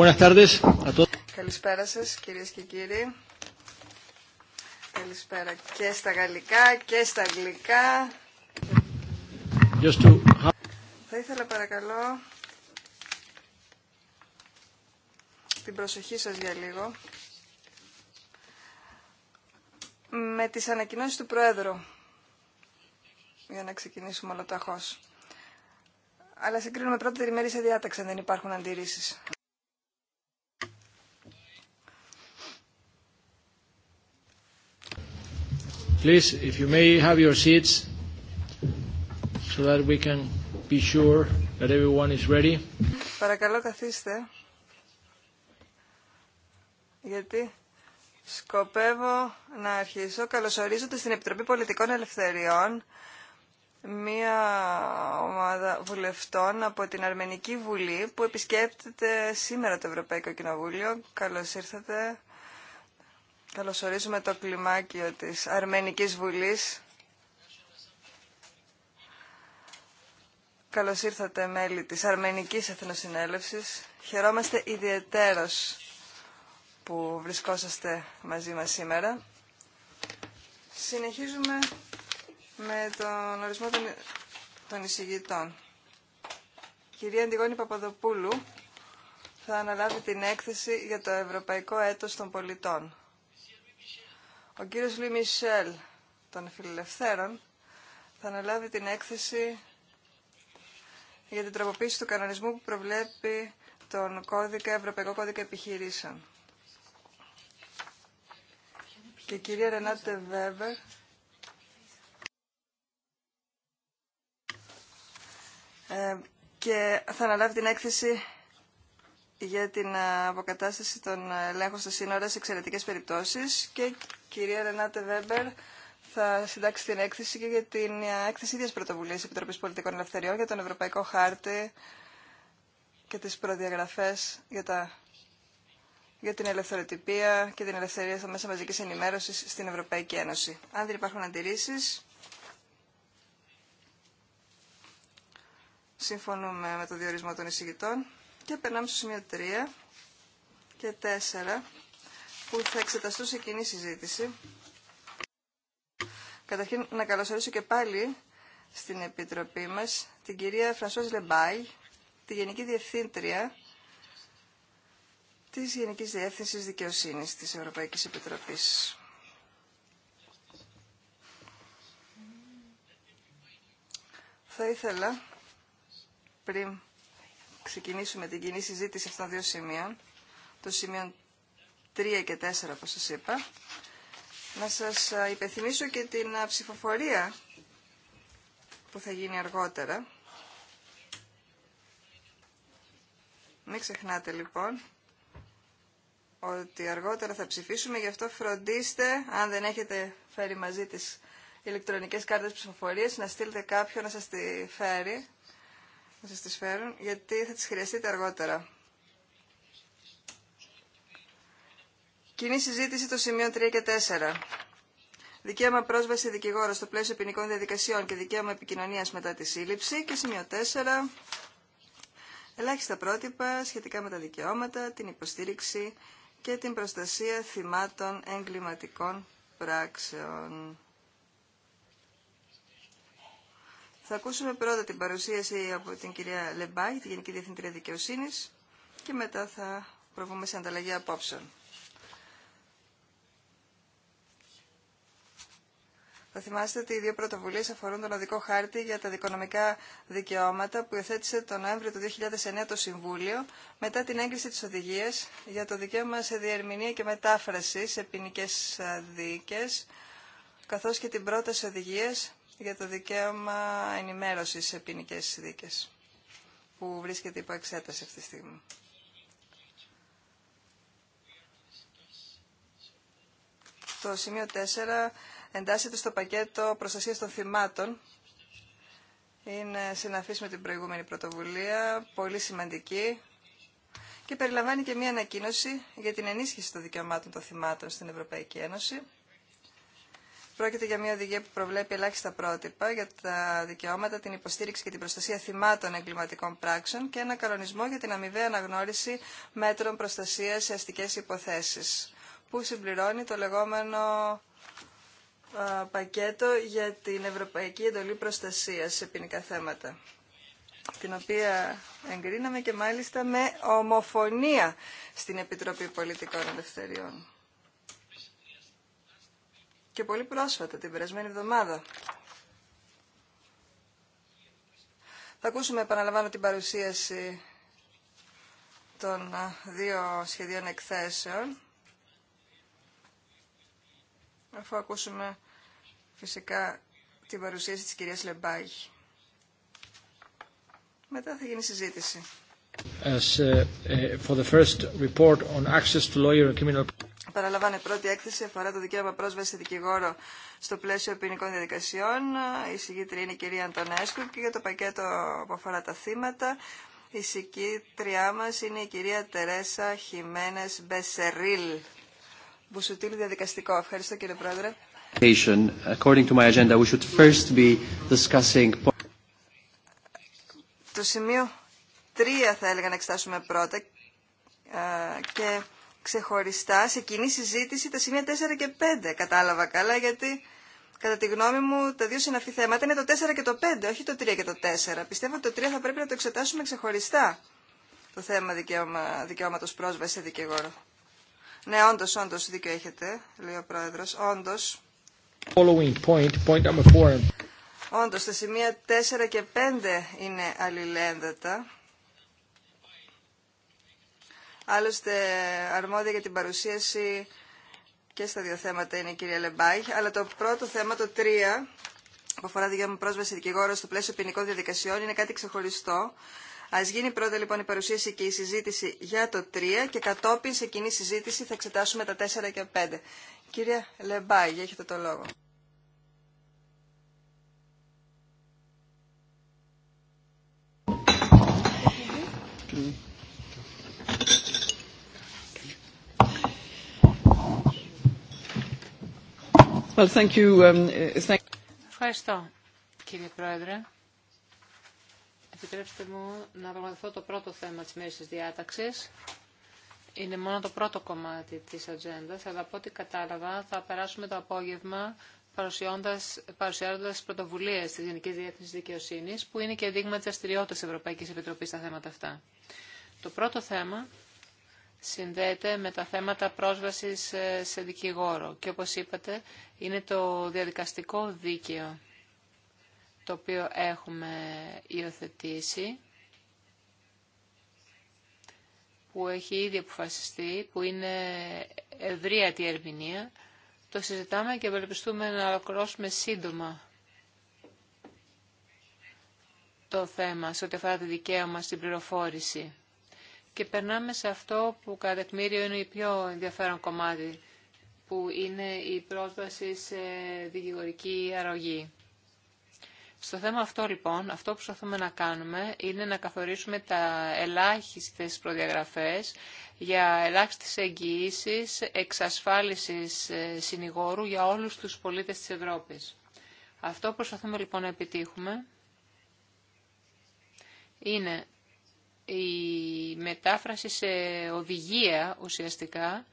Καλησπέρα σα, κύριε και κύριοι. Καλησπέρα και στα γαλλικά και στα αγγλικά. to... Θα ήθελα παρακαλώ την προσοχή σας για λίγο με τις ανακοινώσεις του Προέδρου για να ξεκινήσουμε ολοταχώς. Αλλά συγκρίνουμε πρώτα τη σε διάταξη αν δεν υπάρχουν αντιρρήσεις. Please, if you may have your seats so that we can be sure that everyone is ready. Παρακαλώ καθίστε. Γιατί σκοπεύω να αρχίσω καλωσορίζοντα στην Επιτροπή Πολιτικών Ελευθεριών μία ομάδα βουλευτών από την Αρμενική Βουλή που επισκέπτεται σήμερα το Ευρωπαϊκό Κοινοβούλιο. Καλώς ήρθατε Καλωσορίζουμε το κλιμάκιο της Αρμενικής Βουλής. Καλώς ήρθατε μέλη της Αρμενικής Εθνοσυνέλευσης. Χαιρόμαστε ιδιαιτέρως που βρισκόσαστε μαζί μας σήμερα. Συνεχίζουμε με τον ορισμό των, των εισηγητών. Η κυρία Αντιγόνη Παπαδοπούλου θα αναλάβει την έκθεση για το Ευρωπαϊκό Έτος των Πολιτών. Ο κύριος Λουί Μισελ των Φιλελευθέρων θα αναλάβει την έκθεση για την τροποποίηση του κανονισμού που προβλέπει τον κώδικα, Ευρωπαϊκό Κώδικα Επιχειρήσεων. Και η κυρία Ρενάτε Βέβερ ε, και θα αναλάβει την έκθεση για την ε, αποκατάσταση των ε, ελέγχων στα σύνορα σε εξαιρετικέ περιπτώσεις και η κυρία Ρενάτε Βέμπερ θα συντάξει την έκθεση και για την ε, έκθεση ίδιας πρωτοβουλίας Επιτροπής Πολιτικών Ελευθεριών για τον Ευρωπαϊκό Χάρτη και τις προδιαγραφέ για, τα... για την ελευθεροτυπία και την ελευθερία στα μέσα μαζική ενημέρωση στην Ευρωπαϊκή Ένωση. Αν δεν υπάρχουν αντιρρήσει. συμφωνούμε με το διορισμό των εισηγητών. Και περνάμε στο σημείο 3 και 4 που θα εξεταστούν σε κοινή συζήτηση. Καταρχήν να καλωσορίσω και πάλι στην Επιτροπή μας την κυρία Φρανσουάς Λεμπάι τη Γενική Διευθύντρια της Γενικής Διεύθυνσης Δικαιοσύνης της Ευρωπαϊκής Επιτροπής. Θα ήθελα πριν ξεκινήσουμε την κοινή συζήτηση αυτών των δύο σημείων, των σημείων 3 και 4 όπως σας είπα, να σας υπενθυμίσω και την ψηφοφορία που θα γίνει αργότερα. Μην ξεχνάτε λοιπόν ότι αργότερα θα ψηφίσουμε, γι' αυτό φροντίστε, αν δεν έχετε φέρει μαζί τις ηλεκτρονικές κάρτες ψηφοφορίας, να στείλετε κάποιον να σας τη φέρει να σας τις φέρουν, γιατί θα τις χρειαστείτε αργότερα. Κοινή συζήτηση το σημείο 3 και 4. Δικαίωμα πρόσβαση δικηγόρο στο πλαίσιο ποινικών διαδικασιών και δικαίωμα επικοινωνία μετά τη σύλληψη. Και σημείο 4. Ελάχιστα πρότυπα σχετικά με τα δικαιώματα, την υποστήριξη και την προστασία θυμάτων εγκληματικών πράξεων. Θα ακούσουμε πρώτα την παρουσίαση από την κυρία Λεμπάη, τη Γενική Διευθυντήρια Δικαιοσύνη, και μετά θα προβούμε σε ανταλλαγή απόψεων. Θα θυμάστε ότι οι δύο πρωτοβουλίε αφορούν τον οδικό χάρτη για τα δικονομικά δικαιώματα που υιοθέτησε τον Νοέμβριο του 2009 το Συμβούλιο μετά την έγκριση τη οδηγία για το δικαίωμα σε διερμηνία και μετάφραση σε ποινικέ δίκε καθώς και την πρόταση οδηγίας για το δικαίωμα ενημέρωσης σε ποινικέ δίκες που βρίσκεται υπό εξέταση αυτή τη στιγμή. Το σημείο 4 εντάσσεται στο πακέτο προστασίας των θυμάτων. Είναι συναφής με την προηγούμενη πρωτοβουλία, πολύ σημαντική και περιλαμβάνει και μία ανακοίνωση για την ενίσχυση των δικαιωμάτων των θυμάτων στην Ευρωπαϊκή Ένωση πρόκειται για μια οδηγία που προβλέπει ελάχιστα πρότυπα για τα δικαιώματα, την υποστήριξη και την προστασία θυμάτων εγκληματικών πράξεων και ένα κανονισμό για την αμοιβαία αναγνώριση μέτρων προστασία σε αστικέ υποθέσει, που συμπληρώνει το λεγόμενο πακέτο για την Ευρωπαϊκή Εντολή Προστασία σε ποινικά θέματα την οποία εγκρίναμε και μάλιστα με ομοφωνία στην Επιτροπή Πολιτικών Ελευθεριών και πολύ πρόσφατα, την περασμένη εβδομάδα. Θα ακούσουμε, επαναλαμβάνω, την παρουσίαση των δύο σχεδίων εκθέσεων. Αφού ακούσουμε φυσικά την παρουσίαση της κυρίας Λεμπάγη. Μετά θα γίνει συζήτηση. As, ε, ε, for the first report on access to lawyer and criminal... Παραλαμβάνε πρώτη έκθεση αφορά το δικαίωμα πρόσβαση δικηγόρο στο πλαίσιο ποινικών διαδικασιών. Η συγκήτρια είναι η κυρία Αντωνέσκου και για το πακέτο που αφορά τα θύματα. Η συγκήτριά μα είναι η κυρία Τερέσα Χιμένε Μπεσερίλ. Μπουσουτήλ διαδικαστικό. Ευχαριστώ κύριε Πρόεδρε. According to my agenda, we should first be discussing... Το σημείο 3 θα έλεγα να εξετάσουμε πρώτα ε, και ξεχωριστά σε κοινή συζήτηση τα σημεία 4 και 5. Κατάλαβα καλά γιατί κατά τη γνώμη μου τα δύο συναφή θέματα είναι το 4 και το 5, όχι το 3 και το 4. Πιστεύω ότι το 3 θα πρέπει να το εξετάσουμε ξεχωριστά το θέμα δικαίωμα, δικαιώματος πρόσβαση σε δικηγόρο. Ναι, όντω, όντω δίκιο έχετε, λέει ο πρόεδρο. Όντω. Point, point number four. Όντως, τα σημεία 4 και 5 είναι αλληλένδετα. Άλλωστε, αρμόδια για την παρουσίαση και στα δύο θέματα είναι η κυρία Λεμπάιχ. Αλλά το πρώτο θέμα, το 3, που αφορά δικαίωμα πρόσβαση δικηγόρο στο πλαίσιο ποινικών διαδικασιών, είναι κάτι ξεχωριστό. Α γίνει πρώτα λοιπόν η παρουσίαση και η συζήτηση για το 3 και κατόπιν σε κοινή συζήτηση θα εξετάσουμε τα 4 και 5. Κυρία Λεμπάγη, έχετε το λόγο. Um, Ευχαριστώ, κύριε Πρόεδρε. Επιτρέψτε μου να πραγματευτώ το πρώτο θέμα της μέρης διάταξης. Είναι μόνο το πρώτο κομμάτι της ατζέντα, αλλά από ό,τι κατάλαβα θα περάσουμε το απόγευμα παρουσιάζοντα πρωτοβουλίε τη Γενική Διεθνή Δικαιοσύνη, που είναι και δείγμα τη δραστηριότητα τη Ευρωπαϊκή Επιτροπή στα θέματα αυτά. Το πρώτο θέμα συνδέεται με τα θέματα πρόσβασης ε, σε δικηγόρο. Και όπως είπατε, είναι το διαδικαστικό δίκαιο το οποίο έχουμε υιοθετήσει, που έχει ήδη αποφασιστεί, που είναι ευρία τη ερμηνεία. Το συζητάμε και ευελπιστούμε να ολοκληρώσουμε σύντομα το θέμα σε ό,τι αφορά το δικαίωμα στην πληροφόρηση και περνάμε σε αυτό που κατά τμήριο είναι η πιο ενδιαφέρον κομμάτι, που είναι η πρόσβαση σε δικηγορική αρρωγή. Στο θέμα αυτό λοιπόν, αυτό που προσπαθούμε να κάνουμε είναι να καθορίσουμε τα ελάχιστες προδιαγραφές για ελάχιστες εγγυήσει εξασφάλισης ε, συνηγόρου για όλους τους πολίτες της Ευρώπης. Αυτό που προσπαθούμε λοιπόν να επιτύχουμε είναι η μετάφραση σε οδηγία ουσιαστικά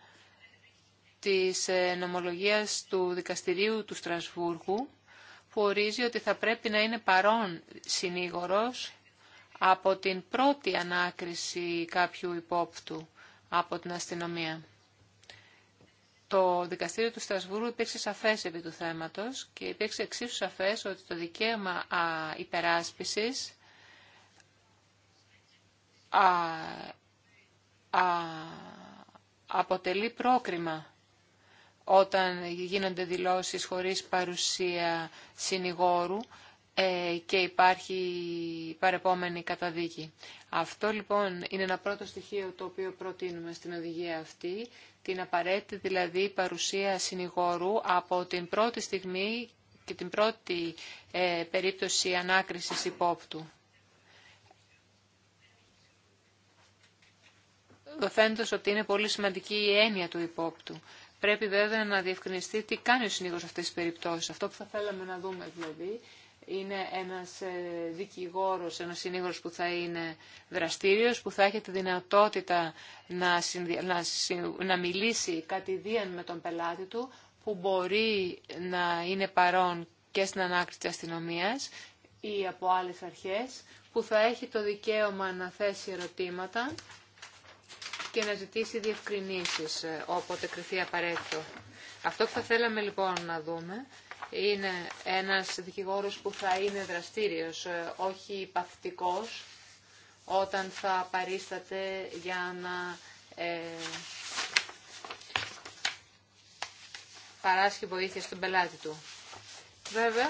της ε, νομολογίας του Δικαστηρίου του Στρασβούργου που ορίζει ότι θα πρέπει να είναι παρόν συνήγορος από την πρώτη ανάκριση κάποιου υπόπτου από την αστυνομία. Το δικαστήριο του Στρασβούργου υπήρξε σαφές επί του θέματος και υπήρξε εξίσου σαφές ότι το δικαίωμα υπεράσπισης α, αποτελεί πρόκριμα όταν γίνονται δηλώσεις χωρίς παρουσία συνηγόρου ε, και υπάρχει παρεπόμενη καταδίκη. Αυτό λοιπόν είναι ένα πρώτο στοιχείο το οποίο προτείνουμε στην οδηγία αυτή, την απαραίτητη δηλαδή παρουσία συνηγόρου από την πρώτη στιγμή και την πρώτη ε, περίπτωση ανάκρισης υπόπτου. Φαίνεται ότι είναι πολύ σημαντική η έννοια του υπόπτου. Πρέπει βέβαια να διευκρινιστεί τι κάνει ο συνήγος σε αυτές τις περιπτώσεις. Αυτό που θα θέλαμε να δούμε δηλαδή είναι ένας ε, δικηγόρος, ένας συνήγορος που θα είναι δραστήριος, που θα έχει τη δυνατότητα να, να, να μιλήσει κατηδίαν με τον πελάτη του, που μπορεί να είναι παρόν και στην ανάκριση της αστυνομίας ή από άλλες αρχές, που θα έχει το δικαίωμα να θέσει ερωτήματα και να ζητήσει διευκρινήσεις ε, όποτε κρυθεί απαραίτητο. Αυτό που θα θέλαμε λοιπόν να δούμε είναι ένας δικηγόρος που θα είναι δραστήριος, ε, όχι παθητικός, όταν θα παρίσταται για να ε, παράσχει βοήθεια στον πελάτη του. Βέβαια,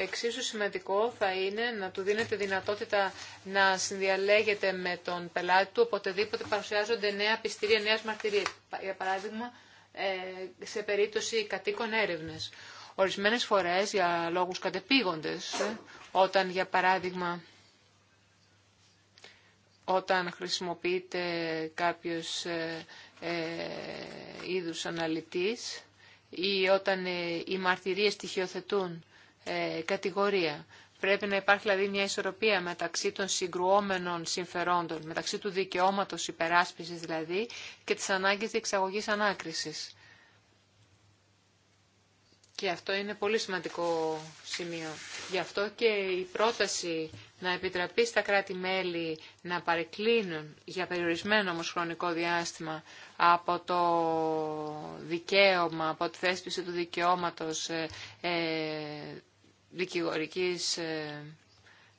Εξίσου σημαντικό θα είναι να του δίνετε δυνατότητα να συνδιαλέγεται με τον πελάτη του οποτεδήποτε παρουσιάζονται νέα πιστήρια νέας μαρτυρίας. Για παράδειγμα, ε, σε περίπτωση κατοίκων έρευνε. Ορισμένες φορές για λόγους κατεπήγοντες, όταν για παράδειγμα όταν χρησιμοποιείται κάποιος ε, ε, είδους αναλυτής ή όταν ε, οι μαρτυρίες στοιχειοθετούν ε, κατηγορία. Πρέπει να υπάρχει δηλαδή μια ισορροπία μεταξύ των συγκρουόμενων συμφερόντων, μεταξύ του δικαιώματος υπεράσπισης δηλαδή και της ανάγκης διεξαγωγής ανάκρισης. Και αυτό είναι πολύ σημαντικό σημείο. Γι' αυτό και η πρόταση να επιτραπεί στα κράτη-μέλη να παρεκκλίνουν για περιορισμένο όμως χρονικό διάστημα από το δικαίωμα, από τη θέσπιση του δικαιώματος ε, ε, δικηγορικής ε,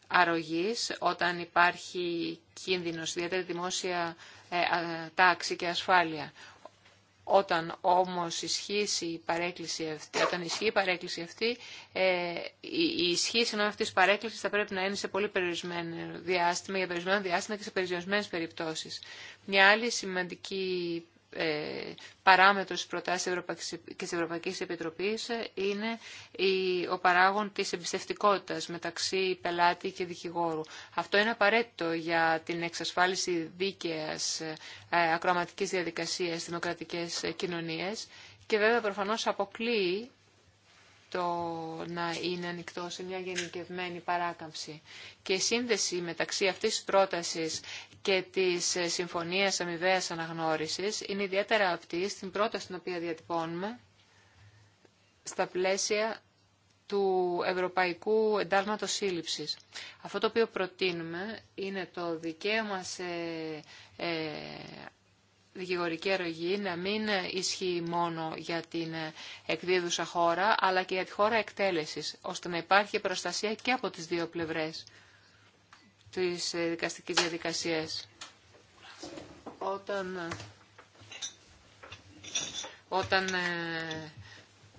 αρρωγής όταν υπάρχει κίνδυνος, ιδιαίτερα δημόσια ε, τάξη και ασφάλεια. Όταν όμως ισχύσει η παρέκκληση αυτή, όταν ισχύει η παρέκκληση αυτή, ε, η ισχύση συγγνώμη αυτής της παρέκκλησης θα πρέπει να είναι σε πολύ περιορισμένο διάστημα, για περιορισμένο διάστημα και σε περιορισμένες περιπτώσεις. Μια άλλη σημαντική ε, παράμετρος της προτάσεις της Ευρωπαϊκής Επιτροπής είναι ο παράγων της εμπιστευτικότητας μεταξύ πελάτη και δικηγόρου. Αυτό είναι απαραίτητο για την εξασφάλιση δίκαιας ε, ακροαματικής διαδικασίας στις δημοκρατικές κοινωνίες και βέβαια προφανώς αποκλείει το να είναι ανοιχτό σε μια γενικευμένη παράκαμψη. Και η σύνδεση μεταξύ αυτής της πρότασης και της ε, συμφωνίας αμοιβαίας αναγνώρισης είναι ιδιαίτερα αυτή στην πρόταση την οποία διατυπώνουμε στα πλαίσια του Ευρωπαϊκού Εντάλματος Σύλληψης. Αυτό το οποίο προτείνουμε είναι το δικαίωμα σε ε, δικηγορική αρρωγή να μην ισχύει μόνο για την εκδίδουσα χώρα, αλλά και για τη χώρα εκτέλεσης, ώστε να υπάρχει προστασία και από τις δύο πλευρές της ε, δικαστικής διαδικασίας. Όταν, όταν ε,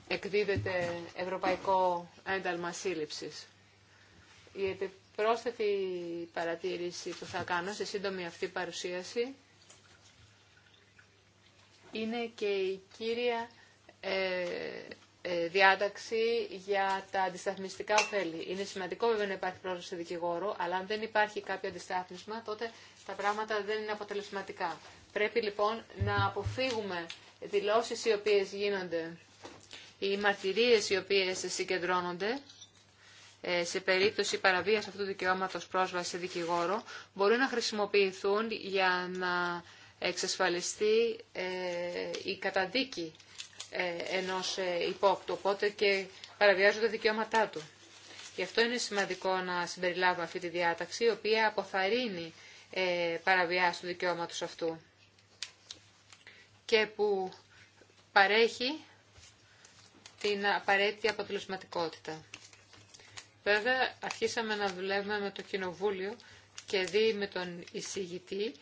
εκδίδεται ευρωπαϊκό ένταλμα σύλληψης. Η επιπρόσθετη παρατήρηση που θα κάνω σε σύντομη αυτή παρουσίαση είναι και η κύρια ε, ε, διάταξη για τα αντισταθμιστικά ωφέλη. Είναι σημαντικό βέβαια να υπάρχει πρόσβαση σε δικηγόρο, αλλά αν δεν υπάρχει κάποιο αντιστάθμισμα, τότε τα πράγματα δεν είναι αποτελεσματικά. Πρέπει λοιπόν να αποφύγουμε δηλώσεις οι οποίες γίνονται, οι μαρτυρίες οι οποίες συγκεντρώνονται ε, σε περίπτωση παραβίας αυτού του δικαιώματος πρόσβαση σε δικηγόρο, μπορούν να χρησιμοποιηθούν για να εξασφαλιστεί ε, η καταδίκη ε, ενός ε, υπόπτου, οπότε και παραβιάζουν τα δικαιώματά του. Γι' αυτό είναι σημαντικό να συμπεριλάβουμε αυτή τη διάταξη, η οποία αποθαρρύνει παραβιάσει του δικαιώματος αυτού και που παρέχει την απαραίτητη αποτελεσματικότητα. Βέβαια, αρχίσαμε να δουλεύουμε με το Κοινοβούλιο και δεί με τον εισηγητή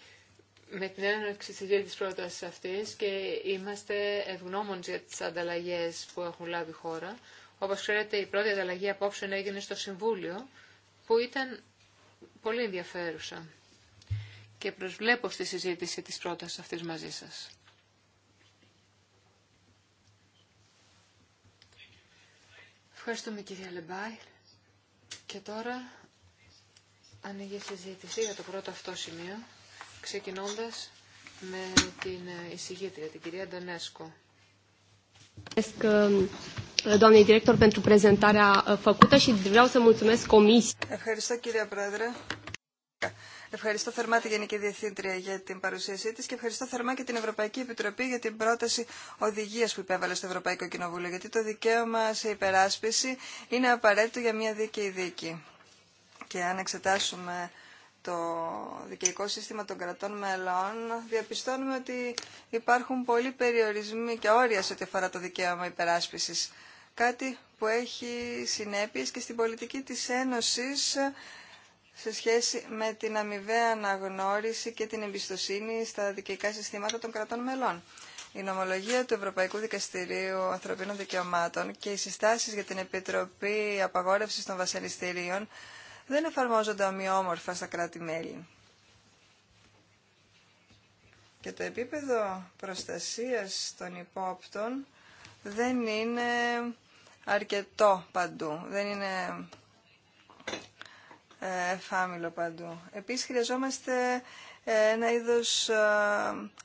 με την έναρξη της ίδιας της πρότασης αυτής και είμαστε ευγνώμονες για τις ανταλλαγές που έχουν λάβει η χώρα. Όπως ξέρετε, η πρώτη ανταλλαγή απόψε έγινε στο Συμβούλιο, που ήταν πολύ ενδιαφέρουσα και προσβλέπω στη συζήτηση της πρότασης αυτής μαζί σας. Ευχαριστούμε κυρία Λεμπάη. Και τώρα ανοίγει η συζήτηση για το πρώτο αυτό σημείο ξεκινώντας με την ε, εισηγήτρια, την κυρία Ντονέσκο. Ε, ε, ευχαριστώ κύριε Πρόεδρε. Ευχαριστώ θερμά τη Γενική Διευθύντρια για την παρουσίασή τη και ευχαριστώ θερμά και την Ευρωπαϊκή Επιτροπή για την πρόταση οδηγία που υπέβαλε στο Ευρωπαϊκό Κοινοβούλιο. Γιατί το δικαίωμα σε υπεράσπιση είναι απαραίτητο για μια δίκαιη δίκη. Και αν εξετάσουμε το δικαιικό σύστημα των κρατών μελών, διαπιστώνουμε ότι υπάρχουν πολλοί περιορισμοί και όρια σε ό,τι αφορά το δικαίωμα υπεράσπισης. Κάτι που έχει συνέπειες και στην πολιτική της Ένωσης σε σχέση με την αμοιβαία αναγνώριση και την εμπιστοσύνη στα δικαιικά συστήματα των κρατών μελών. Η νομολογία του Ευρωπαϊκού Δικαστηρίου Ανθρωπίνων Δικαιωμάτων και οι συστάσεις για την Επιτροπή Απαγόρευσης των Βασανιστήριων δεν εφαρμόζονται ομοιόμορφα στα κράτη-μέλη. Και το επίπεδο προστασίας των υπόπτων δεν είναι αρκετό παντού, δεν είναι ε, εφάμιλο παντού. Επίσης χρειαζόμαστε ε, ένα είδος ε,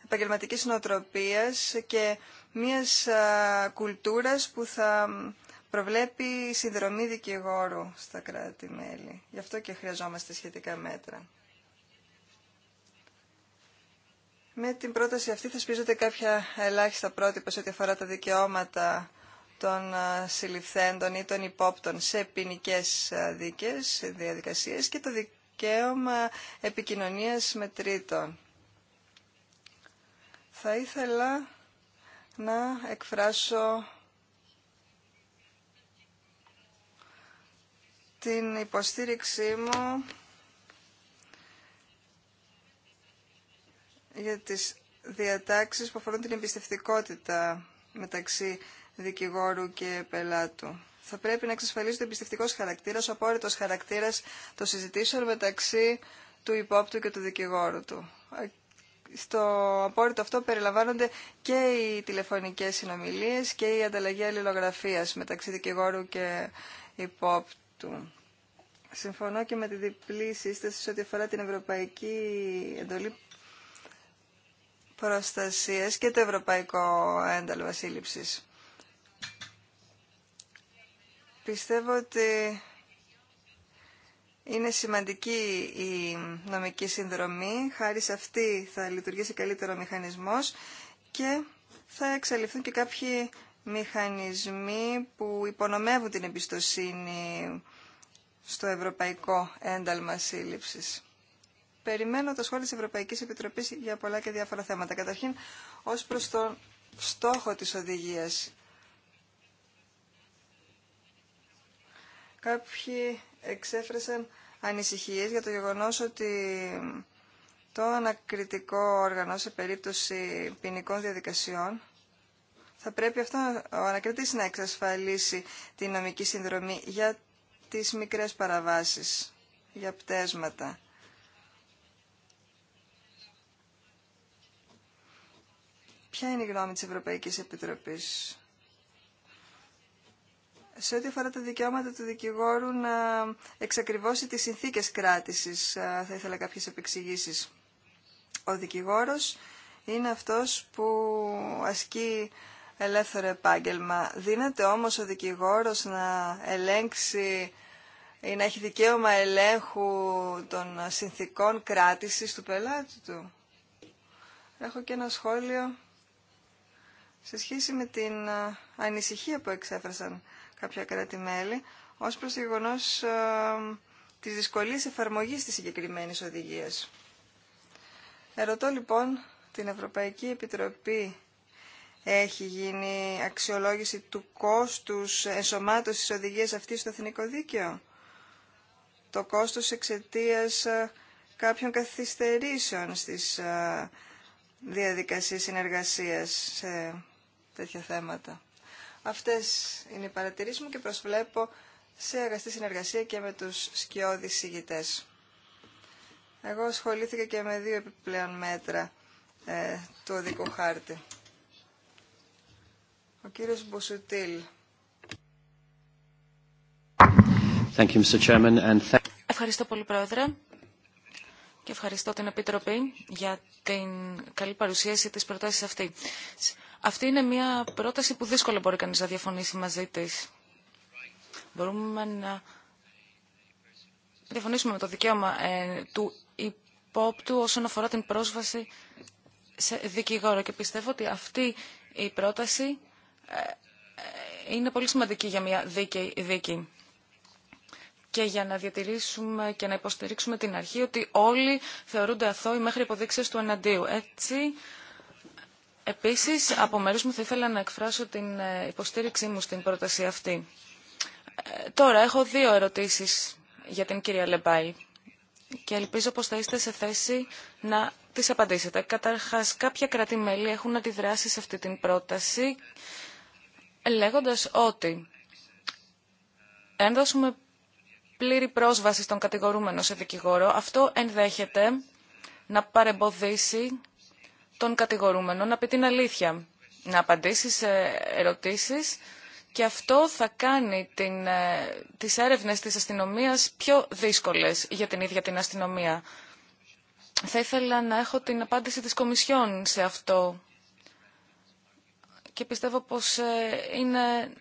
επαγγελματικής νοοτροπίας και μιας κουλτούρας που θα προβλέπει συνδρομή δικηγόρου στα κράτη-μέλη. Γι' αυτό και χρειαζόμαστε σχετικά μέτρα. Με την πρόταση αυτή θα σπίζονται κάποια ελάχιστα πρότυπα σε ό,τι αφορά τα δικαιώματα των συλληφθέντων ή των υπόπτων σε ποινικέ δίκες, διαδικασίες και το δικαίωμα επικοινωνίας με τρίτον. Θα ήθελα να εκφράσω την υποστήριξή μου για τις διατάξεις που αφορούν την εμπιστευτικότητα μεταξύ δικηγόρου και πελάτου. Θα πρέπει να εξασφαλίζεται ο εμπιστευτικό χαρακτήρα, ο απόρριτο χαρακτήρα των συζητήσεων μεταξύ του υπόπτου και του δικηγόρου του. Στο απόρριτο αυτό περιλαμβάνονται και οι τηλεφωνικές συνομιλίες και η ανταλλαγή αλληλογραφία μεταξύ δικηγόρου και υπόπτου. Συμφωνώ και με τη διπλή σύσταση σε ό,τι αφορά την ευρωπαϊκή εντολή προστασίας και το ευρωπαϊκό ένταλμα σύλληψης. Πιστεύω ότι είναι σημαντική η νομική συνδρομή. Χάρη σε αυτή θα λειτουργήσει καλύτερο ο μηχανισμός και θα εξαλειφθούν και κάποιοι μηχανισμοί που υπονομεύουν την εμπιστοσύνη στο Ευρωπαϊκό Ένταλμα σύλληψη. Περιμένω τα σχόλια της Ευρωπαϊκής Επιτροπής για πολλά και διάφορα θέματα. Καταρχήν, ως προς τον στόχο της οδηγίας. Κάποιοι εξέφρασαν ανησυχίες για το γεγονός ότι το ανακριτικό όργανο σε περίπτωση ποινικών διαδικασιών θα πρέπει αυτό ο ανακριτής να εξασφαλίσει τη νομική συνδρομή για τις μικρές παραβάσεις για πτέσματα. Ποια είναι η γνώμη της Ευρωπαϊκής Επιτροπής σε ό,τι αφορά τα δικαιώματα του δικηγόρου να εξακριβώσει τις συνθήκες κράτησης. Θα ήθελα κάποιες επεξηγήσεις. Ο δικηγόρος είναι αυτός που ασκεί ελεύθερο επάγγελμα. Δίνεται όμως ο δικηγόρος να ελέγξει ή να έχει δικαίωμα ελέγχου των συνθήκων κράτησης του πελάτη του. Έχω και ένα σχόλιο σε σχέση με την ανησυχία που εξέφρασαν κάποια κράτη-μέλη ως προς γεγονός της δυσκολίας εφαρμογής της συγκεκριμένης οδηγίας. Ερωτώ λοιπόν την Ευρωπαϊκή Επιτροπή έχει γίνει αξιολόγηση του κόστους ενσωμάτωσης οδηγίας αυτής στο εθνικό δίκαιο το κόστος εξαιτίας ε, κάποιων καθυστερήσεων στις ε, διαδικασίες συνεργασίας σε τέτοια θέματα. Αυτές είναι οι παρατηρήσεις μου και προσβλέπω σε αγαστή συνεργασία και με τους σκιώδεις συγητές. Εγώ ασχολήθηκα και με δύο επιπλέον μέτρα ε, του οδικού χάρτη. Ο κύριος Μπουσουτήλ Ευχαριστώ πολύ, Πρόεδρε. Και ευχαριστώ την Επιτροπή για την καλή παρουσίαση της προτάσης αυτή. Αυτή είναι μια πρόταση που δύσκολα μπορεί κανείς να διαφωνήσει μαζί της. Μπορούμε να διαφωνήσουμε με το δικαίωμα ε, του υπόπτου όσον αφορά την πρόσβαση σε δικηγόρο. Και πιστεύω ότι αυτή η πρόταση ε, ε, είναι πολύ σημαντική για μια δίκαιη δίκη και για να διατηρήσουμε και να υποστηρίξουμε την αρχή ότι όλοι θεωρούνται αθώοι μέχρι υποδείξεις του εναντίου. Έτσι, επίσης, από μέρους μου θα ήθελα να εκφράσω την ε, υποστήριξή μου στην πρόταση αυτή. Ε, τώρα, έχω δύο ερωτήσεις για την κυρία Λεμπάη και ελπίζω πως θα είστε σε θέση να τις απαντήσετε. Καταρχάς, κάποια κράτη-μέλη έχουν αντιδράσει σε αυτή την πρόταση λέγοντας ότι εάν πλήρη πρόσβαση στον κατηγορούμενο σε δικηγόρο, αυτό ενδέχεται να παρεμποδίσει τον κατηγορούμενο να πει την αλήθεια, να απαντήσει σε ερωτήσεις και αυτό θα κάνει την, ε, τις έρευνες της αστυνομίας πιο δύσκολες για την ίδια την αστυνομία. Θα ήθελα να έχω την απάντηση της Κομισιόν σε αυτό και πιστεύω πως ε, είναι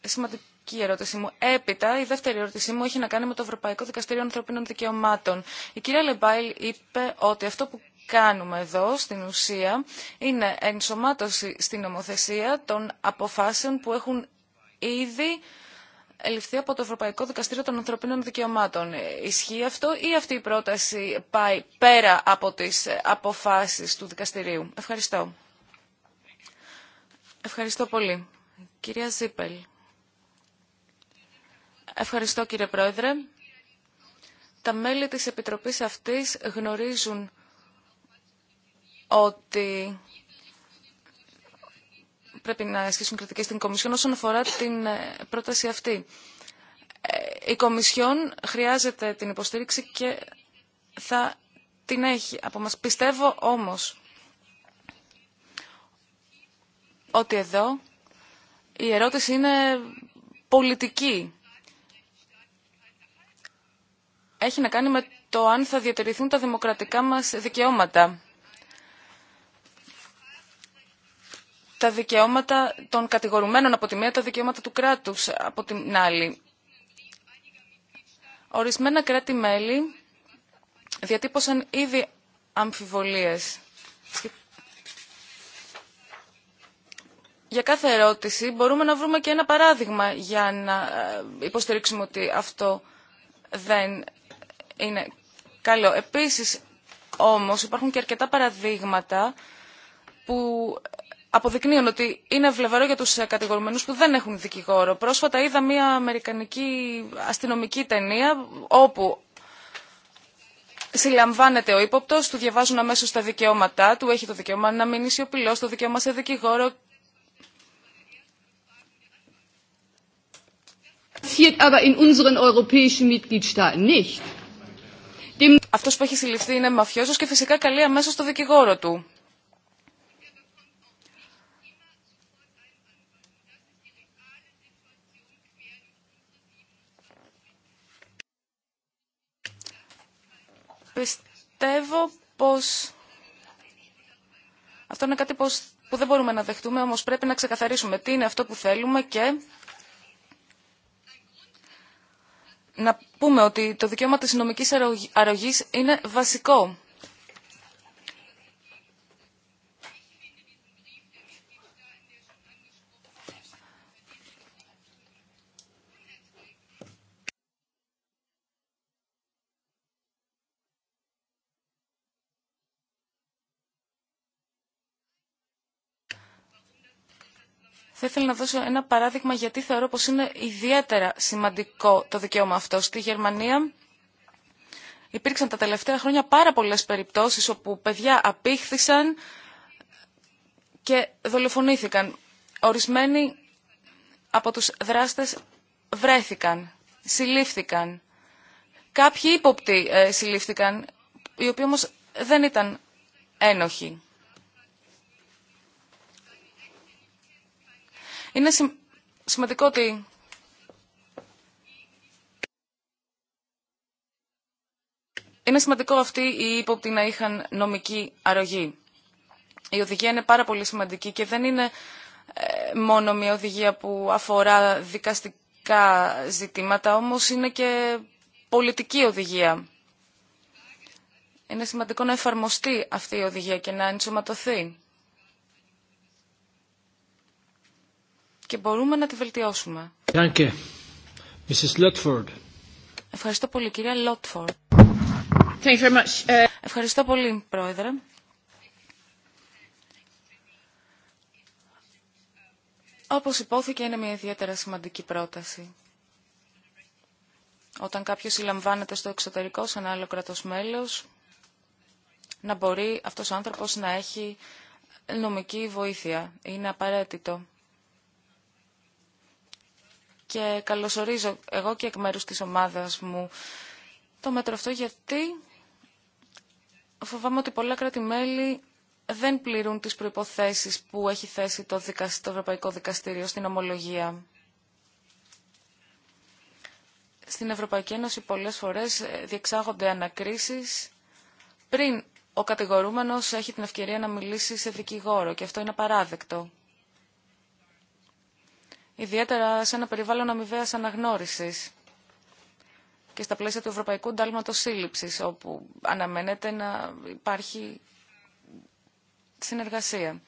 σημαντικό Κύριε ερώτησή μου. Έπειτα, η δεύτερη ερώτησή μου έχει να κάνει με το Ευρωπαϊκό Δικαστήριο Ανθρωπίνων Δικαιωμάτων. Η κυρία Λεμπάιλ είπε ότι αυτό που κάνουμε εδώ στην ουσία είναι ενσωμάτωση στην νομοθεσία των αποφάσεων που έχουν ήδη ληφθεί από το Ευρωπαϊκό Δικαστήριο των Ανθρωπίνων Δικαιωμάτων. Ισχύει αυτό ή αυτή η πρόταση πάει πέρα από τις αποφάσεις του δικαστηρίου. Ευχαριστώ. Ευχαριστώ πολύ. Κυρία Ζίπελ. Ευχαριστώ κύριε Πρόεδρε. Τα μέλη της Επιτροπής αυτής γνωρίζουν ότι πρέπει να ασκήσουν κριτική στην Κομισιόν όσον αφορά την ε, πρόταση αυτή. Ε, η Κομισιόν χρειάζεται την υποστήριξη και θα την έχει από μας. Πιστεύω όμως ότι εδώ η ερώτηση είναι πολιτική έχει να κάνει με το αν θα διατηρηθούν τα δημοκρατικά μας δικαιώματα. Τα δικαιώματα των κατηγορουμένων από τη μία, τα δικαιώματα του κράτους από την άλλη. Ορισμένα κράτη-μέλη διατύπωσαν ήδη αμφιβολίες. Για κάθε ερώτηση μπορούμε να βρούμε και ένα παράδειγμα για να ε, υποστηρίξουμε ότι αυτό δεν είναι καλό. Επίσης, όμως, υπάρχουν και αρκετά παραδείγματα που αποδεικνύουν ότι είναι βλεβαρό για τους ε, κατηγορουμένους που δεν έχουν δικηγόρο. Πρόσφατα είδα μια αμερικανική αστυνομική ταινία όπου συλλαμβάνεται ο ύποπτο, του διαβάζουν αμέσω τα δικαιώματά του, έχει το δικαίωμα να μείνει σιωπηλό, το δικαίωμα σε δικηγόρο. aber in unseren europäischen Mitgliedstaaten nicht. Αυτός που έχει συλληφθεί είναι μαφιόζος και φυσικά καλεί αμέσως το δικηγόρο του. Πιστεύω πως αυτό είναι κάτι που δεν μπορούμε να δεχτούμε, όμως πρέπει να ξεκαθαρίσουμε τι είναι αυτό που θέλουμε και να πούμε ότι το δικαίωμα της νομικής αρρωγής είναι βασικό Θα ήθελα να δώσω ένα παράδειγμα γιατί θεωρώ πως είναι ιδιαίτερα σημαντικό το δικαίωμα αυτό. Στη Γερμανία υπήρξαν τα τελευταία χρόνια πάρα πολλές περιπτώσεις όπου παιδιά απήχθησαν και δολοφονήθηκαν. Ορισμένοι από τους δράστες βρέθηκαν, συλλήφθηκαν. Κάποιοι ύποπτοι ε, συλλήφθηκαν, οι οποίοι όμως δεν ήταν ένοχοι. Είναι σημαντικό ότι Είναι σημαντικό αυτοί οι ύποπτοι να είχαν νομική αρρωγή. Η οδηγία είναι πάρα πολύ σημαντική και δεν είναι ε, μόνο μια οδηγία που αφορά δικαστικά ζητήματα, όμως είναι και πολιτική οδηγία. Είναι σημαντικό να εφαρμοστεί αυτή η οδηγία και να ενσωματωθεί. και μπορούμε να τη βελτιώσουμε. Ευχαριστώ πολύ, κυρία Λότφορντ. Ε, Ευχαριστώ πολύ, Πρόεδρε. Όπως υπόθηκε, είναι μια ιδιαίτερα σημαντική πρόταση. Όταν κάποιος συλλαμβάνεται στο εξωτερικό σε ένα άλλο κρατός μέλος, να μπορεί αυτός ο άνθρωπος να έχει νομική βοήθεια. Είναι απαραίτητο και καλωσορίζω εγώ και εκ μέρους της ομάδας μου το μέτρο αυτό γιατί φοβάμαι ότι πολλά κράτη-μέλη δεν πληρούν τις προϋποθέσεις που έχει θέσει το, δικαστή, το Ευρωπαϊκό Δικαστήριο στην ομολογία. Στην Ευρωπαϊκή Ένωση πολλές φορές ε, διεξάγονται ανακρίσεις πριν ο κατηγορούμενος έχει την ευκαιρία να μιλήσει σε δικηγόρο και αυτό είναι απαράδεκτο ιδιαίτερα σε ένα περιβάλλον αμοιβαία αναγνώρισης και στα πλαίσια του Ευρωπαϊκού Ντάλματος Σύλληψης, όπου αναμένεται να υπάρχει συνεργασία.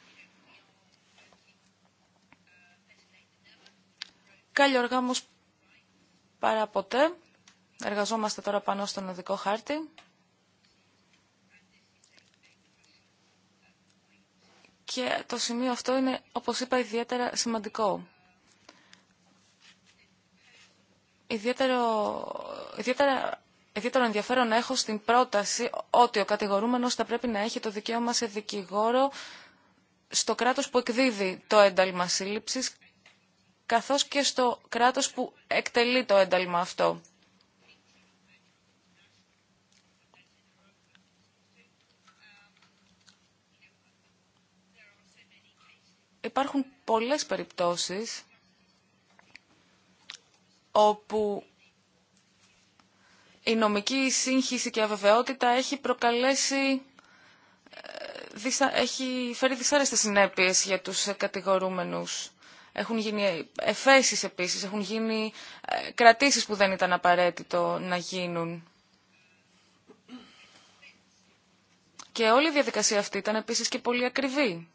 Καλή παρά παραποτέ. Εργαζόμαστε τώρα πάνω στον οδικό χάρτη. Και το σημείο αυτό είναι, όπως είπα, ιδιαίτερα σημαντικό. ιδιαίτερο, ιδιαίτερα, ιδιαίτερο ενδιαφέρον έχω στην πρόταση ότι ο κατηγορούμενος θα πρέπει να έχει το δικαίωμα σε δικηγόρο στο κράτος που εκδίδει το ένταλμα σύλληψης, καθώς και στο κράτος που εκτελεί το ένταλμα αυτό. Υπάρχουν πολλές περιπτώσεις όπου η νομική σύγχυση και αβεβαιότητα έχει προκαλέσει ε, έχει φέρει δυσάρεστες συνέπειες για τους κατηγορούμενους. Έχουν γίνει εφέσεις επίσης, έχουν γίνει ε, κρατήσεις που δεν ήταν απαραίτητο να γίνουν. Και όλη η διαδικασία αυτή ήταν επίσης και πολύ ακριβή.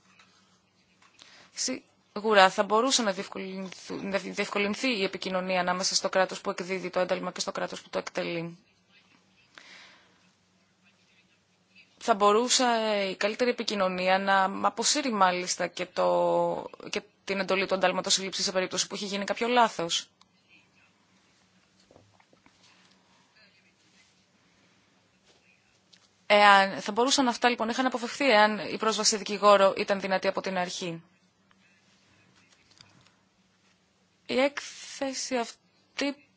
Γουρά, θα μπορούσε να, διευκολυνθεί η επικοινωνία ανάμεσα στο κράτος που εκδίδει το ένταλμα και στο κράτος που το εκτελεί. Θα μπορούσε η καλύτερη επικοινωνία να αποσύρει μάλιστα και, το, και την εντολή του ένταλματος συλλήψης σε περίπτωση που έχει γίνει κάποιο λάθος. Εάν, θα μπορούσαν αυτά λοιπόν να είχαν αποφευθεί εάν η πρόσβαση δικηγόρο ήταν δυνατή από την αρχή. Η έκθεση αυτή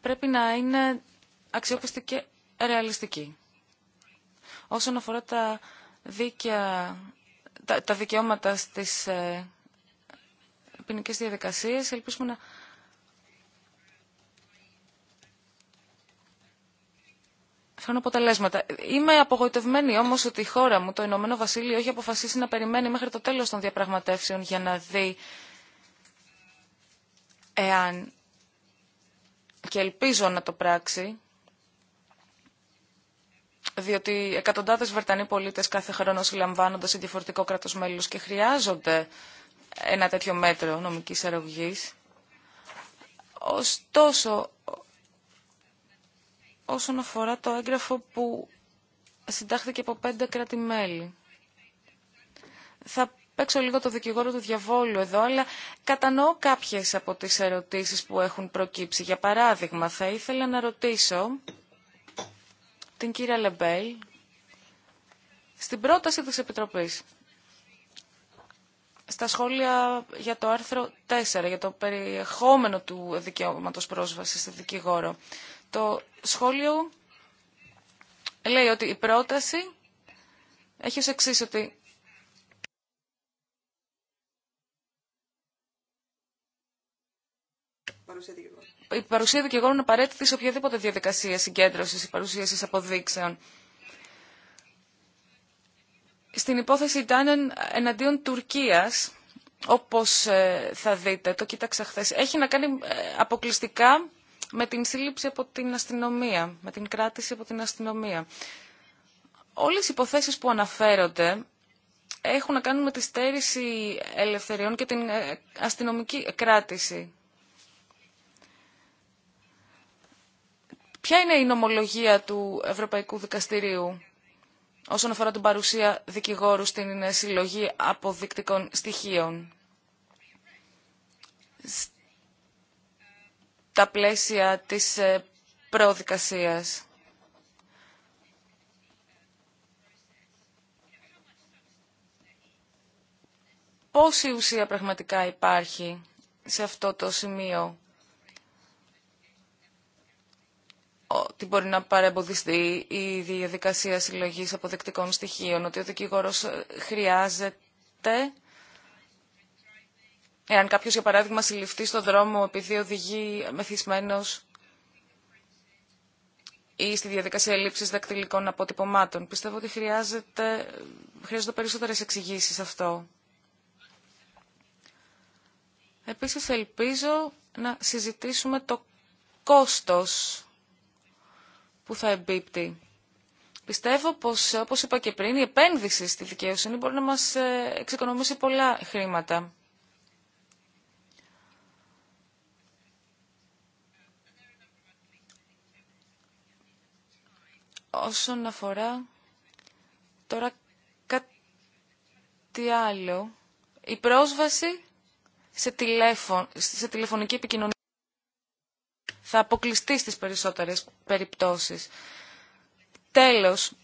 πρέπει να είναι αξιόπιστη και ρεαλιστική. Όσον αφορά τα, δίκαια, τα, δικαιώματα στις ε, ποινικές διαδικασίες, ελπίζουμε να φέρουν αποτελέσματα. Είμαι απογοητευμένη όμως ότι η χώρα μου, το Ηνωμένο Βασίλειο, έχει αποφασίσει να περιμένει μέχρι το τέλος των διαπραγματεύσεων για να δει εάν και ελπίζω να το πράξει, διότι εκατοντάδες Βρετανοί πολίτες κάθε χρόνο συλλαμβάνονται σε διαφορετικό κράτος και χρειάζονται ένα τέτοιο μέτρο νομικής αρρωγής. Ωστόσο, όσον αφορά το έγγραφο που συντάχθηκε από πέντε κράτη-μέλη, θα παίξω λίγο το δικηγόρο του διαβόλου εδώ, αλλά κατανοώ κάποιες από τις ερωτήσεις που έχουν προκύψει. Για παράδειγμα, θα ήθελα να ρωτήσω την κυρία Λεμπέλ στην πρόταση της Επιτροπής. Στα σχόλια για το άρθρο 4, για το περιεχόμενο του δικαιώματος πρόσβασης στο δικηγόρο. Το σχόλιο λέει ότι η πρόταση έχει ως εξής ότι παρουσία Η παρουσία δικηγόρου είναι απαραίτητη σε οποιαδήποτε διαδικασία συγκέντρωση ή παρουσίαση αποδείξεων. Στην υπόθεση Τάνεν εναντίον Τουρκίας, όπως ε, θα δείτε, το κοίταξα χθε, έχει να κάνει ε, αποκλειστικά με την σύλληψη από την αστυνομία, με την κράτηση από την αστυνομία. Όλες οι υποθέσεις που αναφέρονται έχουν να κάνουν με τη στέρηση ελευθεριών και την ε, αστυνομική κράτηση. Ποια είναι η νομολογία του Ευρωπαϊκού Δικαστηρίου όσον αφορά την παρουσία δικηγόρου στην συλλογή αποδεικτικών στοιχείων. Στα πλαίσια της ε, προδικασίας. Πόση ουσία πραγματικά υπάρχει σε αυτό το σημείο ότι μπορεί να παρεμποδιστεί η διαδικασία συλλογής αποδεκτικών στοιχείων, ότι ο δικηγόρος ε, χρειάζεται, εάν κάποιο, για παράδειγμα συλληφθεί στον δρόμο επειδή οδηγεί μεθυσμένος ή στη διαδικασία λήψη δακτυλικών αποτυπωμάτων. Πιστεύω ότι χρειάζεται, χρειάζονται περισσότερε εξηγήσει αυτό. Επίσης ελπίζω να συζητήσουμε το κόστος που θα εμπίπτει. Πιστεύω πως, όπως είπα και πριν, η επένδυση στη δικαιοσύνη μπορεί να μας ε, εξοικονομήσει πολλά χρήματα. Όσον αφορά τώρα κάτι άλλο, η πρόσβαση σε, τηλέφων, σε τηλεφωνική επικοινωνία θα αποκλειστεί στις περισσότερες περιπτώσεις. Τέλος,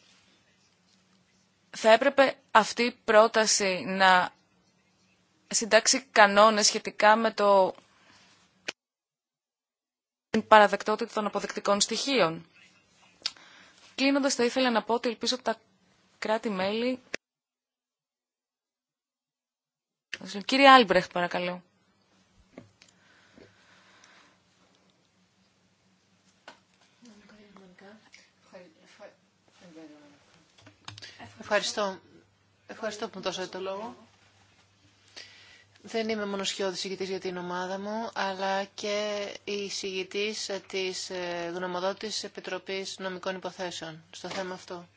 θα έπρεπε αυτή η πρόταση να συντάξει κανόνες σχετικά με το την παραδεκτότητα των αποδεκτικών στοιχείων. Κλείνοντας, θα ήθελα να πω ότι ελπίζω τα κράτη-μέλη... Κύριε Άλμπρεχτ, παρακαλώ. Ευχαριστώ. Ευχαριστώ που μου δώσατε το λόγο. Δεν είμαι μόνο σιώδης για την ομάδα μου, αλλά και η συγητής της ε, Γνωμοδότης Επιτροπής Νομικών Υποθέσεων στο θέμα αυτό.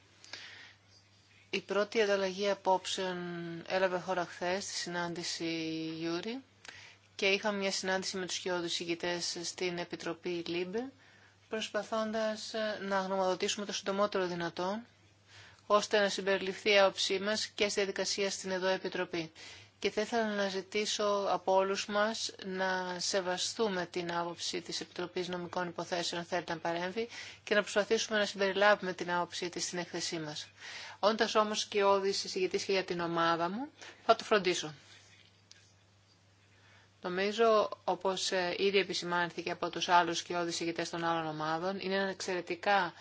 Η πρώτη ανταλλαγή απόψεων έλαβε χώρα χθε στη συνάντηση Γιούρη και είχαμε μια συνάντηση με τους σκιώδους ηγητές στην Επιτροπή ΛΥΜΠΕ προσπαθώντας να γνωμοδοτήσουμε το συντομότερο δυνατόν ώστε να συμπεριληφθεί η άποψή μα και στη διαδικασία στην εδώ Επιτροπή. Και θα ήθελα να ζητήσω από όλους μας να σεβαστούμε την άποψη της Επιτροπής Νομικών Υποθέσεων, θέλει να παρέμβει, και να προσπαθήσουμε να συμπεριλάβουμε την άποψη της στην έκθεσή μας. Όντας όμως και όδη και για την ομάδα μου, θα το φροντίσω. Νομίζω, όπως ε, ήδη επισημάνθηκε από τους άλλους και ηγητές των άλλων ομάδων, είναι ένα εξαιρετικά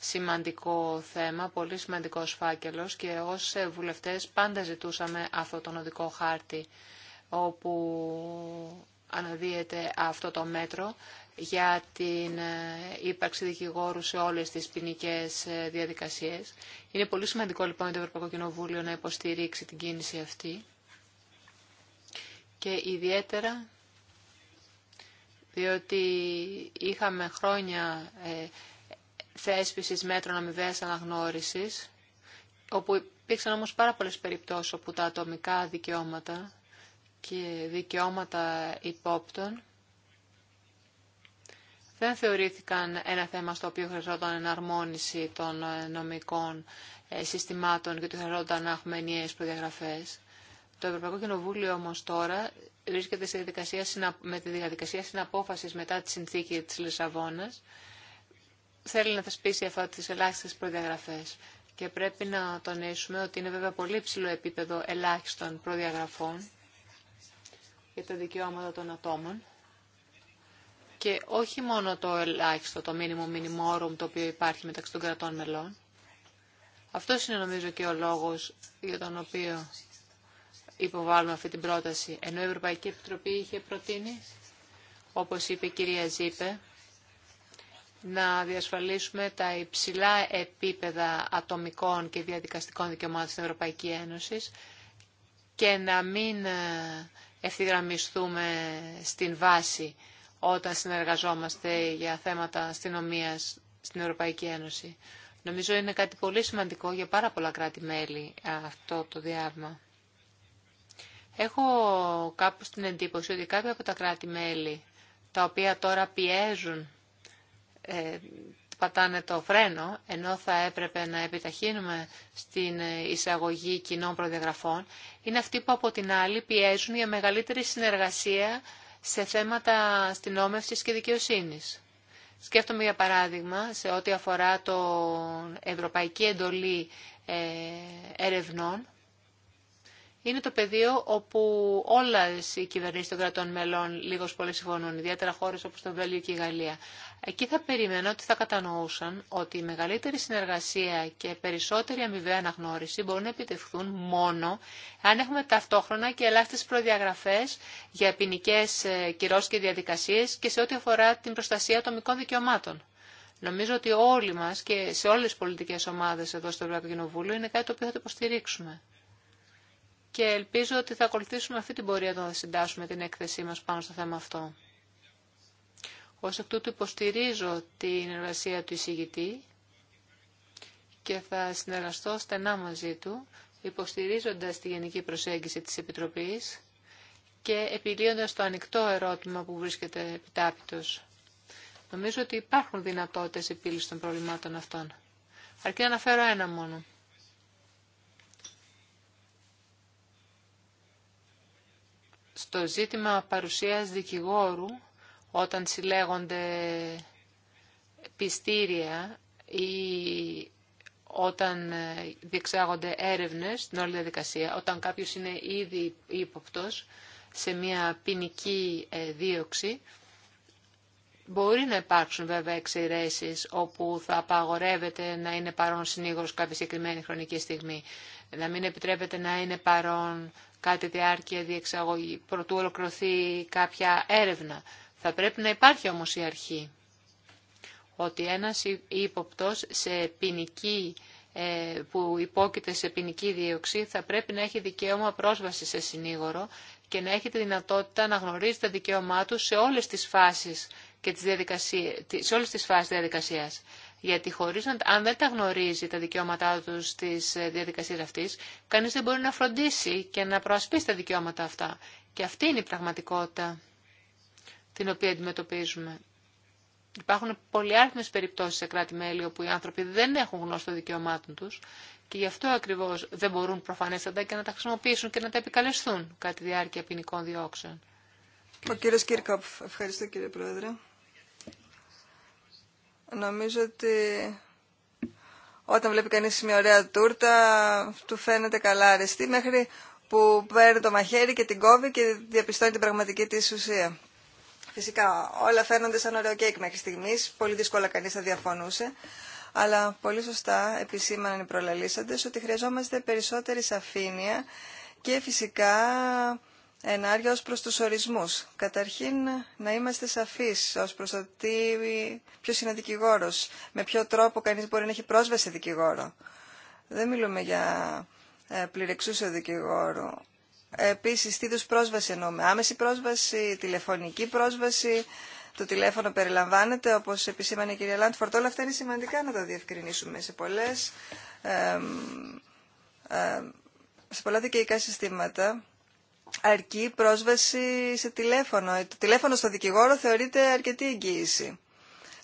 σημαντικό θέμα, πολύ σημαντικός φάκελος και ως βουλευτές πάντα ζητούσαμε αυτό τον οδικό χάρτη όπου αναδύεται αυτό το μέτρο για την ε, ύπαρξη δικηγόρου σε όλες τις ποινικέ ε, διαδικασίες. Είναι πολύ σημαντικό λοιπόν το Ευρωπαϊκό Κοινοβούλιο να υποστηρίξει την κίνηση αυτή και ιδιαίτερα διότι είχαμε χρόνια ε, θέσπισης μέτρων αμοιβαίας αναγνώρισης, όπου υπήρξαν όμως πάρα πολλές περιπτώσεις όπου τα ατομικά δικαιώματα και δικαιώματα υπόπτων δεν θεωρήθηκαν ένα θέμα στο οποίο χρειαζόταν εναρμόνιση των ε, νομικών ε, συστημάτων και ότι χρειαζόταν να έχουμε ενιαίες προδιαγραφές. Το Ευρωπαϊκό Κοινοβούλιο όμως τώρα βρίσκεται διαδικασία, με τη διαδικασία συναπόφασης μετά τη συνθήκη της Λισαβόνα θέλει να θεσπίσει αυτά τις ελάχιστες προδιαγραφές. Και πρέπει να τονίσουμε ότι είναι βέβαια πολύ ψηλό επίπεδο ελάχιστων προδιαγραφών για τα δικαιώματα των ατόμων. Και όχι μόνο το ελάχιστο, το μήνυμο μινιμόρουμ το οποίο υπάρχει μεταξύ των κρατών μελών. Αυτό είναι νομίζω και ο λόγος για τον οποίο υποβάλλουμε αυτή την πρόταση. Ενώ η Ευρωπαϊκή Επιτροπή είχε προτείνει, όπως είπε η κυρία Ζήπε, να διασφαλίσουμε τα υψηλά επίπεδα ατομικών και διαδικαστικών δικαιωμάτων στην Ευρωπαϊκή Ένωση και να μην ε, ευθυγραμμιστούμε στην βάση όταν συνεργαζόμαστε για θέματα αστυνομία στην Ευρωπαϊκή Ένωση. Νομίζω είναι κάτι πολύ σημαντικό για πάρα πολλά κράτη-μέλη αυτό το διάβημα. Έχω κάπως την εντύπωση ότι κάποια από τα κράτη-μέλη τα οποία τώρα πιέζουν ε, πατάνε το φρένο, ενώ θα έπρεπε να επιταχύνουμε στην εισαγωγή κοινών προδιαγραφών, είναι αυτοί που από την άλλη πιέζουν για μεγαλύτερη συνεργασία σε θέματα αστυνόμευσης και δικαιοσύνης. Σκέφτομαι για παράδειγμα σε ό,τι αφορά το Ευρωπαϊκή Εντολή ε, Ερευνών, είναι το πεδίο όπου όλε οι κυβερνήσει των κρατών μελών λίγο πολύ συμφωνούν, ιδιαίτερα χώρε όπω το Βέλγιο και η Γαλλία. Εκεί θα περιμένω ότι θα κατανοούσαν ότι η μεγαλύτερη συνεργασία και περισσότερη αμοιβαία αναγνώριση μπορούν να επιτευχθούν μόνο αν έχουμε ταυτόχρονα και ελάχιστε προδιαγραφέ για ποινικέ ε, κυρώσει και διαδικασίε και σε ό,τι αφορά την προστασία ατομικών δικαιωμάτων. Νομίζω ότι όλοι μας και σε όλες τις πολιτικές ομάδες εδώ στο Ευρωπαϊκό Κοινοβούλιο είναι κάτι το οποίο θα το υποστηρίξουμε και ελπίζω ότι θα ακολουθήσουμε αυτή την πορεία όταν θα συντάσσουμε την έκθεσή μας πάνω στο θέμα αυτό. Ως εκ τούτου υποστηρίζω την εργασία του εισηγητή και θα συνεργαστώ στενά μαζί του, υποστηρίζοντας τη γενική προσέγγιση της Επιτροπής και επιλύοντας το ανοιχτό ερώτημα που βρίσκεται επιτάπητος. Νομίζω ότι υπάρχουν δυνατότητες επίλυσης των προβλημάτων αυτών. Αρκεί να αναφέρω ένα μόνο. στο ζήτημα παρουσίας δικηγόρου όταν συλλέγονται πιστήρια ή όταν ε, διεξάγονται έρευνες στην όλη διαδικασία, όταν κάποιος είναι ήδη ύποπτος σε μια ποινική ε, δίωξη, Μπορεί να υπάρξουν βέβαια εξαιρέσει όπου θα απαγορεύεται να είναι παρόν συνήγορο κάποια συγκεκριμένη χρονική στιγμή. Να μην επιτρέπεται να είναι παρόν κάτι διάρκεια διεξαγωγή, προτού ολοκληρωθεί κάποια έρευνα. Θα πρέπει να υπάρχει όμως η αρχή ότι ένας ύποπτος σε ποινική, ε, που υπόκειται σε ποινική δίωξη θα πρέπει να έχει δικαίωμα πρόσβαση σε συνήγορο και να έχει τη δυνατότητα να γνωρίζει τα δικαίωμά του σε όλες τις φάσεις και τις διαδικασίες, σε όλες τις φάσεις διαδικασίας. Γιατί χωρίς, αν δεν τα γνωρίζει τα δικαιώματά του στι ε, διαδικασία αυτή, κανεί δεν μπορεί να φροντίσει και να προασπίσει τα δικαιώματα αυτά. Και αυτή είναι η πραγματικότητα την οποία αντιμετωπίζουμε. Υπάρχουν πολυάριθμες περιπτώσει σε κράτη-μέλη όπου οι άνθρωποι δεν έχουν γνώση των δικαιωμάτων του και γι' αυτό ακριβώ δεν μπορούν προφανέστατα και να τα χρησιμοποιήσουν και να τα επικαλεστούν κατά τη διάρκεια ποινικών διώξεων. Ο κύριος Κίρκοπ, ευχαριστώ κύριε Πρόεδρε. Νομίζω ότι όταν βλέπει κανείς μια ωραία τούρτα του φαίνεται καλά αρεστή μέχρι που παίρνει το μαχαίρι και την κόβει και διαπιστώνει την πραγματική της ουσία. Φυσικά όλα φαίνονται σαν ωραίο κέικ μέχρι στιγμής, πολύ δύσκολα κανείς θα διαφωνούσε. Αλλά πολύ σωστά επισήμαναν οι προλαλήσαντες ότι χρειαζόμαστε περισσότερη σαφήνεια και φυσικά Ενάργεια ως προς τους ορισμούς. Καταρχήν να είμαστε σαφείς ως προς το τι, ποιος είναι δικηγόρος, με ποιο τρόπο κανείς μπορεί να έχει πρόσβαση σε δικηγόρο. Δεν μιλούμε για ε, πληρεξούσιο δικηγόρο. Επίσης, τι είδους πρόσβαση εννοούμε. Άμεση πρόσβαση, τηλεφωνική πρόσβαση, το τηλέφωνο περιλαμβάνεται, όπως επισήμανε η κυρία Λάντφορτ. Όλα αυτά είναι σημαντικά να τα διευκρινίσουμε σε πολλές... Ε, σε πολλά δικαιϊκά συστήματα αρκεί πρόσβαση σε τηλέφωνο. Ε, το τηλέφωνο στο δικηγόρο θεωρείται αρκετή εγγύηση.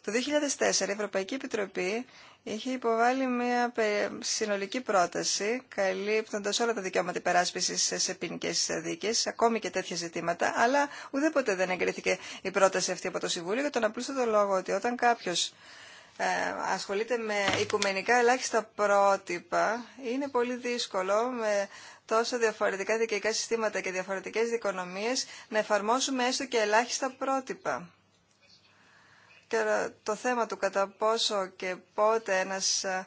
Το 2004 η Ευρωπαϊκή Επιτροπή είχε υποβάλει μια συνολική πρόταση, καλύπτοντα όλα τα δικαιώματα υπεράσπιση σε ποινικέ δίκε, ακόμη και τέτοια ζητήματα, αλλά ουδέποτε δεν εγκρίθηκε η πρόταση αυτή από το Συμβούλιο για τον απλούστατο λόγο ότι όταν κάποιο ε, ασχολείται με οικουμενικά ελάχιστα πρότυπα, είναι πολύ δύσκολο με τόσο διαφορετικά δικαιϊκά συστήματα και διαφορετικές δικονομίες να εφαρμόσουμε έστω και ελάχιστα πρότυπα. Και το θέμα του κατά πόσο και πότε ένας ε,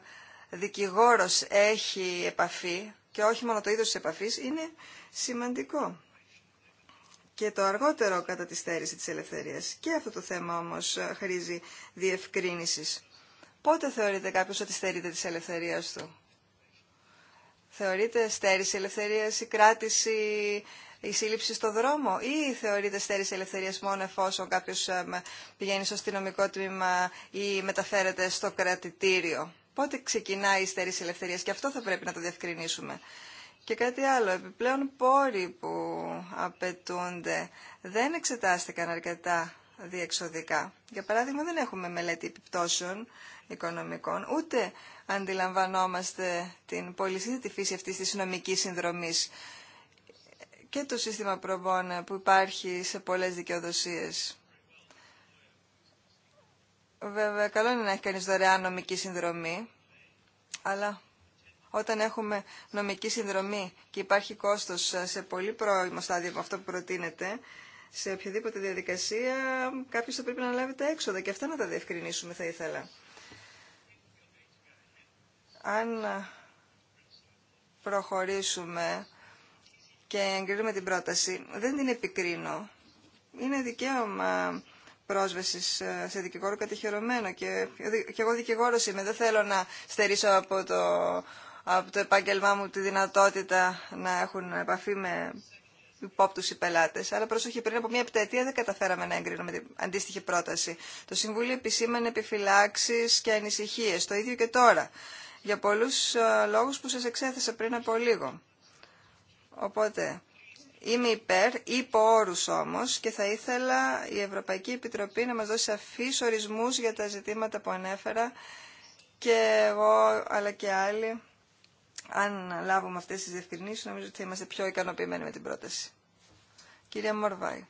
δικηγόρος έχει επαφή και όχι μόνο το είδος της επαφής είναι σημαντικό. Και το αργότερο κατά τη στέρηση της ελευθερίας. Και αυτό το θέμα όμως ε, χρήζει διευκρίνησης. Πότε θεωρείται κάποιος ότι στερείται της ελευθερίας του θεωρείται στέρηση ελευθερίας η κράτηση η σύλληψη στο δρόμο ή θεωρείται στέρηση ελευθερίας μόνο εφόσον κάποιος ε, πηγαίνει στο αστυνομικό τμήμα ή μεταφέρεται στο κρατητήριο. Πότε ξεκινάει η στέρηση ελευθερίας και αυτό θα πρέπει να το διευκρινίσουμε. Και κάτι άλλο, επιπλέον πόροι που απαιτούνται δεν εξετάστηκαν αρκετά διεξοδικά. Για παράδειγμα δεν έχουμε μελέτη επιπτώσεων οικονομικών, ούτε αντιλαμβανόμαστε την πολυσύνθετη φύση αυτής της νομικής συνδρομής και το σύστημα προβών που υπάρχει σε πολλές δικαιοδοσίες. Βέβαια, καλό είναι να έχει κανείς δωρεάν νομική συνδρομή, αλλά όταν έχουμε νομική συνδρομή και υπάρχει κόστος σε πολύ πρόημο στάδιο από αυτό που προτείνεται, σε οποιαδήποτε διαδικασία κάποιος θα πρέπει να λάβει τα έξοδα και αυτά να τα διευκρινίσουμε θα ήθελα αν προχωρήσουμε και εγκρίνουμε την πρόταση, δεν την επικρίνω. Είναι δικαίωμα πρόσβαση ε, σε δικηγόρο κατηχερωμένο και, και εγώ δικηγόρος είμαι. Δεν θέλω να στερήσω από το, από το επάγγελμά μου τη δυνατότητα να έχουν επαφή με υπόπτου οι πελάτε. Αλλά προσοχή, πριν από μια επταετία δεν καταφέραμε να εγκρίνουμε την αντίστοιχη πρόταση. Το Συμβούλιο επισήμανε επιφυλάξει και ανησυχίε. Το ίδιο και τώρα για πολλούς ε, λόγους που σας εξέθεσα πριν από λίγο. Οπότε, είμαι υπέρ, υπό όρους όμως, και θα ήθελα η Ευρωπαϊκή Επιτροπή να μας δώσει σαφείς ορισμούς για τα ζητήματα που ανέφερα και εγώ αλλά και άλλοι, αν λάβουμε αυτές τις διευκρινήσεις, νομίζω ότι θα είμαστε πιο ικανοποιημένοι με την πρόταση. Κυρία Μορβάη.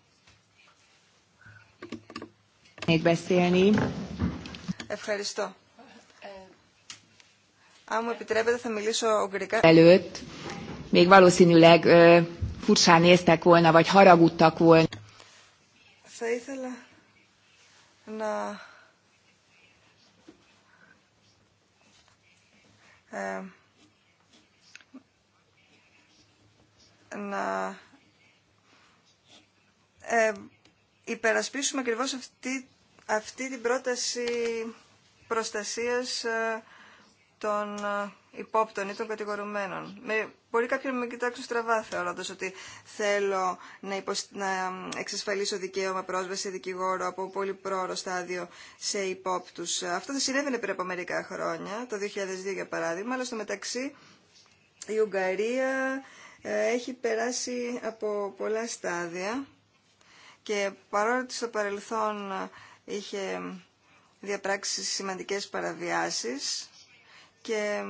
Ευχαριστώ. Αν μου επιτρέπετε θα μιλήσω ογκρικά. Előtt, még valószínűleg furcsán néztek volna, vagy haragudtak volna. Θα ήθελα να... Ε, να ε, υπερασπίσουμε ακριβώς αυτή, αυτή την πρόταση προστασίας ε, των ε, υπόπτων ή των κατηγορουμένων. Με, μπορεί κάποιοι να με κοιτάξουν στραβά θεωρώντα ότι θέλω να, υποσ... Ε, εξασφαλίσω δικαίωμα πρόσβαση δικηγόρο από πολύ πρόωρο στάδιο σε υπόπτου. Αυτό δεν συνέβαινε πριν από μερικά χρόνια, το 2002 για παράδειγμα, αλλά στο μεταξύ η Ουγγαρία ε, έχει περάσει από πολλά στάδια και παρόλο ότι στο παρελθόν είχε διαπράξει σημαντικές παραβιάσεις και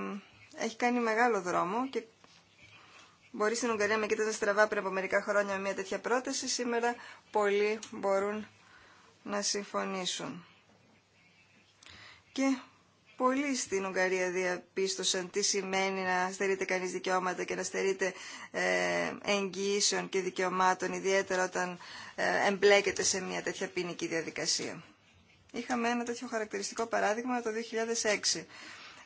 έχει κάνει μεγάλο δρόμο και μπορεί στην Ουγγαρία με κοίταζε στραβά πριν από μερικά χρόνια μια τέτοια πρόταση. Σήμερα πολλοί μπορούν να συμφωνήσουν. Και πολλοί στην Ουγγαρία διαπίστωσαν τι σημαίνει να στερείται κανείς δικαιώματα και να στερείται ε, εγγυήσεων και δικαιωμάτων, ιδιαίτερα όταν ε, εμπλέκεται σε μια τέτοια ποινική διαδικασία. Είχαμε ένα τέτοιο χαρακτηριστικό παράδειγμα το 2006,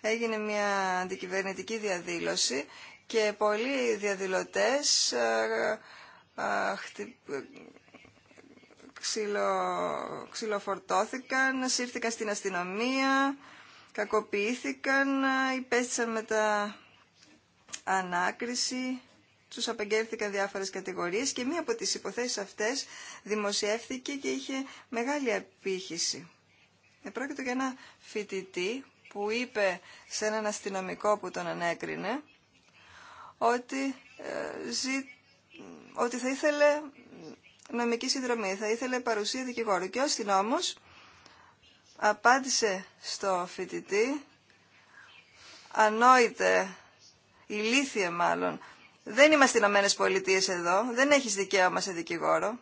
έγινε μια αντικυβερνητική διαδήλωση και πολλοί διαδηλωτές ε, ε, ξυλο, ξυλοφορτώθηκαν, σύρθηκαν στην αστυνομία, κακοποιήθηκαν, ε, υπέστησαν μετά ανάκριση, τους απεγγέλθηκαν διάφορες κατηγορίες και μία από τις υποθέσεις αυτές δημοσιεύθηκε και είχε μεγάλη απήχηση. Επρόκειτο για ένα φοιτητή που είπε σε έναν αστυνομικό που τον ανέκρινε ότι, ε, ότι θα ήθελε νομική συνδρομή, θα ήθελε παρουσία δικηγόρου. Και ο αστυνόμος απάντησε στο φοιτητή ανόητε, ηλίθιε μάλλον. Δεν είμαστε Ηνωμένε Πολιτείε εδώ, δεν έχεις δικαίωμα σε δικηγόρο.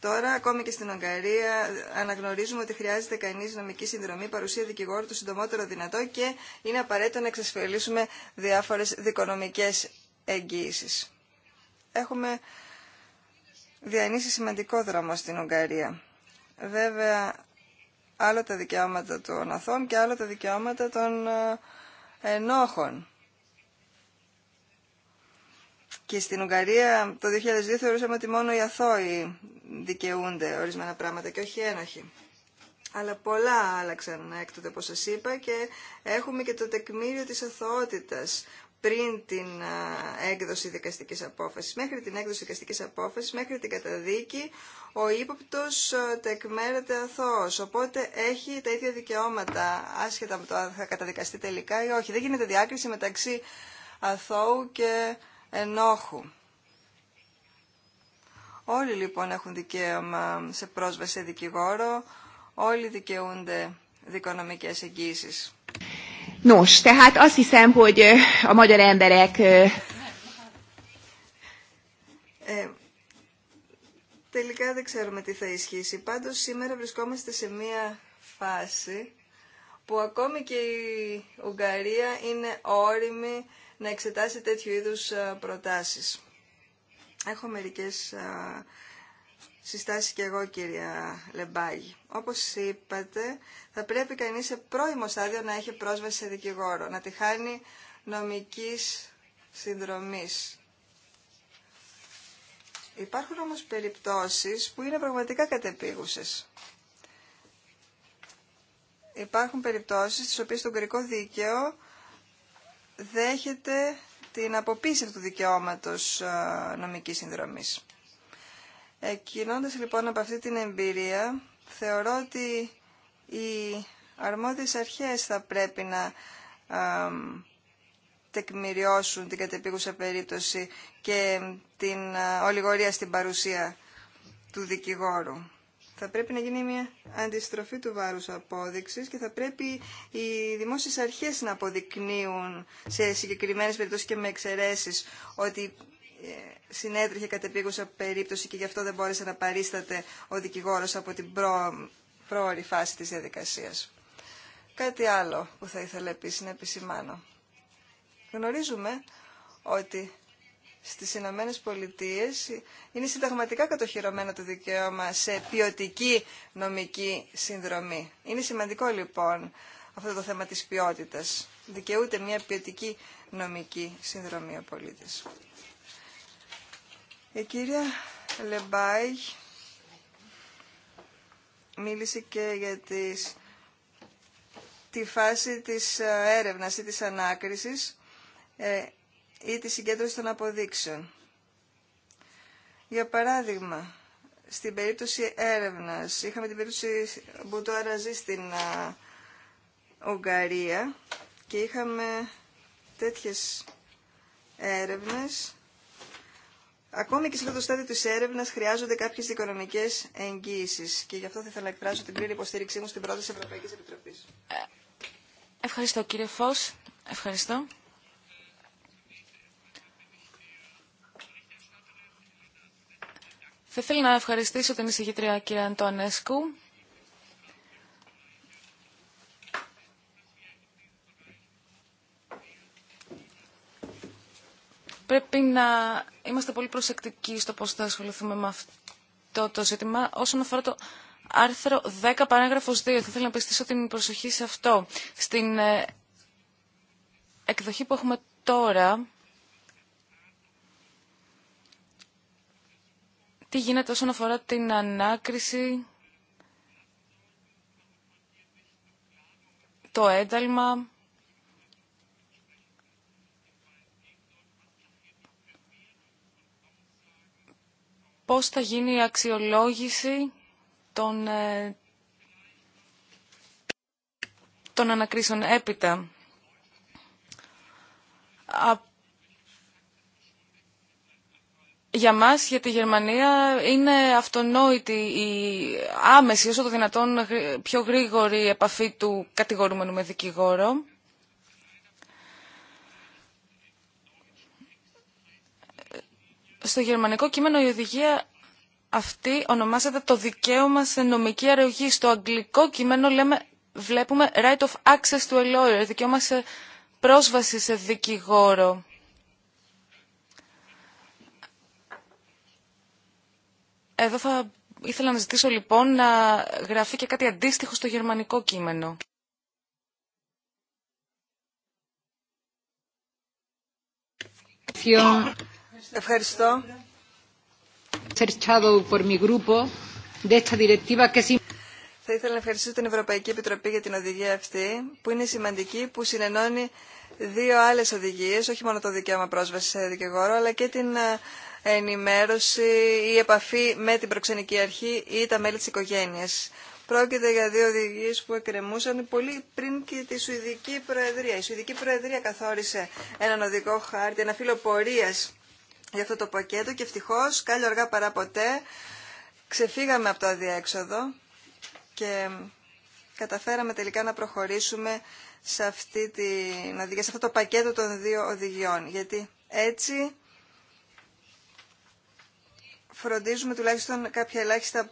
Τώρα, ακόμη και στην Ουγγαρία, αναγνωρίζουμε ότι χρειάζεται κανεί νομική συνδρομή, παρουσία δικηγόρου το συντομότερο δυνατό και είναι απαραίτητο να εξασφαλίσουμε διάφορε δικονομικέ εγγύησει. Έχουμε διανύσει σημαντικό δρόμο στην Ουγγαρία. Βέβαια, άλλο τα δικαιώματα των αθών και άλλο τα δικαιώματα των ε, ενόχων. Και στην Ουγγαρία το 2002 θεωρούσαμε ότι μόνο οι αθώοι δικαιούνται ορισμένα πράγματα και όχι ένοχοι. Αλλά πολλά άλλαξαν έκτοτε όπως σας είπα και έχουμε και το τεκμήριο της αθωότητας πριν την έκδοση δικαστικής απόφασης. Μέχρι την έκδοση δικαστικής απόφασης, μέχρι την καταδίκη, ο ύποπτο τεκμέρεται αθώος. Οπότε έχει τα ίδια δικαιώματα, άσχετα με το αν θα καταδικαστεί τελικά ή όχι. Δεν γίνεται διάκριση μεταξύ αθώου και ενόχου. Όλοι λοιπόν έχουν δικαίωμα σε πρόσβαση σε δικηγόρο, όλοι δικαιούνται δικονομικές εγγύσεις. Nos, τελικά δεν ξέρουμε τι θα ισχύσει. Πάντως σήμερα βρισκόμαστε σε μία φάση που ακόμη και η Ουγγαρία είναι όριμη να εξετάσει τέτοιου είδους ε, προτάσεις. Έχω μερικές ε, συστάσεις και εγώ κυρία Λεμπάγη. Όπως είπατε, θα πρέπει κανείς σε πρώιμο στάδιο να έχει πρόσβαση σε δικηγόρο, να τη χάνει νομικής συνδρομής. Υπάρχουν όμως περιπτώσεις που είναι πραγματικά κατεπίγουσες. Υπάρχουν περιπτώσεις στις οποίες το γκρικό δίκαιο δέχεται την αποποίηση αυτού του δικαιώματος ε, νομικής συνδρομής. Εκκινώντας λοιπόν από αυτή την εμπειρία, θεωρώ ότι οι αρμόδιες αρχές θα πρέπει να τεκμηριώσουν την κατεπίγουσα περίπτωση και την α, ε, ολιγορία στην παρουσία του δικηγόρου. Θα πρέπει να γίνει μια αντιστροφή του βάρους απόδειξης και θα πρέπει οι δημόσιες αρχές να αποδεικνύουν σε συγκεκριμένες περιπτώσεις και με εξαιρέσεις ότι ε, συνέτρεχε κατεπίγουσα περίπτωση και γι' αυτό δεν μπόρεσε να παρίσταται ο δικηγόρος από την προ... πρόορη φάση της διαδικασίας. Κάτι άλλο που θα ήθελα επίσης να επισημάνω. Γνωρίζουμε ότι στις Ηνωμένε Πολιτείε είναι συνταγματικά κατοχυρωμένο το δικαίωμα σε ποιοτική νομική συνδρομή. Είναι σημαντικό λοιπόν αυτό το θέμα της ποιότητας. Δικαιούται μια ποιοτική νομική συνδρομή ο πολίτης. Η κυρία Λεμπάι μίλησε και για τις, τη φάση της ε, έρευνας ή της ανάκρισης ε, ή τη συγκέντρωση των αποδείξεων. Για παράδειγμα, στην περίπτωση έρευνας, είχαμε την περίπτωση τώρα στην Ουγγαρία και είχαμε τέτοιες έρευνες. Ακόμη και σε αυτό το στάδιο της έρευνας χρειάζονται κάποιες οικονομικές εγγύησεις και γι' αυτό θα ήθελα να εκφράσω την πλήρη υποστήριξή μου στην πρόταση Ευρωπαϊκής Επιτροπής. Ευχαριστώ κύριε Φως. Ευχαριστώ. Θα ήθελα να ευχαριστήσω την εισηγητρία κυρία Αντώνεσκου. Πρέπει να είμαστε πολύ προσεκτικοί στο πώς θα ασχοληθούμε με αυτό το ζήτημα. Όσον αφορά το άρθρο 10 παράγραφος 2, θα ήθελα να πιστήσω την προσοχή σε αυτό. Στην ε, εκδοχή που έχουμε τώρα, τι γίνεται όσον αφορά την ανάκριση, το ένταλμα, πώς θα γίνει η αξιολόγηση των, ε, των ανακρίσεων έπειτα. για μας, για τη Γερμανία, είναι αυτονόητη η άμεση, όσο το δυνατόν πιο γρήγορη επαφή του κατηγορούμενου με δικηγόρο. Στο γερμανικό κείμενο η οδηγία αυτή ονομάζεται το δικαίωμα σε νομική αρρωγή. Στο αγγλικό κείμενο λέμε, βλέπουμε right of access to a lawyer, δικαίωμα σε πρόσβαση σε δικηγόρο. Εδώ θα ήθελα να ζητήσω λοιπόν να γραφεί και κάτι αντίστοιχο στο γερμανικό κείμενο. Ευχαριστώ. Θα ήθελα να ευχαριστήσω την Ευρωπαϊκή Επιτροπή για την οδηγία αυτή, που είναι σημαντική, που συνενώνει δύο άλλες οδηγίες, όχι μόνο το δικαίωμα πρόσβαση σε δικηγόρο, αλλά και την ε, ενημέρωση ή επαφή με την προξενική αρχή ή τα μέλη της οικογένειας. Πρόκειται για δύο οδηγίε που εκκρεμούσαν πολύ πριν και τη Σουηδική Προεδρία. Η Σουηδική Προεδρία καθόρισε έναν οδικό χάρτη, ένα φύλλο πορεία για αυτό το πακέτο και ευτυχώ, κάλλιο αργά παρά ποτέ, ξεφύγαμε από το αδιέξοδο και καταφέραμε τελικά να προχωρήσουμε σε, αυτή σε αυτό το πακέτο των δύο οδηγιών. Γιατί έτσι φροντίζουμε τουλάχιστον κάποια ελάχιστα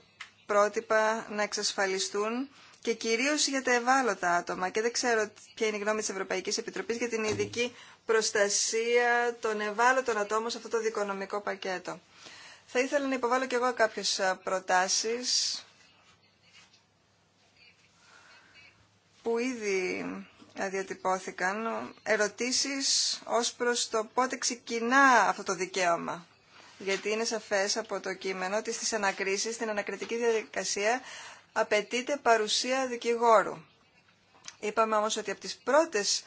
πρότυπα να εξασφαλιστούν και κυρίως για τα ευάλωτα άτομα. Και δεν ξέρω ποια είναι η γνώμη της Ευρωπαϊκής Επιτροπής για την ειδική προστασία των ευάλωτων ατόμων σε αυτό το δικονομικό πακέτο. Θα ήθελα να υποβάλω και εγώ κάποιες προτάσεις που ήδη διατυπώθηκαν, ερωτήσεις ως προς το πότε ξεκινά αυτό το δικαίωμα γιατί είναι σαφές από το κείμενο ότι στις ανακρίσεις, στην ανακριτική διαδικασία απαιτείται παρουσία δικηγόρου. Είπαμε όμως ότι από τις πρώτες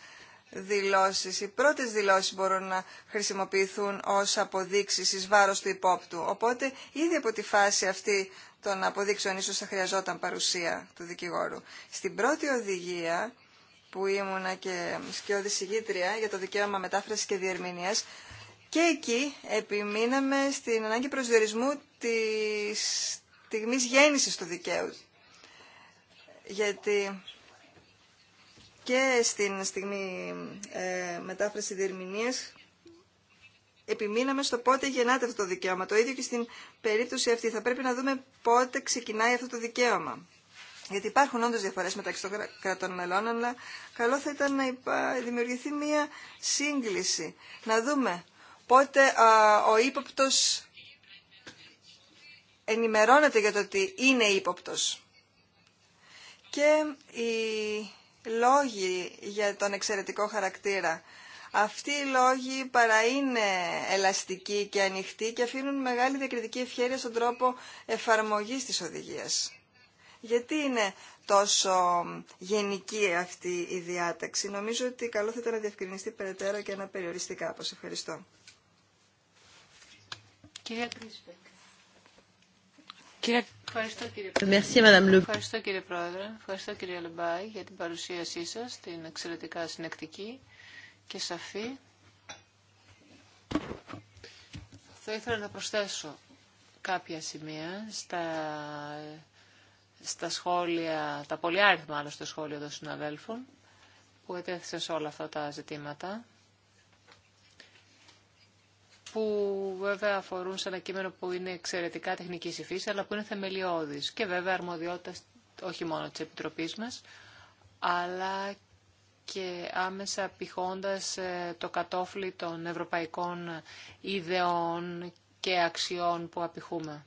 δηλώσεις, οι πρώτες δηλώσεις μπορούν να χρησιμοποιηθούν ως αποδείξεις εις βάρος του υπόπτου. Οπότε ήδη από τη φάση αυτή των αποδείξεων ίσως θα χρειαζόταν παρουσία του δικηγόρου. Στην πρώτη οδηγία που ήμουνα και σκιώδη συγγήτρια για το δικαίωμα μετάφραση και διερμηνίας, και εκεί επιμείναμε στην ανάγκη προσδιορισμού της στιγμής γέννησης του δικαίου. Γιατί και στην στιγμή ε, μετάφραση διερμηνίας επιμείναμε στο πότε γεννάται αυτό το δικαίωμα. Το ίδιο και στην περίπτωση αυτή. Θα πρέπει να δούμε πότε ξεκινάει αυτό το δικαίωμα. Γιατί υπάρχουν όντως διαφορές μεταξύ των κρατών μελών, αλλά καλό θα ήταν να δημιουργηθεί μία σύγκληση. Να δούμε Οπότε ο ύποπτο ενημερώνεται για το ότι είναι ύποπτο. Και οι λόγοι για τον εξαιρετικό χαρακτήρα. Αυτοί οι λόγοι παρά ελαστικοί και ανοιχτοί και αφήνουν μεγάλη διακριτική ευχαίρεια στον τρόπο εφαρμογής της οδηγίας. Γιατί είναι τόσο γενική αυτή η διάταξη. Νομίζω ότι καλό θα ήταν να διευκρινιστεί περαιτέρω και να περιοριστεί κάπως. Ευχαριστώ. Ευχαριστώ, κύριε... Πρόεδρε, ευχαριστώ κύριε Λεμπάη για την παρουσίασή σας, την εξαιρετικά συνεκτική και σαφή. Θα ήθελα να προσθέσω κάποια σημεία στα, στα σχόλια, τα πολύ άριθμα άλλωστε σχόλια των συναδέλφων που ετέθησαν σε όλα αυτά τα ζητήματα που βέβαια αφορούν σε ένα κείμενο που είναι εξαιρετικά τεχνική υφή, αλλά που είναι θεμελιώδης και βέβαια αρμοδιότητα όχι μόνο της Επιτροπής μας, αλλά και άμεσα πηχώντας ε, το κατόφλι των ευρωπαϊκών ιδεών και αξιών που απηχούμε.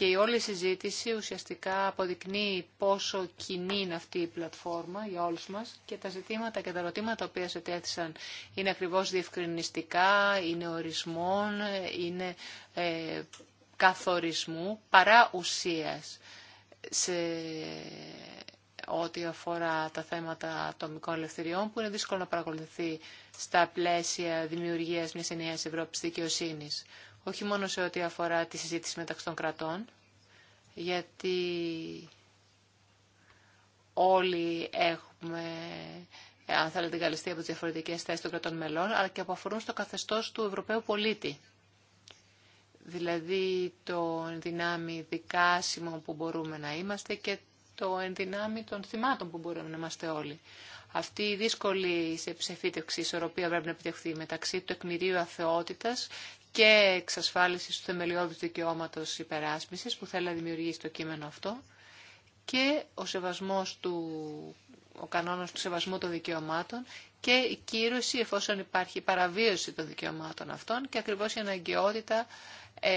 Και η όλη συζήτηση ουσιαστικά αποδεικνύει πόσο κοινή είναι αυτή η πλατφόρμα για όλους μας και τα ζητήματα και τα ερωτήματα οποία σε τέθησαν είναι ακριβώς διευκρινιστικά, είναι ορισμών, είναι ε, καθορισμού παρά ουσίας σε ό,τι αφορά τα θέματα ατομικών ελευθεριών που είναι δύσκολο να παρακολουθεί στα πλαίσια δημιουργίας μιας ενιαίας Ευρώπης δικαιοσύνης όχι μόνο σε ό,τι αφορά τη συζήτηση μεταξύ των κρατών, γιατί όλοι έχουμε, αν θέλετε, εγκαλιστεί από τις διαφορετικές θέσεις των κρατών μελών, αλλά και που αφορούν στο καθεστώς του Ευρωπαίου πολίτη. Δηλαδή το ενδυνάμει δικάσιμο που μπορούμε να είμαστε και το ενδυνάμει των θυμάτων που μπορούμε να είμαστε όλοι. Αυτή η δύσκολη σε ψεφίτευξη ισορροπία πρέπει να επιτευχθεί μεταξύ του τεκμηρίου αθεότητας και εξασφάλισης του θεμελιώδους δικαιώματος υπεράσπισης που θέλει να δημιουργήσει το κείμενο αυτό και ο σεβασμός του ο κανόνας του σεβασμού των δικαιωμάτων και η κύρωση εφόσον υπάρχει παραβίωση των δικαιωμάτων αυτών και ακριβώς η αναγκαιότητα ε,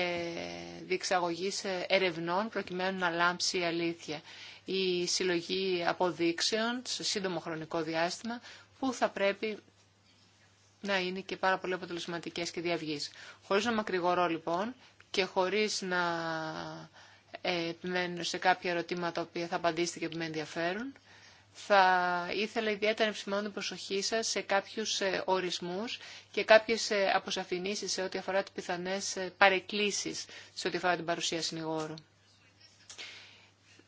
διεξαγωγής ε, ερευνών προκειμένου να λάμψει η αλήθεια. Η συλλογή αποδείξεων σε σύντομο χρονικό διάστημα που θα πρέπει να είναι και πάρα πολύ αποτελεσματικές και διαυγείς. Χωρίς να μακρηγορώ λοιπόν και χωρίς να ε, επιμένω σε κάποια ερωτήματα τα οποία θα απαντήσετε και που με ενδιαφέρουν, θα ήθελα ιδιαίτερα να επισημάνω την προσοχή σας σε κάποιους ε, ορισμούς και κάποιες ε, αποσαφηνίσεις σε ό,τι αφορά τις πιθανές παρεκκλήσεις σε ό,τι αφορά την παρουσία συνηγόρου.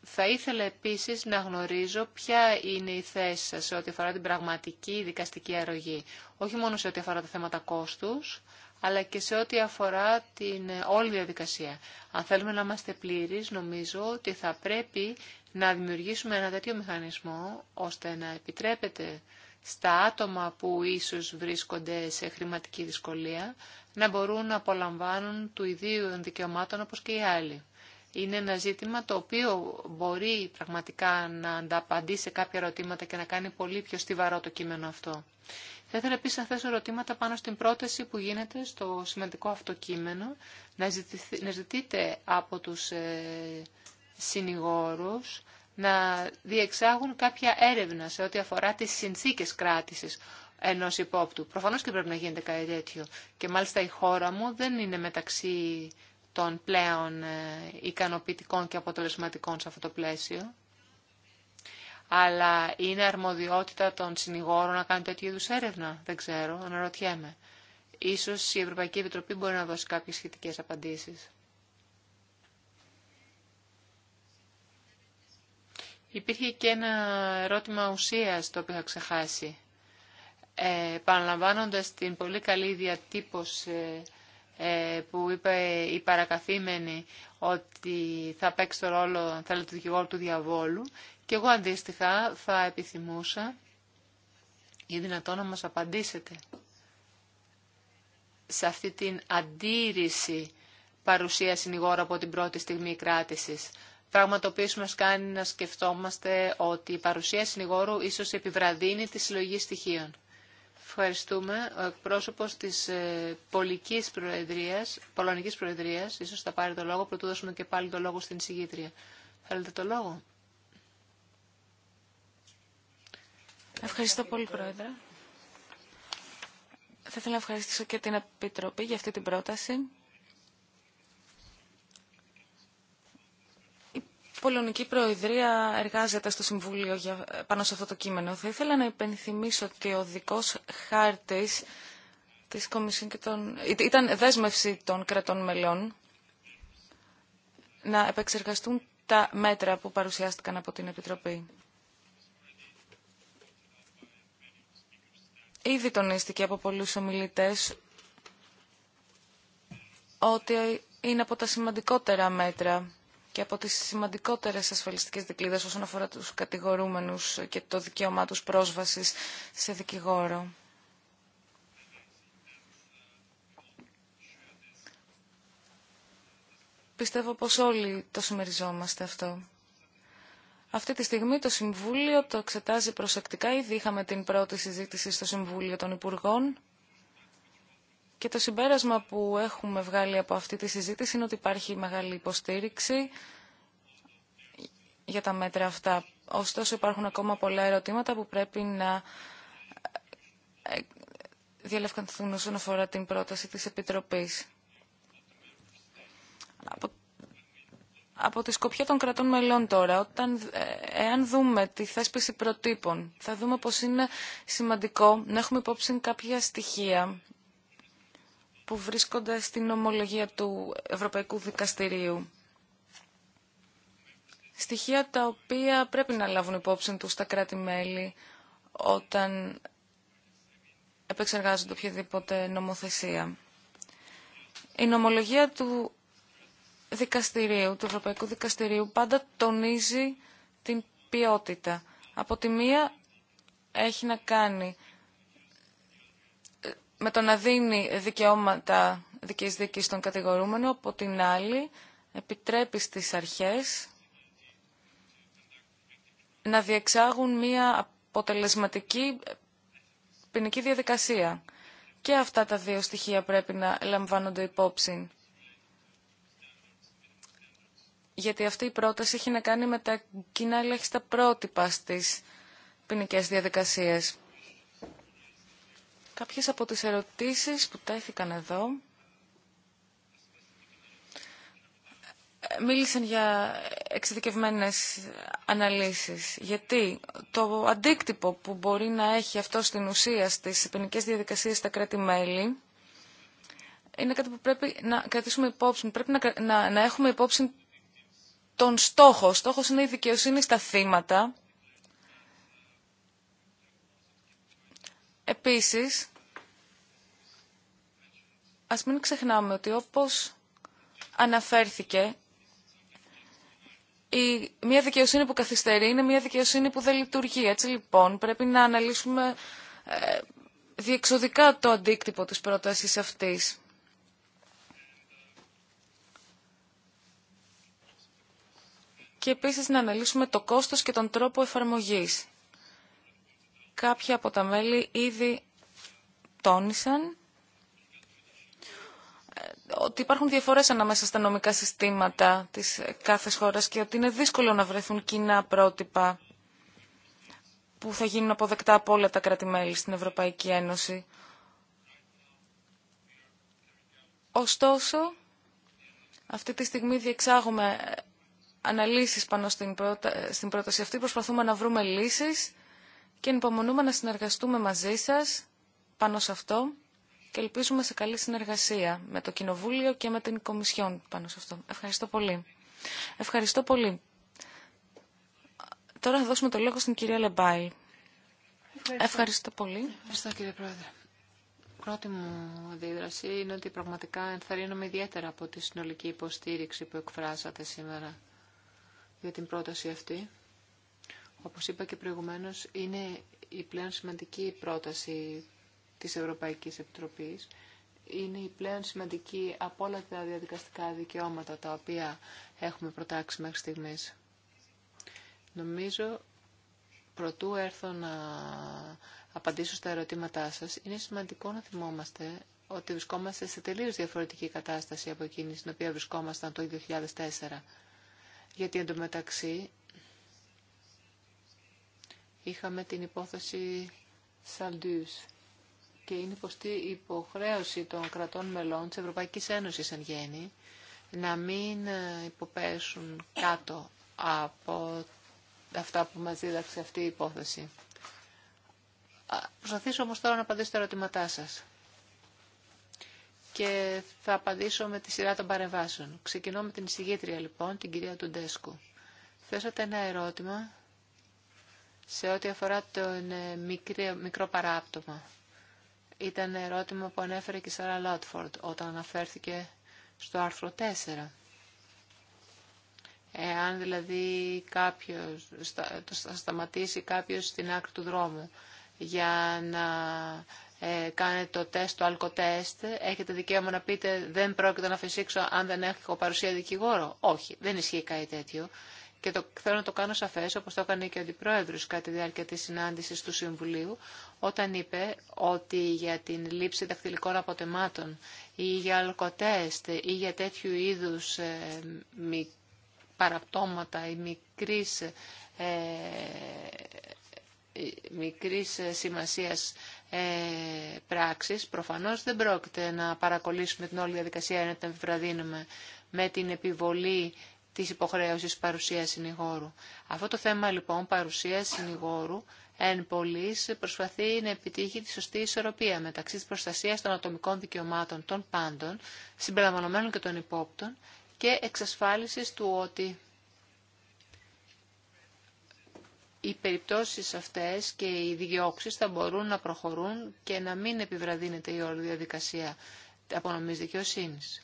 Θα ήθελα επίσης να γνωρίζω ποια είναι η θέση σας σε ό,τι αφορά την πραγματική δικαστική αρρωγή. Όχι μόνο σε ό,τι αφορά τα θέματα κόστους, αλλά και σε ό,τι αφορά την ε, όλη διαδικασία. Αν θέλουμε να είμαστε πλήρεις, νομίζω ότι θα πρέπει να δημιουργήσουμε ένα τέτοιο μηχανισμό, ώστε να επιτρέπεται στα άτομα που ίσως βρίσκονται σε χρηματική δυσκολία, να μπορούν να απολαμβάνουν του ιδίου των δικαιωμάτων όπως και οι άλλοι είναι ένα ζήτημα το οποίο μπορεί πραγματικά να ανταπαντήσει σε κάποια ερωτήματα και να κάνει πολύ πιο στιβαρό το κείμενο αυτό. Θα ήθελα επίσης να θέσω ερωτήματα πάνω στην πρόταση που γίνεται στο σημαντικό αυτό κείμενο, να, ζητηθεί, ζητείτε από τους ε, να διεξάγουν κάποια έρευνα σε ό,τι αφορά τις συνθήκες κράτησης ενός υπόπτου. Προφανώς και πρέπει να γίνεται κάτι τέτοιο. Και μάλιστα η χώρα μου δεν είναι μεταξύ των πλέον ε, ικανοποιητικών και αποτελεσματικών σε αυτό το πλαίσιο. Αλλά είναι αρμοδιότητα των συνηγόρων να κάνουν τέτοιου είδου έρευνα. Δεν ξέρω, αναρωτιέμαι. Ίσως η Ευρωπαϊκή Επιτροπή μπορεί να δώσει κάποιες σχετικές απαντήσεις. Υπήρχε και ένα ερώτημα ουσίας το οποίο είχα ξεχάσει. Ε, την πολύ καλή διατύπωση ε, ε, που είπε η παρακαθήμενη ότι θα παίξει το ρόλο, του δικηγόρου του διαβόλου. Και εγώ αντίστοιχα θα επιθυμούσα ή δυνατόν να μας απαντήσετε σε αυτή την αντίρρηση παρουσία συνηγόρου από την πρώτη στιγμή κράτησης. Πράγμα το οποίο μας κάνει να σκεφτόμαστε ότι η παρουσία συνηγόρου ίσως επιβραδύνει τη συλλογή στοιχείων. Ευχαριστούμε. Ο εκπρόσωπος της ε, Πολικής Προεδρίας, Πολωνικής Προεδρίας, ίσως θα πάρει το λόγο, πρωτού δώσουμε και πάλι το λόγο στην εισηγήτρια. Θέλετε το λόγο. Ευχαριστώ πολύ, Πρόεδρε. Θα ήθελα να ευχαριστήσω και την Επιτροπή για αυτή την πρόταση. Πολωνική Προεδρία εργάζεται στο Συμβούλιο για, πάνω σε αυτό το κείμενο. Θα ήθελα να υπενθυμίσω ότι ο δικός χάρτης της Κομισιόν και των... ήταν δέσμευση των κρατών μελών να επεξεργαστούν τα μέτρα που παρουσιάστηκαν από την Επιτροπή. Ήδη τονίστηκε από πολλούς ομιλητές ότι είναι από τα σημαντικότερα μέτρα και από τις σημαντικότερες ασφαλιστικές δικλείδες όσον αφορά τους κατηγορούμενους και το δικαίωμά τους πρόσβασης σε δικηγόρο. Πιστεύω πως όλοι το συμμεριζόμαστε αυτό. Αυτή τη στιγμή το Συμβούλιο το εξετάζει προσεκτικά. Ήδη είχαμε την πρώτη συζήτηση στο Συμβούλιο των Υπουργών και το συμπέρασμα που έχουμε βγάλει από αυτή τη συζήτηση είναι ότι υπάρχει μεγάλη υποστήριξη για τα μέτρα αυτά. Ωστόσο υπάρχουν ακόμα πολλά ερωτήματα που πρέπει να ε, διαλευκανθούν όσον αφορά την πρόταση της Επιτροπής. Από, από τη σκοπιά των κρατών μελών τώρα, όταν, ε, εάν δούμε τη θέσπιση προτύπων, θα δούμε πως είναι σημαντικό να έχουμε υπόψη κάποια στοιχεία που βρίσκονται στην ομολογία του Ευρωπαϊκού Δικαστηρίου. Στοιχεία τα οποία πρέπει να λάβουν υπόψη τους τα κράτη-μέλη όταν επεξεργάζονται οποιαδήποτε νομοθεσία. Η νομολογία του δικαστηρίου, του Ευρωπαϊκού Δικαστηρίου, πάντα τονίζει την ποιότητα. Από τη μία έχει να κάνει με το να δίνει δικαιώματα δικής δίκης στον κατηγορούμενο, από την άλλη επιτρέπει στις αρχές να διεξάγουν μία αποτελεσματική ποινική διαδικασία. Και αυτά τα δύο στοιχεία πρέπει να λαμβάνονται υπόψη. Γιατί αυτή η πρόταση έχει να κάνει με τα κοινά ελάχιστα πρότυπα στις ποινικέ διαδικασίες. Κάποιες από τις ερωτήσεις που τέθηκαν εδώ ε, μίλησαν για εξειδικευμένες αναλύσεις. Γιατί το αντίκτυπο που μπορεί να έχει αυτό στην ουσία στις ποινικές διαδικασίες στα κράτη-μέλη είναι κάτι που πρέπει να κρατήσουμε υπόψη. Πρέπει να, να, έχουμε υπόψη τον στόχο. Ο στόχος είναι η δικαιοσύνη στα θύματα Επίσης, ας μην ξεχνάμε ότι όπως αναφέρθηκε, η, μια δικαιοσύνη που καθυστερεί είναι μια δικαιοσύνη που δεν λειτουργεί. Έτσι λοιπόν πρέπει να αναλύσουμε ε, διεξοδικά το αντίκτυπο της πρότασης αυτής. Και επίσης να αναλύσουμε το κόστος και τον τρόπο εφαρμογής κάποια από τα μέλη ήδη τόνισαν ε, ότι υπάρχουν διαφορές ανάμεσα στα νομικά συστήματα της κάθε χώρας και ότι είναι δύσκολο να βρεθούν κοινά πρότυπα που θα γίνουν αποδεκτά από όλα τα κράτη-μέλη στην Ευρωπαϊκή Ένωση. Ωστόσο, αυτή τη στιγμή διεξάγουμε αναλύσεις πάνω στην, πρόταση αυτή, προσπαθούμε να βρούμε λύσεις και ενυπομονούμε να συνεργαστούμε μαζί σας πάνω σε αυτό και ελπίζουμε σε καλή συνεργασία με το Κοινοβούλιο και με την Κομισιόν πάνω σε αυτό. Ευχαριστώ πολύ. Ευχαριστώ πολύ. Τώρα θα δώσουμε το λόγο στην κυρία Λεμπάη. Ευχαριστώ, πολύ. Ευχαριστώ κύριε Πρόεδρε. Πρώτη μου αντίδραση είναι ότι πραγματικά ενθαρρύνομαι ιδιαίτερα από τη συνολική υποστήριξη που εκφράσατε σήμερα για την πρόταση αυτή όπως είπα και προηγουμένως, είναι η πλέον σημαντική πρόταση της Ευρωπαϊκής Επιτροπής. Είναι η πλέον σημαντική από όλα τα διαδικαστικά δικαιώματα τα οποία έχουμε προτάξει μέχρι στιγμής. Νομίζω, προτού έρθω να απαντήσω στα ερωτήματά σας, είναι σημαντικό να θυμόμαστε ότι βρισκόμαστε σε τελείως διαφορετική κατάσταση από εκείνη στην οποία βρισκόμασταν το 2004. Γιατί εντωμεταξύ είχαμε την υπόθεση Σαλντούς και είναι υποστή υποχρέωση των κρατών μελών της Ευρωπαϊκής Ένωσης εν γέννη να μην ε, υποπέσουν κάτω από αυτά που μας δίδαξε αυτή η υπόθεση. Προσπαθήσω όμως τώρα να απαντήσω τα ερωτήματά σας. Και θα απαντήσω με τη σειρά των παρεμβάσεων. Ξεκινώ με την εισηγήτρια λοιπόν, την κυρία Τουντέσκου. Θέσατε ένα ερώτημα σε ό,τι αφορά το ε, μικρό, μικρό παράπτωμα. Ήταν ερώτημα που ανέφερε και η Σάρα Λότφορντ όταν αναφέρθηκε στο άρθρο 4. Εάν δηλαδή κάποιος, θα σταματήσει κάποιος στην άκρη του δρόμου για να ε, κάνετε το τεστ, το αλκοτέστ, έχετε δικαίωμα να πείτε δεν πρόκειται να φυσήξω αν δεν έχω παρουσία δικηγόρο. Όχι, δεν ισχύει κάτι τέτοιο και το, θέλω να το κάνω σαφέ, όπω το έκανε και ο Αντιπρόεδρο κατά τη διάρκεια τη συνάντηση του Συμβουλίου, όταν είπε ότι για την λήψη δαχτυλικών αποτεμάτων ή για αλκοτέστ ή για τέτοιου είδου ε, παραπτώματα ή μικρή ε, ε, μικρής σημασίας ε, πράξης, προφανώς δεν πρόκειται να παρακολύσουμε την όλη διαδικασία να την επιβραδύνουμε με την επιβολή Τη υποχρέωση παρουσία συνηγόρου. Αυτό το θέμα λοιπόν παρουσία συνηγόρου εν πολλής προσπαθεί να επιτύχει τη σωστή ισορροπία μεταξύ τη προστασία των ατομικών δικαιωμάτων των πάντων, συμπεριλαμβανομένων και των υπόπτων και εξασφάλιση του ότι οι περιπτώσεις αυτές και οι διώξει θα μπορούν να προχωρούν και να μην επιβραδύνεται η όλη διαδικασία απονομής δικαιοσύνης.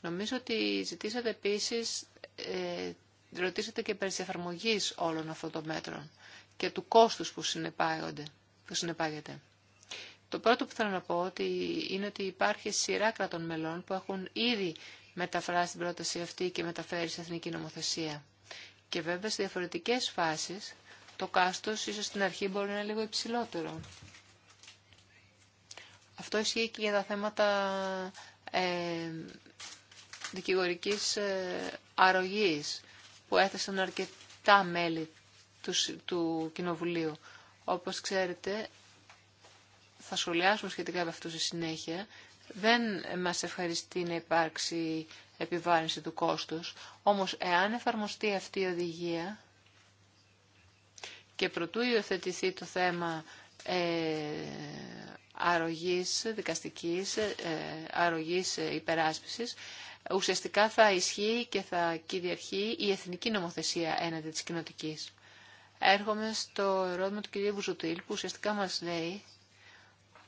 Νομίζω ότι ζητήσατε επίσης ε, ρωτήσατε και περί της όλων αυτών των μέτρων και του κόστους που, που συνεπάγεται. Το πρώτο που θέλω να πω ότι είναι ότι υπάρχει σειρά κρατών μελών που έχουν ήδη μεταφράσει την πρόταση αυτή και μεταφέρει σε εθνική νομοθεσία. Και βέβαια σε διαφορετικές φάσεις το κάστος ίσως στην αρχή μπορεί να είναι λίγο υψηλότερο. Αυτό ισχύει και για τα θέματα ε, δικηγορικής ε, αρρωγής που έθεσαν αρκετά μέλη του, Κοινοβουλίου. Όπως ξέρετε, θα σχολιάσουμε σχετικά με αυτό στη συνέχεια, δεν μας ευχαριστεί να υπάρξει επιβάρυνση του κόστους, όμως εάν εφαρμοστεί αυτή η οδηγία και προτού υιοθετηθεί το θέμα ε, αρρωγής δικαστικής, ε, αρρωγής ε, υπεράσπισης, ουσιαστικά θα ισχύει και θα κυριαρχεί η εθνική νομοθεσία έναντι της κοινοτική. Έρχομαι στο ερώτημα του κ. Βουζουτήλ που ουσιαστικά μας λέει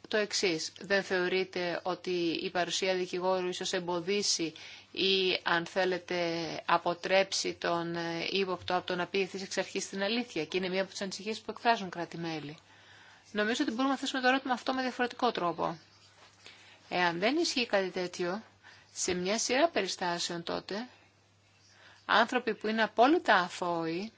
το εξή. Δεν θεωρείτε ότι η παρουσία δικηγόρου ίσως εμποδίσει ή αν θέλετε αποτρέψει τον ύποπτο από το να πει εξ αρχή την αλήθεια και είναι μία από τις ανησυχίες που εκφράζουν κράτη-μέλη. Νομίζω ότι μπορούμε να θέσουμε το ερώτημα αυτό με διαφορετικό τρόπο. Εάν δεν ισχύει κάτι τέτοιο, σε μια σειρά περιστάσεων τότε, άνθρωποι που είναι απόλυτα αθώοι,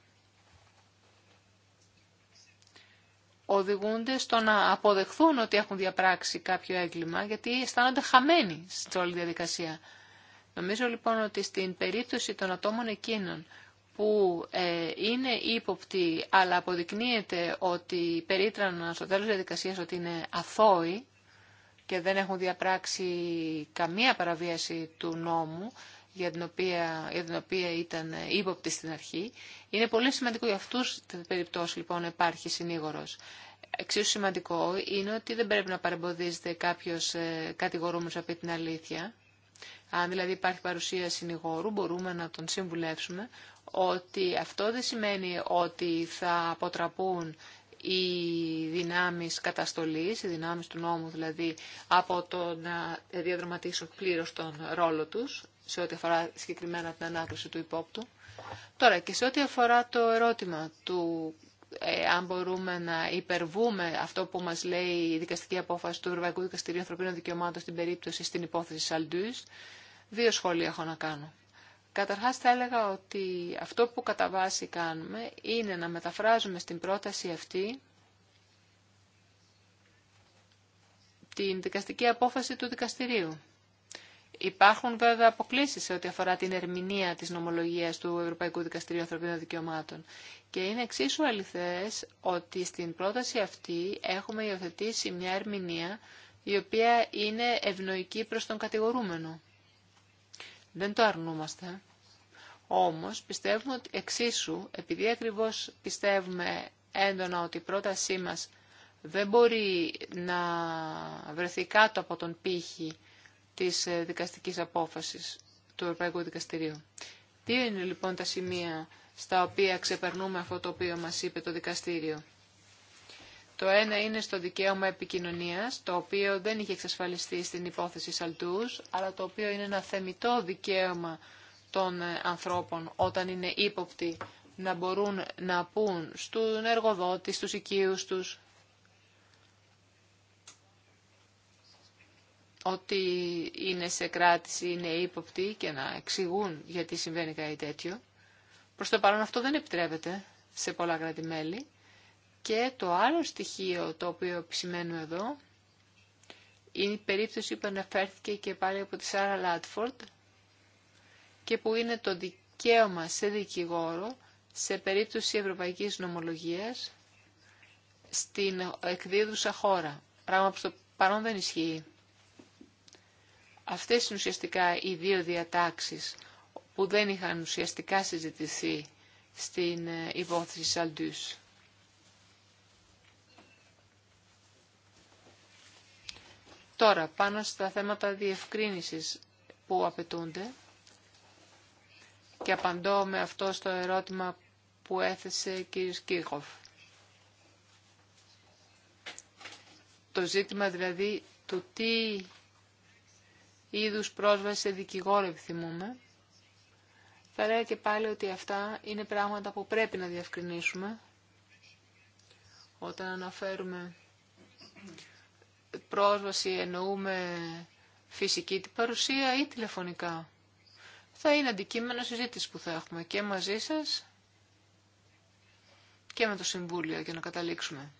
οδηγούνται στο να αποδεχθούν ότι έχουν διαπράξει κάποιο έγκλημα, γιατί αισθάνονται χαμένοι στην όλη διαδικασία. Νομίζω λοιπόν ότι στην περίπτωση των ατόμων εκείνων που ε, είναι ύποπτοι, αλλά αποδεικνύεται ότι περίτραναν στο τέλος της διαδικασίας ότι είναι αθώοι, και δεν έχουν διαπράξει καμία παραβίαση του νόμου για την οποία, για την ήταν ύποπτη στην αρχή. Είναι πολύ σημαντικό για αυτούς την περιπτώση λοιπόν υπάρχει συνήγορος. Εξίσου σημαντικό είναι ότι δεν πρέπει να παρεμποδίζεται κάποιος ε, κατηγορούμενος από την αλήθεια. Αν δηλαδή υπάρχει παρουσία συνηγόρου μπορούμε να τον συμβουλεύσουμε ότι αυτό δεν σημαίνει ότι θα αποτραπούν οι δυνάμεις καταστολής, οι δυνάμεις του νόμου δηλαδή, από το να διαδραματίσουν πλήρως τον ρόλο τους, σε ό,τι αφορά συγκεκριμένα την ανάκριση του υπόπτου. Τώρα και σε ό,τι αφορά το ερώτημα του ε, αν μπορούμε να υπερβούμε αυτό που μας λέει η δικαστική απόφαση του Ευρωπαϊκού Δικαστηρίου Ανθρωπίνων Δικαιωμάτων στην περίπτωση στην υπόθεση Σαλντούς, δύο σχόλια έχω να κάνω. Καταρχάς θα έλεγα ότι αυτό που κατά βάση κάνουμε είναι να μεταφράζουμε στην πρόταση αυτή την δικαστική απόφαση του δικαστηρίου. Υπάρχουν βέβαια αποκλήσεις σε ό,τι αφορά την ερμηνεία της νομολογίας του Ευρωπαϊκού Δικαστηρίου Ανθρωπίνων Δικαιωμάτων. Και είναι εξίσου αληθές ότι στην πρόταση αυτή έχουμε υιοθετήσει μια ερμηνεία η οποία είναι ευνοϊκή προς τον κατηγορούμενο. Δεν το αρνούμαστε. Όμως πιστεύουμε ότι εξίσου, επειδή ακριβώς πιστεύουμε έντονα ότι η πρότασή μας δεν μπορεί να βρεθεί κάτω από τον πύχη της ε, δικαστικής απόφασης του Ευρωπαϊκού Δικαστηρίου. Τι είναι λοιπόν τα σημεία στα οποία ξεπερνούμε αυτό το οποίο μας είπε το δικαστήριο. Το ένα είναι στο δικαίωμα επικοινωνία, το οποίο δεν είχε εξασφαλιστεί στην υπόθεση Σαλτούς, αλλά το οποίο είναι ένα θεμητό δικαίωμα των ε, ανθρώπων όταν είναι ύποπτοι να μπορούν να πούν στον εργοδότη, στους οικείους τους, ότι είναι σε κράτηση, είναι ύποπτοι και να εξηγούν γιατί συμβαίνει κάτι τέτοιο. Προς το παρόν αυτό δεν επιτρέπεται σε πολλά κράτη-μέλη και το άλλο στοιχείο το οποίο επισημαίνω εδώ είναι η περίπτωση που αναφέρθηκε και πάλι από τη Σάρα Λάτφορντ και που είναι το δικαίωμα σε δικηγόρο σε περίπτωση ευρωπαϊκής νομολογίας στην εκδίδουσα χώρα. Πράγμα που στο παρόν δεν ισχύει. Αυτές είναι ουσιαστικά οι δύο διατάξεις που δεν είχαν ουσιαστικά συζητηθεί στην ε, υπόθεση Σαλντούς. Τώρα, πάνω στα θέματα διευκρίνησης που απαιτούνται και απαντώ με αυτό στο ερώτημα που έθεσε κ. Κίχοφ. Το ζήτημα δηλαδή του τι είδους πρόσβαση σε δικηγόρο επιθυμούμε. Θα λέω και πάλι ότι αυτά είναι πράγματα που πρέπει να διευκρινίσουμε όταν αναφέρουμε πρόσβαση εννοούμε φυσική την παρουσία ή τηλεφωνικά. Θα είναι αντικείμενο συζήτηση που θα έχουμε και μαζί σας και με το Συμβούλιο για να καταλήξουμε.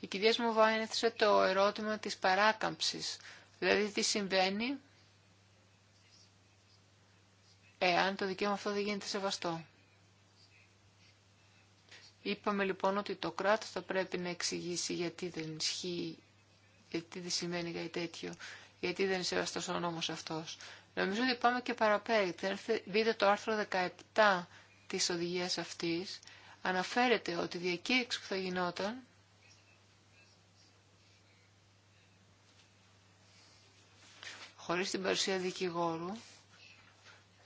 Η κυρία Σμουβά έθεσε το ερώτημα της παράκαμψης, δηλαδή τι συμβαίνει εάν το δικαίωμα αυτό δεν γίνεται σεβαστό. Είπαμε λοιπόν ότι το κράτος θα πρέπει να εξηγήσει γιατί δεν ισχύει γιατί τι σημαίνει κάτι τέτοιο, γιατί δεν είναι σεβαστό ο νόμος αυτός. Νομίζω ότι πάμε και παραπέρα. Δείτε το άρθρο 17 της οδηγίας αυτής. Αναφέρεται ότι η διακήρυξη που θα γινόταν χωρίς την παρουσία δικηγόρου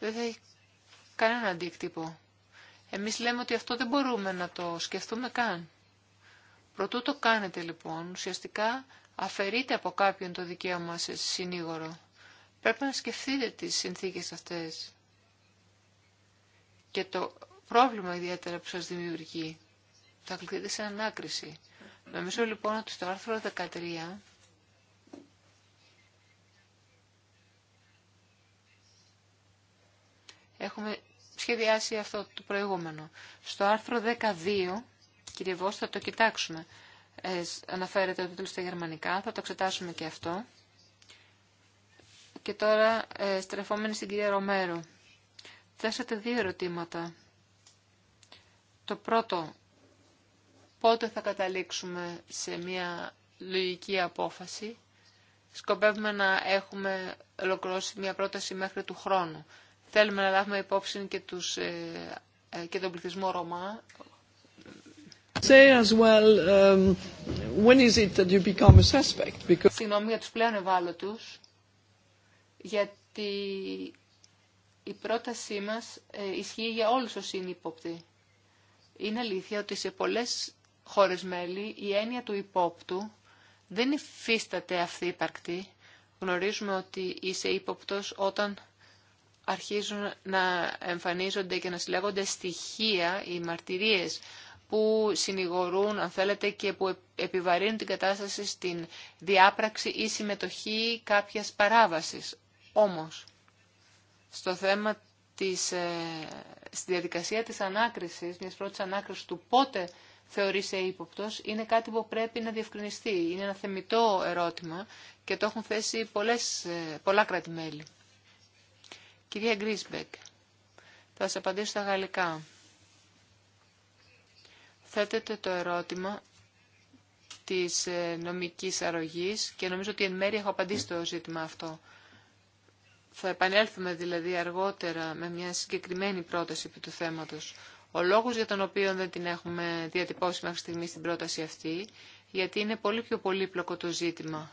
δεν θα έχει κανένα αντίκτυπο. Εμείς λέμε ότι αυτό δεν μπορούμε να το σκεφτούμε καν. Προτού το κάνετε λοιπόν, ουσιαστικά αφαιρείται από κάποιον το δικαίωμα σε συνήγορο. Πρέπει να σκεφτείτε τις συνθήκες αυτές και το πρόβλημα ιδιαίτερα που σας δημιουργεί. Θα κληθείτε σε ανάκριση. Νομίζω λοιπόν ότι στο άρθρο 13 έχουμε σχεδιάσει αυτό το προηγούμενο. Στο άρθρο 12, κύριε θα το κοιτάξουμε. Ε, αναφέρεται ο τίτλος στα γερμανικά. Θα το εξετάσουμε και αυτό. Και τώρα ε, στρεφόμενοι στην κυρία Ρομέρο. Θέσατε δύο ερωτήματα. Το πρώτο, πότε θα καταλήξουμε σε μια λογική απόφαση. Σκοπεύουμε να έχουμε ολοκληρώσει μια πρόταση μέχρι του χρόνου. Θέλουμε να λάβουμε υπόψη και, τους, ε, ε, και τον πληθυσμό Ρωμά, Συγγνώμη για τους πλέον ευάλωτους, γιατί η πρότασή μας ε, ισχύει για όλους όσοι είναι υπόπτοι. Είναι αλήθεια ότι σε πολλές χώρες μέλη η έννοια του υπόπτου δεν υφίσταται αυτή υπαρκτή. Γνωρίζουμε ότι είσαι ύποπτος όταν αρχίζουν να εμφανίζονται και να συλλέγονται στοιχεία, οι μαρτυρίες που συνηγορούν, αν θέλετε, και που επιβαρύνουν την κατάσταση στην διάπραξη ή συμμετοχή κάποιας παράβασης. Όμως, στο θέμα της, ε, στη διαδικασία της ανάκρισης, μιας πρώτης ανάκρισης του πότε θεωρείσαι ύποπτος, είναι κάτι που πρέπει να διευκρινιστεί. Είναι ένα θεμητό ερώτημα και το έχουν θέσει πολλές, ε, πολλά κράτη-μέλη. Κυρία Γκρίσμπεκ, θα σας απαντήσω στα γαλλικά θέτεται το ερώτημα της ε, νομικής αρρωγής και νομίζω ότι εν μέρει έχω απαντήσει το ζήτημα αυτό. Θα επανέλθουμε δηλαδή αργότερα με μια συγκεκριμένη πρόταση επί του θέματος. Ο λόγος για τον οποίο δεν την έχουμε διατυπώσει μέχρι στιγμή στην πρόταση αυτή, γιατί είναι πολύ πιο πολύπλοκο το ζήτημα.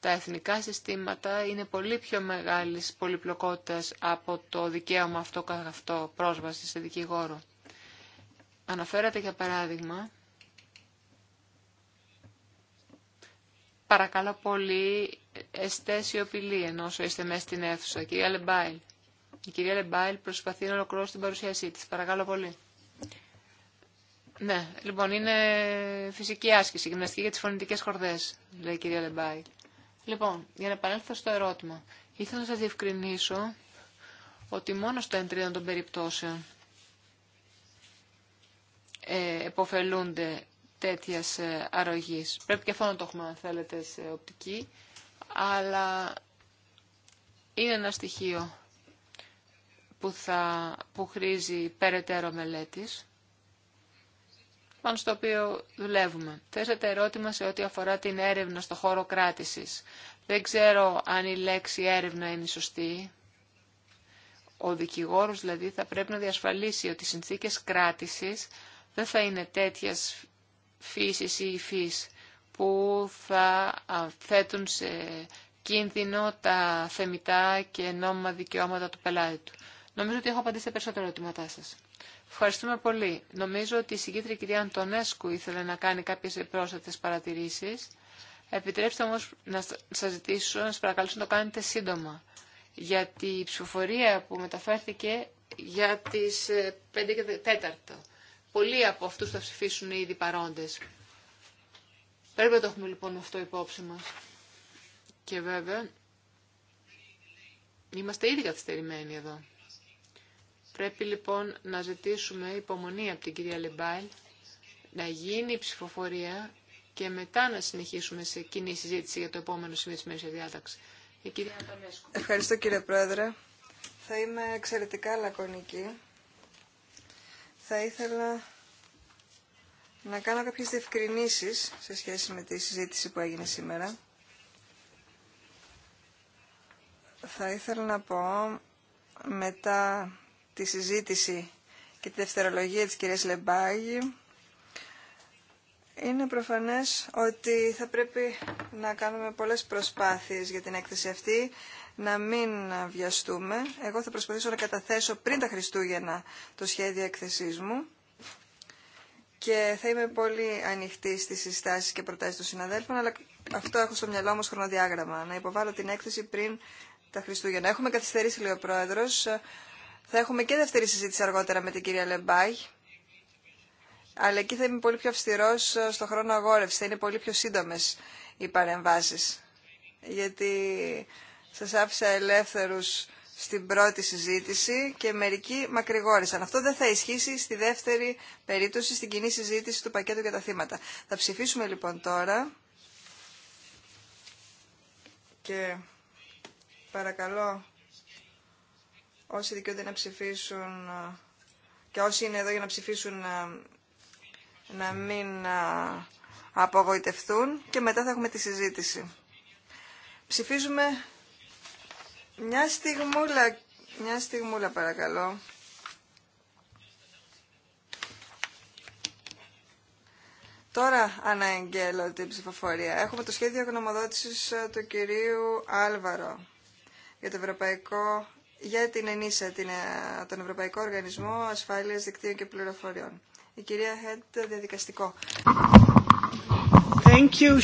Τα εθνικά συστήματα είναι πολύ πιο μεγάλης πολυπλοκότητας από το δικαίωμα αυτό καθ' αυτό πρόσβαση σε δικηγόρο. Αναφέρατε για παράδειγμα παρακαλώ πολύ εστέ σιωπηλή ενώ είστε μέσα στην αίθουσα. Κυρία Λεμπάιλ. Η κυρία Λεμπάιλ προσπαθεί να ολοκληρώσει την παρουσίασή της. Παρακαλώ πολύ. Ναι, λοιπόν, είναι φυσική άσκηση, γυμναστική για τις φωνητικές χορδές, λέει η κυρία Λεμπάιλ. Λοιπόν, για να επανέλθω στο ερώτημα, ήθελα να σας διευκρινίσω ότι μόνο στο 1 των περιπτώσεων ε, εποφελούνται τέτοια ε, αρρωγή. Πρέπει και αυτό να το έχουμε, αν θέλετε, σε οπτική, αλλά είναι ένα στοιχείο που, θα, που χρήζει περαιτέρω μελέτης, πάνω στο οποίο δουλεύουμε. Θέσατε ερώτημα σε ό,τι αφορά την έρευνα στο χώρο κράτησης. Δεν ξέρω αν η λέξη έρευνα είναι σωστή. Ο δικηγόρος δηλαδή θα πρέπει να διασφαλίσει ότι οι συνθήκες κράτησης δεν θα είναι τέτοιας φύσης ή υφής που θα θέτουν σε κίνδυνο τα θεμητά και νόμιμα δικαιώματα του πελάτη του. Νομίζω ότι έχω απαντήσει σε περισσότερα ερωτήματά σας. Ευχαριστούμε πολύ. Νομίζω ότι η συγκίτρια κυρία Αντωνέσκου ήθελε να κάνει κάποιες πρόσθετες παρατηρήσεις. Επιτρέψτε όμως να σας ζητήσω, να σας παρακαλέσω να το κάνετε σύντομα. για η ψηφοφορία που μεταφέρθηκε για τις 5 ε, και 4 Πολλοί από αυτούς θα ψηφίσουν ήδη παρόντες. Πρέπει να το έχουμε λοιπόν αυτό υπόψη μας. Και βέβαια, είμαστε ήδη καθυστερημένοι εδώ. Πρέπει λοιπόν να ζητήσουμε υπομονή από την κυρία Λεμπάιλ, να γίνει η ψηφοφορία και μετά να συνεχίσουμε σε κοινή συζήτηση για το επόμενο σημείο της μέρης διάταξη. Η κυρία Ευχαριστώ κύριε Πρόεδρε. Θα είμαι εξαιρετικά λακωνική θα ήθελα να κάνω κάποιες διευκρινήσεις σε σχέση με τη συζήτηση που έγινε σήμερα. Θα ήθελα να πω μετά τη συζήτηση και τη δευτερολογία της κυρίας Λεμπάγη είναι προφανές ότι θα πρέπει να κάνουμε πολλές προσπάθειες για την έκθεση αυτή να μην βιαστούμε. Εγώ θα προσπαθήσω να καταθέσω πριν τα Χριστούγεννα το σχέδιο έκθεσής μου και θα είμαι πολύ ανοιχτή στις συστάσεις και προτάσεις των συναδέλφων, αλλά αυτό έχω στο μυαλό μου χρονοδιάγραμμα, να υποβάλω την έκθεση πριν τα Χριστούγεννα. Έχουμε καθυστερήσει, λέει ο Πρόεδρος. Θα έχουμε και δεύτερη συζήτηση αργότερα με την κυρία Λεμπάγ, Αλλά εκεί θα είμαι πολύ πιο αυστηρό στο χρόνο αγόρευση. Θα είναι πολύ πιο σύντομε οι παρεμβάσει. Γιατί σας άφησα ελεύθερους στην πρώτη συζήτηση και μερικοί μακρηγόρησαν. Αυτό δεν θα ισχύσει στη δεύτερη περίπτωση, στην κοινή συζήτηση του πακέτου για τα θύματα. Θα ψηφίσουμε λοιπόν τώρα και παρακαλώ όσοι δικαιούνται να ψηφίσουν και όσοι είναι εδώ για να ψηφίσουν να, να μην απογοητευτούν και μετά θα έχουμε τη συζήτηση. Ψηφίζουμε μια στιγμούλα, μια στιγμούλα παρακαλώ. Τώρα αναγγέλλω την ψηφοφορία. Έχουμε το σχέδιο γνωμοδότησης ε, του κυρίου Άλβαρο για, το ευρωπαϊκό, για την Ενίσα, την, ε, τον Ευρωπαϊκό Οργανισμό Ασφάλειας Δικτύων και Πληροφοριών. Η κυρία Χέντ, διαδικαστικό. Thank you,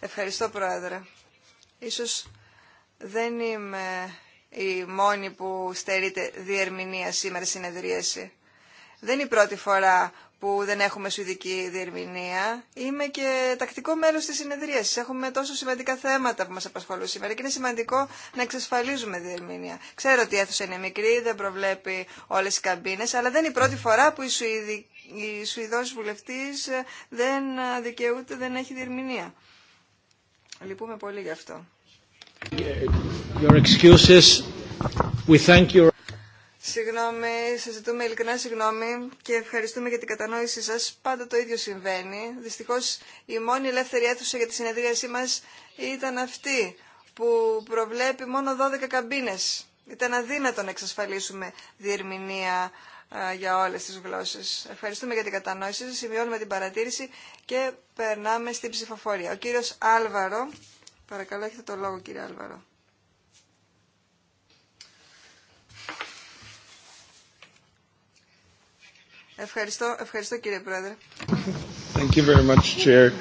Ευχαριστώ, Πρόεδρε. Ίσως δεν είμαι η μόνη που στερείται διερμηνία σήμερα συνεδρίαση. Δεν είναι η πρώτη φορά που δεν έχουμε σουηδική διερμηνία. Είμαι και τακτικό μέλος της συνεδρίας. Έχουμε τόσο σημαντικά θέματα που μας απασχολούν σήμερα και είναι σημαντικό να εξασφαλίζουμε διερμηνία. Ξέρω ότι η αίθουσα είναι μικρή, δεν προβλέπει όλες οι καμπίνες, αλλά δεν είναι η πρώτη φορά που η, Σουηδη... η βουλευτής ε, δεν ε, δικαιούται, δεν έχει διερμηνία. Λυπούμε πολύ γι' αυτό. Συγγνώμη, σας ζητούμε ειλικρινά συγγνώμη και ευχαριστούμε για την κατανόησή σας. Πάντα το ίδιο συμβαίνει. Δυστυχώς η μόνη ελεύθερη αίθουσα για τη συνεδρίασή μας ήταν αυτή που προβλέπει μόνο 12 καμπίνες. Ήταν αδύνατο να εξασφαλίσουμε διερμηνία για όλες τις γλώσσες. Ευχαριστούμε για την κατανόησή σας, σημειώνουμε την παρατήρηση και περνάμε στην ψηφοφορία. Ο κύριος Άλβαρο Παρακαλώ, έχετε το λόγο, κύριε Άλβαρο. Ευχαριστώ, ευχαριστώ κύριε Πρόεδρε. Thank you very much, Chair.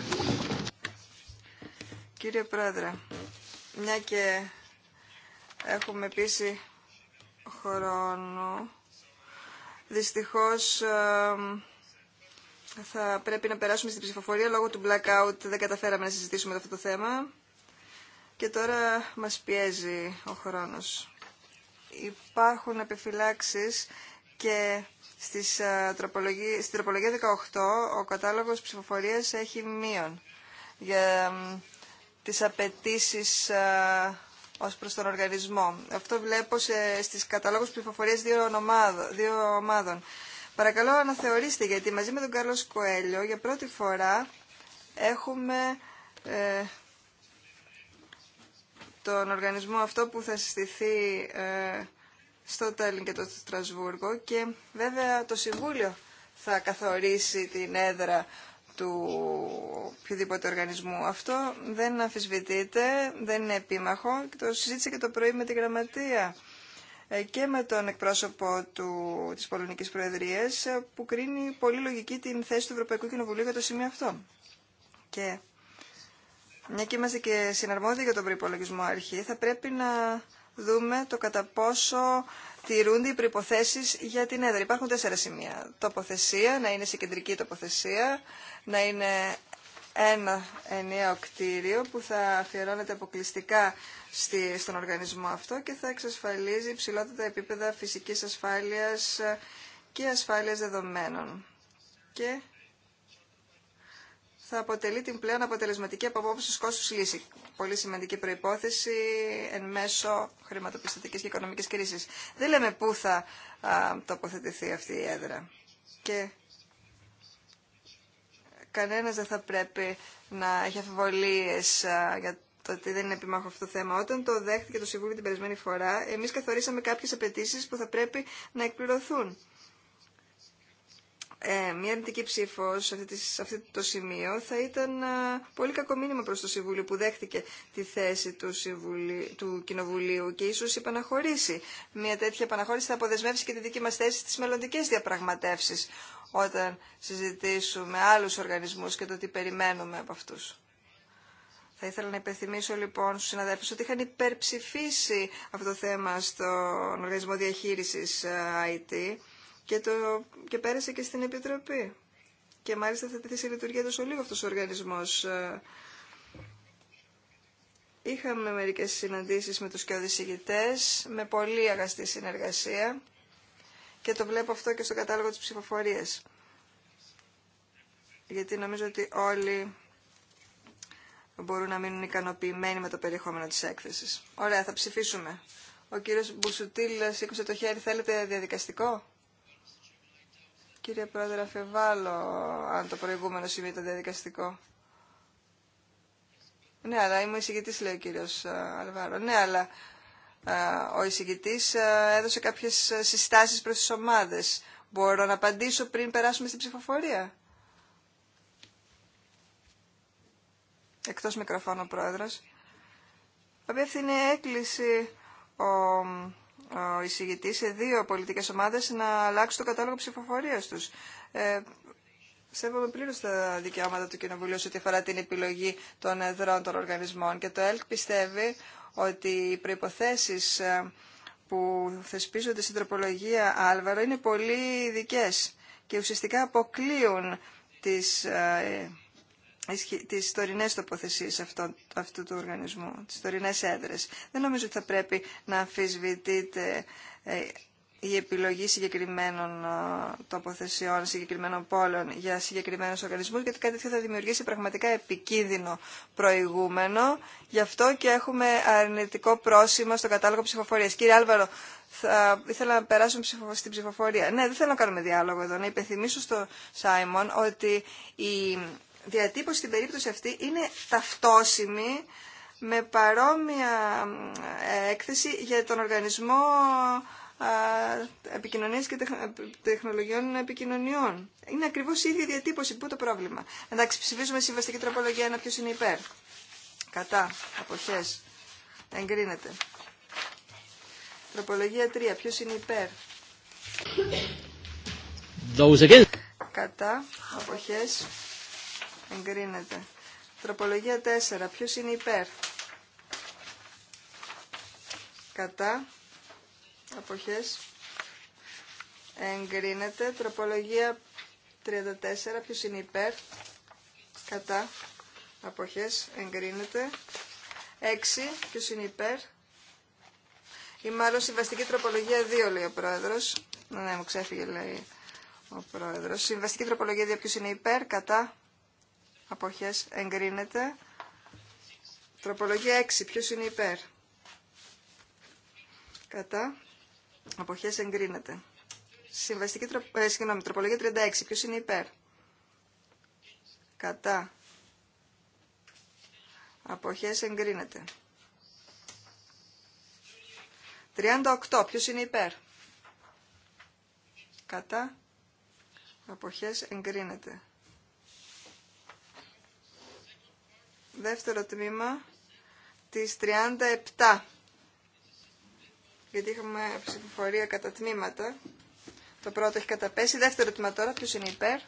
Κύριε Πρόεδρε, μια και έχουμε πείσει χρόνο, δυστυχώς θα πρέπει να περάσουμε στην ψηφοφορία λόγω του blackout. Δεν καταφέραμε να συζητήσουμε αυτό το θέμα. Και τώρα μας πιέζει ο χρόνος. Υπάρχουν επιφυλάξεις και στις, ε, στην τροπολογία 18 ο κατάλογος ψηφοφορίας έχει μείον για τις απαιτήσει ε, ως προς τον οργανισμό. Αυτό βλέπω σε, στις καταλόγους ψηφοφορίας δύο, ομάδων, δύο ομάδων. Παρακαλώ αναθεωρήστε γιατί μαζί με τον Κάρλος Κοέλιο για πρώτη φορά έχουμε ε, τον οργανισμό αυτό που θα συστηθεί ε, στο Τάλιν και το Στρασβούργο και βέβαια το Συμβούλιο θα καθορίσει την έδρα του οποιοδήποτε οργανισμού. Αυτό δεν αμφισβητείται, δεν είναι επίμαχο και το συζήτησε και το πρωί με τη Γραμματεία ε, και με τον εκπρόσωπο του, της Πολωνικής Προεδρίας ε, που κρίνει πολύ λογική την θέση του Ευρωπαϊκού Κοινοβουλίου για το σημείο αυτό. Και μια και είμαστε και συναρμόδιοι για τον προπολογισμό αρχή, θα πρέπει να δούμε το κατά πόσο τηρούνται οι προποθέσει για την έδρα. Υπάρχουν τέσσερα σημεία. Τοποθεσία, να είναι σε κεντρική τοποθεσία, να είναι ένα ενιαίο κτίριο που θα αφιερώνεται αποκλειστικά στη, στον οργανισμό αυτό και θα εξασφαλίζει υψηλότερα επίπεδα φυσικής ασφάλειας και ασφάλειας δεδομένων. Και θα αποτελεί την πλέον αποτελεσματική απόψη κόστου λύση. Πολύ σημαντική προπόθεση εν μέσω χρηματοπιστωτική και οικονομική κρίση. Δεν λέμε πού θα α, τοποθετηθεί αυτή η έδρα. Και κανένα δεν θα πρέπει να έχει αφιβολίε για το ότι δεν είναι επιμάχο αυτό το θέμα. Όταν το δέχτηκε το Συμβούλιο την περασμένη φορά, εμεί καθορίσαμε κάποιε απαιτήσει που θα τοποθετηθει αυτη η εδρα και κανενα δεν θα πρεπει να εκπληρωθούν ε, μια αρνητική ψήφο σε, αυτό το σημείο θα ήταν ε, πολύ κακό μήνυμα προ το Συμβούλιο που δέχτηκε τη θέση του, του Κοινοβουλίου και ίσω επαναχωρήσει. Μια τέτοια επαναχώρηση θα αποδεσμεύσει και τη δική μα θέση στι μελλοντικέ διαπραγματεύσει όταν συζητήσουμε άλλου οργανισμού και το τι περιμένουμε από αυτού. Θα ήθελα να υπενθυμίσω λοιπόν στους συναδέλφους ότι είχαν υπερψηφίσει αυτό το θέμα στον Οργανισμό Διαχείρισης ε, IT και, το, και πέρασε και στην Επιτροπή. Και μάλιστα θα τεθεί σε λειτουργία τόσο λίγο αυτός ο οργανισμός. Ε, είχαμε μερικές συναντήσεις με τους και με πολύ αγαστή συνεργασία και το βλέπω αυτό και στο κατάλογο της ψηφοφορίας. Γιατί νομίζω ότι όλοι μπορούν να μείνουν ικανοποιημένοι με το περιεχόμενο της έκθεσης. Ωραία, θα ψηφίσουμε. Ο κύριος Μπουσουτήλ σήκωσε το χέρι, θέλετε διαδικαστικό. Κύριε Πρόεδρε, αφεβάλλω αν το προηγούμενο σημείο ήταν διαδικαστικό. Ναι, αλλά είμαι εισηγητή, λέει ο κύριο ε, Αλβάρο. Ναι, αλλά ε, ο εισηγητή ε, έδωσε κάποιε συστάσει προ τι ομάδε. Μπορώ να απαντήσω πριν περάσουμε στην ψηφοφορία. Εκτός μικροφώνου ο πρόεδρος. η έκκληση ο ο εισηγητή σε δύο πολιτικές ομάδες να αλλάξει το κατάλογο ψηφοφορίας τους. Ε, Σέβομαι πλήρω τα δικαιώματα του Κοινοβουλίου σε ό,τι αφορά την επιλογή των εδρών των οργανισμών και το ΕΛΚ πιστεύει ότι οι προποθέσει ε, που θεσπίζονται στην τροπολογία Άλβαρο είναι πολύ ειδικέ και ουσιαστικά αποκλείουν τις ε, τις τωρινές τοποθεσίες αυτού του οργανισμού, τις τωρινές έδρες. Δεν νομίζω ότι θα πρέπει να αμφισβητείτε η επιλογή συγκεκριμένων ε, τοποθεσιών, συγκεκριμένων πόλεων για συγκεκριμένους οργανισμούς, γιατί κάτι τέτοιο θα δημιουργήσει πραγματικά επικίνδυνο προηγούμενο. Γι' αυτό και έχουμε αρνητικό πρόσημο στο κατάλογο ψηφοφορίας. Κύριε Άλβαρο, θα ήθελα να περάσουμε στην ψηφοφορία. Ναι, δεν θέλω να κάνουμε διάλογο εδώ. Να υπενθυμίσω στο Σάιμον ότι η διατύπωση στην περίπτωση αυτή είναι ταυτόσιμη με παρόμοια έκθεση για τον οργανισμό επικοινωνίας και τεχνολογιών επικοινωνιών. Είναι ακριβώς η ίδια διατύπωση. Πού το πρόβλημα. Εντάξει, ψηφίζουμε συμβαστική τροπολογία ένα ποιος είναι υπέρ. Κατά. Αποχές. Εγκρίνεται. Τροπολογία 3. Ποιος είναι υπέρ. Those again. Κατά. Αποχές. Εγκρίνεται. Τροπολογία 4. Ποιος είναι υπέρ. Κατά. Αποχές. Εγκρίνεται. Τροπολογία 34. Ποιος είναι υπέρ. Κατά. Αποχές. Εγκρίνεται. 6. Ποιος είναι υπέρ. Ή μάλλον συμβαστική τροπολογία 2 λέει ο πρόεδρος. Ναι, ναι, μου ξέφυγε λέει ο πρόεδρος. Συμβαστική τροπολογία 2 ποιος είναι υπέρ. Κατά αποχές εγκρίνεται. Τροπολογία 6. Ποιος είναι υπέρ. Κατά. Αποχές εγκρίνεται. Συμβαστική ε, τροπολογία 36. Ποιος είναι υπέρ. Κατά. Αποχές εγκρίνεται. 38. Ποιος είναι υπέρ. Κατά. Αποχές εγκρίνεται. δεύτερο τμήμα της 37 γιατί είχαμε ψηφοφορία κατά τμήματα το πρώτο έχει καταπέσει δεύτερο τμήμα τώρα ποιος είναι υπέρ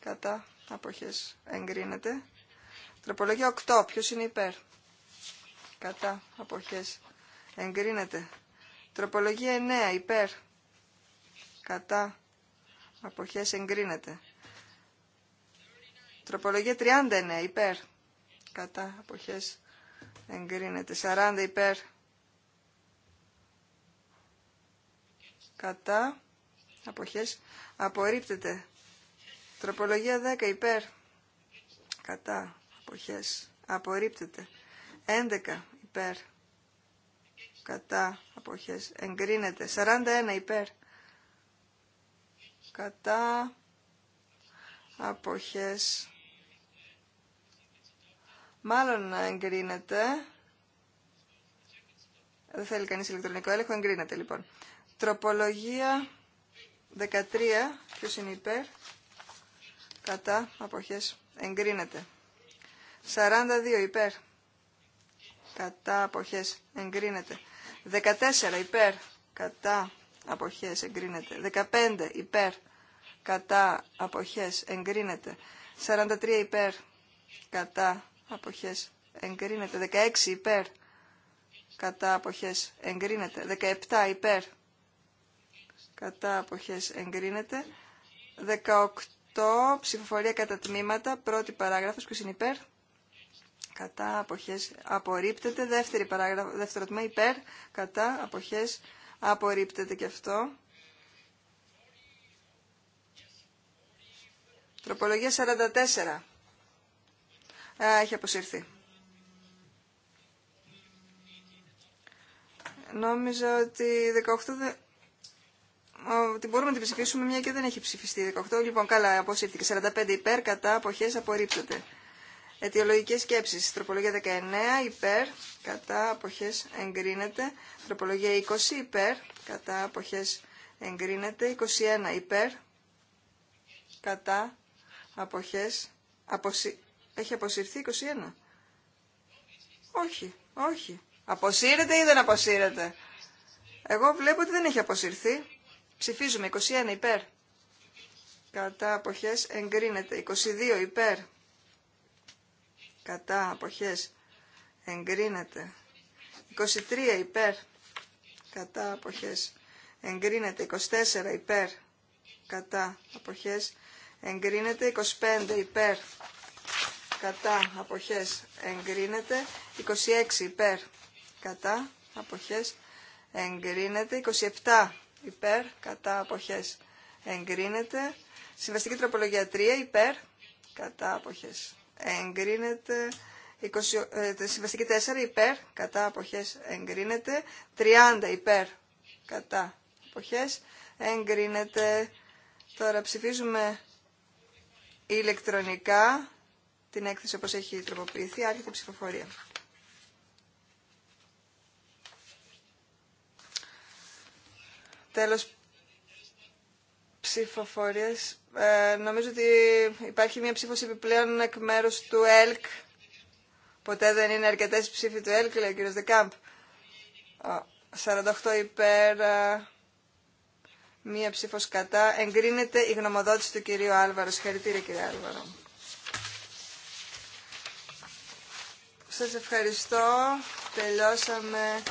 κατά αποχές εγκρίνεται τροπολογία 8 ποιος είναι υπέρ κατά αποχές εγκρίνεται τροπολογία 9 υπέρ κατά αποχές εγκρίνεται τροπολογία 39 υπέρ κατά αποχές εγκρίνεται 40 υπέρ κατά αποχές απορρίπτεται τροπολογία 10 υπέρ κατά αποχές απορρίπτεται 11 υπέρ κατά αποχές εγκρίνεται 41 υπέρ κατά αποχές Μάλλον να εγκρίνεται. Δεν θέλει κανείς ηλεκτρονικό έλεγχο, εγκρίνεται λοιπόν. Τροπολογία 13, ποιος είναι υπέρ, κατά, αποχές, εγκρίνεται. 42 υπέρ, κατά, αποχές, εγκρίνεται. 14 υπέρ, κατά, αποχές, εγκρίνεται. 15 υπέρ, κατά, αποχές, εγκρίνεται. 43 υπέρ, κατά, αποχές εγκρίνεται 16 υπέρ κατά αποχές εγκρίνεται 17 υπέρ κατά αποχές εγκρίνεται 18 ψηφοφορία κατά τμήματα πρώτη παράγραφος που είναι υπέρ κατά αποχές απορρίπτεται δεύτερη παράγραφος δεύτερο τμήμα υπέρ κατά αποχές απορρίπτεται και αυτό Τροπολογία 44 έχει αποσυρθεί. Νόμιζα ότι 18 ότι μπορούμε να την ψηφίσουμε μια και δεν έχει ψηφιστεί 18. Λοιπόν, καλά, αποσύρθηκε. 45 υπέρ, κατά, αποχές, απορρίπτεται. Αιτιολογικέ σκέψει. Τροπολογία 19 υπέρ, κατά, αποχές, εγκρίνεται. Τροπολογία 20 υπέρ, κατά, αποχές, εγκρίνεται. 21 υπέρ, κατά, αποχές, αποσύρθηκε. Έχει αποσυρθεί 21. Όχι, όχι. Αποσύρεται ή δεν αποσύρεται. Εγώ βλέπω ότι δεν έχει αποσυρθεί. Ψηφίζουμε 21 υπέρ. Κατά αποχές εγκρίνεται. 22 υπέρ. Κατά αποχές εγκρίνεται. 23 υπέρ. Κατά αποχές εγκρίνεται. 24 υπέρ. Κατά αποχές εγκρίνεται. 25 υπέρ κατά αποχές εγκρίνεται 26 υπέρ κατά αποχές εγκρίνεται 27 υπέρ κατά αποχές εγκρίνεται συμβαστική τροπολογία 3 υπέρ κατά αποχές εγκρίνεται 20, ε, συμβαστική 4 υπέρ κατά αποχές εγκρίνεται 30 υπέρ κατά αποχές εγκρίνεται τώρα ψηφίζουμε ηλεκτρονικά την έκθεση όπως έχει τροποποιηθεί, άρχεται η ψηφοφορία. Τέλος ψηφοφορίας. Ε, νομίζω ότι υπάρχει μια ψήφος επιπλέον εκ μέρους του ΕΛΚ. Ποτέ δεν είναι αρκετές ψήφοι του ΕΛΚ, λέει ο κύριος Δεκάμπ. 48 υπέρ, ε, μία ψήφος κατά. Εγκρίνεται η γνωμοδότηση του κυρίου Άλβαρο. Συγχαρητήρια κύριε Άλβαρο. Σας ευχαριστώ. Τελειώσαμε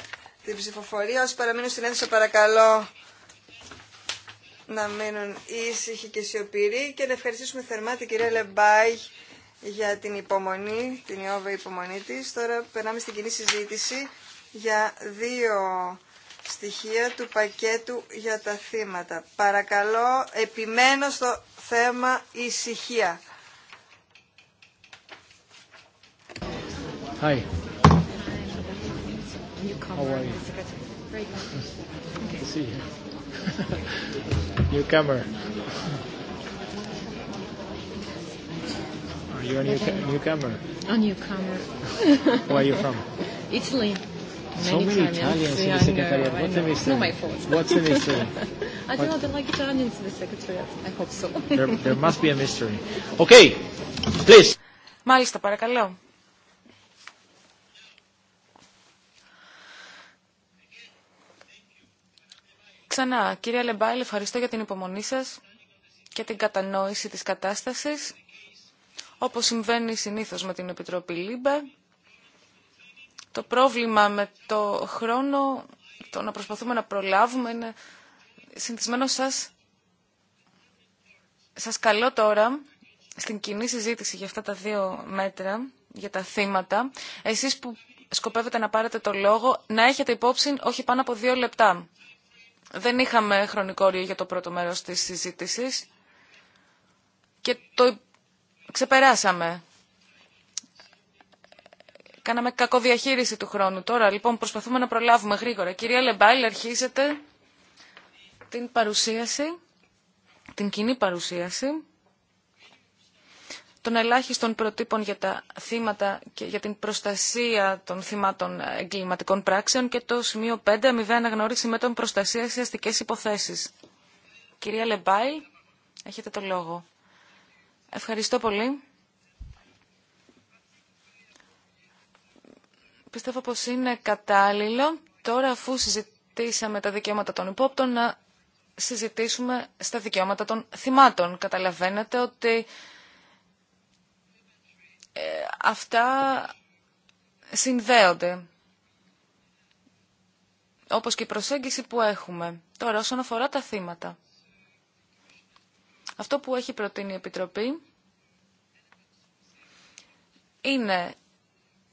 την ψηφοφορία. Όσοι παραμείνουν στην αίθουσα παρακαλώ να μείνουν ήσυχοι και σιωπηροί και να ευχαριστήσουμε θερμά την κυρία Λεμπάη για την υπομονή, την ιόβα υπομονή της. Τώρα περνάμε στην κοινή συζήτηση για δύο στοιχεία του πακέτου για τα θύματα. Παρακαλώ, επιμένω στο θέμα ησυχία. Hi. How are you? Very see you. Newcomer. Are you a new newcomer? A newcomer. Where are you from? Italy. So many Italians in the secretariat. What's the mystery? my fault. What's the mystery? I don't know. They like Italians in the secretariat. I hope so. There must be a mystery. Okay, please. Μάλιστα, παρακαλώ. Ξανά, κύριε Λεμπάιλ, ευχαριστώ για την υπομονή σας και την κατανόηση της κατάστασης. Όπως συμβαίνει συνήθως με την Επιτροπή ΛΥΜΠΕ, το πρόβλημα με το χρόνο, το να προσπαθούμε να προλάβουμε, είναι συνηθισμένο σας. Σας καλώ τώρα στην κοινή συζήτηση για αυτά τα δύο μέτρα, για τα θύματα, εσείς που σκοπεύετε να πάρετε το λόγο, να έχετε υπόψη όχι πάνω από δύο λεπτά. Δεν είχαμε χρονικό όριο για το πρώτο μέρος της συζήτησης και το ξεπεράσαμε. Κάναμε κακοδιαχείριση του χρόνου. Τώρα λοιπόν προσπαθούμε να προλάβουμε γρήγορα. Κυρία Λεμπάιλ, αρχίζετε την παρουσίαση, την κοινή παρουσίαση των ελάχιστων προτύπων για τα θύματα και για την προστασία των θυμάτων εγκληματικών πράξεων και το σημείο 5, αμοιβαία αναγνώριση με τον προστασία σε αστικές υποθέσεις. Κυρία Λεμπάη, έχετε το λόγο. Ευχαριστώ πολύ. Πιστεύω πως είναι κατάλληλο τώρα αφού συζητήσαμε τα δικαιώματα των υπόπτων να συζητήσουμε στα δικαιώματα των θυμάτων. Καταλαβαίνετε ότι ε, αυτά συνδέονται. Όπως και η προσέγγιση που έχουμε. Τώρα, όσον αφορά τα θύματα. Αυτό που έχει προτείνει η Επιτροπή είναι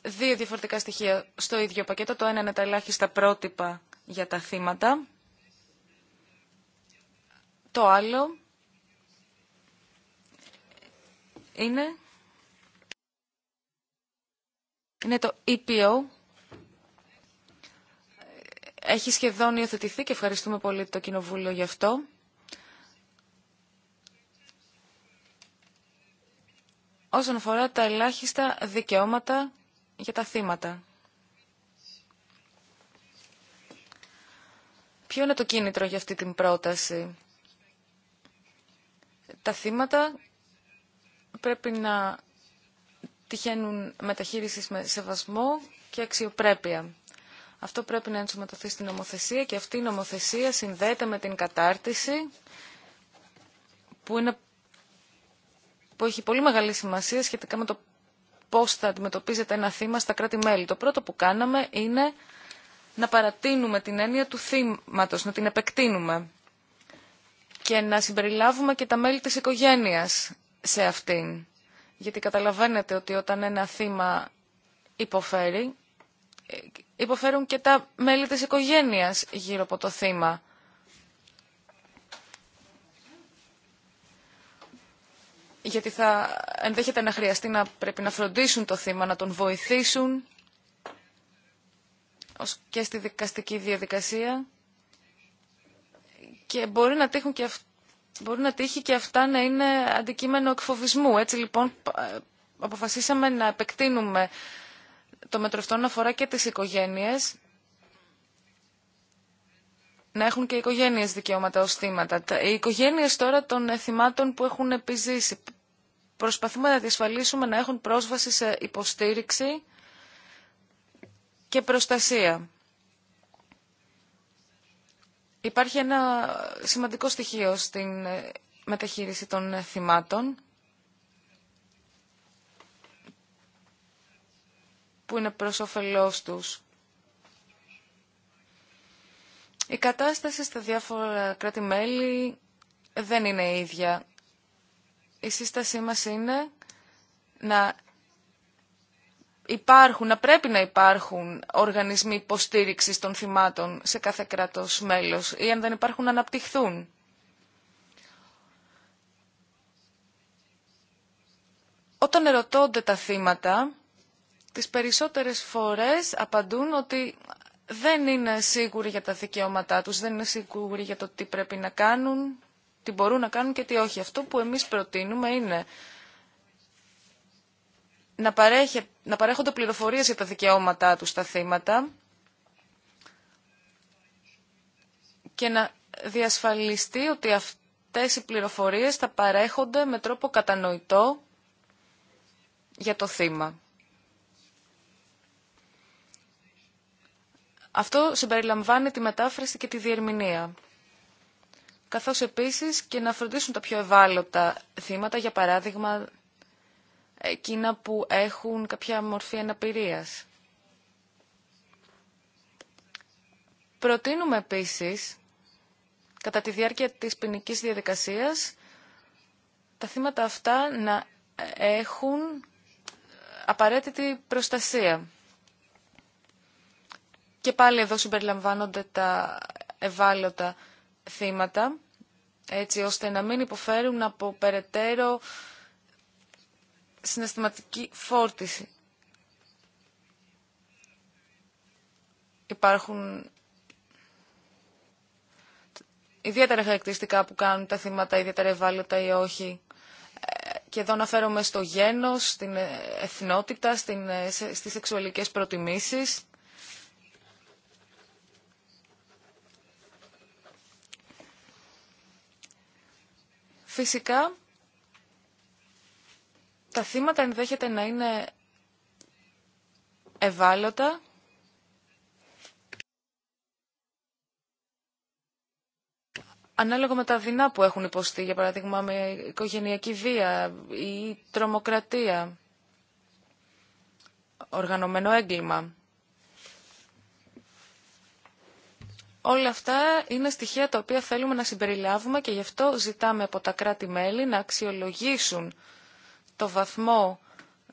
δύο διαφορετικά στοιχεία στο ίδιο πακέτο. Το ένα είναι τα ελάχιστα πρότυπα για τα θύματα. Το άλλο είναι είναι το EPO. Έχει σχεδόν υιοθετηθεί και ευχαριστούμε πολύ το Κοινοβούλιο γι' αυτό. όσον αφορά τα ελάχιστα δικαιώματα για τα θύματα. Ποιο είναι το κίνητρο για αυτή την πρόταση. Τα θύματα πρέπει να τυχαίνουν μεταχείριση με σεβασμό και αξιοπρέπεια. Αυτό πρέπει να ενσωματωθεί στην νομοθεσία και αυτή η νομοθεσία συνδέεται με την κατάρτιση που, είναι, που έχει πολύ μεγάλη σημασία σχετικά με το πώς θα αντιμετωπίζεται ένα θύμα στα κράτη-μέλη. Το πρώτο που κάναμε είναι να παρατείνουμε την έννοια του θύματος, να την επεκτείνουμε και να συμπεριλάβουμε και τα μέλη της οικογένειας σε αυτήν γιατί καταλαβαίνετε ότι όταν ένα θύμα υποφέρει, υποφέρουν και τα μέλη της οικογένειας γύρω από το θύμα. γιατί θα ενδέχεται να χρειαστεί να πρέπει να φροντίσουν το θύμα, να τον βοηθήσουν και στη δικαστική διαδικασία και μπορεί να τύχουν και αυτό μπορεί να τύχει και αυτά να είναι αντικείμενο εκφοβισμού. Έτσι λοιπόν αποφασίσαμε να επεκτείνουμε το μέτρο αυτό να αφορά και τις οικογένειες, να έχουν και οι οικογένειες δικαιώματα ως θύματα. Οι οικογένειες τώρα των θυμάτων που έχουν επιζήσει. Προσπαθούμε να διασφαλίσουμε να έχουν πρόσβαση σε υποστήριξη και προστασία. Υπάρχει ένα σημαντικό στοιχείο στην ε, μεταχείριση των ε, θυμάτων που είναι προς όφελός τους. Η κατάσταση στα διάφορα κράτη-μέλη δεν είναι ίδια. Η σύστασή μας είναι να υπάρχουν, να πρέπει να υπάρχουν οργανισμοί υποστήριξη των θυμάτων σε κάθε κράτος μέλος ή αν δεν υπάρχουν να αναπτυχθούν. Όταν ερωτώνται τα θύματα, τις περισσότερες φορές απαντούν ότι δεν είναι σίγουροι για τα δικαιώματά τους, δεν είναι σίγουροι για το τι πρέπει να κάνουν, τι μπορούν να κάνουν και τι όχι. Αυτό που εμείς προτείνουμε είναι να, παρέχε, να παρέχονται πληροφορίες για τα δικαιώματά του στα θύματα και να διασφαλιστεί ότι αυτές οι πληροφορίες θα παρέχονται με τρόπο κατανοητό για το θύμα. Αυτό συμπεριλαμβάνει τη μετάφραση και τη διερμηνία. Καθώς επίσης και να φροντίσουν τα πιο ευάλωτα θύματα, για παράδειγμα εκείνα που έχουν κάποια μορφή αναπηρίας. Προτείνουμε επίσης, κατά τη διάρκεια της ποινική διαδικασίας, τα θύματα αυτά να έχουν απαραίτητη προστασία. Και πάλι εδώ συμπεριλαμβάνονται τα ευάλωτα θύματα, έτσι ώστε να μην υποφέρουν από περαιτέρω συναισθηματική φόρτιση. Υπάρχουν ιδιαίτερα χαρακτηριστικά που κάνουν τα θύματα ιδιαίτερα ευάλωτα ή όχι. Ε, και εδώ αναφέρομαι στο γένος, στην ε, εθνότητα, στην, ε, στις σεξουαλικές προτιμήσεις. Φυσικά, τα θύματα ενδέχεται να είναι ευάλωτα ανάλογα με τα δεινά που έχουν υποστεί, για παράδειγμα με οικογενειακή βία ή τρομοκρατία, οργανωμένο έγκλημα. Όλα αυτά είναι στοιχεία τα οποία θέλουμε να συμπεριλάβουμε και γι' αυτό ζητάμε από τα κράτη-μέλη να αξιολογήσουν το βαθμό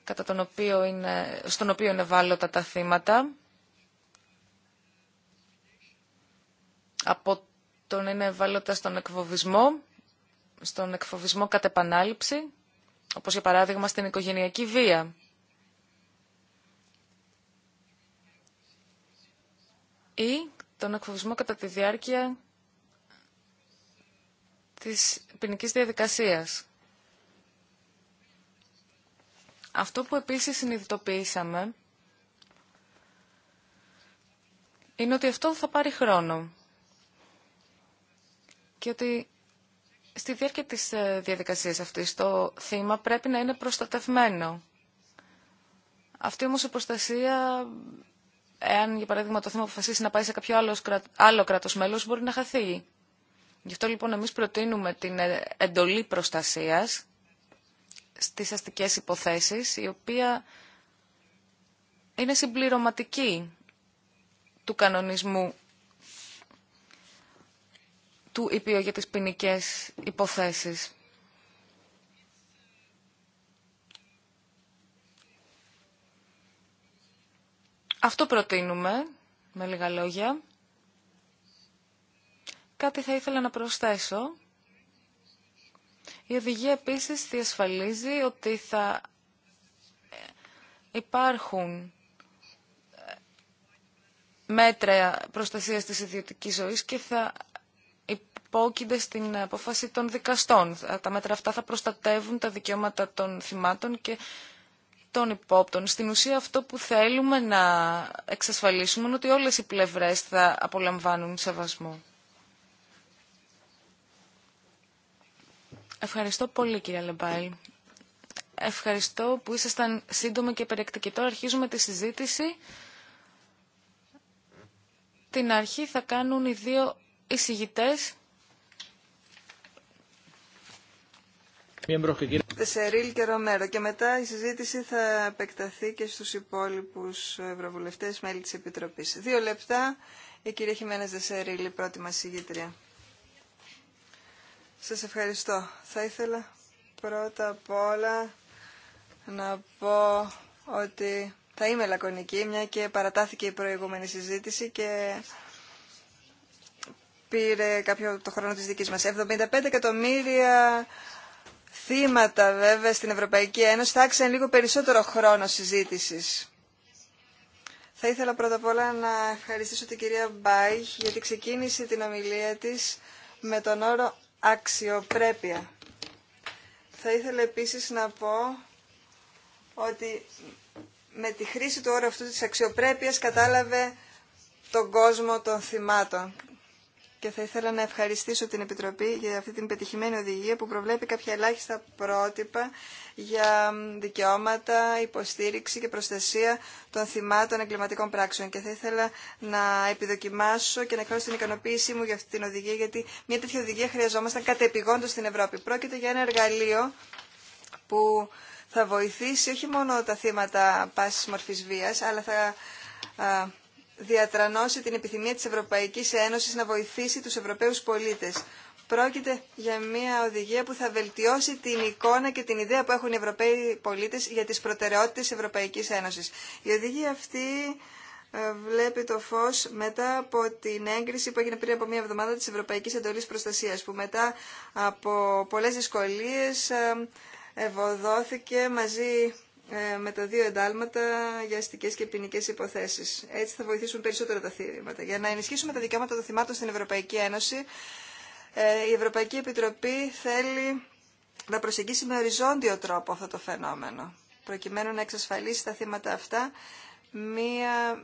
κατά τον οποίο στον οποίο είναι βάλωτα τα θύματα από τον είναι βάλωτα στον εκφοβισμό, στον εκφοβισμό κατ' επανάληψη, όπως για παράδειγμα στην οικογενειακή βία. Ή τον εκφοβισμό κατά τη διάρκεια της ποινική διαδικασίας. Αυτό που επίσης συνειδητοποίησαμε είναι ότι αυτό θα πάρει χρόνο και ότι στη διάρκεια της ε, διαδικασίας αυτής το θύμα πρέπει να είναι προστατευμένο. Αυτή όμως η προστασία, εάν για παράδειγμα το θύμα αποφασίσει να πάει σε κάποιο άλλο, άλλο κράτος μέλος, μπορεί να χαθεί. Γι' αυτό λοιπόν εμείς προτείνουμε την ε, εντολή προστασίας στις αστικές υποθέσεις, η οποία είναι συμπληρωματική του κανονισμού του ΥΠΙΟ για τις ποινικέ υποθέσεις. Αυτό προτείνουμε, με λίγα λόγια. Κάτι θα ήθελα να προσθέσω. Η οδηγία επίσης διασφαλίζει ότι θα υπάρχουν ε, μέτρα προστασίας της ιδιωτικής ζωής και θα υπόκεινται στην απόφαση των δικαστών. Τα μέτρα αυτά θα προστατεύουν τα δικαιώματα των θυμάτων και των υπόπτων. Στην ουσία αυτό που θέλουμε να εξασφαλίσουμε είναι ότι όλες οι πλευρές θα απολαμβάνουν σεβασμό. Ευχαριστώ πολύ κύριε Λεμπάιλ. Ευχαριστώ που ήσασταν σύντομοι και περιεκτικοί. Τώρα αρχίζουμε τη συζήτηση. Την αρχή θα κάνουν οι δύο εισηγητές. Σερίλ και Ρομέρο. Και μετά η συζήτηση θα επεκταθεί και στους υπόλοιπους ευρωβουλευτές μέλη της Επιτροπής. Δύο λεπτά. Η κυρία Χιμένες Δεσερίλη, πρώτη μας συγγήτρια. Σας ευχαριστώ. Θα ήθελα πρώτα απ' όλα να πω ότι θα είμαι λακωνική, μια και παρατάθηκε η προηγούμενη συζήτηση και πήρε κάποιο το χρόνο της δικής μας. 75 εκατομμύρια θύματα βέβαια στην Ευρωπαϊκή Ένωση θα άξιζαν λίγο περισσότερο χρόνο συζήτησης. Θα ήθελα πρώτα απ' όλα να ευχαριστήσω την κυρία Μπάιχ γιατί ξεκίνησε την ομιλία της με τον όρο αξιοπρέπεια. Θα ήθελα επίσης να πω ότι με τη χρήση του όρου αυτού της αξιοπρέπειας κατάλαβε τον κόσμο των θυμάτων και θα ήθελα να ευχαριστήσω την Επιτροπή για αυτή την πετυχημένη οδηγία που προβλέπει κάποια ελάχιστα πρότυπα για δικαιώματα, υποστήριξη και προστασία των θυμάτων εγκληματικών πράξεων. Και θα ήθελα να επιδοκιμάσω και να εκφράσω την ικανοποίησή μου για αυτή την οδηγία, γιατί μια τέτοια οδηγία χρειαζόμασταν κατεπηγόντω στην Ευρώπη. Πρόκειται για ένα εργαλείο που θα βοηθήσει όχι μόνο τα θύματα πάση μορφή βία, αλλά θα διατρανώσει την επιθυμία της Ευρωπαϊκής Ένωσης να βοηθήσει τους Ευρωπαίους πολίτες. Πρόκειται για μια οδηγία που θα βελτιώσει την εικόνα και την ιδέα που έχουν οι Ευρωπαίοι πολίτες για τις προτεραιότητες της Ευρωπαϊκής Ένωσης. Η οδηγία αυτή ε, βλέπει το φως μετά από την έγκριση που έγινε πριν από μία εβδομάδα της Ευρωπαϊκής Εντολής Προστασίας, που μετά από πολλές δυσκολίες ε, ευωδόθηκε μαζί ε, με τα δύο εντάλματα για αστικέ και ποινικέ υποθέσει. Έτσι θα βοηθήσουν περισσότερα τα θύματα. Για να ενισχύσουμε τα δικαιώματα των θυμάτων στην Ευρωπαϊκή Ένωση, ε, η Ευρωπαϊκή Επιτροπή θέλει να προσεγγίσει με οριζόντιο τρόπο αυτό το φαινόμενο, προκειμένου να εξασφαλίσει τα θύματα αυτά μία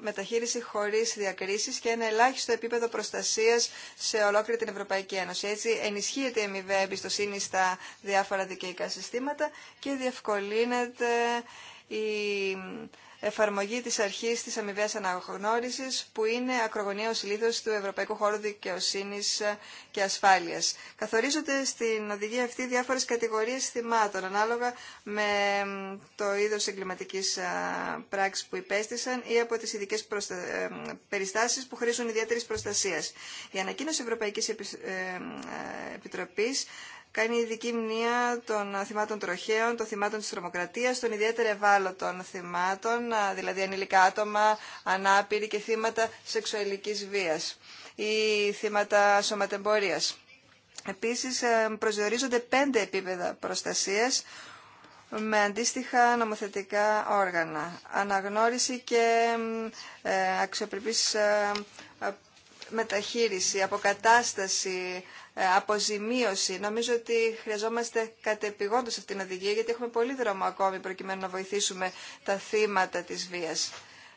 μεταχείριση χωρίς διακρίσεις και ένα ελάχιστο επίπεδο προστασίας σε ολόκληρη την Ευρωπαϊκή Ένωση. Έτσι ενισχύεται η αμοιβαία εμπιστοσύνη στα διάφορα δικαιϊκά συστήματα και διευκολύνεται η εφαρμογή της αρχής της αμοιβαίας αναγνώρισης που είναι ως λίθος του Ευρωπαϊκού Χώρου Δικαιοσύνης και Ασφάλειας. Καθορίζονται στην οδηγία αυτή διάφορες κατηγορίες θυμάτων ανάλογα με το είδος εγκληματικής πράξης που υπέστησαν ή από τις ειδικέ προστα... Ε, περιστάσεις που χρήζουν ιδιαίτερης προστασίας. Η ανακοίνωση που χρησουν ιδιαιτερης προστασιας Επιτροπής κάνει ειδική μνήμα των θυμάτων τροχαίων, των θυμάτων της τρομοκρατίας, των ιδιαίτερα ευάλωτων θυμάτων, δηλαδή ανήλικα άτομα, ανάπηροι και θύματα σεξουαλικής βίας ή θύματα σωματεμπορίας. Επίσης προσδιορίζονται πέντε επίπεδα προστασίας με αντίστοιχα νομοθετικά όργανα. Αναγνώριση και ε, αξιοπρεπής μεταχείριση, αποκατάσταση ε, αποζημίωση. Νομίζω ότι χρειαζόμαστε κατεπηγόντως αυτήν την οδηγία γιατί έχουμε πολύ δρόμο ακόμη προκειμένου να βοηθήσουμε τα θύματα της βίας.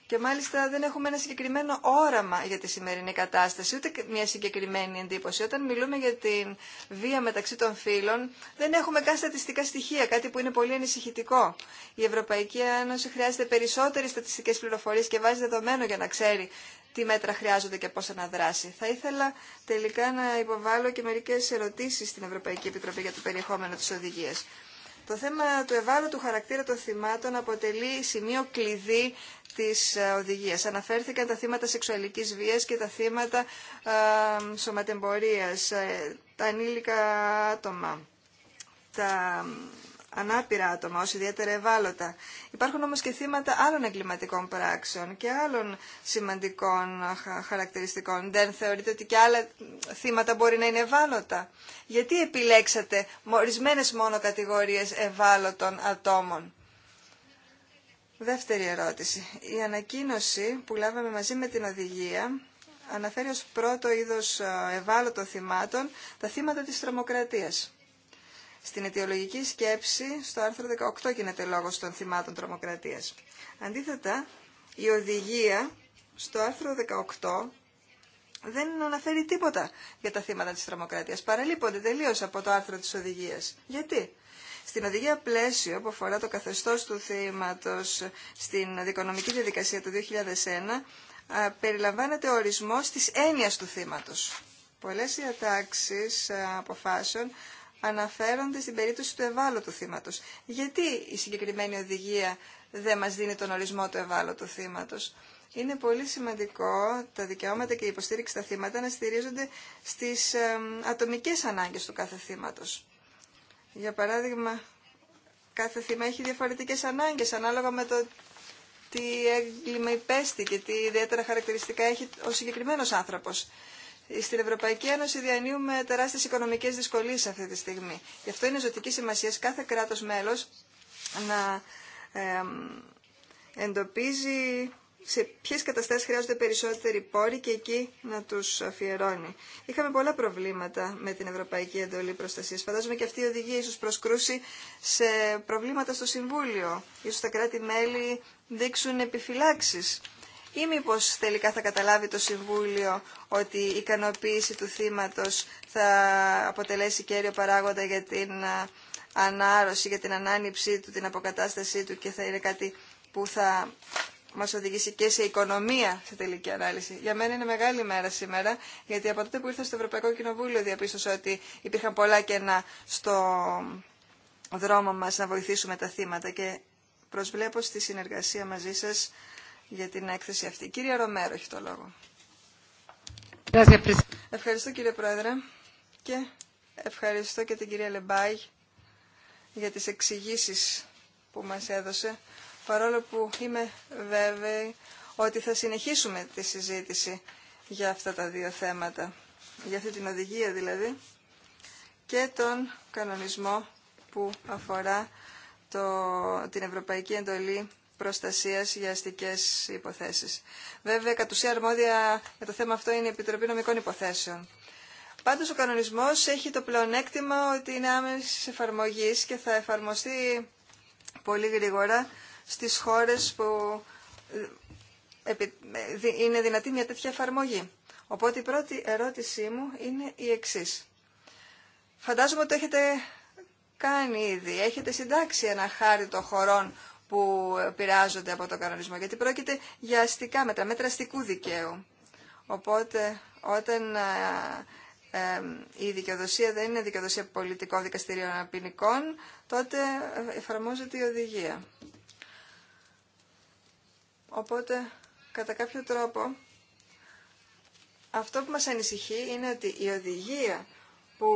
Και μάλιστα δεν έχουμε ένα συγκεκριμένο όραμα για τη σημερινή κατάσταση, ούτε μια συγκεκριμένη εντύπωση. Όταν μιλούμε για την βία μεταξύ των φύλων, δεν έχουμε καν στατιστικά στοιχεία, κάτι που είναι πολύ ανησυχητικό. Η Ευρωπαϊκή Ένωση χρειάζεται περισσότερε στατιστικέ πληροφορίε και βάζει δεδομένο για να ξέρει τι μέτρα χρειάζονται και πώς αναδράσει. Θα ήθελα τελικά να υποβάλω και μερικές ερωτήσεις στην Ευρωπαϊκή Επιτροπή για το περιεχόμενο τη Οδηγία. Το θέμα του ευάλωτου χαρακτήρα των θυμάτων αποτελεί σημείο κλειδί της ε, οδηγίας. Αναφέρθηκαν τα θύματα σεξουαλικής βίας και τα θύματα ε, σωματεμπορίας, ε, τα ανήλικα άτομα, τα ανάπηρα άτομα, ως ιδιαίτερα ευάλωτα. Υπάρχουν όμως και θύματα άλλων εγκληματικών πράξεων και άλλων σημαντικών χαρακτηριστικών. Δεν θεωρείτε ότι και άλλα θύματα μπορεί να είναι ευάλωτα. Γιατί επιλέξατε ορισμένε μόνο κατηγορίες ευάλωτων ατόμων. Δεύτερη ερώτηση. Η ανακοίνωση που λάβαμε μαζί με την οδηγία αναφέρει ως πρώτο είδος ευάλωτων θυμάτων τα θύματα της τρομοκρατίας. Στην αιτιολογική σκέψη, στο άρθρο 18 γίνεται λόγο των θυμάτων τρομοκρατία. Αντίθετα, η οδηγία στο άρθρο 18 δεν αναφέρει τίποτα για τα θύματα της τρομοκρατίας. Παραλείπονται τελείω από το άρθρο της οδηγίας. Γιατί? Στην οδηγία πλαίσιο που αφορά το καθεστώς του θύματος στην δικονομική διαδικασία του 2001 περιλαμβάνεται ο ορισμός της έννοιας του θύματος. Πολλές διατάξεις αποφάσεων αναφέρονται στην περίπτωση του ευάλωτου θύματος. Γιατί η συγκεκριμένη οδηγία δεν μας δίνει τον ορισμό του ευάλωτου θύματος. Είναι πολύ σημαντικό τα δικαιώματα και η υποστήριξη στα θύματα να στηρίζονται στις ατομικές ανάγκες του κάθε θύματος. Για παράδειγμα, κάθε θύμα έχει διαφορετικές ανάγκες ανάλογα με το τι έγκλημα υπέστη και τι ιδιαίτερα χαρακτηριστικά έχει ο συγκεκριμένος άνθρωπος στην Ευρωπαϊκή Ένωση διανύουμε τεράστιες οικονομικές δυσκολίες αυτή τη στιγμή. Γι' αυτό είναι ζωτική σημασία κάθε κράτος μέλος να εντοπίζει σε ποιε καταστάσεις χρειάζονται περισσότεροι πόροι και εκεί να τους αφιερώνει. Είχαμε πολλά προβλήματα με την Ευρωπαϊκή Εντολή Προστασία. Φαντάζομαι και αυτή η οδηγία ίσω προσκρούσει σε προβλήματα στο Συμβούλιο. Ίσως τα κράτη-μέλη δείξουν επιφυλάξει ή μήπω τελικά θα καταλάβει το Συμβούλιο ότι η ικανοποίηση του θύματος θα αποτελέσει κέριο παράγοντα για την ανάρρωση, για την ανάνυψή του, την αποκατάστασή του και θα είναι κάτι που θα μας οδηγήσει και σε οικονομία σε τελική ανάλυση. Για μένα είναι μεγάλη μέρα σήμερα, γιατί από τότε που ήρθα στο Ευρωπαϊκό Κοινοβούλιο διαπίστωσα ότι υπήρχαν πολλά κενά στο δρόμο μας να βοηθήσουμε τα θύματα και προσβλέπω στη συνεργασία μαζί σας για την έκθεση αυτή. Κύριε Ρομέρο έχει το λόγο. Ευχαριστώ κύριε Πρόεδρε και ευχαριστώ και την κυρία Λεμπάη για τις εξηγήσει που μας έδωσε παρόλο που είμαι βέβαιη ότι θα συνεχίσουμε τη συζήτηση για αυτά τα δύο θέματα για αυτή την οδηγία δηλαδή και τον κανονισμό που αφορά το, την Ευρωπαϊκή Εντολή προστασίας για αστικέ υποθέσεις. Βέβαια, κατ' ουσία αρμόδια για το θέμα αυτό είναι η Επιτροπή Νομικών Υποθέσεων. Πάντως, ο κανονισμός έχει το πλεονέκτημα ότι είναι άμεση εφαρμογή και θα εφαρμοστεί πολύ γρήγορα στις χώρες που ε, ε, είναι δυνατή μια τέτοια εφαρμογή. Οπότε η πρώτη ερώτησή μου είναι η εξής. Φαντάζομαι ότι έχετε κάνει ήδη, έχετε συντάξει ένα των χωρών που επηρεάζονται από τον κανονισμό, γιατί πρόκειται για αστικά μέτρα, μέτρα αστικού δικαίου. Οπότε όταν ε, ε, η δικαιοδοσία δεν είναι δικαιοδοσία πολιτικών δικαστηρίων ποινικών, τότε εφαρμόζεται η οδηγία. Οπότε, κατά κάποιο τρόπο, αυτό που μας ανησυχεί είναι ότι η οδηγία που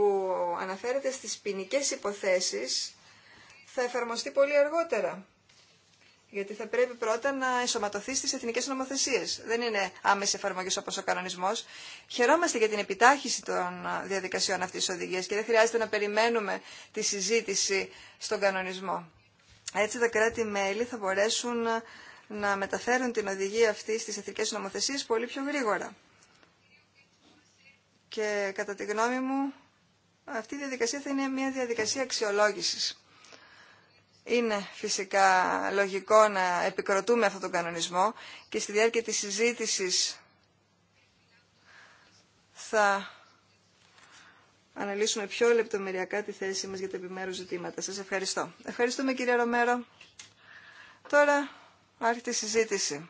αναφέρεται στις ποινικέ υποθέσεις θα εφαρμοστεί πολύ αργότερα. Γιατί θα πρέπει πρώτα να ενσωματωθεί στι εθνικέ νομοθεσίε. Δεν είναι άμεση εφαρμογή όπω ο κανονισμό. Χαιρόμαστε για την επιτάχυση των διαδικασιών αυτή τη οδηγία και δεν χρειάζεται να περιμένουμε τη συζήτηση στον κανονισμό. Έτσι τα κράτη-μέλη θα μπορέσουν να μεταφέρουν την οδηγία αυτή στις εθνικές νομοθεσίες πολύ πιο γρήγορα. Και κατά τη γνώμη μου αυτή η διαδικασία θα είναι μια διαδικασία αξιολόγησης. Είναι φυσικά λογικό να επικροτούμε αυτόν τον κανονισμό και στη διάρκεια της συζήτησης θα αναλύσουμε πιο λεπτομεριακά τη θέση μας για τα επιμέρους ζητήματα. Σας ευχαριστώ. Ευχαριστούμε κύριε Ρομέρο. Τώρα άρχεται η συζήτηση.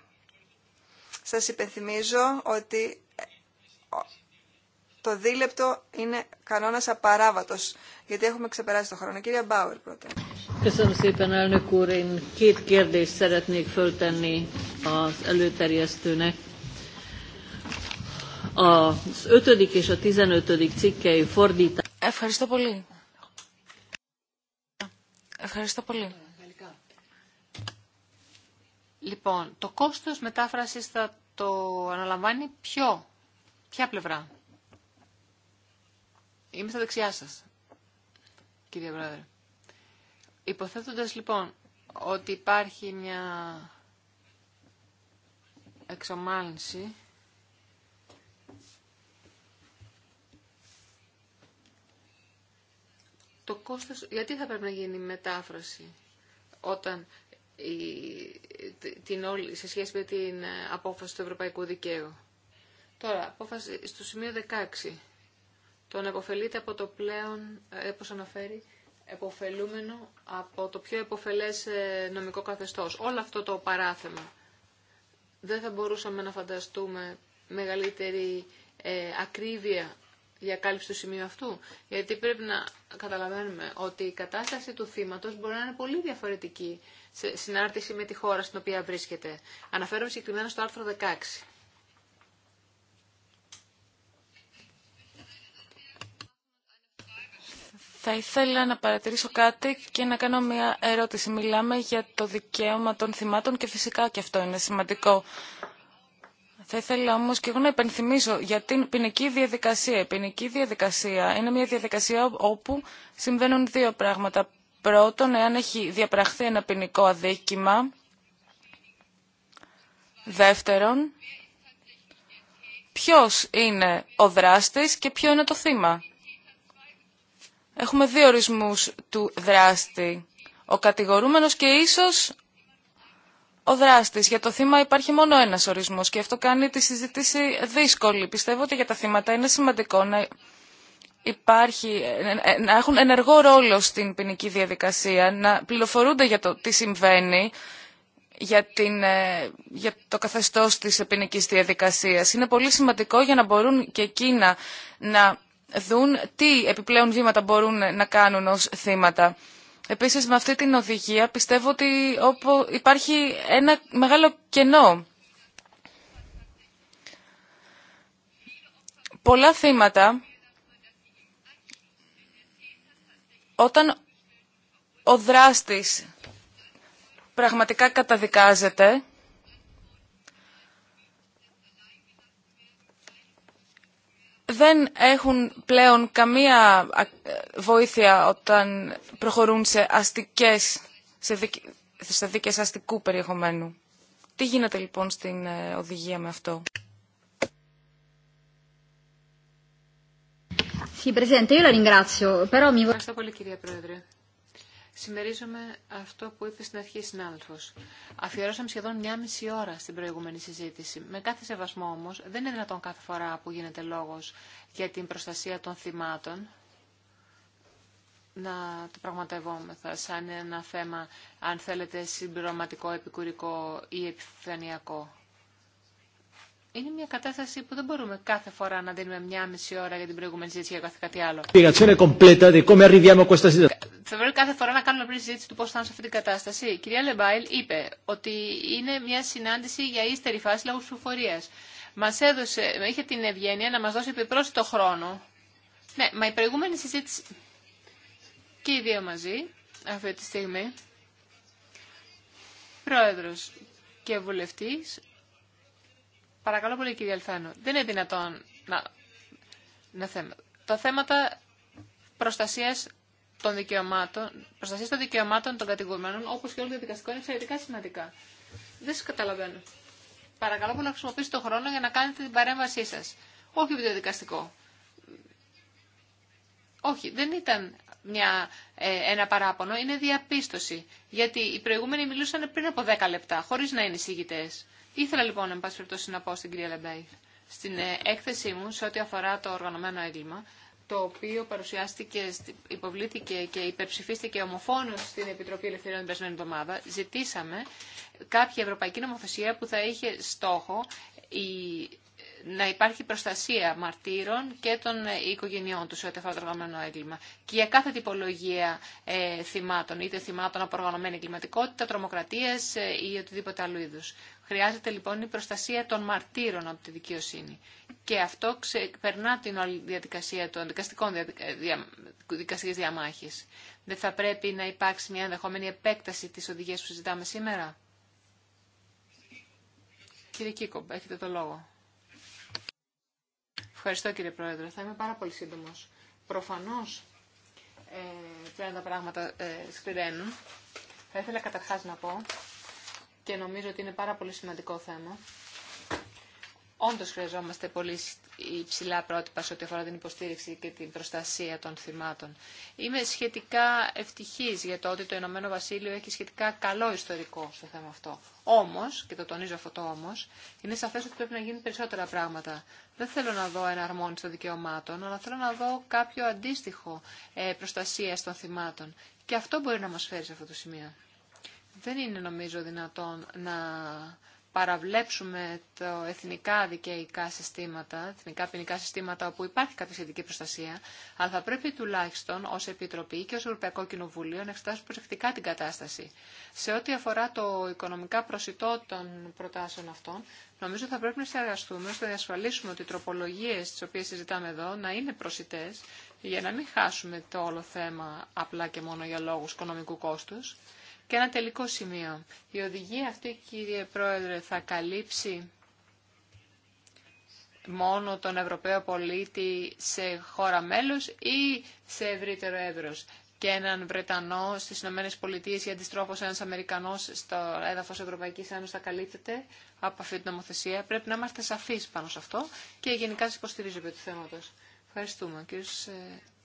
Σας υπενθυμίζω ότι το δίλεπτο είναι κανόνας απαράβατος, γιατί έχουμε ξεπεράσει το χρόνο. Κυρία Μπάουερ πρώτα. Köszönöm szépen, elnök úr. Én két kérdést szeretnék föltenni az előterjesztőnek. Az 5. és a 15. cikkei fordítás. Ευχαριστώ πολύ. Ευχαριστώ πολύ. Λοιπόν, το κόστος μετάφρασης θα το αναλαμβάνει ποιο, ποια πλευρά. Είμαι στα δεξιά σας, κύριε Πρόεδρε. Υποθέτοντας λοιπόν ότι υπάρχει μια εξομάλυνση το κόστος, γιατί θα πρέπει να γίνει μετάφραση όταν την όλη, σε σχέση με την απόφαση του Ευρωπαϊκού Δικαίου. Τώρα, απόφαση στο σημείο 16 τον εποφελείται από το πλέον, ε, όπως αναφέρει, εποφελούμενο από το πιο εποφελές ε, νομικό καθεστώς. Όλο αυτό το παράθεμα. Δεν θα μπορούσαμε να φανταστούμε μεγαλύτερη ε, ακρίβεια για κάλυψη του σημείου αυτού. Γιατί πρέπει να καταλαβαίνουμε ότι η κατάσταση του θύματος μπορεί να είναι πολύ διαφορετική σε συνάρτηση με τη χώρα στην οποία βρίσκεται. Αναφέρομαι συγκεκριμένα στο άρθρο 16. Θα ήθελα να παρατηρήσω κάτι και να κάνω μια ερώτηση. Μιλάμε για το δικαίωμα των θυμάτων και φυσικά και αυτό είναι σημαντικό. Θα ήθελα όμω και εγώ να υπενθυμίσω για την ποινική διαδικασία. Η ποινική διαδικασία είναι μια διαδικασία όπου συμβαίνουν δύο πράγματα. Πρώτον, εάν έχει διαπραχθεί ένα ποινικό αδίκημα. Δεύτερον, ποιος είναι ο δράστης και ποιο είναι το θύμα. Έχουμε δύο ορισμούς του δράστη. Ο κατηγορούμενος και ίσως ο δράστης. Για το θύμα υπάρχει μόνο ένας ορισμός και αυτό κάνει τη συζήτηση δύσκολη. Πιστεύω ότι για τα θύματα είναι σημαντικό να, υπάρχει, ε, ε, να έχουν ενεργό ρόλο στην ποινική διαδικασία, να πληροφορούνται για το τι συμβαίνει, για, την, ε, για το καθεστώς της ποινικής διαδικασίας. Είναι πολύ σημαντικό για να μπορούν και εκείνα να δουν τι επιπλέον βήματα μπορούν να κάνουν ως θύματα. Επίσης με αυτή την οδηγία πιστεύω ότι όπου υπάρχει ένα μεγάλο κενό. Πολλά θύματα όταν ο δράστης πραγματικά καταδικάζεται δεν έχουν πλέον καμία βοήθεια όταν προχωρούν σε αστικές, σε, δικ, αστικού περιεχομένου. Τι γίνεται λοιπόν στην ε, οδηγία με αυτό. Ευχαριστώ πολύ κυρία Πρόεδρε συμμερίζομαι αυτό που είπε στην αρχή η Αφιερώσαμε σχεδόν μια μισή ώρα στην προηγούμενη συζήτηση. Με κάθε σεβασμό όμως δεν είναι δυνατόν κάθε φορά που γίνεται λόγος για την προστασία των θυμάτων να το πραγματευόμεθα σαν ένα θέμα, αν θέλετε, συμπληρωματικό, επικουρικό ή επιφανειακό είναι μια κατάσταση που δεν μπορούμε κάθε φορά να δίνουμε μια μισή ώρα για την προηγούμενη συζήτηση για κάθε κάτι άλλο. Θα πρέπει κάθε φορά να κάνουμε πριν συζήτηση του πώ θα είναι σε αυτή την κατάσταση. Η κυρία Λεμπάιλ είπε ότι είναι μια συνάντηση για ύστερη φάση λόγω ψηφοφορία. Μα έδωσε, είχε την ευγένεια να μα δώσει επιπρόσθετο χρόνο. Ναι, μα η προηγούμενη συζήτηση και οι δύο μαζί αυτή τη στιγμή. πρόεδρο και βουλευτής Παρακαλώ πολύ κύριε Αλθάνο. Δεν είναι δυνατόν να... να θέμα. Τα θέματα προστασίας των δικαιωμάτων, προστασία των δικαιωμάτων των κατηγορουμένων, όπω και όλων των δικαστικών, είναι εξαιρετικά σημαντικά. Δεν σα καταλαβαίνω. Παρακαλώ που να χρησιμοποιήσετε τον χρόνο για να κάνετε την παρέμβασή σα. Όχι με το δικαστικό. Όχι, δεν ήταν μια, ε, ένα παράπονο, είναι διαπίστωση. Γιατί οι προηγούμενοι μιλούσαν πριν από 10 λεπτά, χωρί να είναι εισηγητέ. Ήθελα λοιπόν, εν πάση περιπτώσει, να πω στην κυρία Λεμπέιθ, στην ε, έκθεσή μου σε ό,τι αφορά το οργανωμένο έγκλημα, το οποίο παρουσιάστηκε, υποβλήθηκε και υπερψηφίστηκε ομοφόνο στην Επιτροπή Ελευθερίων την περσμένη εβδομάδα, ζητήσαμε κάποια ευρωπαϊκή νομοθεσία που θα είχε στόχο η να υπάρχει προστασία μαρτύρων και των ε, οικογενειών του σε ό,τι αφορά το οργανωμένο έγκλημα. Και για κάθε τυπολογία ε, θυμάτων, είτε θυμάτων από οργανωμένη εγκληματικότητα, τρομοκρατίε ε, ή οτιδήποτε άλλου είδου. Χρειάζεται λοιπόν η προστασία των μαρτύρων από τη δικαιοσύνη. Και αυτό ξεπερνά την όλη διαδικασία των δικαστικών δια... διαμάχης. Δεν θα πρέπει να υπάρξει μια ενδεχόμενη επέκταση της οδηγίας που συζητάμε σήμερα. Κύριε Κίκο, έχετε το λόγο. Ευχαριστώ κύριε Πρόεδρε. Θα είμαι πάρα πολύ σύντομο Προφανώς ε, πλέον τα πράγματα ε, σκληραίνουν. Θα ήθελα καταρχάς να πω και νομίζω ότι είναι πάρα πολύ σημαντικό θέμα. Όντω χρειαζόμαστε πολύ υψηλά πρότυπα σε ό,τι αφορά την υποστήριξη και την προστασία των θυμάτων. Είμαι σχετικά ευτυχή για το ότι το Ηνωμένο Βασίλειο έχει σχετικά καλό ιστορικό στο θέμα αυτό. Όμω, και το τονίζω αυτό το όμω, είναι σαφέ ότι πρέπει να γίνουν περισσότερα πράγματα. Δεν θέλω να δω εναρμόνιση των δικαιωμάτων, αλλά θέλω να δω κάποιο αντίστοιχο ε, προστασία των θυμάτων. Και αυτό μπορεί να μα φέρει σε αυτό το σημείο. Δεν είναι νομίζω δυνατόν να παραβλέψουμε τα εθνικά δικαιϊκά συστήματα, εθνικά ποινικά συστήματα όπου υπάρχει κάποια σχετική προστασία, αλλά θα πρέπει τουλάχιστον ως Επιτροπή και ως Ευρωπαϊκό Κοινοβούλιο να εξετάσουμε προσεκτικά την κατάσταση. Σε ό,τι αφορά το οικονομικά προσιτό των προτάσεων αυτών, νομίζω θα πρέπει να συνεργαστούμε ώστε να διασφαλίσουμε ότι οι τροπολογίες τις οποίες συζητάμε εδώ να είναι προσιτέ για να μην χάσουμε το όλο θέμα απλά και μόνο για λόγου οικονομικού κόστου. Και ένα τελικό σημείο. Η οδηγία αυτή, κύριε Πρόεδρε, θα καλύψει μόνο τον Ευρωπαίο πολίτη σε χώρα μέλος ή σε ευρύτερο έδρος και έναν Βρετανό στις Ηνωμένες Πολιτείες ή αντιστρόφω ένα Αμερικανό στο έδαφος Ευρωπαϊκής Ένωση θα καλύπτεται από αυτή την νομοθεσία. Πρέπει να είμαστε σαφείς πάνω σε αυτό και γενικά σα υποστηρίζω επί του θέματος. Ευχαριστούμε. Κύριος, ε,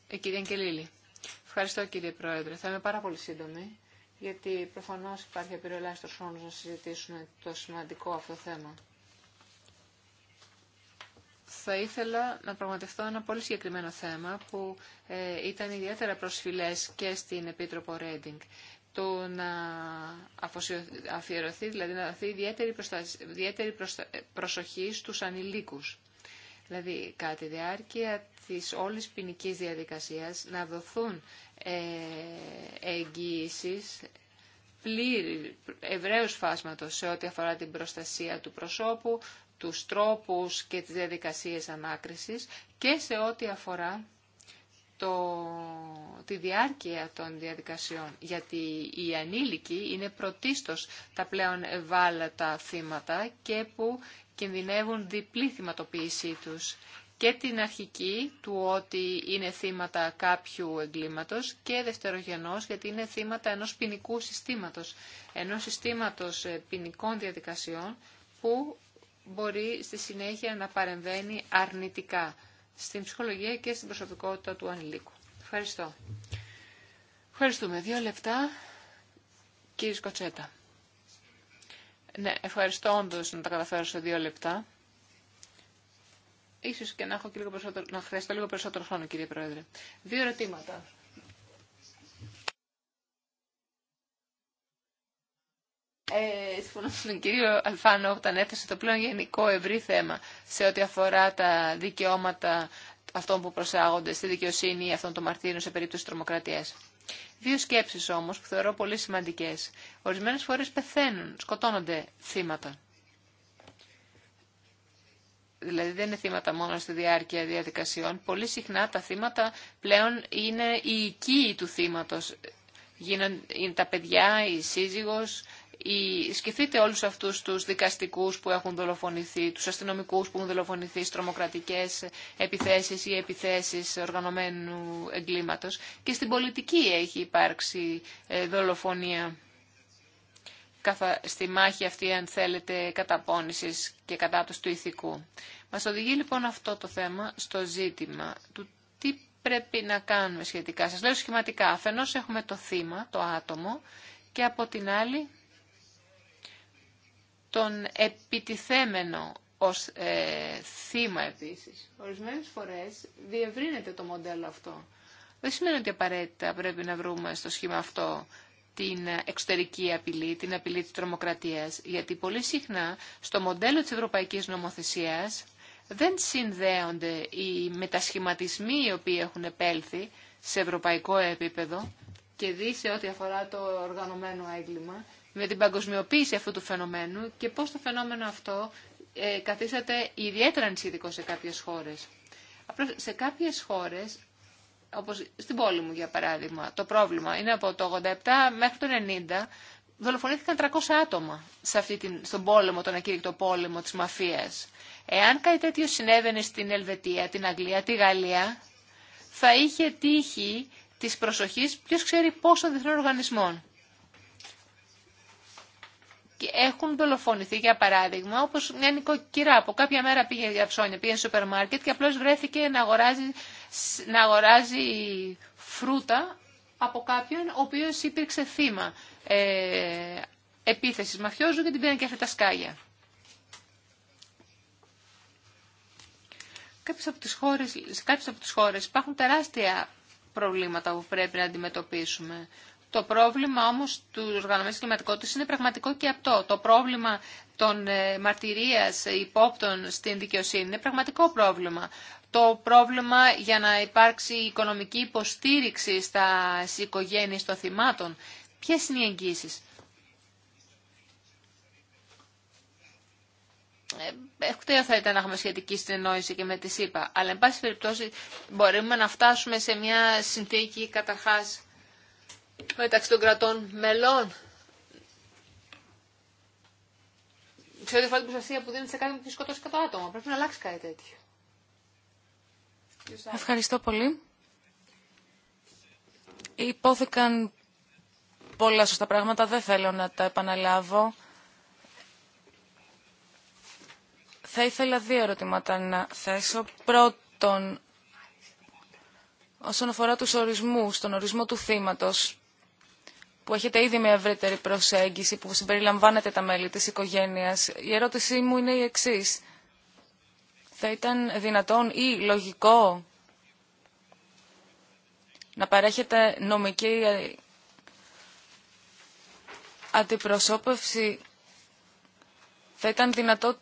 ε Αγγελίλη. Ευχαριστώ κύριε Πρόεδρε. Θα είμαι πάρα πολύ σύντομη γιατί προφανώς υπάρχει απειροελάχιστος χρόνος να συζητήσουμε το σημαντικό αυτό θέμα. Θα ήθελα να πραγματευτώ ένα πολύ συγκεκριμένο θέμα που ε, ήταν ιδιαίτερα προσφυλές και στην Επίτροπο Ρέντινγκ. Το να αφιερωθεί, δηλαδή να δοθεί ιδιαίτερη, ιδιαίτερη ε, προσοχή στους ανηλίκους. Δηλαδή, κατά τη διάρκεια της όλης ποινική διαδικασίας, να δοθούν ε, εγγύησης πλήρη ευρέως φάσματος σε ό,τι αφορά την προστασία του προσώπου, του τρόπους και τις διαδικασίες ανάκρισης και σε ό,τι αφορά το, τη διάρκεια των διαδικασιών, γιατί οι ανήλικοι είναι πρωτίστως τα πλέον ευάλωτα θύματα και που κινδυνεύουν διπλή θυματοποίησή τους και την αρχική του ότι είναι θύματα κάποιου εγκλήματος και δευτερογενώς γιατί είναι θύματα ενός ποινικού συστήματος, ενός συστήματος ε, ποινικών διαδικασιών που μπορεί στη συνέχεια να παρεμβαίνει αρνητικά στην ψυχολογία και στην προσωπικότητα του ανηλίκου. Ευχαριστώ. Ευχαριστούμε. Δύο λεπτά. Κύριε Σκοτσέτα. Ναι, ευχαριστώ όντω να τα καταφέρω σε δύο λεπτά. Ίσως και να, έχω και λίγο περισσότερο, να χρειαστώ λίγο περισσότερο χρόνο, κύριε Πρόεδρε. Δύο ερωτήματα. Ε, συμφωνώ με τον κύριο Αλφάνο όταν έθεσε το πλέον γενικό ευρύ θέμα σε ό,τι αφορά τα δικαιώματα αυτών που προσάγονται στη δικαιοσύνη αυτών των μαρτύρων σε περίπτωση τρομοκρατίας. Δύο σκέψεις όμως που θεωρώ πολύ σημαντικέ. Ορισμένε φορέ πεθαίνουν, σκοτώνονται θύματα δηλαδή δεν είναι θύματα μόνο στη διάρκεια διαδικασιών. Πολύ συχνά τα θύματα πλέον είναι οι οικοί του θύματος. είναι τα παιδιά, η σύζυγος, σκεφτείτε όλους αυτούς τους δικαστικούς που έχουν δολοφονηθεί, τους αστυνομικούς που έχουν δολοφονηθεί στις τρομοκρατικές επιθέσεις ή επιθέσεις οργανωμένου εγκλήματος. Και στην πολιτική έχει υπάρξει ε, δολοφονία στη μάχη αυτή, αν θέλετε, καταπώνησης και κατάτος του ηθικού. Μας οδηγεί λοιπόν αυτό το θέμα στο ζήτημα του τι πρέπει να κάνουμε σχετικά. Σας λέω σχηματικά, αφενός έχουμε το θύμα, το άτομο, και από την άλλη τον επιτιθέμενο ως ε, θύμα επίσης. Ορισμένες φορές διευρύνεται το μοντέλο αυτό. Δεν σημαίνει ότι απαραίτητα πρέπει να βρούμε στο σχήμα αυτό την εξωτερική απειλή, την απειλή της τρομοκρατίας, γιατί πολύ συχνά στο μοντέλο της ευρωπαϊκής νομοθεσίας δεν συνδέονται οι μετασχηματισμοί οι οποίοι έχουν επέλθει σε ευρωπαϊκό επίπεδο και δει σε ό,τι αφορά το οργανωμένο έγκλημα με την παγκοσμιοποίηση αυτού του φαινομένου και πώς το φαινόμενο αυτό ε, ιδιαίτερα ανησυχητικό σε κάποιες χώρες. Σε κάποιες χώρες όπως στην πόλη μου για παράδειγμα, το πρόβλημα είναι από το 87 μέχρι το 90 δολοφονήθηκαν 300 άτομα σε αυτή την, στον πόλεμο, τον ακήρυκτο πόλεμο της μαφίας. Εάν κάτι τέτοιο συνέβαινε στην Ελβετία, την Αγγλία, τη Γαλλία, θα είχε τύχει της προσοχής ποιος ξέρει πόσο διεθνών οργανισμών έχουν δολοφονηθεί, για παράδειγμα, όπω μια νοικοκυρά που κάποια μέρα πήγε για ψώνια, πήγε στο σούπερ μάρκετ και απλώ βρέθηκε να αγοράζει, να αγοράζει φρούτα από κάποιον ο οποίο υπήρξε θύμα ε, επίθεση μαφιόζου και την πήραν και αυτή τα σκάλια. από τις χώρες, σε κάποιες από τις χώρες υπάρχουν τεράστια προβλήματα που πρέπει να αντιμετωπίσουμε. Το πρόβλημα όμως του οργανωμένου κλιματικότητας είναι πραγματικό και αυτό. Το πρόβλημα των ε, μαρτυρίας υπόπτων στην δικαιοσύνη είναι πραγματικό πρόβλημα. Το πρόβλημα για να υπάρξει οικονομική υποστήριξη στα οικογένειε των θυμάτων. Ποιες είναι οι εγγύσεις. Εκτέω ε, θα ήταν να έχουμε σχετική συνεννόηση και με τη ΣΥΠΑ. Αλλά, εν πάση περιπτώσει, μπορούμε να φτάσουμε σε μια συνθήκη καταρχάς μεταξύ των κρατών μελών σε ό,τι την προστασία που δίνεται σε κάτι που σκοτώσει 100 άτομα. Πρέπει να αλλάξει κάτι τέτοιο. Ευχαριστώ πολύ. Υπόθηκαν πολλά σωστά πράγματα. Δεν θέλω να τα επαναλάβω. Θα ήθελα δύο ερωτήματα να θέσω. Πρώτον, όσον αφορά τους ορισμούς, τον ορισμό του θύματος, που έχετε ήδη μια ευρύτερη προσέγγιση που συμπεριλαμβάνετε τα μέλη της οικογένειας. Η ερώτησή μου είναι η εξής. Θα ήταν δυνατόν ή λογικό να παρέχετε νομική αντιπροσώπευση. Θα ήταν δυνατό,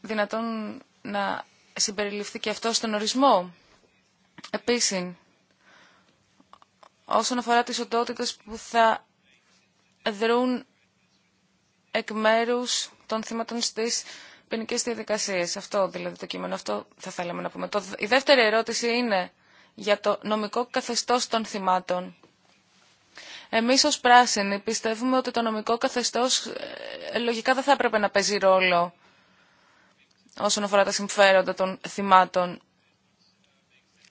δυνατόν να συμπεριληφθεί και αυτό στον ορισμό. Επίσης, όσον αφορά τις οντότητες που θα δρούν εκ μέρου των θύματων στι ποινικέ διαδικασίε. Αυτό δηλαδή το κείμενο, αυτό θα θέλαμε να πούμε. Το, η δεύτερη ερώτηση είναι για το νομικό καθεστώ των θυμάτων. Εμεί ω πράσινοι πιστεύουμε ότι το νομικό καθεστώ ε, λογικά δεν θα έπρεπε να παίζει ρόλο όσον αφορά τα συμφέροντα των θυμάτων.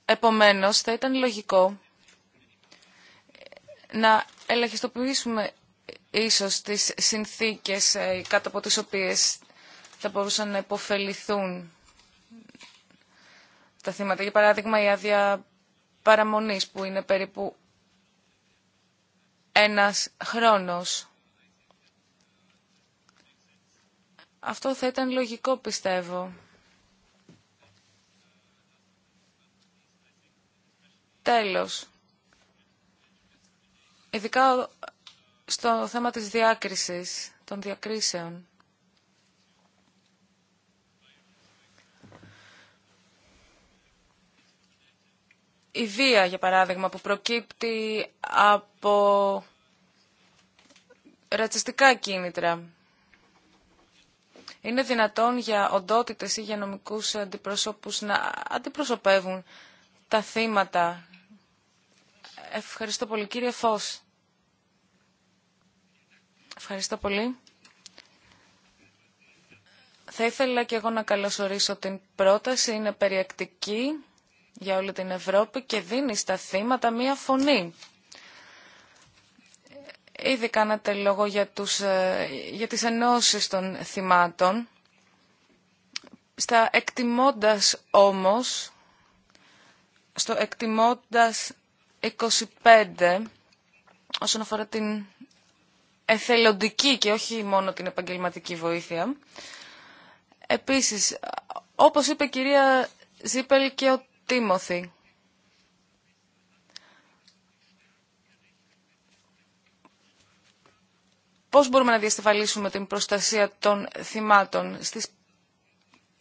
Επομένως, θα ήταν λογικό να ελαχιστοποιήσουμε ίσως τις συνθήκες ε, κάτω από τις οποίες θα μπορούσαν να υποφεληθούν τα θύματα. Για παράδειγμα η άδεια παραμονής που είναι περίπου ένας χρόνος. Αυτό θα ήταν λογικό πιστεύω. Τέλος. Ειδικά στο θέμα της διάκρισης, των διακρίσεων. Η βία, για παράδειγμα, που προκύπτει από ρατσιστικά κίνητρα. Είναι δυνατόν για οντότητες ή για νομικούς αντιπροσώπους να αντιπροσωπεύουν τα θύματα. Ευχαριστώ πολύ. Κύριε Φως. Ευχαριστώ πολύ. Θα ήθελα και εγώ να καλωσορίσω την πρόταση. Είναι περιεκτική για όλη την Ευρώπη και δίνει στα θύματα μία φωνή. Ήδη κάνατε λόγο για, τους, ε, για τις ενώσεις των θυμάτων. Στα εκτιμώντας όμως, στο εκτιμώντας 25, όσον αφορά την εθελοντική και όχι μόνο την επαγγελματική βοήθεια. Επίσης, όπως είπε η κυρία Ζίπελ και ο Τίμωθη, πώς μπορούμε να διασφαλίσουμε την προστασία των θυμάτων στις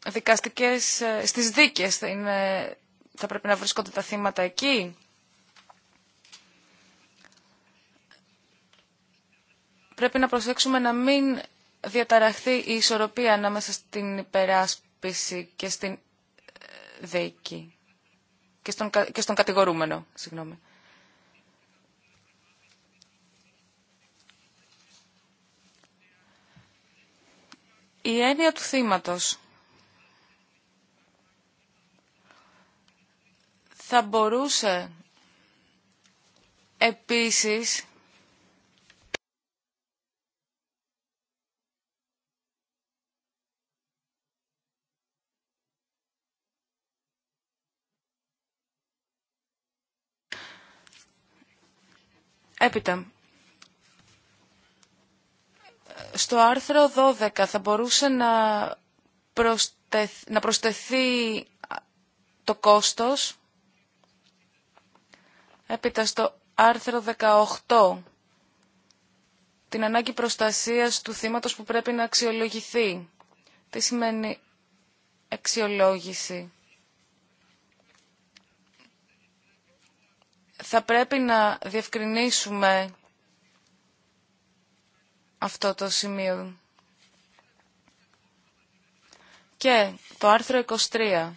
δικαστικές, ε, στις δίκες, είναι, θα πρέπει να βρίσκονται τα θύματα εκεί. πρέπει να προσέξουμε να μην διαταραχθεί η ισορροπία ανάμεσα στην υπεράσπιση και στην ε, δίκη και στον, και κατηγορούμενο. Η έννοια του θύματος θα μπορούσε επίσης Έπειτα, στο άρθρο 12 θα μπορούσε να, να προσθεθεί το κόστος. Έπειτα στο άρθρο 18 την ανάγκη προστασίας του θύματος που πρέπει να αξιολογηθεί. Τι σημαίνει αξιολόγηση. θα πρέπει να διευκρινίσουμε αυτό το σημείο. Και το άρθρο 23.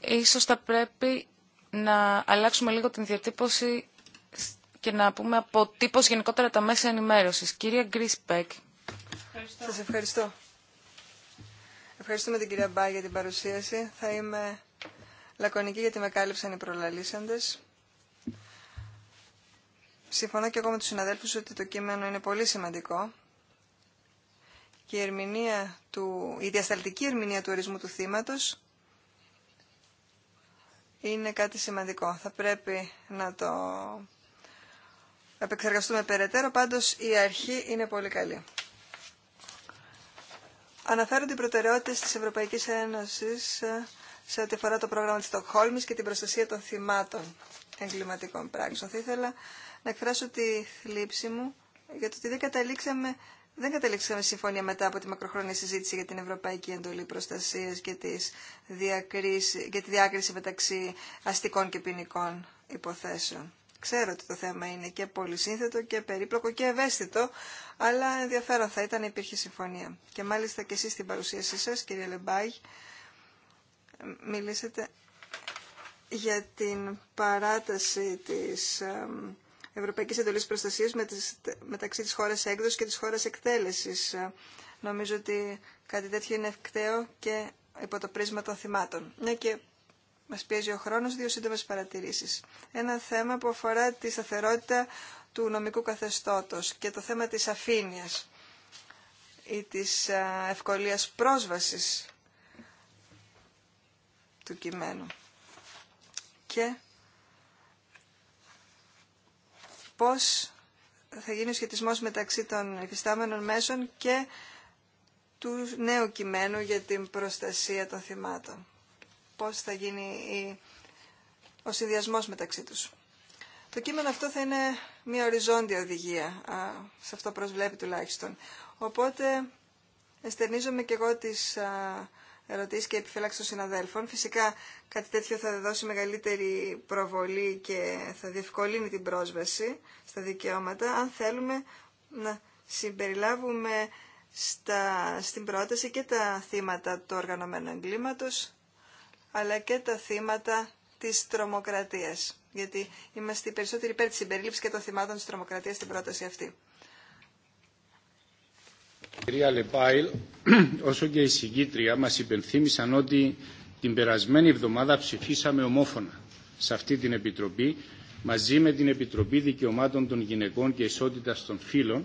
Ίσως θα πρέπει να αλλάξουμε λίγο την διατύπωση και να πούμε από τύπος γενικότερα τα μέσα ενημέρωσης. Κυρία Γκρίσπεκ. Ευχαριστώ. Σας ευχαριστώ. Ευχαριστούμε την κυρία Μπά για την παρουσίαση. Θα είμαι λακωνική γιατί με κάλυψαν οι προλαλήσαντες. Συμφωνώ και εγώ με τους συναδέλφους ότι το κείμενο είναι πολύ σημαντικό και η, ερμηνεία του, η διασταλτική ερμηνεία του ορισμού του θύματος είναι κάτι σημαντικό. Θα πρέπει να το επεξεργαστούμε περαιτέρω, πάντως η αρχή είναι πολύ καλή. Αναφέρονται οι προτεραιότητες της Ευρωπαϊκής Ένωσης ε, σε ό,τι αφορά το πρόγραμμα της Στοκχόλμης και την προστασία των θυμάτων εγκληματικών πράξεων. Θα ήθελα να εκφράσω τη θλίψη μου για το ότι δεν καταλήξαμε, δεν συμφωνία μετά από τη μακροχρόνια συζήτηση για την Ευρωπαϊκή Εντολή Προστασίας και, και τη διάκριση μεταξύ αστικών και ποινικών υποθέσεων. Ξέρω ότι το θέμα είναι και πολύ σύνθετο και περίπλοκο και ευαίσθητο, αλλά ενδιαφέρον θα ήταν να υπήρχε συμφωνία. Και μάλιστα και εσείς στην παρουσίασή σας, κύριε Λεμπάγη, μιλήσατε για την παράταση της Ευρωπαϊκής Εντολής Προστασίας μεταξύ της χώρας έκδοσης και της χώρας εκτέλεσης. Ε, νομίζω ότι κάτι τέτοιο είναι ευκταίο και υπό το πρίσμα των θυμάτων. Ναι και μας πιέζει ο χρόνος, δύο σύντομες παρατηρήσεις. Ένα θέμα που αφορά τη σταθερότητα του νομικού καθεστώτος και το θέμα της αφήνειας ή της ε, ευκολίας πρόσβασης του κειμένου. Και πώς θα γίνει ο σχετισμός μεταξύ των εφιστάμενων μέσων και του νέου κειμένου για την προστασία των θυμάτων. Πώς θα γίνει ο συνδυασμός μεταξύ τους. Το κείμενο αυτό θα είναι μια οριζόντια οδηγία, σε αυτό προσβλέπει τουλάχιστον. Οπότε εστερνίζομαι και εγώ τις Ερωτήσει και επιφύλαξη των συναδέλφων. Φυσικά κάτι τέτοιο θα δώσει μεγαλύτερη προβολή και θα διευκολύνει την πρόσβαση στα δικαιώματα αν θέλουμε να συμπεριλάβουμε στα, στην πρόταση και τα θύματα του οργανωμένου εγκλήματος αλλά και τα θύματα της τρομοκρατίας. Γιατί είμαστε οι περισσότεροι υπέρ της συμπερίληψης και των θυμάτων της τρομοκρατίας στην πρόταση αυτή. Κυρία Λεπάιλ, όσο και η συγκήτρια μας υπενθύμησαν ότι την περασμένη εβδομάδα ψηφίσαμε ομόφωνα σε αυτή την Επιτροπή μαζί με την Επιτροπή Δικαιωμάτων των Γυναικών και Ισότητας των Φύλων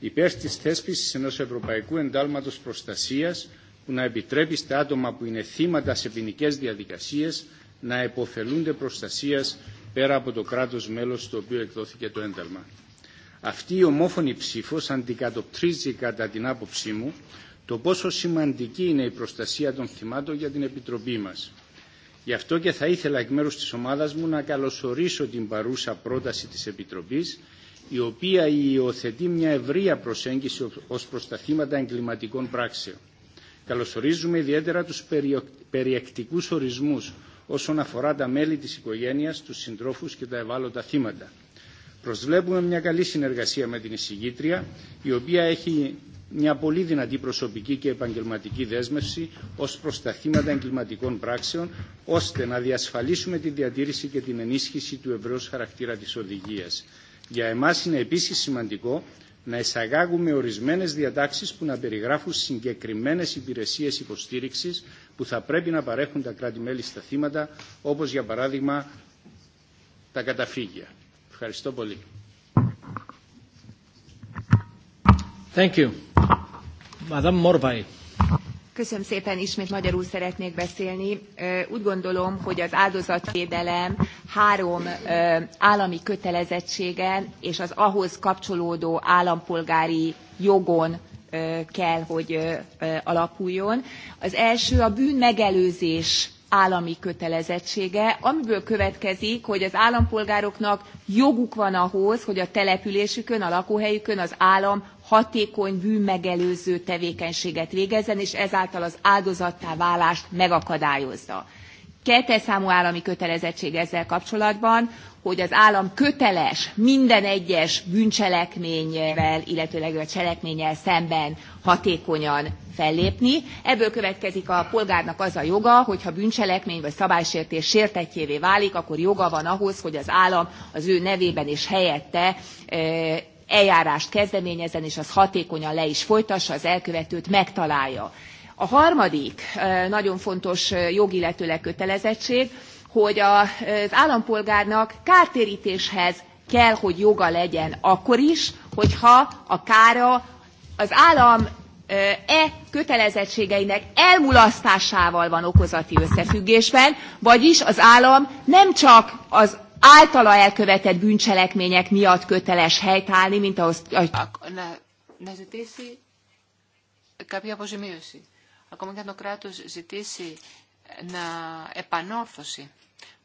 υπέρ της θέσπισης ενός Ευρωπαϊκού Εντάλματος Προστασίας που να επιτρέπει στα άτομα που είναι θύματα σε ποινικέ διαδικασίες να επωφελούνται προστασίας πέρα από το κράτος μέλος στο οποίο εκδόθηκε το ένταλμα. Αυτή η ομόφωνη ψήφος αντικατοπτρίζει κατά την άποψή μου το πόσο σημαντική είναι η προστασία των θυμάτων για την Επιτροπή μας. Γι' αυτό και θα ήθελα εκ μέρους της ομάδας μου να καλωσορίσω την παρούσα πρόταση της Επιτροπής η οποία υιοθετεί μια ευρεία προσέγγιση ως προς τα θύματα εγκληματικών πράξεων. Καλωσορίζουμε ιδιαίτερα τους περιεκτικούς ορισμούς όσον αφορά τα μέλη της οικογένειας, τους συντρόφους και τα ευάλωτα θύματα. Προσβλέπουμε μια καλή συνεργασία με την εισηγήτρια, η οποία έχει μια πολύ δυνατή προσωπική και επαγγελματική δέσμευση ως προς τα θύματα εγκληματικών πράξεων, ώστε να διασφαλίσουμε τη διατήρηση και την ενίσχυση του ευρέως χαρακτήρα της οδηγίας. Για εμάς είναι επίσης σημαντικό να εισαγάγουμε ορισμένες διατάξεις που να περιγράφουν συγκεκριμένες υπηρεσίες υποστήριξης που θα πρέπει να παρέχουν τα κράτη-μέλη στα θύματα, όπως για παράδειγμα τα καταφύγια. Ευχαριστώ πολύ. Thank you. Madame Morvai. Köszönöm szépen, ismét magyarul szeretnék beszélni. Úgy gondolom, hogy az áldozatvédelem három állami kötelezettségen és az ahhoz kapcsolódó állampolgári jogon kell, hogy alapuljon. Az első a bűn megelőzés állami kötelezettsége, amiből következik, hogy az állampolgároknak joguk van ahhoz, hogy a településükön, a lakóhelyükön az állam hatékony bűnmegelőző tevékenységet végezzen, és ezáltal az áldozattá válást megakadályozza. Kettes számú állami kötelezettség ezzel kapcsolatban, hogy az állam köteles minden egyes bűncselekményvel, illetőleg a cselekménnyel szemben hatékonyan fellépni. Ebből következik a polgárnak az a joga, hogyha bűncselekmény vagy szabálysértés sértetjévé válik, akkor joga van ahhoz, hogy az állam az ő nevében és helyette eljárást kezdeményezzen, és az hatékonyan le is folytassa, az elkövetőt megtalálja A harmadik nagyon fontos illetőleg kötelezettség, hogy az állampolgárnak kártérítéshez kell, hogy joga legyen akkor is, hogyha a kára az állam e kötelezettségeinek elmulasztásával van okozati összefüggésben, vagyis az állam nem csak az általa elkövetett bűncselekmények miatt köteles helytállni, mint ahogy ακόμα και αν το κράτος ζητήσει ε, να επανόρθωσει.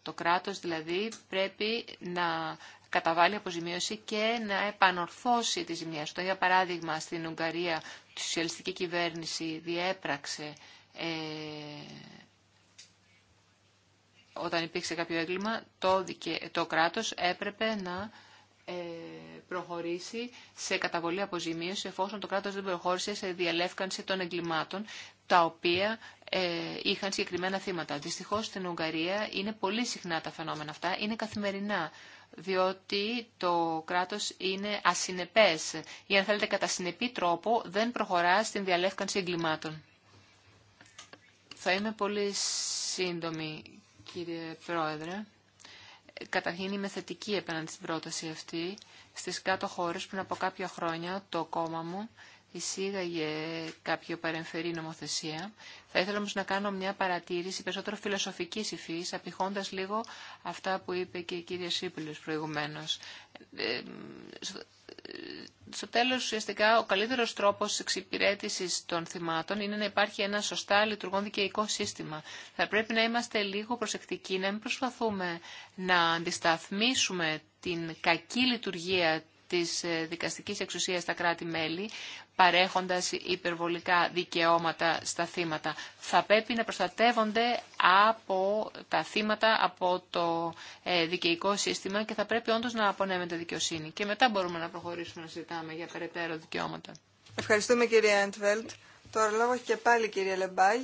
Το κράτος δηλαδή πρέπει να καταβάλει αποζημίωση και να επανορθώσει τη ζημιά. Στο για παράδειγμα στην Ουγγαρία η σοσιαλιστική κυβέρνηση διέπραξε ε, όταν υπήρξε κάποιο έγκλημα το, δικαι... το κράτος έπρεπε να ε, προχωρήσει σε καταβολή αποζημίωση εφόσον το κράτος δεν προχώρησε σε διαλεύκανση των εγκλημάτων τα οποία ε, είχαν συγκεκριμένα θύματα. Δυστυχώ στην Ουγγαρία είναι πολύ συχνά τα φαινόμενα αυτά, είναι καθημερινά, διότι το κράτος είναι ασυνεπές ή αν θέλετε κατά συνεπή τρόπο δεν προχωρά στην διαλεύκανση εγκλημάτων. Θα είμαι πολύ σύντομη κύριε Πρόεδρε. Καταρχήν είμαι θετική επέναντι στην πρόταση αυτή. Στις κάτω χώρες πριν από κάποια χρόνια το κόμμα μου εισήγαγε κάποιο παρεμφερή νομοθεσία. Θα ήθελα όμως να κάνω μια παρατήρηση περισσότερο φιλοσοφικής υφής, απειχώντας λίγο αυτά που είπε και η κυρία Σίπουλος προηγουμένως. Ε, ε, στο, τέλος, ουσιαστικά, ο καλύτερος τρόπος εξυπηρέτησης των θυμάτων είναι να υπάρχει ένα σωστά λειτουργών δικαιικό σύστημα. Θα πρέπει να είμαστε λίγο προσεκτικοί, να μην προσπαθούμε να αντισταθμίσουμε την κακή λειτουργία της ε, δικαστικής εξουσίας στα κράτη-μέλη, παρέχοντας υπερβολικά δικαιώματα στα θύματα. Θα πρέπει να προστατεύονται από τα θύματα, από το ε, δικαιικό σύστημα και θα πρέπει όντως να απονέμεται δικαιοσύνη. Και μετά μπορούμε να προχωρήσουμε να συζητάμε για περαιτέρω δικαιώματα. Ευχαριστούμε κυρία Έντβελτ. Τώρα λόγω και πάλι κυρία Λεμπάη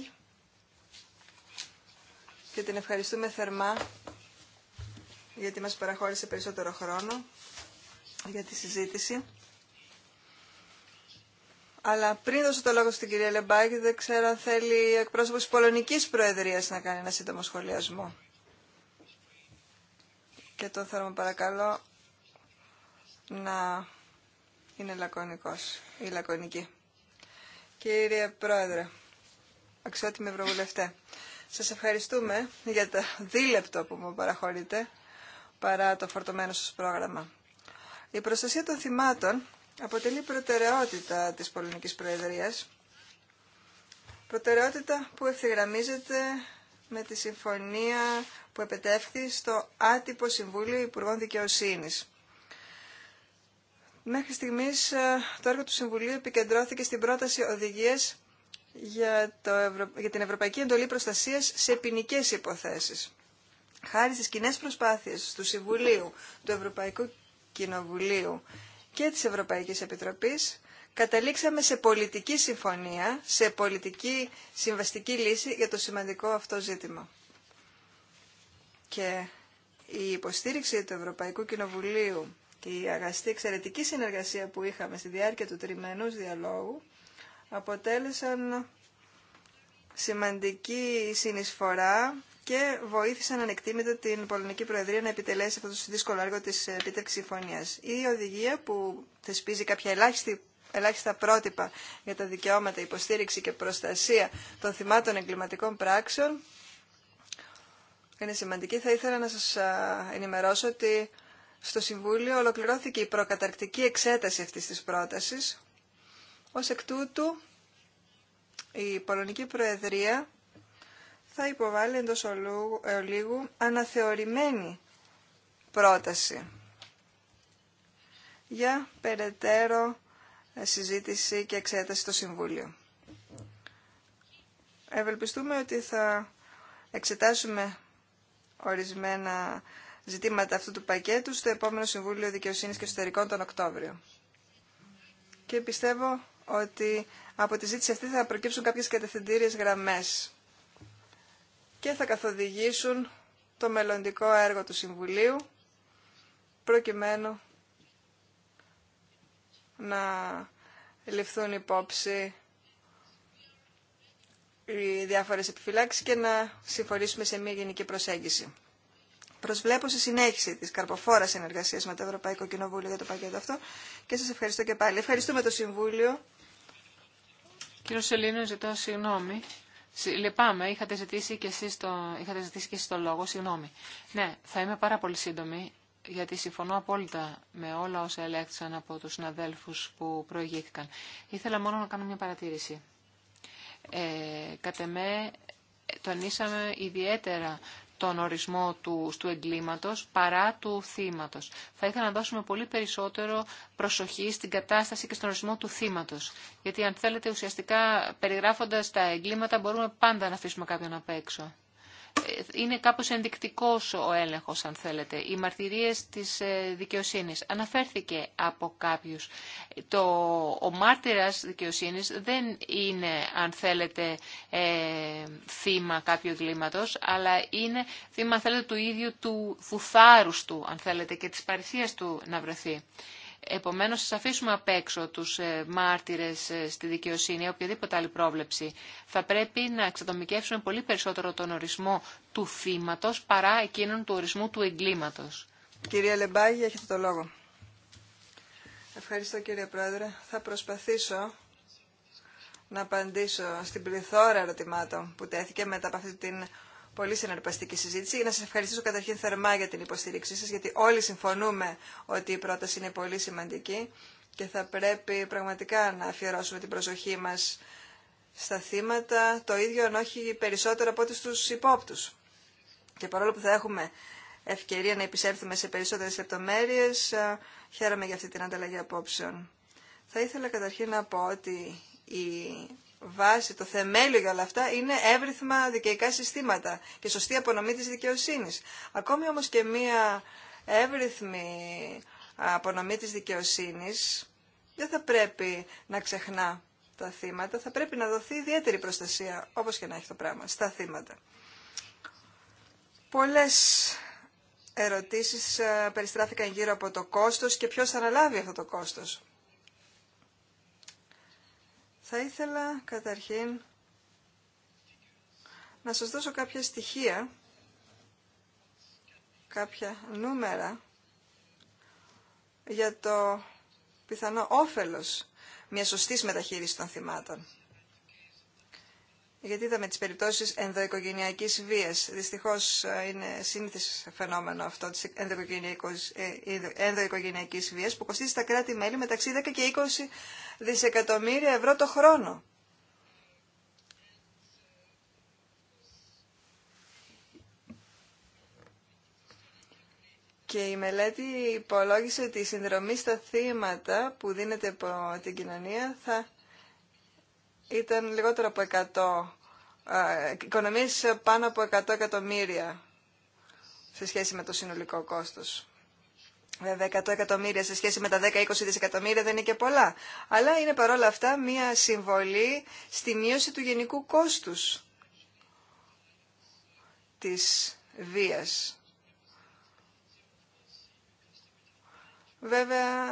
και την ευχαριστούμε θερμά γιατί μας παραχώρησε περισσότερο χρόνο για τη συζήτηση. Αλλά πριν δώσω το λόγο στην κυρία Λεμπάκη, δεν ξέρω αν θέλει εκπρόσωπο τη Πολωνική Προεδρία να κάνει ένα σύντομο σχολιασμό. Και τον θέλω να παρακαλώ να είναι λακωνικός ή λακωνική. Κύριε Πρόεδρε, αξιότιμη Ευρωβουλευτέ, σας ευχαριστούμε για το δίλεπτο που μου παραχωρείτε παρά το φορτωμένο σας πρόγραμμα. Η προστασία των θυμάτων αποτελεί προτεραιότητα της Πολωνικής Προεδρίας, προτεραιότητα που ευθυγραμμίζεται με τη συμφωνία που επετεύχθη στο άτυπο Συμβούλιο Υπουργών Δικαιοσύνης. Μέχρι στιγμής ε, το έργο του Συμβουλίου επικεντρώθηκε στην πρόταση οδηγίες για, το για την Ευρωπαϊκή Εντολή Προστασίας σε ποινικέ υποθέσεις. Χάρη στις κοινέ προσπάθειες του Συμβουλίου, του Ευρωπαϊκού Κοινοβουλίου και της Ευρωπαϊκής Επιτροπής καταλήξαμε σε πολιτική συμφωνία, σε πολιτική συμβαστική λύση για το σημαντικό αυτό ζήτημα. Και η υποστήριξη του Ευρωπαϊκού Κοινοβουλίου και η αγαστή εξαιρετική συνεργασία που είχαμε στη διάρκεια του τριμενούς διαλόγου αποτέλεσαν σημαντική συνεισφορά και βοήθησαν ανεκτήμητα την Πολωνική Προεδρία να επιτελέσει αυτό το δύσκολο έργο της επίτευξη συμφωνία. Η οδηγία που θεσπίζει κάποια ελάχιστη ελάχιστα πρότυπα για τα δικαιώματα, υποστήριξη και προστασία των θυμάτων εγκληματικών πράξεων είναι σημαντική. Θα ήθελα να σας ενημερώσω ότι στο Συμβούλιο ολοκληρώθηκε η προκαταρκτική εξέταση αυτής της πρότασης. Ως εκ τούτου, η Πολωνική Προεδρία θα υποβάλει εντός ολίγου αναθεωρημένη πρόταση για περαιτέρω συζήτηση και εξέταση στο Συμβούλιο. Ευελπιστούμε ότι θα εξετάσουμε ορισμένα ζητήματα αυτού του πακέτου στο επόμενο Συμβούλιο Δικαιοσύνης και Εσωτερικών τον Οκτώβριο. Και πιστεύω ότι από τη ζήτηση αυτή θα προκύψουν κάποιες κατευθυντήριες γραμμές και θα καθοδηγήσουν το μελλοντικό έργο του Συμβουλίου προκειμένου να ληφθούν υπόψη οι διάφορες επιφυλάξεις και να συμφωνήσουμε σε μια γενική προσέγγιση. Προσβλέπω στη συνέχιση της καρποφόρας συνεργασίας με το Ευρωπαϊκό Κοινοβούλιο για το πακέτο αυτό και σας ευχαριστώ και πάλι. Ευχαριστούμε το Συμβούλιο. Κύριο Σελήνο, ζητώ συγγνώμη. Λυπάμαι, είχατε ζητήσει και εσείς το, είχατε ζητήσει και εσείς το λόγο, συγγνώμη. Ναι, θα είμαι πάρα πολύ σύντομη, γιατί συμφωνώ απόλυτα με όλα όσα ελέγξαν από τους συναδέλφους που προηγήθηκαν. Ήθελα μόνο να κάνω μια παρατήρηση. Ε, κατ' εμέ τονίσαμε ιδιαίτερα τον ορισμό του, του εγκλήματος παρά του θύματος. Θα ήθελα να δώσουμε πολύ περισσότερο προσοχή στην κατάσταση και στον ορισμό του θύματος. Γιατί αν θέλετε ουσιαστικά περιγράφοντας τα εγκλήματα μπορούμε πάντα να αφήσουμε κάποιον απ' έξω είναι κάπως ενδεικτικός ο έλεγχος, αν θέλετε. Οι μαρτυρίες της ε, δικαιοσύνης αναφέρθηκε από κάποιους. Το, ο μάρτυρας δικαιοσύνης δεν είναι, αν θέλετε, ε, θύμα κάποιου εγκλήματος, αλλά είναι θύμα, αν θέλετε, του ίδιου του φουθάρους του, αν θέλετε, και της παρησίας του να βρεθεί. Επομένως, σας αφήσουμε απ' έξω τους ε, μάρτυρες ε, στη δικαιοσύνη, οποιαδήποτε άλλη πρόβλεψη. Θα πρέπει να εξατομικεύσουμε πολύ περισσότερο τον ορισμό του θύματος παρά εκείνον του ορισμού του εγκλήματος. Κυρία Λεμπάγη, έχετε το λόγο. Ευχαριστώ κύριε Πρόεδρε. Θα προσπαθήσω να απαντήσω στην πληθώρα ερωτημάτων που τέθηκε μετά από αυτή την πολύ συναρπαστική συζήτηση. Να σα ευχαριστήσω καταρχήν θερμά για την υποστήριξή σα, γιατί όλοι συμφωνούμε ότι η πρόταση είναι πολύ σημαντική και θα πρέπει πραγματικά να αφιερώσουμε την προσοχή μα στα θύματα, το ίδιο αν όχι περισσότερο από ό,τι στου υπόπτου. Και παρόλο που θα έχουμε ευκαιρία να επισέλθουμε σε περισσότερες λεπτομέρειες, ε, χαίρομαι για αυτή την ανταλλαγή απόψεων. Θα ήθελα καταρχήν να πω ότι η βάση, το θεμέλιο για όλα αυτά είναι εύρυθμα δικαιικά συστήματα και σωστή απονομή της δικαιοσύνης. Ακόμη όμως και μία εύρυθμη απονομή της δικαιοσύνης δεν θα πρέπει να ξεχνά τα θύματα, θα πρέπει να δοθεί ιδιαίτερη προστασία, όπως και να έχει το πράγμα, στα θύματα. Πολλές ερωτήσεις ε, περιστράφηκαν γύρω από το κόστος και ποιος θα αναλάβει αυτό το κόστος. Θα ήθελα καταρχήν να σας δώσω κάποια στοιχεία, κάποια νούμερα για το πιθανό όφελος μια σωστής μεταχείρισης των θυμάτων. Γιατί είδαμε τις περιπτώσεις ενδοοικογενειακής βίας. Δυστυχώς ε, είναι σύνηθες φαινόμενο αυτό της ε, ενδοοικογενειακής βίας που κοστίζει στα κράτη-μέλη μεταξύ 10 και 20 δισεκατομμύρια ευρώ το χρόνο. Και η μελέτη υπολόγισε ότι η συνδρομή στα θύματα που δίνεται από την κοινωνία θα ήταν λιγότερο από 100, οικονομίες πάνω από 100 εκατομμύρια σε σχέση με το συνολικό κόστος. Βέβαια, 100 εκατομμύρια σε σχέση με τα 10-20 δισεκατομμύρια δεν είναι και πολλά. Αλλά είναι παρόλα αυτά μια συμβολή στη μείωση του γενικού κόστους της βίας. Βέβαια,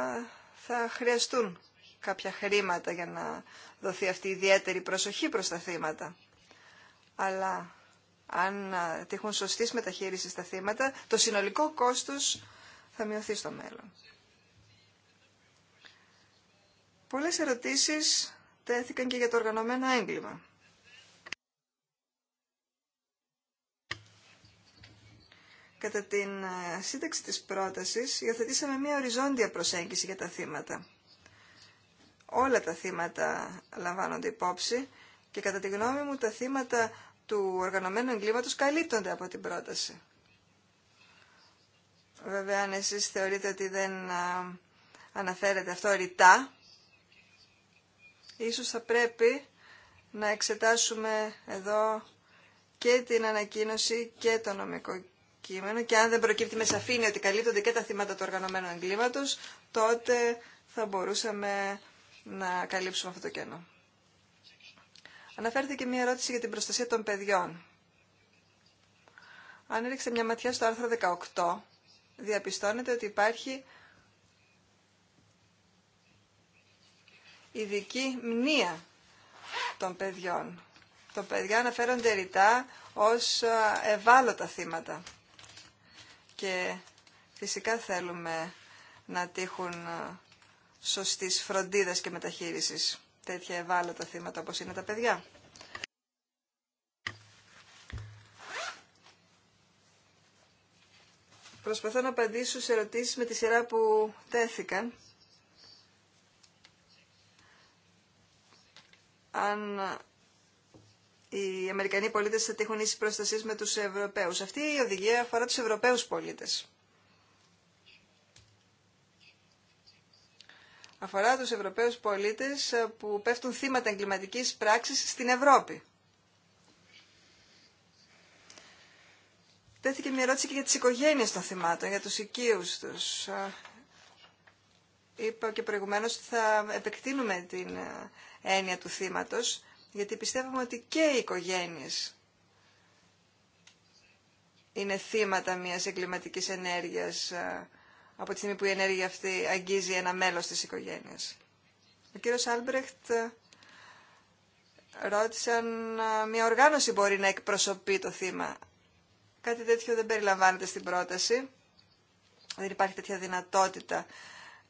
θα χρειαστούν κάποια χρήματα για να δοθεί αυτή η ιδιαίτερη προσοχή προς τα θύματα. Αλλά αν τύχουν σωστή μεταχείριση στα θύματα, το συνολικό κόστος θα μειωθεί στο μέλλον. Πολλές ερωτήσεις τέθηκαν και για το οργανωμένο έγκλημα. Κατά την ε, σύνταξη της πρότασης, υιοθετήσαμε μια οριζόντια προσέγγιση για τα θύματα – όλα τα θύματα λαμβάνονται υπόψη και κατά τη γνώμη μου τα θύματα του οργανωμένου εγκλήματος καλύπτονται από την πρόταση. Βέβαια, αν εσείς θεωρείτε ότι δεν αναφέρεται αυτό ρητά, ίσως θα πρέπει να εξετάσουμε εδώ και την ανακοίνωση και το νομικό κείμενο και αν δεν προκύπτει με σαφήνεια ότι καλύπτονται και τα θύματα του οργανωμένου εγκλήματος, τότε θα μπορούσαμε να καλύψουμε αυτό το κενό. Αναφέρθηκε μια ερώτηση για την προστασία των παιδιών. Αν ρίξετε μια ματιά στο άρθρο 18, διαπιστώνετε ότι υπάρχει ειδική μνήα των παιδιών. Τα παιδιά αναφέρονται ρητά ως ευάλωτα θύματα. Και φυσικά θέλουμε να τύχουν σωστής φροντίδας και μεταχείρισης τέτοια ευάλωτα θύματα όπως είναι τα παιδιά. Προσπαθώ να απαντήσω σε ερωτήσεις με τη σειρά που τέθηκαν. Αν οι Αμερικανοί πολίτες θα τύχουν ίση προστασίες με τους Ευρωπαίους. Αυτή η οδηγία αφορά τους Ευρωπαίους πολίτες. αφορά τους Ευρωπαίους πολίτες ε, που πέφτουν θύματα εγκληματικής πράξης στην Ευρώπη. Τέθηκε μια ερώτηση και για τις οικογένειες των θυμάτων, για τους οικείους τους. Ε, είπα και προηγουμένως ότι θα επεκτείνουμε την ε, έννοια του θύματος, γιατί πιστεύουμε ότι και οι οικογένειες είναι θύματα μιας εγκληματικής ενέργειας από τη στιγμή που η ενέργεια αυτή αγγίζει ένα μέλος της οικογένειας. Ο κύριος Άλμπρεχτ ε, ρώτησε αν ε, μια οργάνωση μπορεί να εκπροσωπεί το θύμα. Κάτι τέτοιο δεν περιλαμβάνεται στην πρόταση. Δεν υπάρχει τέτοια δυνατότητα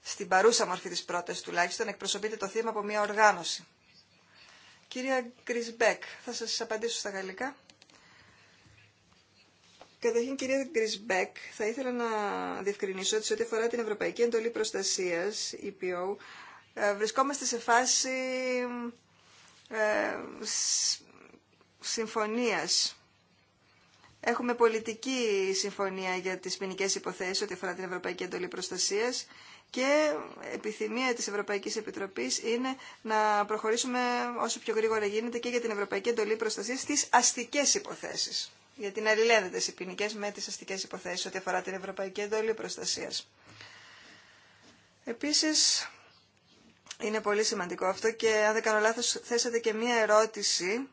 στην παρούσα μορφή της πρότασης τουλάχιστον. Εκπροσωπείται το θύμα από μια οργάνωση. Κυρία Γκρισμπέκ, θα σας απαντήσω στα γαλλικά. Καταρχήν, κυρία Γκρισμπέκ, θα ήθελα να διευκρινίσω ότι σε ό,τι αφορά την Ευρωπαϊκή Εντολή Προστασίας, EPO, ε, βρισκόμαστε σε φάση ε, συμφωνίας. Έχουμε πολιτική συμφωνία για τις ποινικέ υποθέσεις ό,τι αφορά την Ευρωπαϊκή Εντολή Προστασίας και επιθυμία της Ευρωπαϊκής Επιτροπής είναι να προχωρήσουμε όσο πιο γρήγορα γίνεται και για την Ευρωπαϊκή Εντολή Προστασίας στις αστικές υποθέσεις γιατί την αλληλένδετες οι ποινικέ με τις αστικές υποθέσεις ό,τι αφορά την Ευρωπαϊκή Εντολή Προστασίας. Επίσης, είναι πολύ σημαντικό αυτό και αν δεν κάνω λάθος θέσατε και μία ερώτηση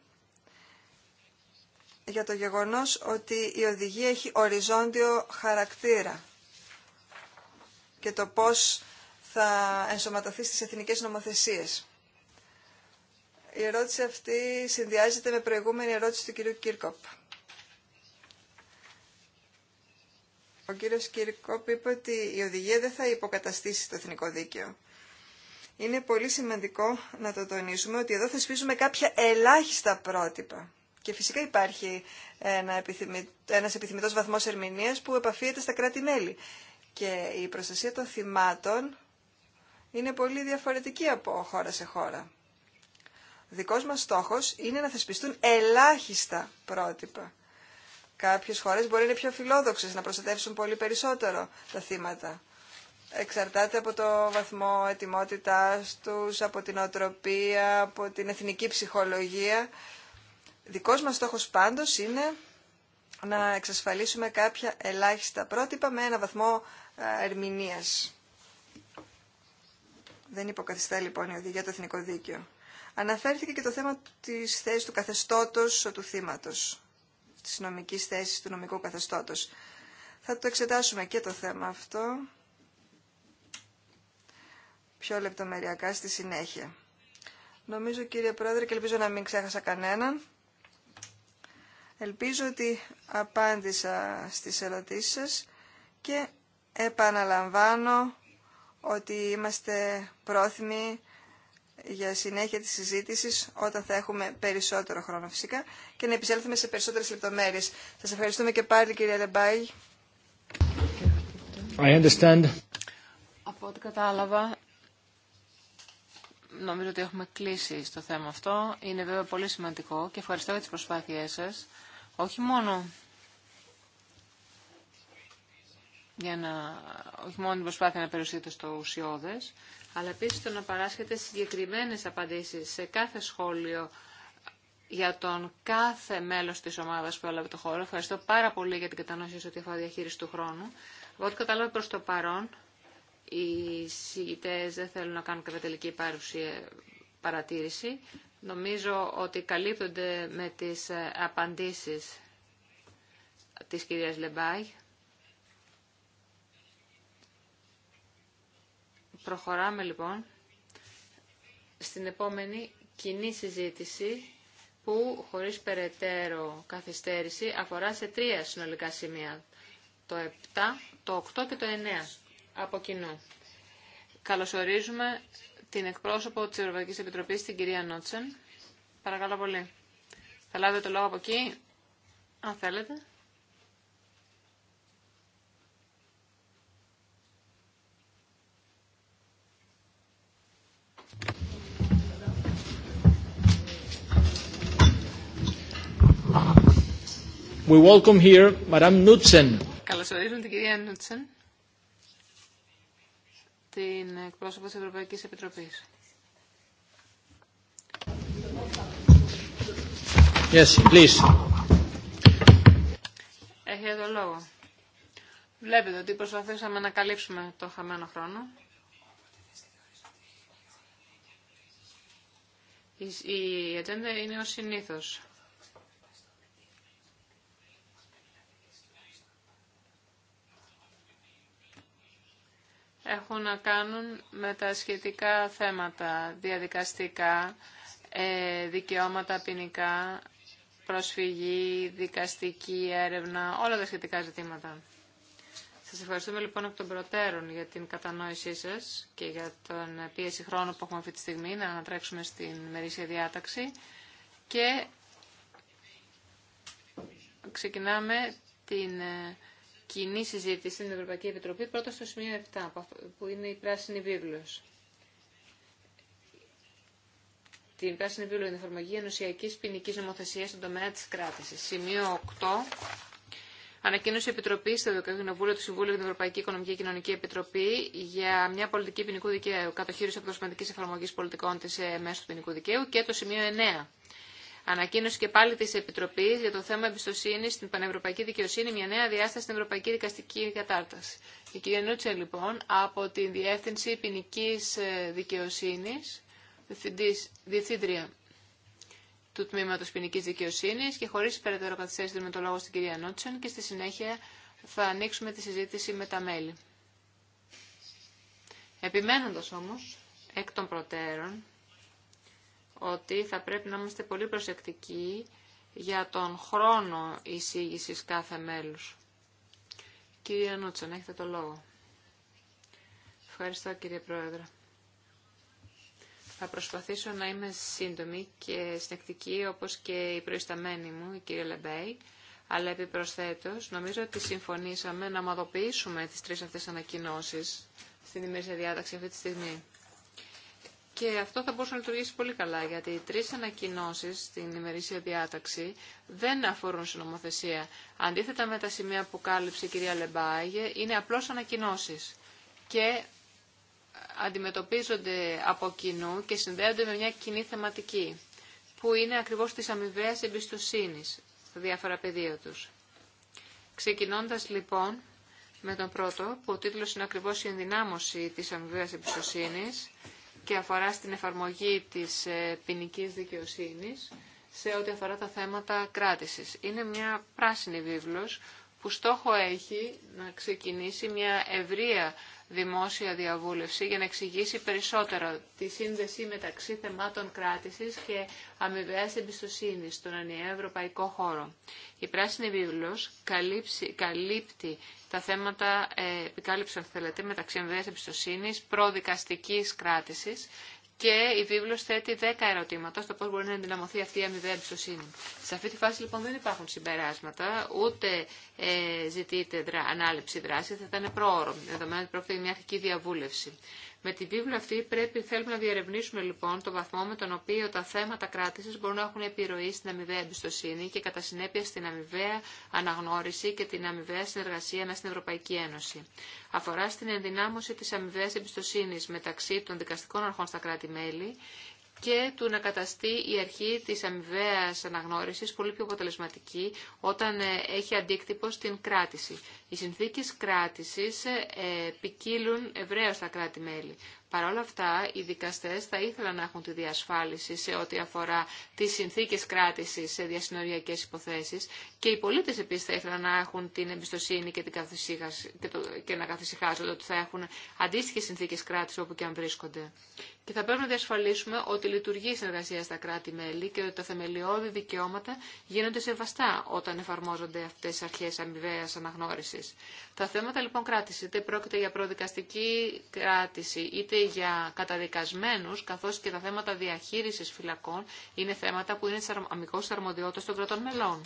για το γεγονός ότι η οδηγία έχει οριζόντιο χαρακτήρα και το πώς θα ενσωματωθεί στις εθνικές νομοθεσίες. Η ερώτηση αυτή συνδυάζεται με προηγούμενη ερώτηση του κυρίου Κίρκοπ. Ο κύριος Κυρκόπ είπε ότι η οδηγία δεν θα υποκαταστήσει το εθνικό δίκαιο. Είναι πολύ σημαντικό να το τονίσουμε ότι εδώ θεσπίζουμε κάποια ελάχιστα πρότυπα. Και φυσικά υπάρχει ένα επιθυμη... ένας επιθυμητός βαθμός ερμηνείας που επαφίεται στα κράτη-μέλη. Και η προστασία των θυμάτων είναι πολύ διαφορετική από χώρα σε χώρα. Ο δικός μας στόχος είναι να θεσπιστούν ελάχιστα πρότυπα Κάποιες χώρες μπορεί να είναι πιο φιλόδοξες, να προστατεύσουν πολύ περισσότερο τα θύματα. Εξαρτάται από το βαθμό ετοιμότητάς τους, από την οτροπία, από την εθνική ψυχολογία. Δικός μας στόχος πάντως είναι να εξασφαλίσουμε κάποια ελάχιστα πρότυπα με ένα βαθμό ερμηνείας. Δεν υποκαθιστά λοιπόν η οδηγία το εθνικό δίκαιο. Αναφέρθηκε και το θέμα της θέσης του καθεστώτος του θύματος. Τη νομική θέση του νομικού καθεστώτος. Θα το εξετάσουμε και το θέμα αυτό πιο λεπτομεριακά στη συνέχεια. Νομίζω κύριε Πρόεδρε και ελπίζω να μην ξέχασα κανέναν. Ελπίζω ότι απάντησα στις ερωτήσεις σας και επαναλαμβάνω ότι είμαστε πρόθυμοι για συνέχεια της συζήτησης όταν θα έχουμε περισσότερο χρόνο φυσικά και να επισέλθουμε σε περισσότερες λεπτομέρειες. Σας ευχαριστούμε και πάλι κυρία Λεμπάη. Από ό,τι κατάλαβα, νομίζω ότι έχουμε κλείσει στο θέμα αυτό. Είναι βέβαια πολύ σημαντικό και ευχαριστώ για τις προσπάθειές σας. Όχι μόνο για να όχι μόνο την προσπάθεια να περιουσείται στο ουσιώδες, αλλά επίσης το να παράσχεται συγκεκριμένες απαντήσεις σε κάθε σχόλιο για τον κάθε μέλος της ομάδας που έλαβε το χώρο. Ευχαριστώ πάρα πολύ για την κατανόηση σε ό,τι αφορά διαχείριση του χρόνου. Από ό,τι κατάλαβα προς το παρόν, οι συγητές δεν θέλουν να κάνουν τελική παρουσία, παρατήρηση. Νομίζω ότι καλύπτονται με τις ε, απαντήσεις της κυρίας Λεμπάη. Προχωράμε λοιπόν στην επόμενη κοινή συζήτηση που χωρίς περαιτέρω καθυστέρηση αφορά σε τρία συνολικά σημεία. Το 7, το 8 και το 9 από κοινού. Καλωσορίζουμε την εκπρόσωπο της Ευρωπαϊκής Επιτροπής, την κυρία Νότσεν. Παρακαλώ πολύ. Θα λάβετε το λόγο από εκεί, αν θέλετε. We welcome here Madame Knudsen. Καλωσορίζουμε την κυρία Νούτσεν, την εκπρόσωπο της Ευρωπαϊκής Επιτροπής. Yes, please. Έχετε το λόγο. Βλέπετε ότι προσπαθήσαμε να καλύψουμε το χαμένο χρόνο. Η ατζέντα είναι ως συνήθως. έχουν να κάνουν με τα σχετικά θέματα διαδικαστικά, ε, δικαιώματα ποινικά, προσφυγή, δικαστική έρευνα, όλα τα σχετικά ζητήματα. Σας ευχαριστούμε λοιπόν από τον προτέρων για την κατανόησή σας και για τον πίεση χρόνο που έχουμε αυτή τη στιγμή να ανατρέξουμε στην μερίσια διάταξη και ξεκινάμε την ε, κοινή συζήτηση στην Ευρωπαϊκή Επιτροπή, πρώτα στο σημείο 7, που είναι η πράσινη βίβλος. Την πράσινη βίβλο είναι εφαρμογή ενωσιακής ποινική νομοθεσίας στον τομέα της κράτησης. Σημείο 8. Ανακοίνωση Επιτροπή στο Ευρωκοινοβούλιο του Συμβούλου για την Ευρωπαϊκή Οικονομική και Κοινωνική Επιτροπή για μια πολιτική ποινικού δικαίου, κατοχήρωση αποτελεσματική εφαρμογή πολιτικών τη μέσω του ποινικού δικαίου και το σημείο 9 Ανακοίνωση και πάλι τη Επιτροπή για το θέμα εμπιστοσύνη στην πανευρωπαϊκή δικαιοσύνη, μια νέα διάσταση στην ευρωπαϊκή δικαστική κατάρταση. Η κυρία Νούτσε, λοιπόν, από τη Διεύθυνση Ποινική ε, Δικαιοσύνη, διευθύντρια του Τμήματο Ποινική Δικαιοσύνη και χωρί περαιτέρω καθυστέρηση δίνουμε το λόγο στην κυρία Νούτσεν και στη συνέχεια θα ανοίξουμε τη συζήτηση με τα μέλη. Επιμένοντα όμω, εκ των προτέρων, ότι θα πρέπει να είμαστε πολύ προσεκτικοί για τον χρόνο εισήγησης κάθε μέλους. Κύριε Νούτσον, έχετε το λόγο. Ευχαριστώ κύριε Πρόεδρε. Θα προσπαθήσω να είμαι σύντομη και συνεκτική όπως και η προϊσταμένη μου, η κυρία Λεμπέη, αλλά επιπροσθέτως νομίζω ότι συμφωνήσαμε να ομαδοποιήσουμε τις τρεις αυτές ανακοινώσεις στην ημερήσια διάταξη αυτή τη στιγμή. Και αυτό θα μπορούσε να λειτουργήσει πολύ καλά, γιατί οι τρεις ανακοινώσεις στην ημερήσια διάταξη δεν αφορούν συνομοθεσία. Αντίθετα με τα σημεία που κάλυψε η κυρία Λεμπάγε, είναι απλώς ανακοινώσεις Και αντιμετωπίζονται από κοινού και συνδέονται με μια κοινή θεματική, που είναι ακριβώς τη αμοιβαία εμπιστοσύνη στα διάφορα πεδία του. Ξεκινώντας λοιπόν με τον πρώτο, που ο τίτλο είναι ακριβώ η ενδυνάμωση της αμοιβαίας εμπιστοσύνη, και αφορά στην εφαρμογή της ε, ποινική δικαιοσύνης σε ό,τι αφορά τα θέματα κράτησης. Είναι μια πράσινη βίβλος που στόχο έχει να ξεκινήσει μια ευρεία δημόσια διαβούλευση για να εξηγήσει περισσότερο τη σύνδεση μεταξύ θεμάτων κράτησης και αμοιβαίας εμπιστοσύνης στον ενιαίο ευρωπαϊκό χώρο. Η Πράσινη Βίβλος καλύπτει τα θέματα, ε, επικάλυψη αν θέλετε, μεταξύ αμοιβαίας εμπιστοσύνης, προδικαστικής κράτησης και η βίβλος θέτει 10 ερωτήματα στο πώ μπορεί να ενδυναμωθεί αυτή η αμοιβαία εμπιστοσύνη. Σε αυτή τη φάση λοιπόν δεν υπάρχουν συμπεράσματα, ούτε ε, ζητείται δρα, ανάληψη δράση, θα ήταν πρόωρο, δεδομένου ότι πρόκειται για μια αρχική διαβούλευση. Με την βίβλο αυτή πρέπει, θέλουμε να διερευνήσουμε λοιπόν το βαθμό με τον οποίο τα θέματα κράτηση μπορούν να έχουν επιρροή στην αμοιβαία εμπιστοσύνη και κατά συνέπεια στην αμοιβαία αναγνώριση και την αμοιβαία συνεργασία μέσα στην Ευρωπαϊκή Ένωση. Αφορά στην ενδυνάμωση της αμοιβαία εμπιστοσύνη μεταξύ των δικαστικών αρχών στα κράτη-μέλη και του να καταστεί η αρχή της αμοιβαίας αναγνώρισης πολύ πιο αποτελεσματική όταν ε, έχει αντίκτυπο στην κράτηση. Οι συνθήκες κράτησης ε, ποικίλουν ευρέως τα κράτη-μέλη. Παρ' όλα αυτά, οι δικαστές θα ήθελαν να έχουν τη διασφάλιση σε ό,τι αφορά τις συνθήκες κράτησης σε διασυνοριακές υποθέσεις και οι πολίτες επίσης θα ήθελαν να έχουν την εμπιστοσύνη και, την και, το... και να καθυσυχάζονται ότι θα έχουν αντίστοιχες συνθήκες κράτησης όπου και αν βρίσκονται. Και θα πρέπει να διασφαλίσουμε ότι λειτουργεί η συνεργασία στα κράτη-μέλη και ότι τα θεμελιώδη δικαιώματα γίνονται σεβαστά όταν εφαρμόζονται αυτέ τι αρχέ αμοιβαία αναγνώριση. Τα θέματα λοιπόν κράτηση, είτε πρόκειται για προδικαστική κράτηση, είτε για καταδικασμένου, καθώ και τα θέματα διαχείριση φυλακών, είναι θέματα που είναι αμυγό αρμοδιότητα των κρατών μελών.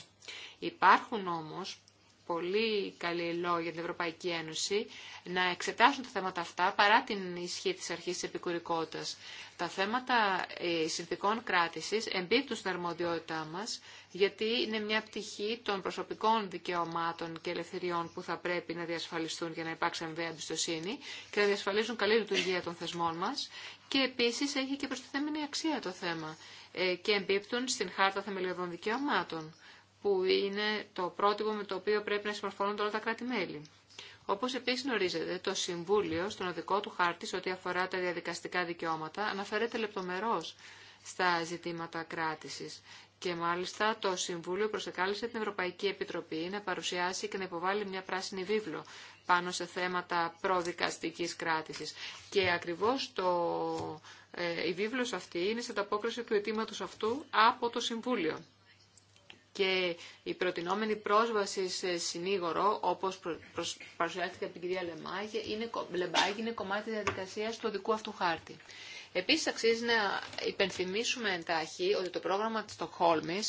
Υπάρχουν όμω πολύ καλή λόγια για την Ευρωπαϊκή Ένωση να εξετάσουν τα θέματα αυτά παρά την ισχύ της αρχής της επικουρικότητας. Τα θέματα ε, συνθηκών κράτησης εμπίπτουν στην αρμοδιότητά μας γιατί είναι μια πτυχή των προσωπικών δικαιωμάτων και ελευθεριών που θα πρέπει να διασφαλιστούν για να υπάρξει αμοιβαία εμπιστοσύνη και να διασφαλίζουν καλή λειτουργία των θεσμών μας και επίσης έχει και προστιθέμενη αξία το θέμα ε, και εμπίπτουν στην Χάρτα Θεμελιωδών Δικαιωμάτων που είναι το πρότυπο με το οποίο πρέπει να συμμορφώνονται όλα τα κράτη-μέλη. Όπω επίση γνωρίζετε, το Συμβούλιο, στον οδικό του χάρτη, σε ό,τι αφορά τα διαδικαστικά δικαιώματα, αναφέρεται λεπτομερώ στα ζητήματα κράτηση. Και μάλιστα το Συμβούλιο προσεκάλεσε την Ευρωπαϊκή Επιτροπή να παρουσιάσει και να υποβάλει μια πράσινη βίβλο πάνω σε θέματα προδικαστική κράτηση. Και ακριβώ το, ε, η βίβλος αυτή είναι σε ανταπόκριση του αιτήματο αυτού από το Συμβούλιο και η προτινόμενη πρόσβαση σε συνήγορο, όπως παρουσιάστηκε από την κυρία Λεμπάγη, είναι, είναι κομμάτι της του δικού αυτού χάρτη. Επίσης αξίζει να υπενθυμίσουμε εντάχει ότι το πρόγραμμα τη Στοχόλμη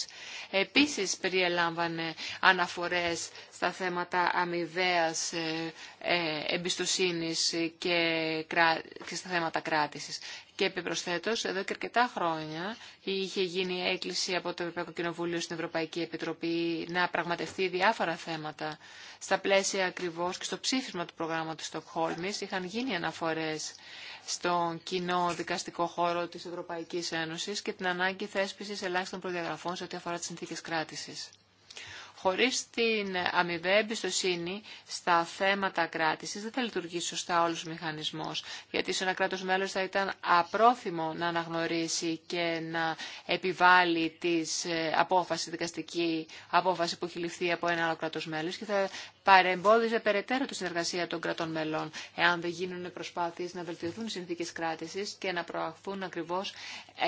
επίσης περιέλαμβανε αναφορές στα θέματα αμοιβαίας ε, ε, εμπιστοσύνη και στα θέματα κράτηση. Και επιπροσθέτω, εδώ και αρκετά χρόνια είχε γίνει έκκληση από το Ευρωπαϊκό Κοινοβούλιο στην Ευρωπαϊκή Επιτροπή να πραγματευτεί διάφορα θέματα. Στα πλαίσια ακριβώ και στο ψήφισμα του προγράμματος Στοκχόλμη. είχαν γίνει αναφορές στον κοινό δικαστικό χώρο της Ευρωπαϊκής Ένωσης και την ανάγκη θέσπιση ελάχιστων προδιαγραφών σε ό,τι αφορά τι συνθήκε κράτηση. Χωρίς την αμοιβαία εμπιστοσύνη στα θέματα κράτησης δεν θα λειτουργήσει σωστά όλος ο μηχανισμός. Γιατί σε ένα κράτος μέλος θα ήταν απρόθυμο να αναγνωρίσει και να επιβάλλει τις ε, απόφαση, δικαστική απόφαση που έχει ληφθεί από ένα άλλο κράτος μέλος και θα παρεμπόδιζε περαιτέρω τη συνεργασία των κρατών μελών, εάν δεν γίνουν προσπάθειε να βελτιωθούν οι συνθήκε κράτηση και να προαχθούν ακριβώ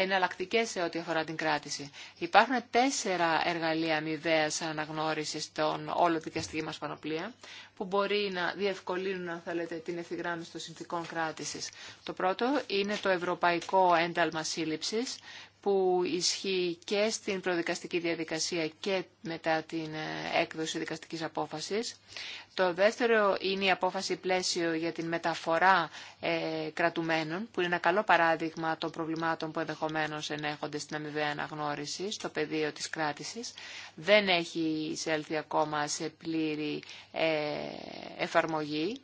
εναλλακτικέ σε ό,τι αφορά την κράτηση. Υπάρχουν τέσσερα εργαλεία αμοιβαία αναγνώριση των όλων δικαστική μα πανοπλία, που μπορεί να διευκολύνουν, αν θέλετε, την ευθυγράμμιση των συνθήκων κράτηση. Το πρώτο είναι το Ευρωπαϊκό Ένταλμα Σύλληψη, που ισχύει και στην προδικαστική διαδικασία και μετά την ε, έκδοση δικαστικής απόφασης. Το δεύτερο είναι η απόφαση πλαίσιο για την μεταφορά ε, κρατουμένων, που είναι ένα καλό παράδειγμα των προβλημάτων που ενδεχομένως ενέχονται στην αμοιβαία αναγνώριση, στο πεδίο της κράτησης. Δεν έχει εισέλθει ακόμα σε πλήρη ε, εφαρμογή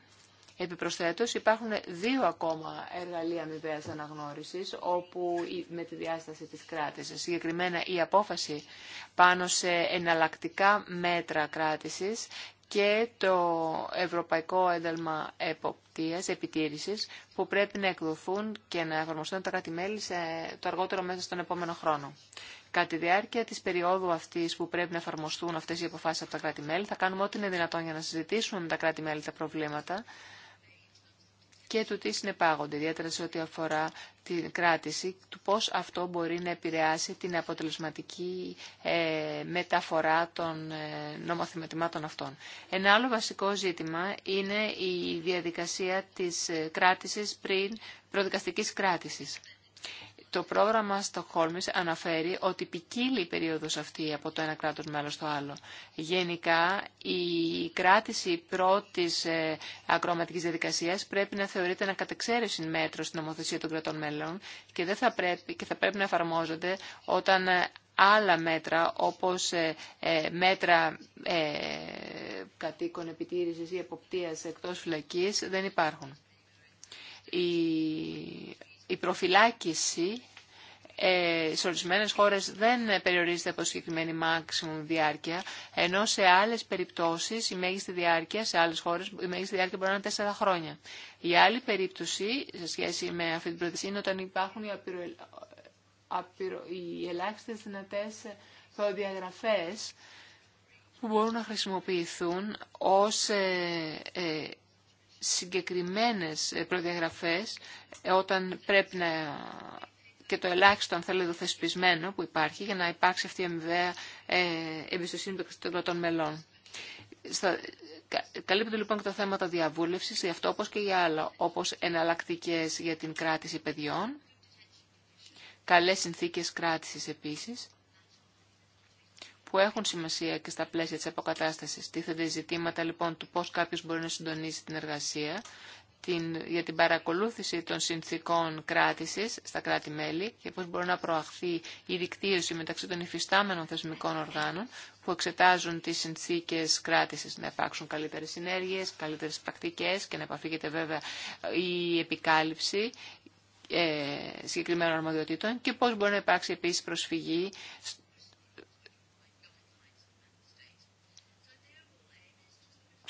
Επιπροσθέτως υπάρχουν δύο ακόμα εργαλεία αμοιβαίας αναγνώρισης όπου με τη διάσταση της κράτησης, συγκεκριμένα η απόφαση πάνω σε εναλλακτικά μέτρα κράτησης και το Ευρωπαϊκό Ένταλμα Εποπτείας, Επιτήρησης, που πρέπει να εκδοθούν και να εφαρμοστούν τα κράτη-μέλη το αργότερο μέσα στον επόμενο χρόνο. Κατά τη διάρκεια τη περίοδου αυτή που πρέπει να εφαρμοστούν αυτέ οι αποφάσει από τα κράτη-μέλη, θα κάνουμε ό,τι είναι δυνατόν για να συζητήσουμε με τα κράτη-μέλη τα προβλήματα και του τι συνεπάγονται, ιδιαίτερα σε ό,τι αφορά την κράτηση, του πώς αυτό μπορεί να επηρεάσει την αποτελεσματική ε, μεταφορά των ε, νομοθεματημάτων αυτών. Ένα άλλο βασικό ζήτημα είναι η διαδικασία της ε, κράτησης πριν προδικαστικής κράτησης. Το πρόγραμμα Στοχόλμης αναφέρει ότι ποικίλει η περίοδος αυτή από το ένα κράτος μέλος στο άλλο. Γενικά, η κράτηση πρώτης ε, ακροματικής διαδικασίας πρέπει να θεωρείται ένα κατεξαίρεση μέτρο στην ομοθεσία των κρατών μέλων και, δεν θα πρέπει, και θα πρέπει να εφαρμόζονται όταν ε, άλλα μέτρα, όπως ε, μέτρα κατοίκων επιτήρησης ή εποπτείας εκτός φυλακής, δεν υπάρχουν. η εποπτειας εκτος φυλακης δεν υπαρχουν η προφυλάκηση ε, σε ορισμένε χώρες δεν περιορίζεται από συγκεκριμένη maximum διάρκεια, ενώ σε άλλες περιπτώσεις η μέγιστη διάρκεια, σε άλλες χώρες η μέγιστη διάρκεια μπορεί να είναι τέσσερα χρόνια. Η άλλη περίπτωση σε σχέση με αυτή την προθεσία είναι όταν υπάρχουν οι, απειρο, απειρο, οι ελάχιστες δυνατές που μπορούν να χρησιμοποιηθούν ως ε, ε, συγκεκριμένες ε, προδιαγραφές ε, όταν πρέπει να και το ελάχιστο αν θέλετε θεσπισμένο που υπάρχει για να υπάρξει αυτή η αμοιβαία ε, εμπιστοσύνη των μελών. Καλύπτονται λοιπόν και τα θέματα διαβούλευσης, γι' αυτό όπως και για άλλα, όπως εναλλακτικέ για την κράτηση παιδιών, καλές συνθήκες κράτησης επίσης, που έχουν σημασία και στα πλαίσια της αποκατάστασης. Τίθενται ζητήματα λοιπόν του πώς κάποιος μπορεί να συντονίσει την εργασία, την, για την παρακολούθηση των συνθήκων κράτησης στα κράτη-μέλη και πώς μπορεί να προαχθεί η δικτύωση μεταξύ των υφιστάμενων θεσμικών οργάνων που εξετάζουν τις συνθήκες κράτησης, να υπάρξουν καλύτερες συνέργειες, καλύτερες πρακτικές και να επαφήγεται βέβαια η επικάλυψη ε, συγκεκριμένων αρμοδιοτήτων και πώς μπορεί να υπάρξει επίσης προσφυγή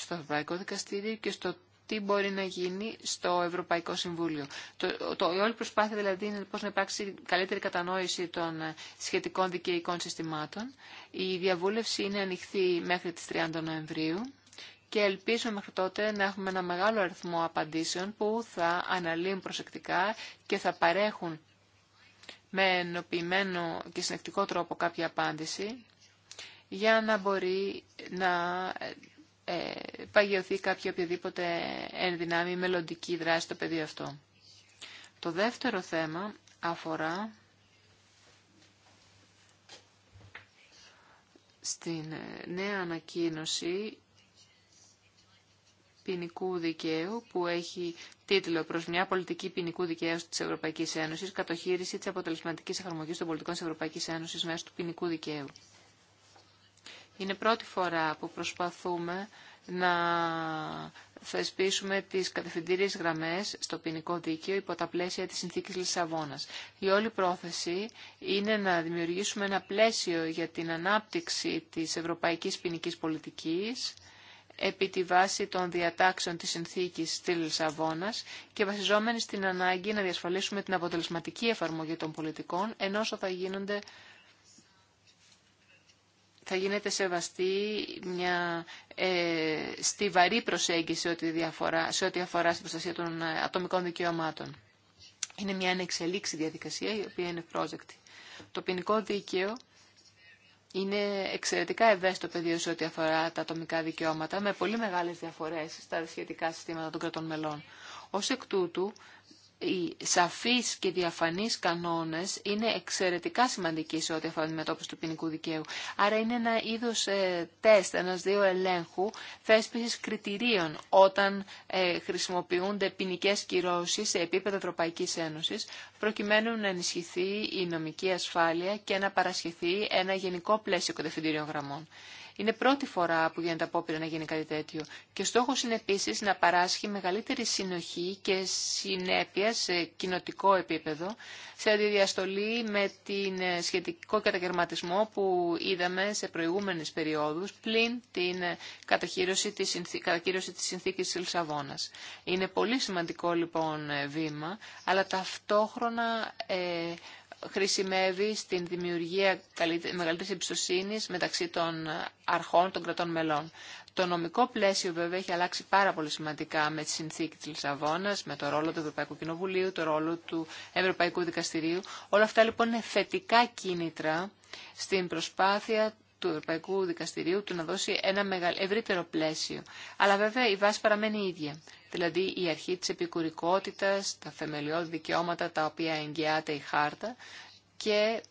στο Ευρωπαϊκό Δικαστήριο και στο τι μπορεί να γίνει στο Ευρωπαϊκό Συμβούλιο. Το, το, η όλη προσπάθεια δηλαδή είναι πώς να υπάρξει καλύτερη κατανόηση των ε, σχετικών δικαιικών συστημάτων. Η διαβούλευση είναι ανοιχτή μέχρι τις 30 Νοεμβρίου και ελπίζουμε μέχρι τότε να έχουμε ένα μεγάλο αριθμό απαντήσεων που θα αναλύουν προσεκτικά και θα παρέχουν με ενοποιημένο και συνεκτικό τρόπο κάποια απάντηση για να μπορεί να ε, παγιωθεί κάποια οποιαδήποτε ενδυνάμει μελλοντική δράση στο πεδίο αυτό. Το δεύτερο θέμα αφορά στην ε, νέα ανακοίνωση ποινικού δικαίου που έχει τίτλο προς μια πολιτική ποινικού δικαίου της Ευρωπαϊκής Ένωσης, κατοχήρηση της αποτελεσματικής εφαρμογής των πολιτικών της Ευρωπαϊκής Ένωσης μέσω του ποινικού δικαίου. Είναι πρώτη φορά που προσπαθούμε να θεσπίσουμε τις κατευθυντήριες γραμμές στο ποινικό δίκαιο υπό τα πλαίσια της συνθήκης Λισαβόνας. Η όλη πρόθεση είναι να δημιουργήσουμε ένα πλαίσιο για την ανάπτυξη της ευρωπαϊκής ποινική πολιτικής επί τη βάση των διατάξεων της συνθήκης της Λισαβόνα και βασιζόμενη στην ανάγκη να διασφαλίσουμε την αποτελεσματική εφαρμογή των πολιτικών ενώ θα γίνονται θα γίνεται σεβαστή μια ε, στιβαρή προσέγγιση σε ό,τι, διαφορά, σε ό,τι αφορά στην προστασία των ε, ατομικών δικαιωμάτων. Είναι μια ανεξελίξη διαδικασία η οποία είναι project. Το ποινικό δίκαιο είναι εξαιρετικά ευαίσθητο πεδίο σε ό,τι αφορά τα ατομικά δικαιώματα με πολύ μεγάλες διαφορές στα σχετικά συστήματα των κρατών μελών. Ως εκ τούτου οι σαφείς και διαφανείς κανόνες είναι εξαιρετικά σημαντικοί σε ό,τι αφορά τη μετώπιση του ποινικού δικαίου. Άρα είναι ένα είδος ε, τεστ, ένας δύο ελέγχου θέσπισης κριτηρίων όταν ε, χρησιμοποιούνται ποινικέ κυρώσεις σε επίπεδο Ευρωπαϊκή Ένωσης προκειμένου να ενισχυθεί η νομική ασφάλεια και να παρασχεθεί ένα γενικό πλαίσιο κοδευθυντήριων γραμμών. Είναι πρώτη φορά που γίνεται απόπειρα να γίνει κάτι τέτοιο. Και στόχο είναι επίση να παράσχει μεγαλύτερη συνοχή και συνέπεια σε κοινοτικό επίπεδο, σε αντιδιαστολή με την ε, σχετικό καταγερματισμό που είδαμε σε προηγούμενε περιόδου, πλην την ε, κατακύρωση τη συνθήκη τη Λισαβόνα. Είναι πολύ σημαντικό λοιπόν ε, βήμα, αλλά ταυτόχρονα χρησιμεύει στην δημιουργία μεγαλύτερης εμπιστοσύνη μεταξύ των αρχών των κρατών μελών. Το νομικό πλαίσιο βέβαια έχει αλλάξει πάρα πολύ σημαντικά με τη συνθήκη της Λισαβόνας, με το ρόλο του Ευρωπαϊκού Κοινοβουλίου, το ρόλο του Ευρωπαϊκού Δικαστηρίου. Όλα αυτά λοιπόν είναι θετικά κίνητρα στην προσπάθεια του Ευρωπαϊκού Δικαστηρίου του να δώσει ένα ευρύτερο πλαίσιο. Αλλά βέβαια η βάση παραμένει ίδια δηλαδή η αρχή της επικουρικότητας, τα θεμελιώδη δικαιώματα τα οποία εγγυάται η χάρτα και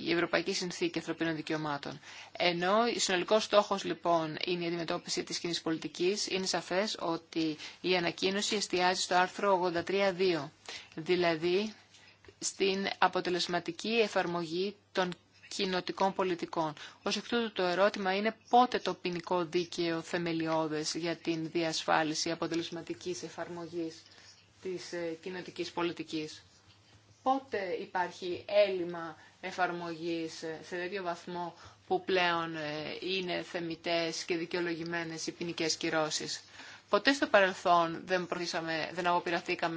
η Ευρωπαϊκή Συνθήκη Ανθρωπίνων Δικαιωμάτων. Ενώ ο συνολικό στόχο λοιπόν είναι η αντιμετώπιση τη κοινή πολιτική, είναι σαφέ ότι η ανακοίνωση εστιάζει στο άρθρο 83.2, δηλαδή στην αποτελεσματική εφαρμογή των κοινοτικών πολιτικών. Ως εκ τούτου το ερώτημα είναι πότε το ποινικό δίκαιο θεμελιώδες για την διασφάλιση αποτελεσματικής εφαρμογής της ε, κοινοτικής πολιτικής. Πότε υπάρχει έλλειμμα εφαρμογής ε, σε τέτοιο βαθμό που πλέον ε, είναι θεμητές και δικαιολογημένες οι ποινικές κυρώσεις. Ποτέ στο παρελθόν δεν, δεν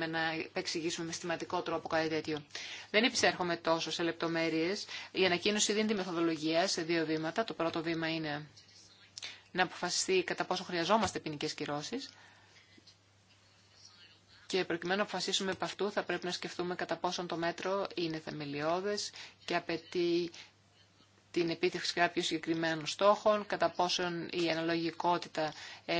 να εξηγήσουμε με στιματικό τρόπο κάτι τέτοιο. Δεν επισέρχομαι τόσο σε λεπτομέρειε. Η ανακοίνωση δίνει τη μεθοδολογία σε δύο βήματα. Το πρώτο βήμα είναι να αποφασιστεί κατά πόσο χρειαζόμαστε ποινικέ κυρώσει. Και προκειμένου να αποφασίσουμε επ' αυτού, θα πρέπει να σκεφτούμε κατά πόσον το μέτρο είναι θεμελιώδε και απαιτεί την επίτευξη κάποιων συγκεκριμένων στόχων, κατά πόσον η αναλογικότητα ε,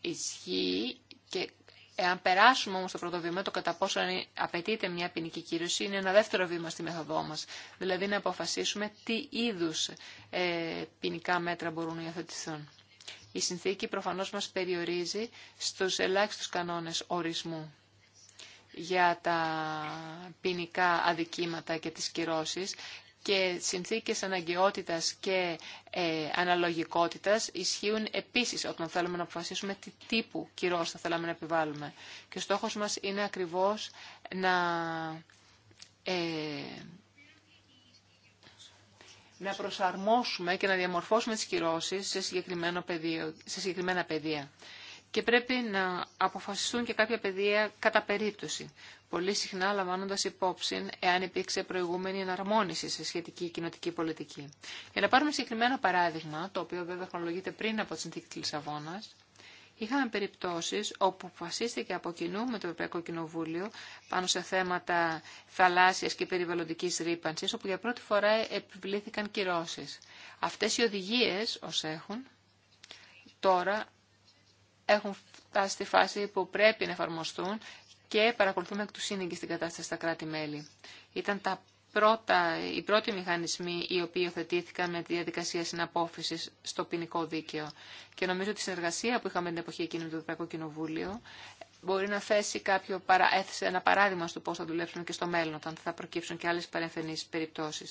ισχύει και εάν περάσουμε όμως το πρώτο βήμα, το κατά πόσον απαιτείται μια ποινική κύρωση, είναι ένα δεύτερο βήμα στη μεθοδό μας. Δηλαδή να αποφασίσουμε τι είδους ε, ποινικά μέτρα μπορούν να υιοθετηθούν. Η συνθήκη προφανώς μας περιορίζει στους ελάχιστους κανόνες ορισμού για τα ποινικά αδικήματα και τις κυρώσεις και συνθήκες αναγκαιότητας και ε, αναλογικότητας ισχύουν επίσης όταν θέλουμε να αποφασίσουμε τι τύπου κυρώς θα θέλαμε να επιβάλλουμε. Και ο στόχος μας είναι ακριβώς να... Ε, να προσαρμόσουμε και να διαμορφώσουμε τις κυρώσεις σε, συγκεκριμένο σε συγκεκριμένα πεδία και πρέπει να αποφασιστούν και κάποια παιδεία κατά περίπτωση, πολύ συχνά λαμβάνοντα υπόψη εάν υπήρξε προηγούμενη εναρμόνιση σε σχετική κοινοτική πολιτική. Για να πάρουμε συγκεκριμένο παράδειγμα, το οποίο βέβαια χρονολογείται πριν από τη συνθήκη τη Λισαβόνα, είχαμε περιπτώσει όπου αποφασίστηκε από κοινού με το Ευρωπαϊκό Κοινοβούλιο πάνω σε θέματα θαλάσσια και περιβαλλοντική ρήπανση, όπου για πρώτη φορά επιβλήθηκαν κυρώσει. Αυτέ οι οδηγίε ω έχουν τώρα έχουν φτάσει στη φάση που πρέπει να εφαρμοστούν και παρακολουθούμε εκ του σύνεγγι στην κατάσταση στα κράτη-μέλη. Ήταν τα πρώτα, οι πρώτοι μηχανισμοί οι οποίοι υιοθετήθηκαν με τη διαδικασία συναπόφηση στο ποινικό δίκαιο. Και νομίζω ότι η συνεργασία που είχαμε την εποχή εκείνη με το Ευρωπαϊκό Κοινοβούλιο μπορεί να θέσει κάποιο ένα παράδειγμα στο πώ θα δουλέψουμε και στο μέλλον, όταν θα προκύψουν και άλλε παρεμφενεί περιπτώσει.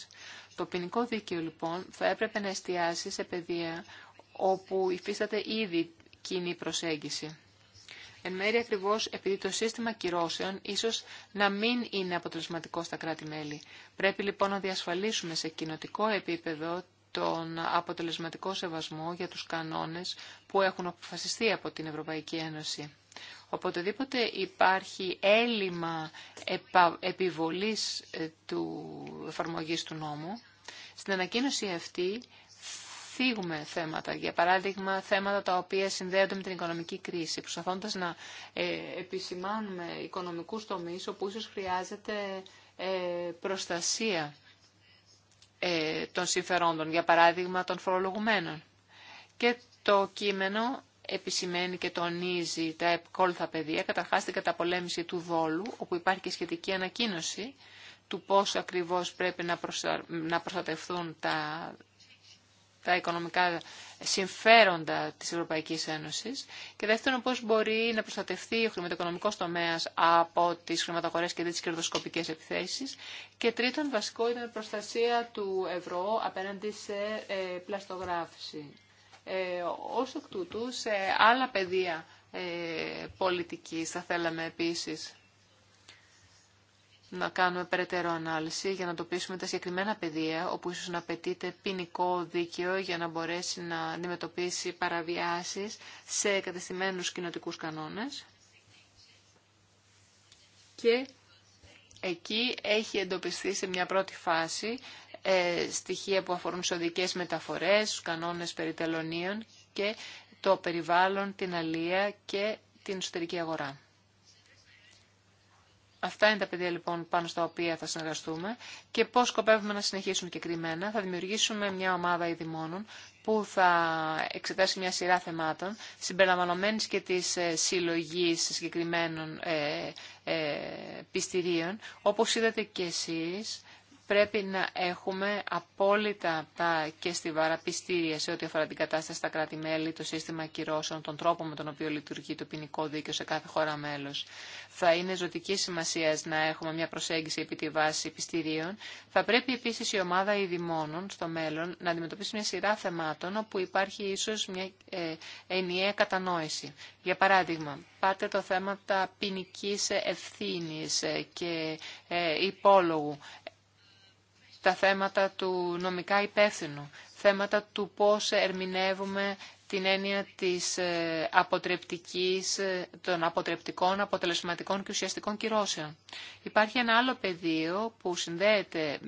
Το ποινικό δίκαιο, λοιπόν, θα έπρεπε να εστιάσει σε παιδεία όπου υφίσταται ήδη κοινή προσέγγιση. Εν μέρει ακριβώ επειδή το σύστημα κυρώσεων ίσω να μην είναι αποτελεσματικό στα κράτη-μέλη. Πρέπει λοιπόν να διασφαλίσουμε σε κοινοτικό επίπεδο τον αποτελεσματικό σεβασμό για τους κανόνες που έχουν αποφασιστεί από την Ευρωπαϊκή Ένωση. Οποτεδήποτε υπάρχει έλλειμμα επιβολής ε, του εφαρμογής του νόμου, στην ανακοίνωση αυτή αποφύγουμε θέματα. Για παράδειγμα, θέματα τα οποία συνδέονται με την οικονομική κρίση, προσπαθώντα να ε, επισημάνουμε οικονομικού τομεί όπου ίσω χρειάζεται ε, προστασία ε, των συμφερόντων, για παράδειγμα των φορολογουμένων. Και το κείμενο επισημαίνει και τονίζει τα επικόλθα παιδεία, καταρχά την καταπολέμηση του δόλου, όπου υπάρχει και σχετική ανακοίνωση του πώς ακριβώς πρέπει να προστατευτούν τα τα οικονομικά συμφέροντα της Ευρωπαϊκής Ένωσης και δεύτερον πώς μπορεί να προστατευτεί ο χρηματοοικονομικός τομέας από τις χρηματοκορές και τις κερδοσκοπικές επιθέσεις και τρίτον βασικό ήταν η προστασία του ευρώ απέναντι σε ε, πλαστογράφηση. Ε, ως εκ τούτου σε άλλα πεδία ε, πολιτικής θα θέλαμε επίσης να κάνουμε περαιτέρω ανάλυση για να τοπίσουμε τα συγκεκριμένα πεδία όπου ίσως να απαιτείται ποινικό δίκαιο για να μπορέσει να αντιμετωπίσει παραβιάσεις σε κατεστημένους κοινοτικούς κανόνες. Και εκεί έχει εντοπιστεί σε μια πρώτη φάση ε, στοιχεία που αφορούν σε μεταφορές, στους κανόνες περιτελωνίων και το περιβάλλον, την αλία και την εσωτερική αγορά. Αυτά είναι τα πεδία λοιπόν πάνω στα οποία θα συνεργαστούμε και πώς σκοπεύουμε να συνεχίσουμε συγκεκριμένα. Θα δημιουργήσουμε μια ομάδα ειδημόνων που θα εξετάσει μια σειρά θεμάτων συμπεριλαμβανομένης και της ε, συλλογή συγκεκριμένων ε, ε, πιστηρίων. Όπως είδατε και εσείς, πρέπει να έχουμε απόλυτα τα και στιβάρα πιστήρια σε ό,τι αφορά την κατάσταση στα κράτη-μέλη, το σύστημα κυρώσεων, τον τρόπο με τον οποίο λειτουργεί το ποινικό δίκαιο σε κάθε χώρα μέλος. Θα είναι ζωτική σημασία να έχουμε μια προσέγγιση επί τη βάση πιστηρίων. Θα πρέπει επίσης η ομάδα ειδημόνων στο μέλλον να αντιμετωπίσει μια σειρά θεμάτων όπου υπάρχει ίσως μια ε, ενιαία κατανόηση. Για παράδειγμα, πάτε το θέμα τα ποινική ευθύνη ε, και ε, υπόλογου τα θέματα του νομικά υπεύθυνου, θέματα του πώς ερμηνεύουμε την έννοια της ε, αποτρεπτικής, ε, των αποτρεπτικών, αποτελεσματικών και ουσιαστικών κυρώσεων. Υπάρχει ένα άλλο πεδίο που συνδέεται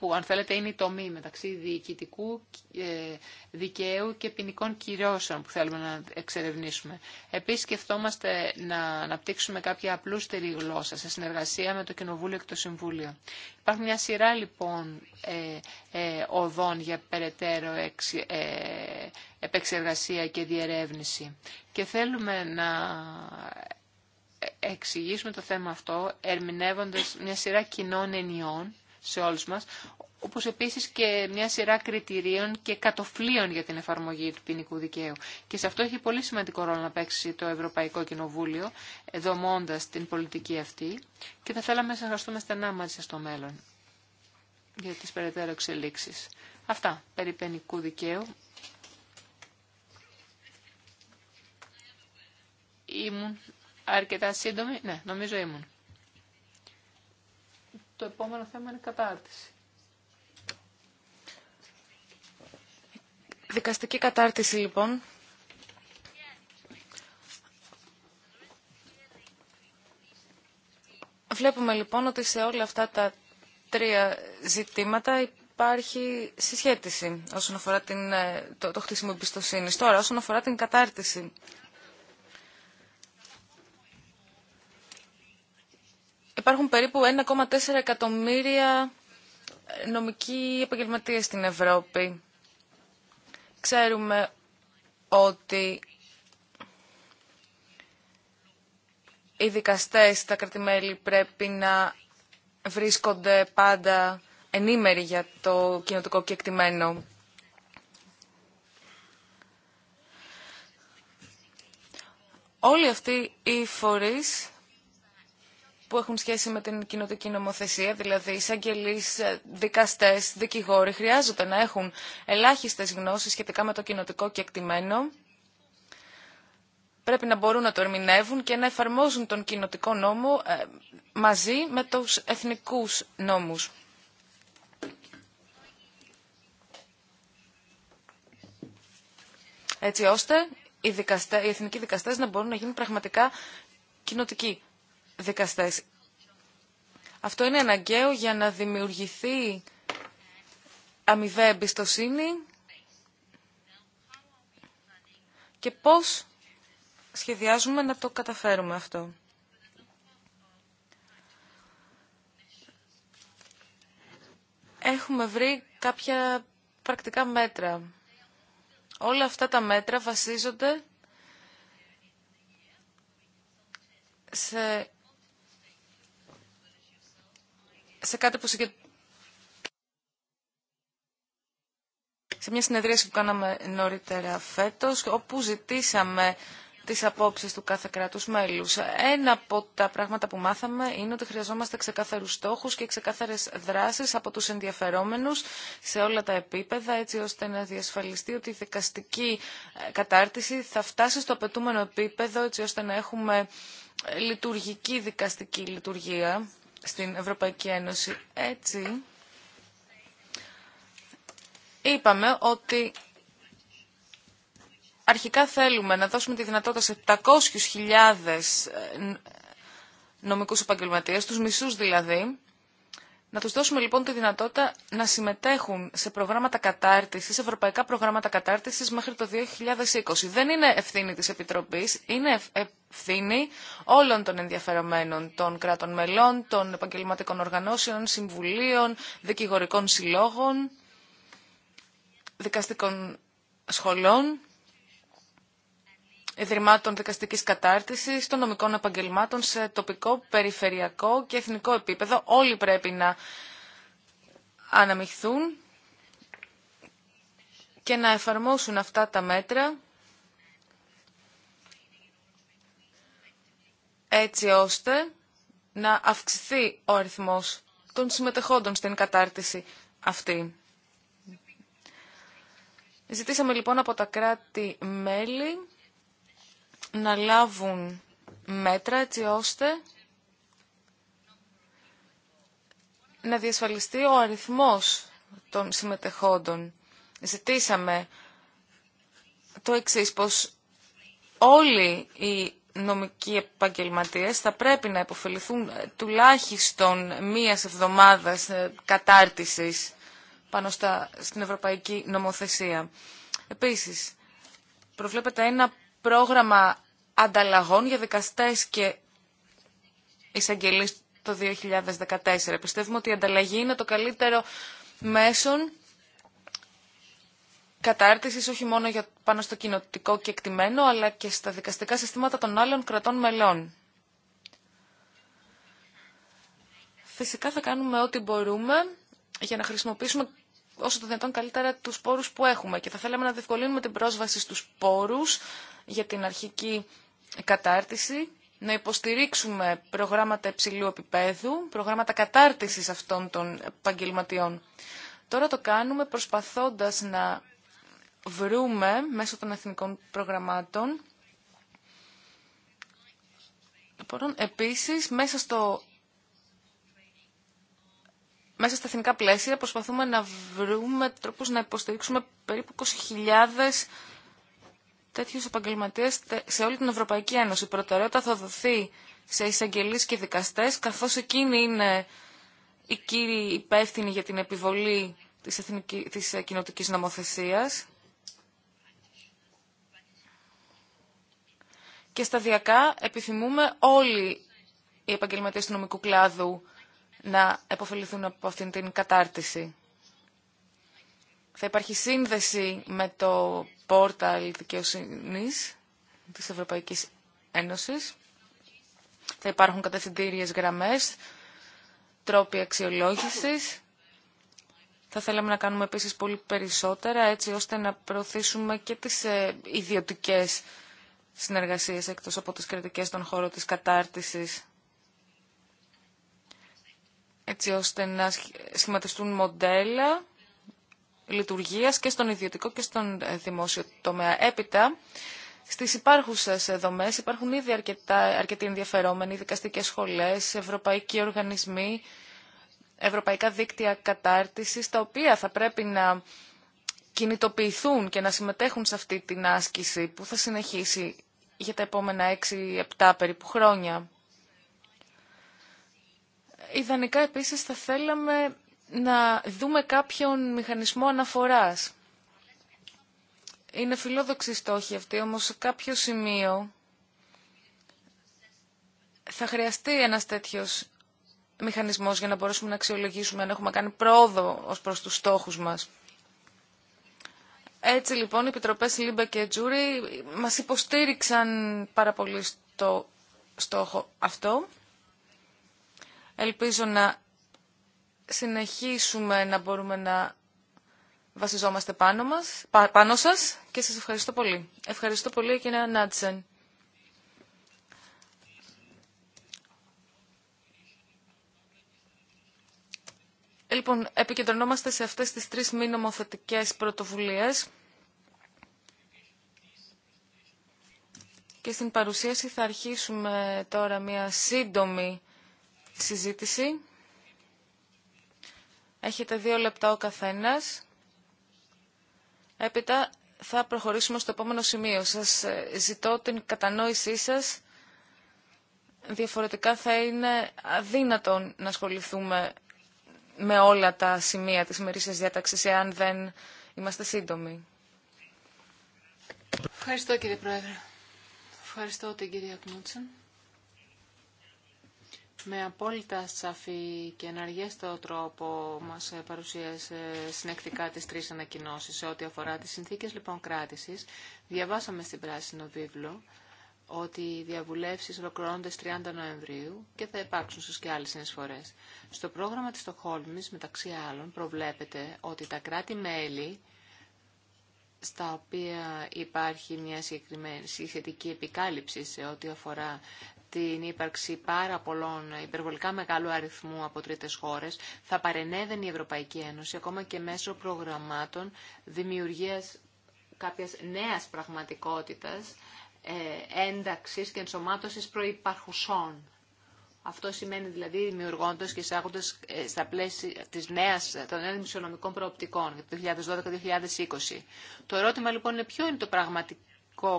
που αν θέλετε είναι η τομή μεταξύ διοικητικού ε, δικαίου και ποινικών κυρώσεων που θέλουμε να εξερευνήσουμε. Επίσης σκεφτόμαστε να αναπτύξουμε κάποια απλούστερη γλώσσα σε συνεργασία με το Κοινοβούλιο και το Συμβούλιο. Υπάρχει μια σειρά λοιπόν ε, ε, οδών για περαιτέρω επεξεργασία και διερεύνηση και θέλουμε να εξηγήσουμε το θέμα αυτό ερμηνεύοντας μια σειρά κοινών ενιών σε όλους μας, όπως επίσης και μια σειρά κριτηρίων και κατοφλίων για την εφαρμογή του ποινικού δικαίου. Και σε αυτό έχει πολύ σημαντικό ρόλο να παίξει το Ευρωπαϊκό Κοινοβούλιο, δομώντας την πολιτική αυτή και θα θέλαμε να συνεργαστούμε στενά μαζί σας στο μέλλον για τις περαιτέρω εξελίξεις. Αυτά περί ποινικού δικαίου. Ήμουν αρκετά σύντομη. Ναι, νομίζω ήμουν το επόμενο θέμα είναι η κατάρτιση. Δικαστική κατάρτιση λοιπόν. Βλέπουμε λοιπόν ότι σε όλα αυτά τα τρία ζητήματα υπάρχει συσχέτιση όσον αφορά την, ε, το, το χτίσιμο εμπιστοσύνη. Τώρα, όσον αφορά την κατάρτιση Υπάρχουν περίπου 1,4 εκατομμύρια ε, νομικοί επαγγελματίες στην Ευρώπη. Ξέρουμε ότι οι δικαστές στα κρατημέλη πρέπει να βρίσκονται πάντα ενήμεροι για το κοινοτικό κεκτημένο. Όλοι αυτοί οι φορείς που έχουν σχέση με την κοινοτική νομοθεσία, δηλαδή εισαγγελεί, ε, δικαστέ, δικηγόροι, χρειάζονται να έχουν ελάχιστε γνώσει σχετικά με το κοινοτικό κεκτημένο. Πρέπει να μπορούν να το ερμηνεύουν και να εφαρμόζουν τον κοινοτικό νόμο ε, μαζί με τους εθνικούς νόμους. Έτσι ώστε οι, οι εθνικοί δικαστές να μπορούν να γίνουν πραγματικά κοινοτικοί δικαστές. Αυτό είναι αναγκαίο για να δημιουργηθεί αμοιβαία εμπιστοσύνη και πώς σχεδιάζουμε να το καταφέρουμε αυτό. Έχουμε βρει κάποια πρακτικά μέτρα. Όλα αυτά τα μέτρα βασίζονται σε σε κάτι που σε μια συνεδρίαση που κάναμε νωρίτερα φέτος, όπου ζητήσαμε τις απόψεις του κάθε κράτους μέλους. Ένα από τα πράγματα που μάθαμε είναι ότι χρειαζόμαστε ξεκάθαρους στόχους και ξεκάθαρες δράσεις από τους ενδιαφερόμενους σε όλα τα επίπεδα, έτσι ώστε να διασφαλιστεί ότι η δικαστική ε, κατάρτιση θα φτάσει στο απαιτούμενο επίπεδο, έτσι ώστε να έχουμε λειτουργική δικαστική λειτουργία στην Ευρωπαϊκή Ένωση. Έτσι, είπαμε ότι αρχικά θέλουμε να δώσουμε τη δυνατότητα σε 700.000 ε, νομικούς επαγγελματίες, τους μισούς δηλαδή, να τους δώσουμε λοιπόν τη δυνατότητα να συμμετέχουν σε προγράμματα κατάρτισης, ευρωπαϊκά προγράμματα κατάρτισης μέχρι το 2020. Δεν είναι ευθύνη της Επιτροπής, είναι ευθύνη όλων των ενδιαφερομένων, των κράτων μελών, των επαγγελματικών οργανώσεων, συμβουλίων, δικηγορικών συλλόγων, δικαστικών σχολών ιδρυμάτων δικαστικής κατάρτισης, των νομικών επαγγελμάτων σε τοπικό, περιφερειακό και εθνικό επίπεδο. Όλοι πρέπει να αναμειχθούν και να εφαρμόσουν αυτά τα μέτρα έτσι ώστε να αυξηθεί ο αριθμός των συμμετεχόντων στην κατάρτιση αυτή. Ζητήσαμε λοιπόν από τα κράτη-μέλη να λάβουν μέτρα έτσι ώστε να διασφαλιστεί ο αριθμός των συμμετεχόντων. Ζητήσαμε το εξή πως όλοι οι νομικοί επαγγελματίες θα πρέπει να υποφεληθούν τουλάχιστον μίας εβδομάδα ε, κατάρτισης πάνω στα, στην Ευρωπαϊκή Νομοθεσία. Επίσης, προβλέπεται ένα πρόγραμμα ανταλλαγών για δικαστές και εισαγγελίες το 2014. Πιστεύουμε ότι η ανταλλαγή είναι το καλύτερο μέσον κατάρτισης όχι μόνο για, πάνω στο κοινοτικό και εκτιμένο, αλλά και στα δικαστικά συστήματα των άλλων κρατών μελών. Φυσικά θα κάνουμε ό,τι μπορούμε για να χρησιμοποιήσουμε όσο το δυνατόν καλύτερα τους πόρους που έχουμε και θα θέλαμε να διευκολύνουμε την πρόσβαση στους πόρους για την αρχική κατάρτιση, να υποστηρίξουμε προγράμματα υψηλού επίπεδου, προγράμματα κατάρτισης αυτών των επαγγελματιών. Τώρα το κάνουμε προσπαθώντας να βρούμε μέσω των εθνικών προγραμμάτων επίσης μέσα στο μέσα στα εθνικά πλαίσια προσπαθούμε να βρούμε τρόπους να υποστηρίξουμε περίπου 20.000 τέτοιους επαγγελματίες σε όλη την Ευρωπαϊκή Ένωση. Η προτεραιότητα θα δοθεί σε εισαγγελείς και δικαστές, καθώς εκείνοι είναι οι κύριοι υπεύθυνοι για την επιβολή της, εθνική, της νομοθεσίας. Και σταδιακά επιθυμούμε όλοι οι επαγγελματίες του νομικού κλάδου να επωφεληθούν από αυτήν την κατάρτιση. Θα υπάρχει σύνδεση με το πόρταλ δικαιοσύνη της Ευρωπαϊκής Ένωσης. Θα υπάρχουν κατευθυντήριες γραμμές, τρόποι αξιολόγησης. Θα θέλαμε να κάνουμε επίσης πολύ περισσότερα, έτσι ώστε να προωθήσουμε και τις ε, ιδιωτικές συνεργασίες εκτός από τις κρατικές στον χώρο της κατάρτισης έτσι ώστε να σχηματιστούν μοντέλα λειτουργίας και στον ιδιωτικό και στον ε, δημόσιο τομέα. Έπειτα, στις υπάρχουσες δομές υπάρχουν ήδη αρκετά, αρκετοί ενδιαφερόμενοι, δικαστικές σχολές, ευρωπαϊκοί οργανισμοί, ευρωπαϊκά δίκτυα κατάρτισης, τα οποία θα πρέπει να κινητοποιηθούν και να συμμετέχουν σε αυτή την άσκηση που θα συνεχίσει για τα επόμενα 6-7 περίπου χρόνια. Ιδανικά επίσης θα θέλαμε να δούμε κάποιον μηχανισμό αναφοράς. Είναι φιλόδοξη στόχη αυτή, όμως σε κάποιο σημείο θα χρειαστεί ένας τέτοιος μηχανισμός για να μπορέσουμε να αξιολογήσουμε αν έχουμε κάνει πρόοδο ως προς τους στόχους μας. Έτσι λοιπόν οι επιτροπές Λίμπε και Τζούρι μας υποστήριξαν πάρα πολύ στο στόχο αυτό. Ελπίζω να συνεχίσουμε να μπορούμε να βασιζόμαστε πάνω, μας, πάνω σας και σας ευχαριστώ πολύ. Ευχαριστώ πολύ κύριε Νάτσεν. Λοιπόν, επικεντρωνόμαστε σε αυτές τις τρεις μη νομοθετικές πρωτοβουλίες και στην παρουσίαση θα αρχίσουμε τώρα μια σύντομη συζήτηση. Έχετε δύο λεπτά ο καθένας. Έπειτα θα προχωρήσουμε στο επόμενο σημείο. Σας ε, ζητώ την κατανόησή σας. Διαφορετικά θα είναι αδύνατο να ασχοληθούμε με όλα τα σημεία της μερίσιας διάταξης, εάν δεν είμαστε σύντομοι. Ευχαριστώ κύριε Πρόεδρε. Ευχαριστώ την κυρία Κνούτσεν με απόλυτα σαφή και εναργέστο τρόπο μας παρουσίασε συνεκτικά τις τρεις ανακοινώσεις σε ό,τι αφορά τις συνθήκες λοιπόν κράτησης. Διαβάσαμε στην Πράσινο Βίβλο ότι οι διαβουλεύσεις ολοκληρώνονται 30 Νοεμβρίου και θα υπάρξουν στους και άλλες συνεισφορές. Στο πρόγραμμα της Στοχόλμης, μεταξύ άλλων, προβλέπεται ότι τα κράτη-μέλη στα οποία υπάρχει μια συγκεκριμένη σχετική επικάλυψη σε ό,τι αφορά την ύπαρξη πάρα πολλών υπερβολικά μεγάλου αριθμού από τρίτε χώρε θα παρενέβαινε η Ευρωπαϊκή Ένωση ακόμα και μέσω προγραμμάτων δημιουργίας κάποιας νέας πραγματικότητα ε, ένταξη και ενσωμάτωση προϋπαρχουσών. Αυτό σημαίνει δηλαδή δημιουργώντα και εισάγοντα ε, στα πλαίσια της νέας, των νέων δημοσιονομικών προοπτικών για το 2012-2020. Το ερώτημα λοιπόν είναι ποιο είναι το πραγματικό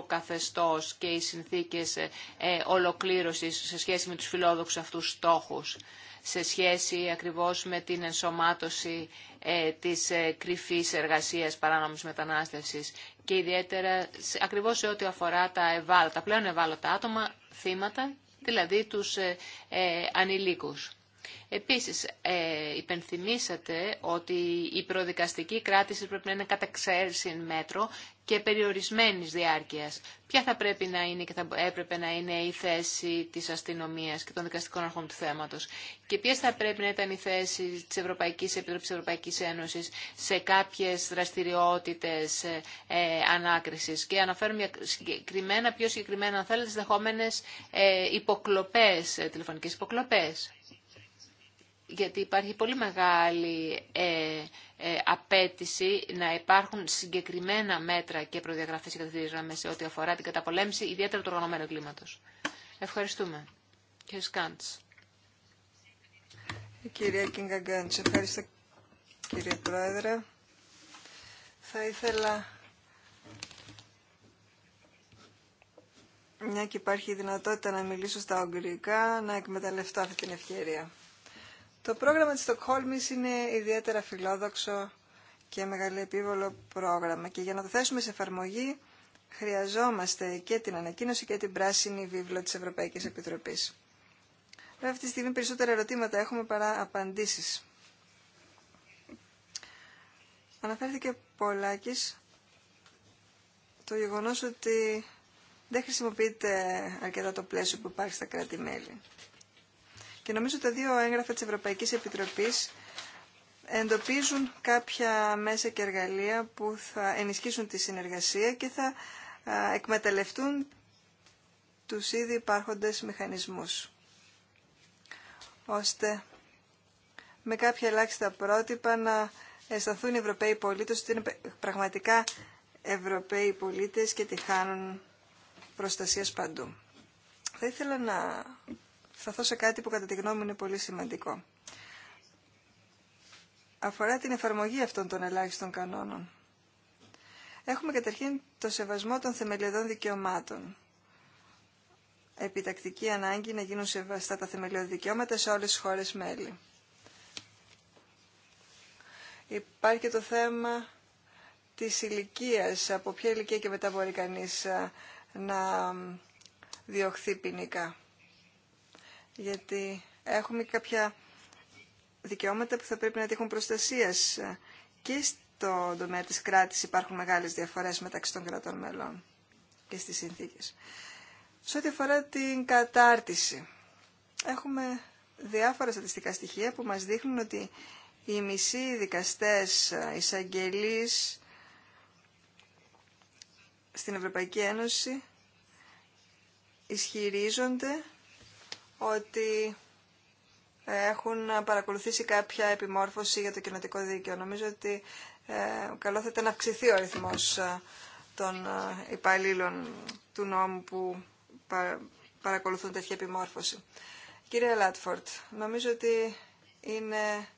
καθεστώς και οι συνθήκες ε, ε, ολοκλήρωσης σε σχέση με τους φιλόδοξους αυτούς στόχους, σε σχέση ακριβώς με την ενσωμάτωση ε, της κρυφής εργασίας παράνομης μετανάστευσης και ιδιαίτερα ακριβώς σε ό,τι αφορά τα ευάλωτα, πλέον ευάλωτα άτομα, θύματα, δηλαδή τους ανηλίκους. Επίσης, ε, υπενθυμίσατε ότι η προδικαστική κράτηση πρέπει να είναι κατά μέτρο και περιορισμένης διάρκειας. Ποια θα πρέπει να είναι και θα έπρεπε να είναι η θέση της αστυνομίας και των δικαστικών αρχών του θέματος και ποιες θα πρέπει να ήταν η θέση της Ευρωπαϊκής Επιτροπής της Ευρωπαϊκής Ένωσης σε κάποιες δραστηριότητες ε, ε ανάκρισης και αναφέρουμε συγκεκριμένα, πιο συγκεκριμένα αν θέλετε, τις δεχόμενες ε, υποκλοπές, ε, τηλεφωνικές υποκλοπές γιατί υπάρχει πολύ μεγάλη ε, ε, απέτηση να υπάρχουν συγκεκριμένα μέτρα και προδιαγραφές και σε ό,τι αφορά την καταπολέμηση ιδιαίτερα του οργανωμένου κλίματος. Ευχαριστούμε. Κύριε Σκάντς. Ε, κυρία Κίνγκα ευχαριστώ κύριε Πρόεδρε. Θα ήθελα, μια και υπάρχει δυνατότητα να μιλήσω στα ογγρικά, να εκμεταλλευτώ αυτή την ευκαιρία. Το πρόγραμμα της Στοκχόλμης είναι ιδιαίτερα φιλόδοξο και επίβολο πρόγραμμα και για να το θέσουμε σε εφαρμογή χρειαζόμαστε και την ανακοίνωση και την πράσινη βίβλο της Ευρωπαϊκής Επιτροπής. Βέβαια αυτή τη στιγμή περισσότερα ερωτήματα έχουμε παρά απαντήσεις. Αναφέρθηκε πολλάκις το γεγονός ότι δεν χρησιμοποιείται αρκετά το πλαίσιο που υπάρχει στα κράτη-μέλη. Και νομίζω τα δύο έγγραφα της Ευρωπαϊκής Επιτροπής εντοπίζουν κάποια μέσα και εργαλεία που θα ενισχύσουν τη συνεργασία και θα εκμεταλλευτούν τους ήδη υπάρχοντες μηχανισμούς, ώστε με κάποια ελάχιστα πρότυπα να αισθανθούν οι Ευρωπαίοι πολίτες ότι είναι πραγματικά Ευρωπαίοι πολίτες και τη χάνουν προστασίας παντού. Θα ήθελα να θα σε κάτι που κατά τη γνώμη είναι πολύ σημαντικό. Αφορά την εφαρμογή αυτών των ελάχιστων κανόνων. Έχουμε καταρχήν το σεβασμό των θεμελιωδών δικαιωμάτων. Επιτακτική ανάγκη να γίνουν σεβαστά τα θεμελιώδη δικαιώματα σε όλες τις χώρες μέλη. Υπάρχει και το θέμα της ηλικία, από ποια ηλικία και μετά μπορεί κανείς ε, να διωχθεί ποινικά γιατί έχουμε κάποια δικαιώματα που θα πρέπει να έχουν προστασίας και στο τομέα της κράτης υπάρχουν μεγάλες διαφορές μεταξύ των κρατών μελών και στις συνθήκες. Σε ό,τι αφορά την κατάρτιση, έχουμε διάφορα στατιστικά στοιχεία που μας δείχνουν ότι οι μισοί δικαστές εισαγγελείς στην Ευρωπαϊκή Ένωση ισχυρίζονται ότι έχουν παρακολουθήσει κάποια επιμόρφωση για το κοινοτικό δίκαιο. Νομίζω ότι ε, καλό θα ήταν να αυξηθεί ο αριθμός ε, των ε, υπαλλήλων του νόμου που παρακολουθούν τέτοια επιμόρφωση. Κύριε Λάτφορτ, νομίζω ότι είναι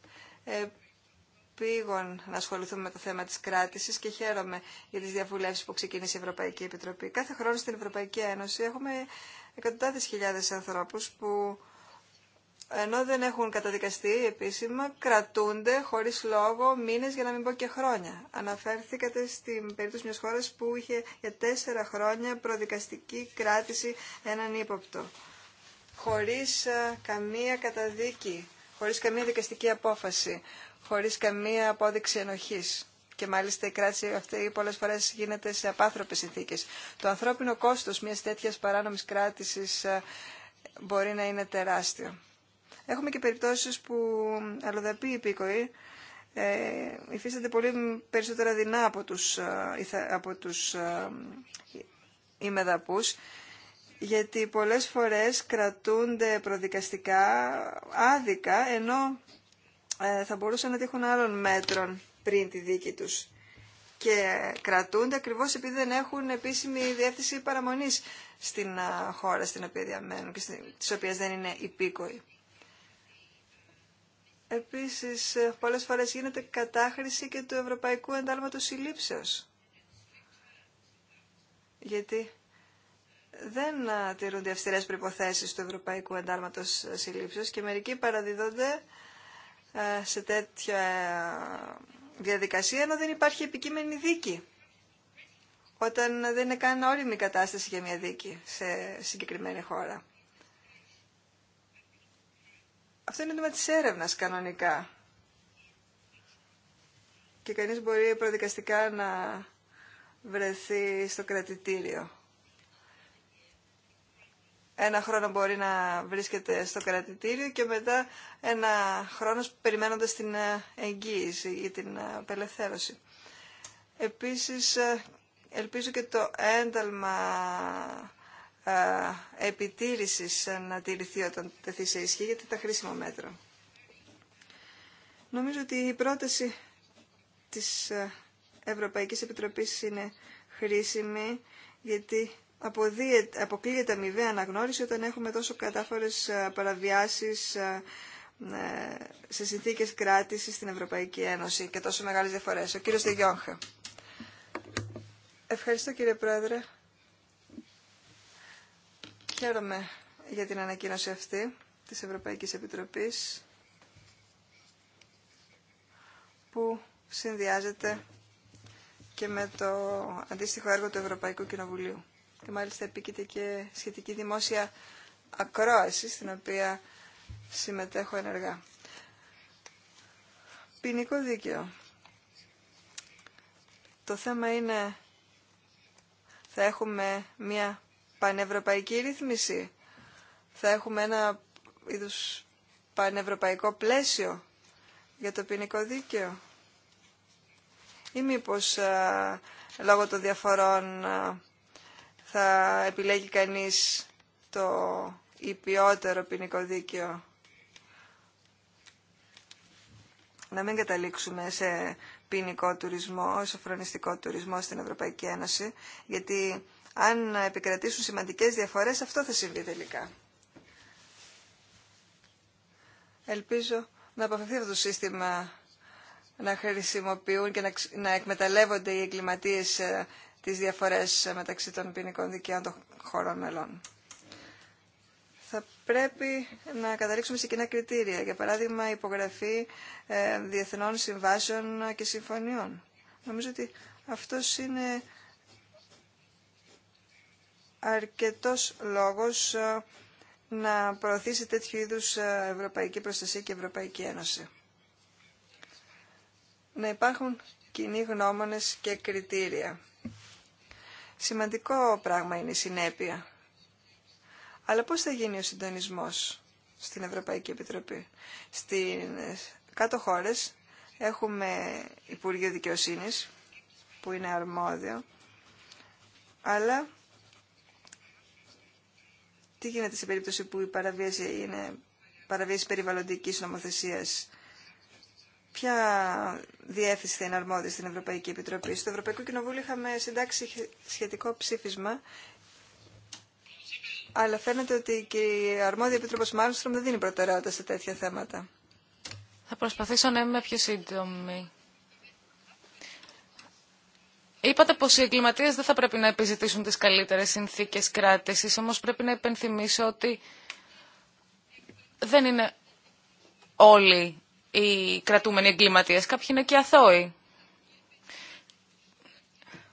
πήγον να ασχοληθούμε με το θέμα της κράτησης και χαίρομαι για τις διαβουλεύσεις που ξεκίνησε η Ευρωπαϊκή Επιτροπή. Κάθε χρόνο στην Ευρωπαϊκή Ένωση έχουμε εκατοντάδες χιλιάδες ανθρώπους που ενώ δεν έχουν καταδικαστεί επίσημα, κρατούνται χωρίς λόγο μήνες για να μην πω και χρόνια. Αναφέρθηκατε στην περίπτωση μιας χώρας που είχε για τέσσερα χρόνια προδικαστική κράτηση έναν ύποπτο. Χωρίς ε, καμία καταδίκη, χωρίς καμία δικαστική απόφαση, χωρίς καμία απόδειξη ενοχής και μάλιστα η κράτηση αυτή πολλές φορές γίνεται σε απάνθρωπες συνθήκε. Το ανθρώπινο κόστος μιας τέτοιας παράνομης κράτησης ε, μπορεί να είναι τεράστιο. Έχουμε και περιπτώσεις που αλλοδαποί υπήκοοι ε, υφίστανται πολύ περισσότερα δεινά από τους, ε, από τους ημεδαπούς ε, γιατί πολλές φορές κρατούνται προδικαστικά άδικα ενώ θα μπορούσαν να τύχουν άλλων μέτρων πριν τη δίκη τους και κρατούνται ακριβώς επειδή δεν έχουν επίσημη διεύθυνση παραμονής στην χώρα στην οποία διαμένουν και της οποίας δεν είναι υπήκοοι. Επίσης, ε, πολλές φορές γίνεται κατάχρηση και του Ευρωπαϊκού Εντάλματος Συλλήψεως. Γιατί δεν τηρούνται αυστηρέ προποθέσει του Ευρωπαϊκού Εντάλματο ε, Συλλήψεω και μερικοί παραδίδονται ε, σε τέτοια διαδικασία ενώ δεν υπάρχει επικείμενη δίκη. Όταν δεν είναι καν όριμη κατάσταση για μια δίκη σε συγκεκριμένη χώρα. Αυτό είναι το της έρευνας κανονικά. Και κανείς μπορεί προδικαστικά να βρεθεί στο κρατητήριο ένα χρόνο μπορεί να βρίσκεται στο κρατητήριο και μετά ένα χρόνο περιμένοντας την ε, εγγύηση ή την ε, απελευθέρωση. Επίσης, ε, ελπίζω και το ένταλμα επιτήρησης να τηρηθεί όταν τεθεί σε ισχύ, γιατί τα χρήσιμο μέτρο. Νομίζω ότι η πρόταση της Ευρωπαϊκής Επιτροπής είναι χρήσιμη, γιατί αποκλείεται αμοιβαία αναγνώριση όταν έχουμε τόσο κατάφορες ε, παραβιάσεις ε, ε, σε συνθήκες κράτησης στην Ευρωπαϊκή Ένωση και τόσο μεγάλες διαφορές. Ο κύριος Δεγιόγχα. Ευχαριστώ κύριε Πρόεδρε. Χαίρομαι για την ανακοίνωση αυτή της Ευρωπαϊκής Επιτροπής που συνδυάζεται και με το αντίστοιχο έργο του Ευρωπαϊκού Κοινοβουλίου και μάλιστα επίκειται και σχετική δημόσια ακρόαση στην οποία συμμετέχω ενεργά. Ποινικό δίκαιο. Το θέμα είναι θα έχουμε μια πανευρωπαϊκή ρύθμιση, θα έχουμε ένα είδους πανευρωπαϊκό πλαίσιο για το ποινικό δίκαιο ή μήπως ε, λόγω των διαφορών ε, θα επιλέγει κανείς το υπιότερο ποινικό δίκαιο. Να μην καταλήξουμε σε ποινικό τουρισμό, σε φρονιστικό τουρισμό στην Ευρωπαϊκή Ένωση, γιατί αν επικρατήσουν σημαντικές διαφορές, αυτό θα συμβεί τελικά. Ελπίζω να αποφευθεί αυτό το σύστημα να χρησιμοποιούν και να, εκμεταλλεύονται οι εγκληματίες ε, τις διαφορές μεταξύ των ποινικών δικαίων των χωρών μελών. Θα πρέπει να καταλήξουμε σε κοινά κριτήρια, για παράδειγμα υπογραφή ε, διεθνών συμβάσεων και συμφωνιών. Νομίζω ότι αυτός είναι αρκετός λόγος ε, να προωθήσει τέτοιου είδους ε, ευρωπαϊκή προστασία και Ευρωπαϊκή Ένωση. Να υπάρχουν κοινοί γνώμονες και κριτήρια. Σημαντικό πράγμα είναι η συνέπεια. Αλλά πώς θα γίνει ο συντονισμός στην Ευρωπαϊκή Επιτροπή. Στην κάτω χώρες έχουμε Υπουργείο Δικαιοσύνης που είναι αρμόδιο, αλλά τι γίνεται σε περίπτωση που η παραβίαση είναι παραβίαση περιβαλλοντικής νομοθεσίας ποια διεύθυνση θα είναι αρμόδια στην Ευρωπαϊκή Επιτροπή. Στο Ευρωπαϊκό Κοινοβούλιο είχαμε συντάξει σχετικό ψήφισμα, αλλά φαίνεται ότι και η αρμόδια Επιτροπή Μάλμστρομ δεν δίνει προτεραιότητα σε τέτοια θέματα. Θα προσπαθήσω να είμαι πιο σύντομη. Είπατε πω οι εγκληματίε δεν θα πρέπει να επιζητήσουν τι καλύτερε συνθήκε κράτηση, όμω πρέπει να υπενθυμίσω ότι δεν είναι όλοι οι κρατούμενοι εγκληματίε, κάποιοι είναι και αθώοι.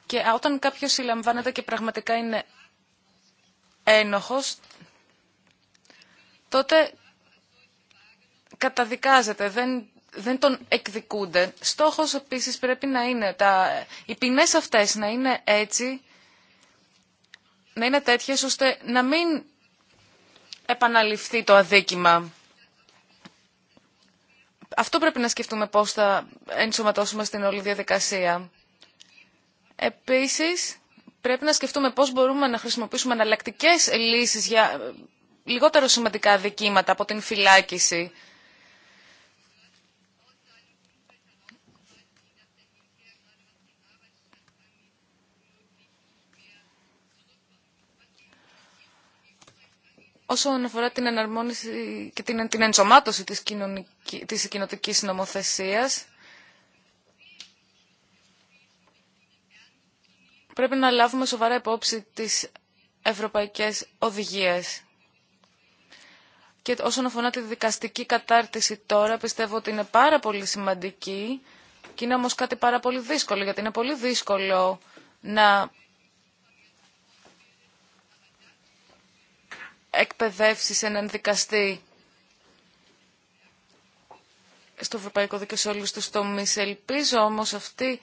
Και όταν κάποιο συλλαμβάνεται και πραγματικά είναι ένοχος, τότε καταδικάζεται, δεν, δεν τον εκδικούνται. Στόχος επίσης πρέπει να είναι τα, οι ποινέ αυτές να είναι έτσι, να είναι τέτοιες ώστε να μην επαναληφθεί το αδίκημα αυτό πρέπει να σκεφτούμε πώς θα ενσωματώσουμε στην όλη διαδικασία. Επίσης, πρέπει να σκεφτούμε πώς μπορούμε να χρησιμοποιήσουμε εναλλακτικέ λύσεις για λιγότερο σημαντικά δικήματα από την φυλάκηση. Όσον αφορά την εναρμόνιση και την, την ενσωμάτωση της, κοινωνική, της κοινοτικής νομοθεσίας, πρέπει να λάβουμε σοβαρά υπόψη τις ευρωπαϊκές οδηγίες. Και όσον αφορά τη δικαστική κατάρτιση τώρα, πιστεύω ότι είναι πάρα πολύ σημαντική και είναι όμως κάτι πάρα πολύ δύσκολο, γιατί είναι πολύ δύσκολο να εκπαιδεύσει έναν δικαστή στο Ευρωπαϊκό Δίκαιο σε όλους τους τομείς. Ελπίζω όμως αυτή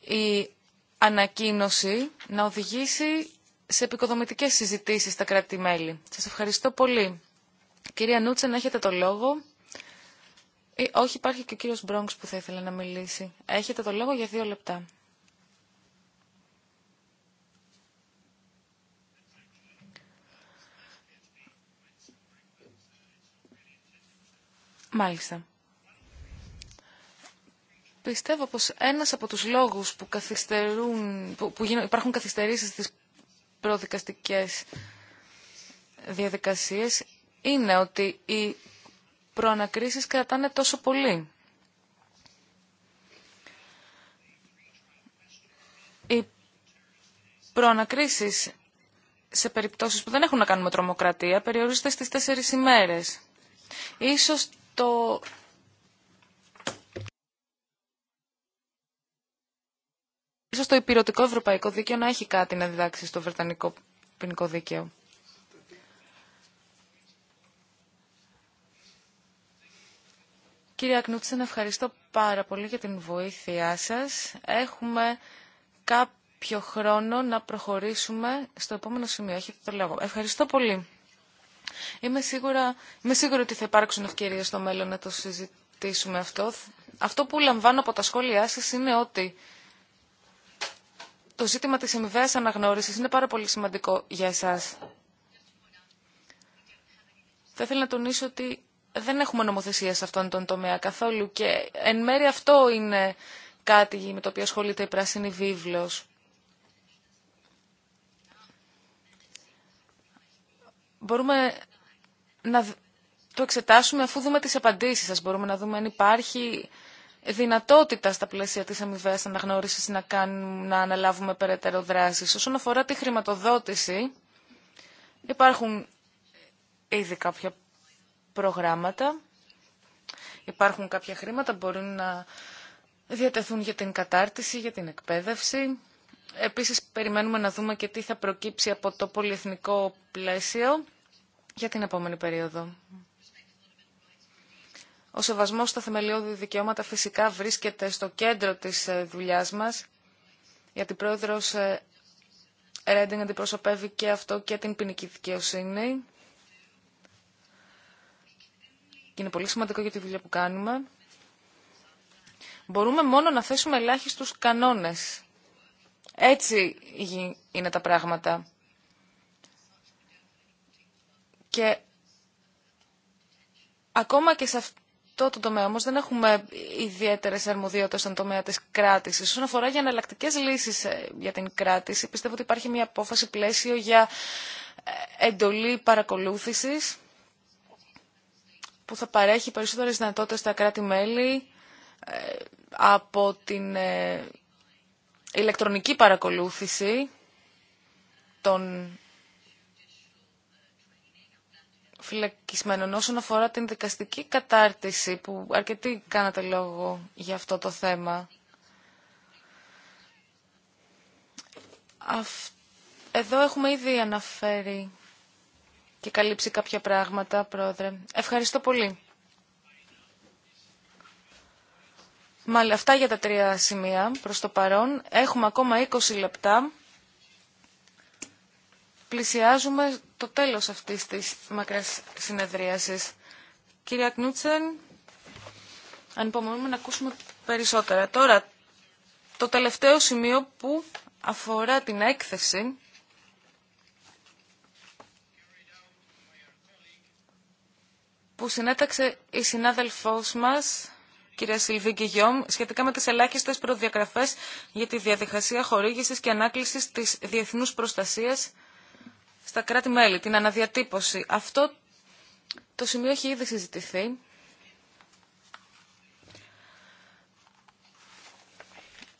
η ανακοίνωση να οδηγήσει σε επικοδομητικές συζητήσεις στα κράτη-μέλη. Σας ευχαριστώ πολύ. Κυρία Νούτσε, να έχετε το λόγο. Ή, ε, όχι, υπάρχει και ο κύριος Μπρόγκς που θα ήθελε να μιλήσει. Έχετε το λόγο για δύο λεπτά. Μάλιστα. Πιστεύω πως ένας από τους λόγους που, καθυστερούν, που, που υπάρχουν καθυστερήσεις στις προδικαστικές διαδικασίες είναι ότι οι προανακρίσεις κρατάνε τόσο πολύ. Οι προανακρίσεις σε περιπτώσεις που δεν έχουν να κάνουν με τρομοκρατία περιορίζονται στις τέσσερις ημέρες. Ίσως το Ίσως το υπηρετικό ευρωπαϊκό δίκαιο να έχει κάτι να διδάξει στο βρετανικό ποινικό δίκαιο. Κύριε Ακνούτσεν, ευχαριστώ πάρα πολύ για την βοήθειά σας. Έχουμε κάποιο χρόνο να προχωρήσουμε στο επόμενο σημείο. Έχετε το λόγο. Ευχαριστώ πολύ. Είμαι, σίγουρα, είμαι σίγουρη ότι θα υπάρξουν ευκαιρίες στο μέλλον να το συζητήσουμε αυτό. Αυτό που λαμβάνω από τα σχόλιά σας είναι ότι το ζήτημα της αμοιβαίας αναγνώρισης είναι πάρα πολύ σημαντικό για εσάς. Θα ήθελα να τονίσω ότι δεν έχουμε νομοθεσία σε αυτόν τον τομέα καθόλου και εν μέρει αυτό είναι κάτι με το οποίο ασχολείται η Πράσινη Βίβλος. Μπορούμε να το εξετάσουμε αφού δούμε τις απαντήσεις σας. Μπορούμε να δούμε αν υπάρχει δυνατότητα στα πλαίσια της αμοιβαία αναγνώρισης να, κάνουμε, να αναλάβουμε περαιτέρω δράσεις. Όσον αφορά τη χρηματοδότηση, υπάρχουν ήδη κάποια προγράμματα, υπάρχουν κάποια χρήματα μπορούν να διατεθούν για την κατάρτιση, για την εκπαίδευση. Επίσης, περιμένουμε να δούμε και τι θα προκύψει από το πολυεθνικό πλαίσιο για την επόμενη περίοδο. Ο σεβασμός στα θεμελιώδη δικαιώματα φυσικά βρίσκεται στο κέντρο της ε, δουλειάς μας, γιατί πρόεδρος ε, Ρέντινγκ αντιπροσωπεύει και αυτό και την ποινική δικαιοσύνη. Και είναι πολύ σημαντικό για τη δουλειά που κάνουμε. Μπορούμε μόνο να θέσουμε ελάχιστους κανόνες. Έτσι είναι τα πράγματα. Και ακόμα και σε αυτό το τομέα όμως δεν έχουμε ιδιαίτερες αρμοδιότητες στον τομέα της κράτησης. Όσον αφορά για εναλλακτικέ λύσεις ε, για την κράτηση, πιστεύω ότι υπάρχει μια απόφαση πλαίσιο για ε, εντολή παρακολούθησης που θα παρέχει περισσότερες δυνατότητες στα κράτη-μέλη ε, από την ηλεκτρονική παρακολούθηση των φυλακισμένων. Όσον αφορά την δικαστική κατάρτιση, που αρκετή κάνατε λόγο για αυτό το θέμα, εδώ έχουμε ήδη αναφέρει και καλύψει κάποια πράγματα, Πρόεδρε. Ευχαριστώ πολύ. Μάλιστα, αυτά για τα τρία σημεία προς το παρόν. Έχουμε ακόμα 20 λεπτά. Πλησιάζουμε το τέλος αυτής της μακράς συνεδρίασης. Κυρία Κνούτσεν, ανυπομονούμε να ακούσουμε περισσότερα. Τώρα, το τελευταίο σημείο που αφορά την έκθεση που συνέταξε η συνάδελφός μας, κυρία Σιλβί Γιόμ, σχετικά με τις ελάχιστες προδιαγραφές για τη διαδικασία χορήγησης και ανάκλησης της διεθνούς προστασίας στα κράτη-μέλη, την αναδιατύπωση. Αυτό το σημείο έχει ήδη συζητηθεί.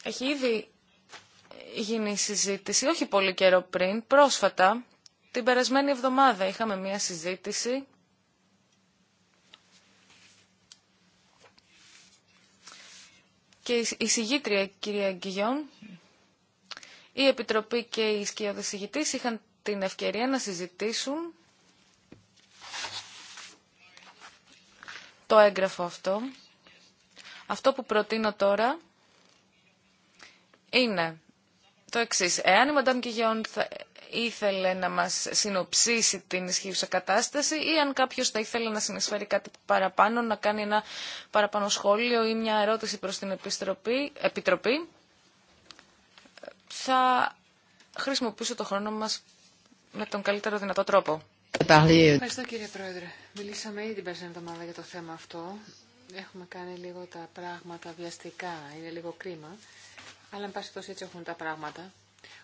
Έχει ήδη γίνει συζήτηση, όχι πολύ καιρό πριν, πρόσφατα, την περασμένη εβδομάδα είχαμε μία συζήτηση και η συγγήτρια κυρία Γκυγιόν, η Επιτροπή και οι σκιώδες συγγητής είχαν την ευκαιρία να συζητήσουν το έγγραφο αυτό. Αυτό που προτείνω τώρα είναι το εξή. Εάν η Μαντάμ Κιγιόν ήθελε να μας συνοψίσει την ισχύουσα κατάσταση ή αν κάποιος θα ήθελε να συνεισφέρει κάτι παραπάνω, να κάνει ένα παραπάνω σχόλιο ή μια ερώτηση προς την Επιτροπή, θα χρησιμοποιήσω το χρόνο μας με τον καλύτερο δυνατό τρόπο. Ευχαριστώ κύριε Πρόεδρε. Μιλήσαμε ήδη την περσμένη εβδομάδα για το θέμα αυτό. Έχουμε κάνει λίγο τα πράγματα βιαστικά, είναι λίγο κρίμα. Αλλά εν πάση περιπτώσει έτσι έχουν τα πράγματα.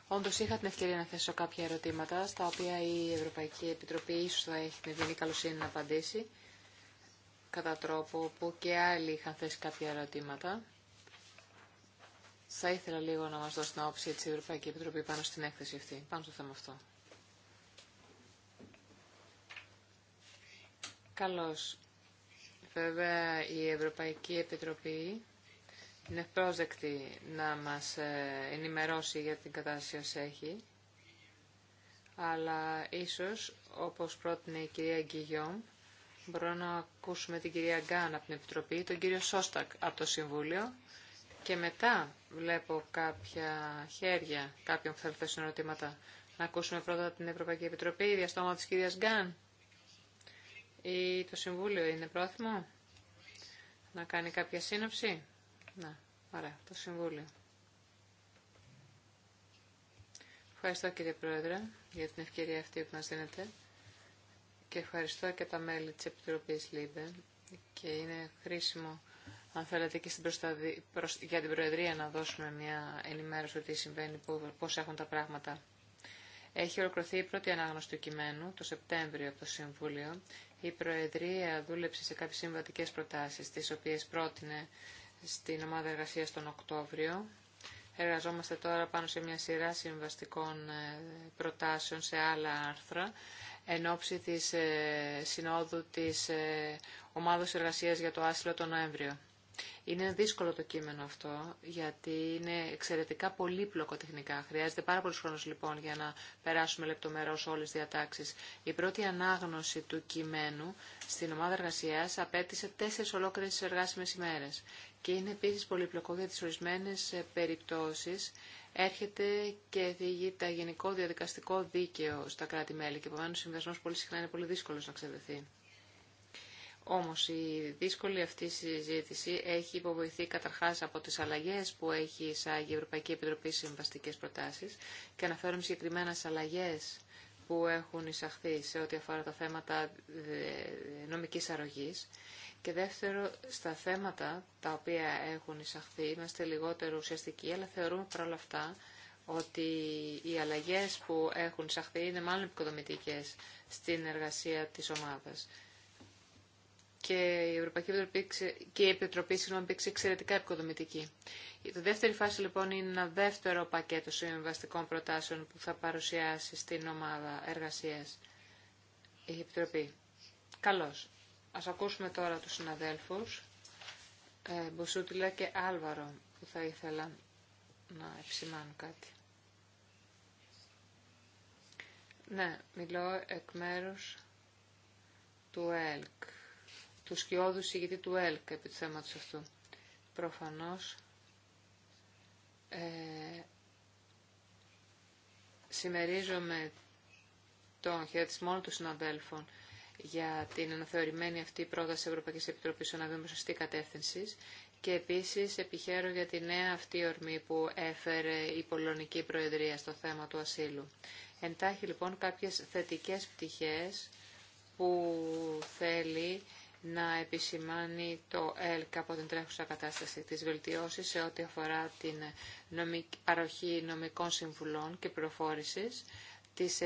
Όντω είχα την ευκαιρία να θέσω κάποια ερωτήματα, στα οποία η Ευρωπαϊκή Επιτροπή ίσω θα έχει την ευγενή καλοσύνη να απαντήσει, κατά τρόπο που και άλλοι είχαν θέσει κάποια ερωτήματα. Θα ήθελα λίγο να μα δώσει την άποψη τη Ευρωπαϊκή Επιτροπή πάνω στην έκθεση αυτή, πάνω στο θέμα αυτό. Καλώς. Βέβαια η Ευρωπαϊκή Επιτροπή είναι πρόσδεκτη να μας ε, ενημερώσει για την κατάσταση όσο έχει. Αλλά ίσως, όπως πρότεινε η κυρία Γκυγιόμ, μπορώ να ακούσουμε την κυρία Γκάν από την Επιτροπή, τον κύριο Σόστακ από το Συμβούλιο και μετά βλέπω κάποια χέρια κάποιων που θα θέσουν ερωτήματα. Να ακούσουμε πρώτα την Ευρωπαϊκή Επιτροπή, διαστόμα της κυρίας Γκάν. Ή το Συμβούλιο είναι πρόθυμο να κάνει κάποια σύνοψη. Να, ωραία, το Συμβούλιο. Ευχαριστώ κύριε Πρόεδρε για την ευκαιρία αυτή που μας δίνετε και ευχαριστώ και τα μέλη της Επιτροπής ΛΥΜΠΕ και είναι χρήσιμο αν θέλετε και στην για την Προεδρία να δώσουμε μια ενημέρωση ότι συμβαίνει, πώς έχουν τα πράγματα. Έχει ολοκληρωθεί η πρώτη ανάγνωση του κειμένου το Σεπτέμβριο από το Συμβούλιο η Προεδρία δούλεψε σε κάποιες συμβατικές προτάσεις, τις οποίες πρότεινε στην ομάδα εργασίας τον Οκτώβριο. Εργαζόμαστε τώρα πάνω σε μια σειρά συμβαστικών ε, προτάσεων σε άλλα άρθρα, εν ώψη της ε, Συνόδου της ε, Ομάδος Εργασίας για το Άσυλο τον Νοέμβριο. Είναι δύσκολο το κείμενο αυτό, γιατί είναι εξαιρετικά πολύπλοκο τεχνικά. Χρειάζεται πάρα πολλούς χρόνους, λοιπόν για να περάσουμε λεπτομερώς όλες τις διατάξεις. Η πρώτη ανάγνωση του κειμένου στην ομάδα εργασίας απέτησε τέσσερις ολόκληρες εργάσιμες ημέρες. Και είναι επίσης πολύπλοκο για τις ορισμένες ε, περιπτώσεις έρχεται και διηγεί τα γενικό διαδικαστικό δίκαιο στα κράτη-μέλη και επομένως ο συμβασμός πολύ συχνά είναι πολύ δύσκολο να ξεδεθεί. Όμως η δύσκολη αυτή συζήτηση έχει υποβοηθεί καταρχάς από τις αλλαγές που έχει εισάγει η Ευρωπαϊκή Επιτροπή σε συμβαστικές προτάσεις και αναφέρομαι συγκεκριμένα στις αλλαγές που έχουν εισαχθεί σε ό,τι αφορά τα θέματα ε, νομικής αρρωγής. Και δεύτερο, στα θέματα τα οποία έχουν εισαχθεί είμαστε λιγότερο ουσιαστικοί, αλλά θεωρούμε παρόλα αυτά ότι οι αλλαγές που έχουν εισαχθεί είναι μάλλον επικοδομητικές στην εργασία της ομάδας και η Ευρωπαϊκή Επιτροπή και η Επιτροπή συγγνώμη, πήξε εξαιρετικά επικοδομητική. Η δεύτερη φάση λοιπόν είναι ένα δεύτερο πακέτο συμβαστικών προτάσεων που θα παρουσιάσει στην ομάδα εργασίας η Επιτροπή. Καλώς. Ας ακούσουμε τώρα τους συναδέλφους ε, Μποσούτιλα και Άλβαρο που θα ήθελα να επισημάνω κάτι. Ναι, μιλώ εκ μέρους του ΕΛΚ του σκιώδου συγητή του ΕΛΚ επί του θέματο αυτού. Προφανώς ε, συμμερίζομαι τον χαιρετισμό του συναδέλφων για την αναθεωρημένη αυτή πρόταση Ευρωπαϊκής Επιτροπής να δούμε σωστή κατεύθυνση και επίσης επιχαίρω για τη νέα αυτή ορμή που έφερε η Πολωνική Προεδρία στο θέμα του ασύλου. Εντάχει λοιπόν κάποιες θετικές πτυχές που θέλει να επισημάνει το ΕΛΚ από την τρέχουσα κατάσταση της βελτιώσης σε ό,τι αφορά την παροχή νομικών συμβουλών και προφόρησης, τις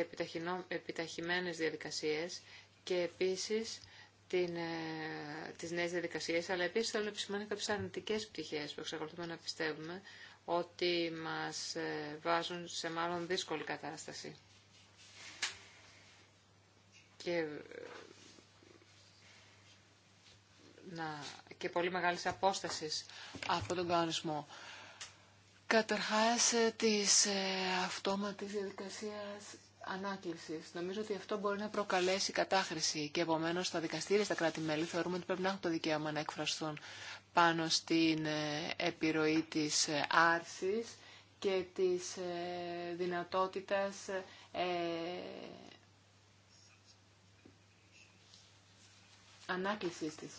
επιταχυμένες διαδικασίες και επίσης την, ε, τις νέες διαδικασίες, αλλά επίσης θέλω να επισημάνει κάποιες αρνητικές πτυχές που εξακολουθούμε να πιστεύουμε ότι μας ε, βάζουν σε μάλλον δύσκολη κατάσταση. Ε, να, και πολύ μεγάλης απόστασης από τον κανονισμό. Καταρχάς ε, της ε, αυτόματης διαδικασίας ανάκλησης. Νομίζω ότι αυτό μπορεί να προκαλέσει κατάχρηση και επομένως τα δικαστήρια στα κράτη-μέλη θεωρούμε ότι πρέπει να έχουν το δικαίωμα να εκφραστούν πάνω στην ε, επιρροή της ε, άρσης και της δυνατότητας ε, ανάκλησης της.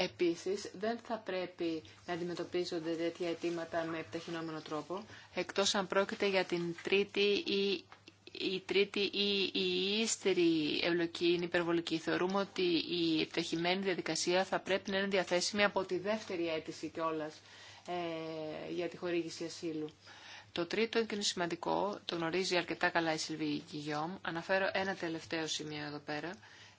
Επίσης, δεν θα πρέπει να αντιμετωπίζονται τέτοια αιτήματα με επιταχυνόμενο τρόπο, εκτός αν πρόκειται για την τρίτη ή η τρίτη ή η ύστερη ευλογή είναι υπερβολική. Θεωρούμε ότι η επιταχυμένη διαδικασία θα πρέπει να είναι διαθέσιμη από τη δεύτερη αίτηση κιόλα ε, για τη χορήγηση ασύλου. Το τρίτο και είναι σημαντικό, το γνωρίζει αρκετά καλά η Σιλβή Κιγιόμ. Αναφέρω ένα τελευταίο σημείο εδώ πέρα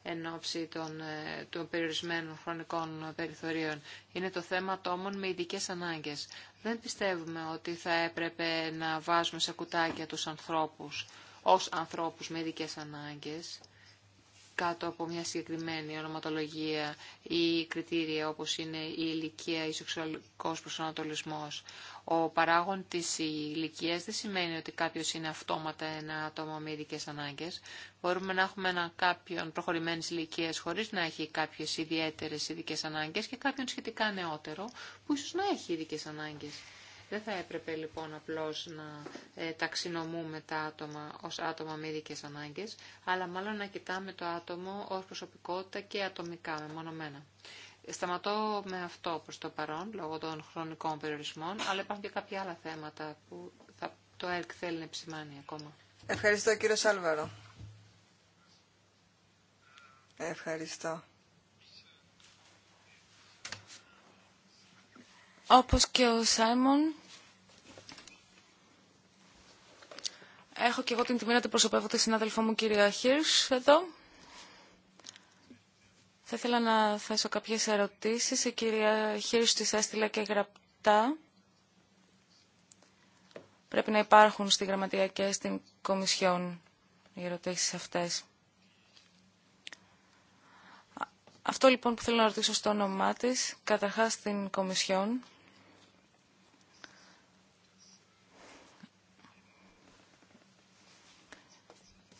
εν ώψη των, ε, των περιορισμένων χρονικών περιθωρίων. Είναι το θέμα ατόμων με ειδικέ ανάγκες. Δεν πιστεύουμε ότι θα έπρεπε να βάζουμε σε κουτάκια τους ανθρώπους ως ανθρώπους με ειδικέ ανάγκες κάτω από μια συγκεκριμένη ονοματολογία ή κριτήρια όπως είναι η ηλικία ή σεξουαλικός προσανατολισμός. Ο παράγον της ηλικία δεν σημαίνει ότι κάποιος είναι αυτόματα ένα άτομο με ειδικέ ανάγκες. Μπορούμε να έχουμε ένα κάποιον προχωρημένης ηλικία χωρίς να έχει κάποιες ιδιαίτερες ειδικέ ανάγκες και κάποιον σχετικά νεότερο που ίσως να έχει ειδικέ ανάγκες. Δεν θα έπρεπε λοιπόν απλώς να ε, ταξινομούμε τα άτομα ως άτομα με ειδικέ ανάγκες, αλλά μάλλον να κοιτάμε το άτομο ως προσωπικότητα και ατομικά, μεμονωμένα. Σταματώ με αυτό προς το παρόν, λόγω των χρονικών περιορισμών, αλλά υπάρχουν και κάποια άλλα θέματα που θα, το ΕΡΚ θέλει να επισημάνει ακόμα. Ευχαριστώ κύριο Σάλβαρο. Ευχαριστώ. Όπως και ο Σάιμον, Έχω και εγώ την τιμή να την προσωπεύω τη συνάδελφό μου κυρία Χίρς εδώ. Θα ήθελα να θέσω κάποιες ερωτήσεις. Η κυρία Χίρς τις έστειλε και γραπτά. Πρέπει να υπάρχουν στη Γραμματεία και στην Κομισιόν οι ερωτήσεις αυτές. Αυτό λοιπόν που θέλω να ρωτήσω στο όνομά της, καταρχάς στην Κομισιόν,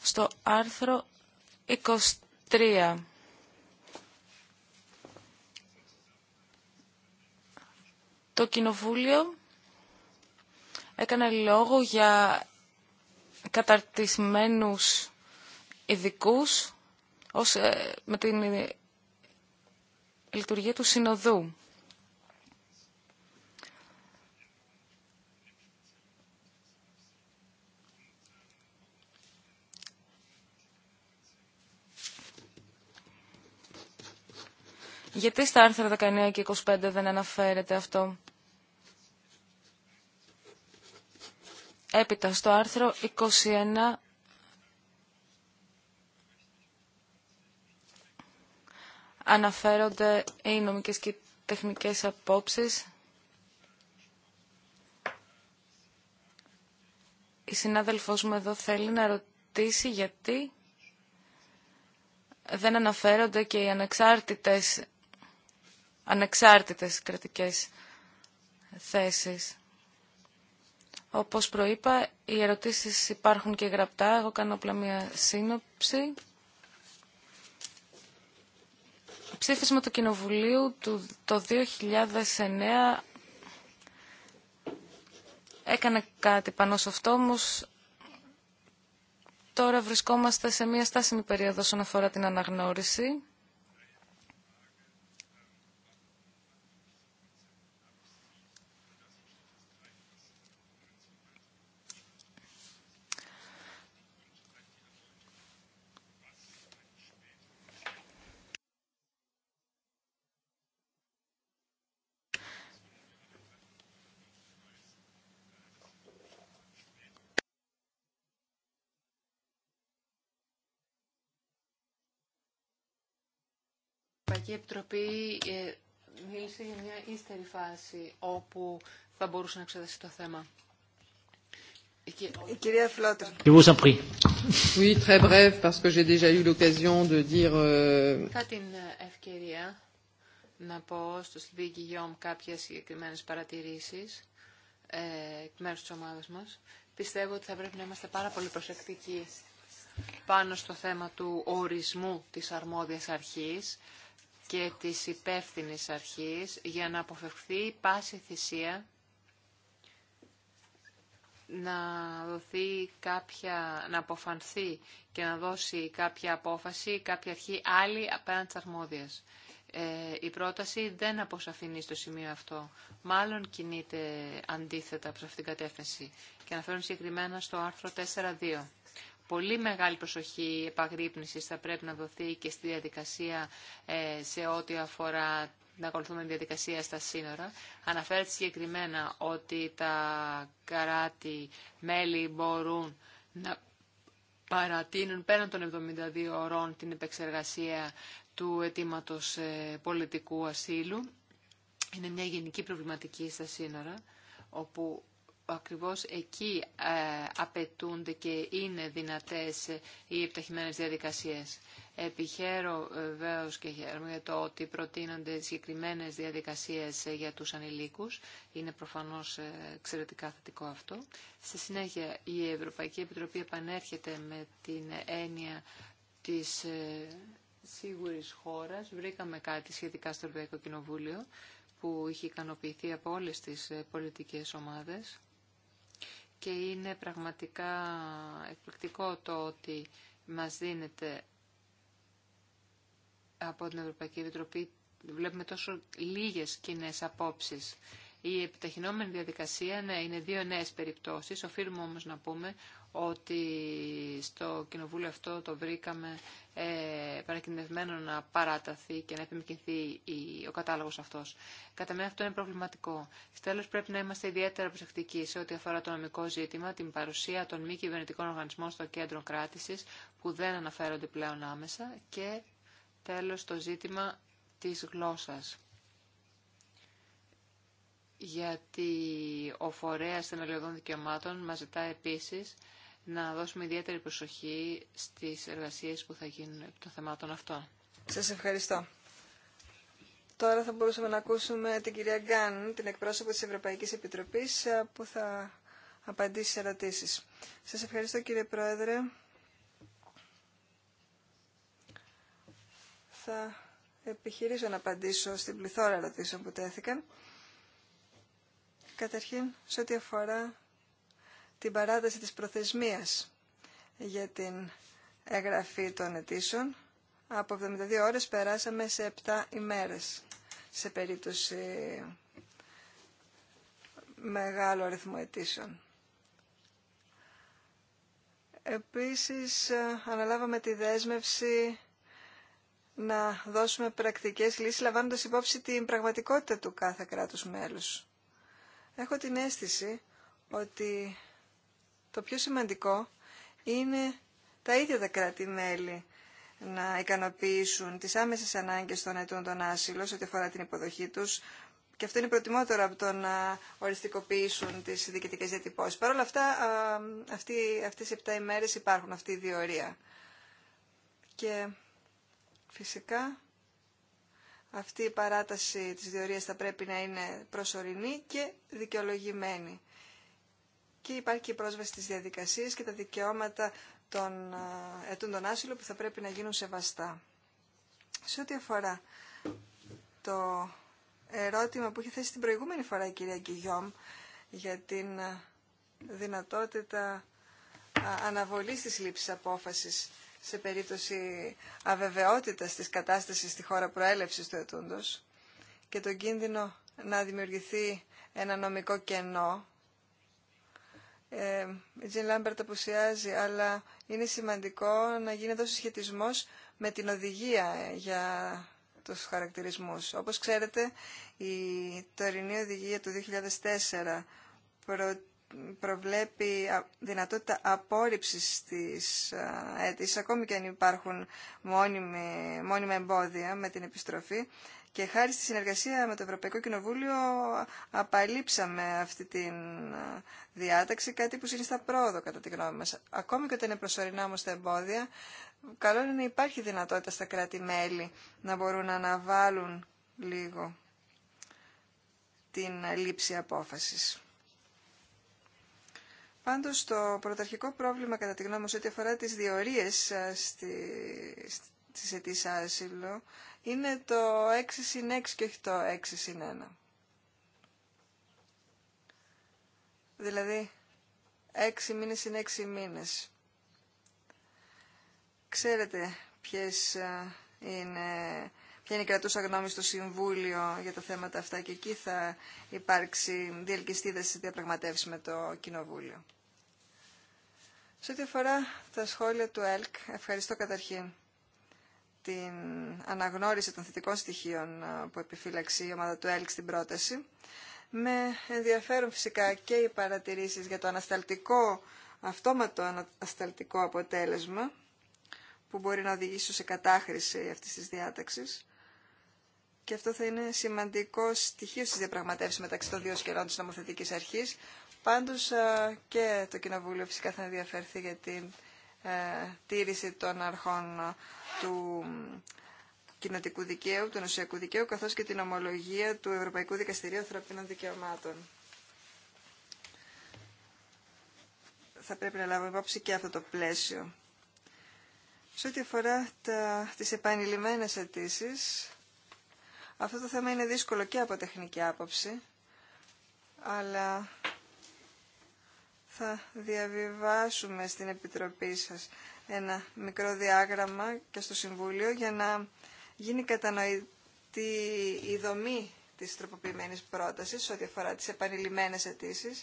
στο άρθρο 23. Το Κοινοβούλιο έκανε λόγο για καταρτισμένους ειδικού ως, ε, με την λειτουργία του συνοδού. Γιατί στα άρθρα 19 και 25 δεν αναφέρεται αυτό. Έπειτα, στο άρθρο 21 αναφέρονται οι νομικές και τεχνικές απόψεις. Η συνάδελφός μου εδώ θέλει να ρωτήσει γιατί δεν αναφέρονται και οι ανεξάρτητες ανεξάρτητες κρατικές θέσεις. Όπως προείπα, οι ερωτήσεις υπάρχουν και γραπτά. Εγώ κάνω απλά μία σύνοψη. Ψήφισμα του Κοινοβουλίου του, το 2009 έκανε κάτι πάνω σε αυτό, τώρα βρισκόμαστε σε μία στάσιμη περίοδο όσον αφορά την αναγνώριση. Ευρωπαϊκή Επιτροπή ε, μίλησε για μια ύστερη φάση όπου θα μπορούσε να εξεταστεί το θέμα. Ε, Η κυρία Oui, την ευκαιρία να πω στο Σιλβί Γιώμ κάποιες συγκεκριμένε παρατηρήσεις ε, εκ μέρου της ομάδας μας. Πιστεύω ότι θα πρέπει να είμαστε πάρα πολύ προσεκτικοί πάνω στο θέμα του ορισμού της αρμόδιας αρχής και της υπεύθυνη αρχής για να αποφευχθεί πάση θυσία να δοθεί κάποια, να αποφανθεί και να δώσει κάποια απόφαση, κάποια αρχή άλλη απέναντι της αρμόδιας. Ε, η πρόταση δεν αποσαφηνεί στο σημείο αυτό. Μάλλον κινείται αντίθετα προς αυτήν την κατεύθυνση. Και αναφέρουν συγκεκριμένα στο άρθρο 4.2 πολύ μεγάλη προσοχή επαγρύπνησης θα πρέπει να δοθεί και στη διαδικασία ε, σε ό,τι αφορά να ακολουθούμε τη διαδικασία στα σύνορα. Αναφέρεται συγκεκριμένα ότι τα καράτη μέλη μπορούν να παρατείνουν πέραν των 72 ωρών την επεξεργασία του αιτήματο ε, πολιτικού ασύλου. Είναι μια γενική προβληματική στα σύνορα, όπου ακριβώς εκεί ε, απαιτούνται και είναι δυνατές οι επιταχυμένες διαδικασίες. Επιχαίρω ε, βεβαίω και χαίρομαι για το ότι προτείνονται συγκεκριμένε διαδικασίε ε, για τους ανηλίκους. Είναι προφανώ εξαιρετικά θετικό αυτό. Στη συνέχεια η Ευρωπαϊκή Επιτροπή επανέρχεται με την έννοια της σίγουρη χώρα. Βρήκαμε κάτι σχετικά στο Ευρωπαϊκό Κοινοβούλιο που είχε ικανοποιηθεί από όλε τι πολιτικέ ομάδε και είναι πραγματικά εκπληκτικό το ότι μας δίνεται από την Ευρωπαϊκή Επιτροπή βλέπουμε τόσο λίγες κοινέ απόψεις. Η επιταχυνόμενη διαδικασία ναι, είναι δύο νέες περιπτώσεις. Οφείλουμε όμως να πούμε ότι στο κοινοβούλιο αυτό το βρήκαμε ε, να παράταθεί και να επιμηκυνθεί ο κατάλογος αυτός. Κατά μένα αυτό είναι προβληματικό. τέλος πρέπει να είμαστε ιδιαίτερα προσεκτικοί σε ό,τι αφορά το νομικό ζήτημα, την παρουσία των μη κυβερνητικών οργανισμών στο κέντρο κράτησης που δεν αναφέρονται πλέον άμεσα και τέλος το ζήτημα της γλώσσας γιατί ο φορέας θεμελιωδών δικαιωμάτων μας ζητά να δώσουμε ιδιαίτερη προσοχή στις εργασίες που θα γίνουν θέμα των θεμάτων αυτών. Σας ευχαριστώ. Τώρα θα μπορούσαμε να ακούσουμε την κυρία Γκάν, την εκπρόσωπο της Ευρωπαϊκής Επιτροπής, ε, που θα απαντήσει σε ερωτήσεις. Σας ευχαριστώ κύριε Πρόεδρε. Θα επιχειρήσω να απαντήσω στην πληθώρα ερωτήσεων που τέθηκαν. Καταρχήν, σε ό,τι αφορά την παράταση της προθεσμίας για την εγγραφή των αιτήσεων. Από 72 ώρες περάσαμε σε 7 ημέρες σε περίπτωση μεγάλο αριθμό αιτήσεων. Επίσης, ε, αναλάβαμε τη δέσμευση να δώσουμε πρακτικές λύσεις, λαμβάνοντας υπόψη την πραγματικότητα του κάθε κράτους μέλους. Έχω την αίσθηση ότι το πιο σημαντικό είναι τα ίδια τα κράτη-μέλη να ικανοποιήσουν τις άμεσες ανάγκες των αιτών των άσυλων σε ό,τι αφορά την υποδοχή τους και αυτό είναι προτιμότερο από το να οριστικοποιήσουν τις διοικητικές διατυπώσεις. Παρ' όλα αυτά, αυτοί, αυτές οι 7 ημέρες υπάρχουν, αυτή η διορία. Και φυσικά αυτή η παράταση της διορίας θα πρέπει να είναι προσωρινή και δικαιολογημένη και υπάρχει πρόσβαση στις διαδικασίες και τα δικαιώματα των ετούντων άσυλο που θα πρέπει να γίνουν σεβαστά. Σε ό,τι αφορά το ερώτημα που είχε θέσει την προηγούμενη φορά η κυρία Κιγιόμ για την δυνατότητα αναβολής της λήψης απόφασης σε περίπτωση αβεβαιότητας της κατάστασης στη χώρα προέλευσης του ετούντος και τον κίνδυνο να δημιουργηθεί ένα νομικό κενό ε, η Τζιν Λάμπερτ αποουσιάζει, αλλά είναι σημαντικό να γίνει εδώ συσχετισμός με την οδηγία ε, για τους χαρακτηρισμούς. Όπως ξέρετε, η τωρινή οδηγία του 2004 προβλέπει δυνατότητα απόρριψης της αίτησης, ακόμη και αν υπάρχουν μόνιμα εμπόδια με την επιστροφή. Και χάρη στη συνεργασία με το Ευρωπαϊκό Κοινοβούλιο απαλείψαμε αυτή τη ε, διάταξη, κάτι που συνιστά πρόοδο κατά τη γνώμη μας. Ακόμη και όταν είναι προσωρινά όμως τα εμπόδια, καλό είναι να υπάρχει δυνατότητα στα κράτη-μέλη να μπορούν να αναβάλουν λίγο την λήψη απόφασης. Πάντως το πρωταρχικό πρόβλημα κατά τη γνώμη μου ό,τι αφορά τις διορίες ε, στις άσυλο είναι το 6 συν 6 και όχι το 6 συν 1. Δηλαδή, 6 μήνες συν 6 μήνες. Ξέρετε ποιες ε, είναι, ποια είναι η κρατούσα γνώμη στο Συμβούλιο για τα θέματα αυτά και εκεί θα υπάρξει διελκυστίδες διαπραγματεύσει με το Κοινοβούλιο. Σε ό,τι αφορά τα σχόλια του ΕΛΚ, ευχαριστώ καταρχήν την αναγνώριση των θετικών στοιχείων που επιφύλαξε η ομάδα του ΕΛΚ στην πρόταση. Με ενδιαφέρουν φυσικά και οι παρατηρήσεις για το ανασταλτικό, αυτόματο ανασταλτικό αποτέλεσμα που μπορεί να οδηγήσει σε κατάχρηση αυτής της διάταξης. Και αυτό θα είναι σημαντικό στοιχείο στις διαπραγματεύσεις μεταξύ των δύο σκελών της νομοθετικής αρχής. Πάντως και το Κοινοβούλιο φυσικά θα ενδιαφερθεί για την ε, τήρηση των αρχών του κοινοτικού δικαίου, του νοσιακού δικαίου, καθώς και την ομολογία του Ευρωπαϊκού Δικαστηρίου Ανθρωπίνων Δικαιωμάτων. Θα πρέπει να λάβουμε υπόψη και αυτό το πλαίσιο. Σε ό,τι αφορά τα, τις επανειλημμένες αιτήσει, αυτό το θέμα είναι δύσκολο και από τεχνική άποψη, αλλά θα διαβιβάσουμε στην Επιτροπή σας ένα μικρό διάγραμμα και στο Συμβούλιο για να γίνει κατανοητή η δομή της τροποποιημένης πρότασης ό,τι αφορά τις επανειλημμένες αιτήσει.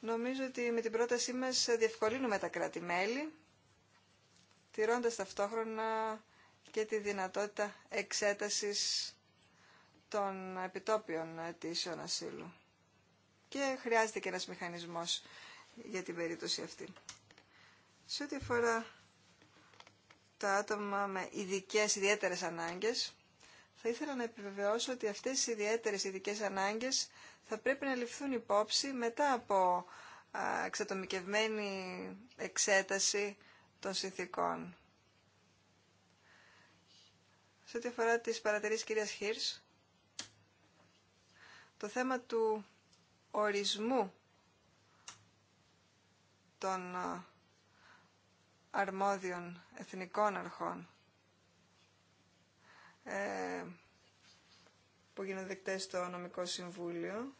Νομίζω ότι με την πρότασή μας διευκολύνουμε τα κράτη-μέλη, τηρώντας ταυτόχρονα και τη δυνατότητα εξέτασης των επιτόπιων αιτήσεων ασύλου και χρειάζεται και ένας μηχανισμός για την περίπτωση αυτή. Σε ό,τι αφορά τα άτομα με ειδικέ ιδιαίτερες ανάγκες, θα ήθελα να επιβεβαιώσω ότι αυτές οι ιδιαίτερες ειδικέ ανάγκες θα πρέπει να ληφθούν υπόψη μετά από εξατομικευμένη εξέταση των συνθήκων. Σε ό,τι αφορά τις παρατηρήσεις κυρίας Χίρς, το θέμα του ορισμού των αρμόδιων εθνικών αρχών ε, που γίνονται δεκτές στο νομικό συμβούλιο.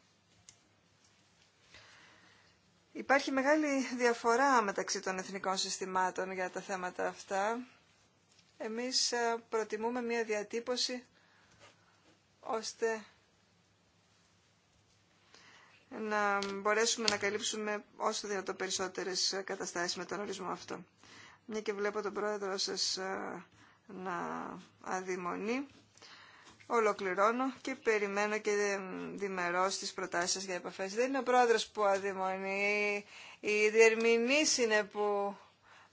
Υπάρχει μεγάλη διαφορά μεταξύ των εθνικών συστημάτων για τα θέματα αυτά. Εμείς ε, προτιμούμε μια διατύπωση ώστε να μπορέσουμε να καλύψουμε όσο δυνατόν δυνατό περισσότερες καταστάσεις με τον ορισμό αυτό. Μια και βλέπω τον πρόεδρο σας ε, να αδειμονεί. Ολοκληρώνω και περιμένω και ε, διμερώς τις προτάσεις για επαφές. Δεν είναι ο πρόεδρος που αδειμονεί, οι διερμηνείς είναι που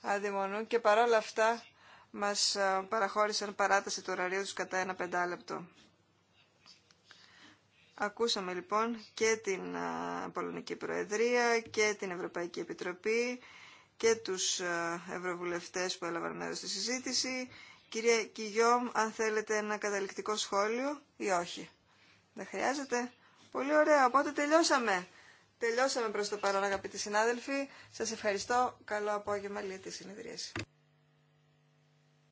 αδειμονούν και παρόλα αυτά μας ε, παραχώρησαν παράταση του ωραρίου τους κατά ένα πεντάλεπτο. Ακούσαμε λοιπόν και την Πολωνική Προεδρία και την Ευρωπαϊκή Επιτροπή και τους ευρωβουλευτές που έλαβαν μέρος στη συζήτηση. Κυρία Κιγιόμ, αν θέλετε ένα καταληκτικό σχόλιο ή όχι. Δεν χρειάζεται. Πολύ ωραία. Οπότε τελειώσαμε. Τελειώσαμε προς το παρόν αγαπητοί συνάδελφοι. Σας ευχαριστώ. Καλό απόγευμα. Λίγη τη συνεδρίαση.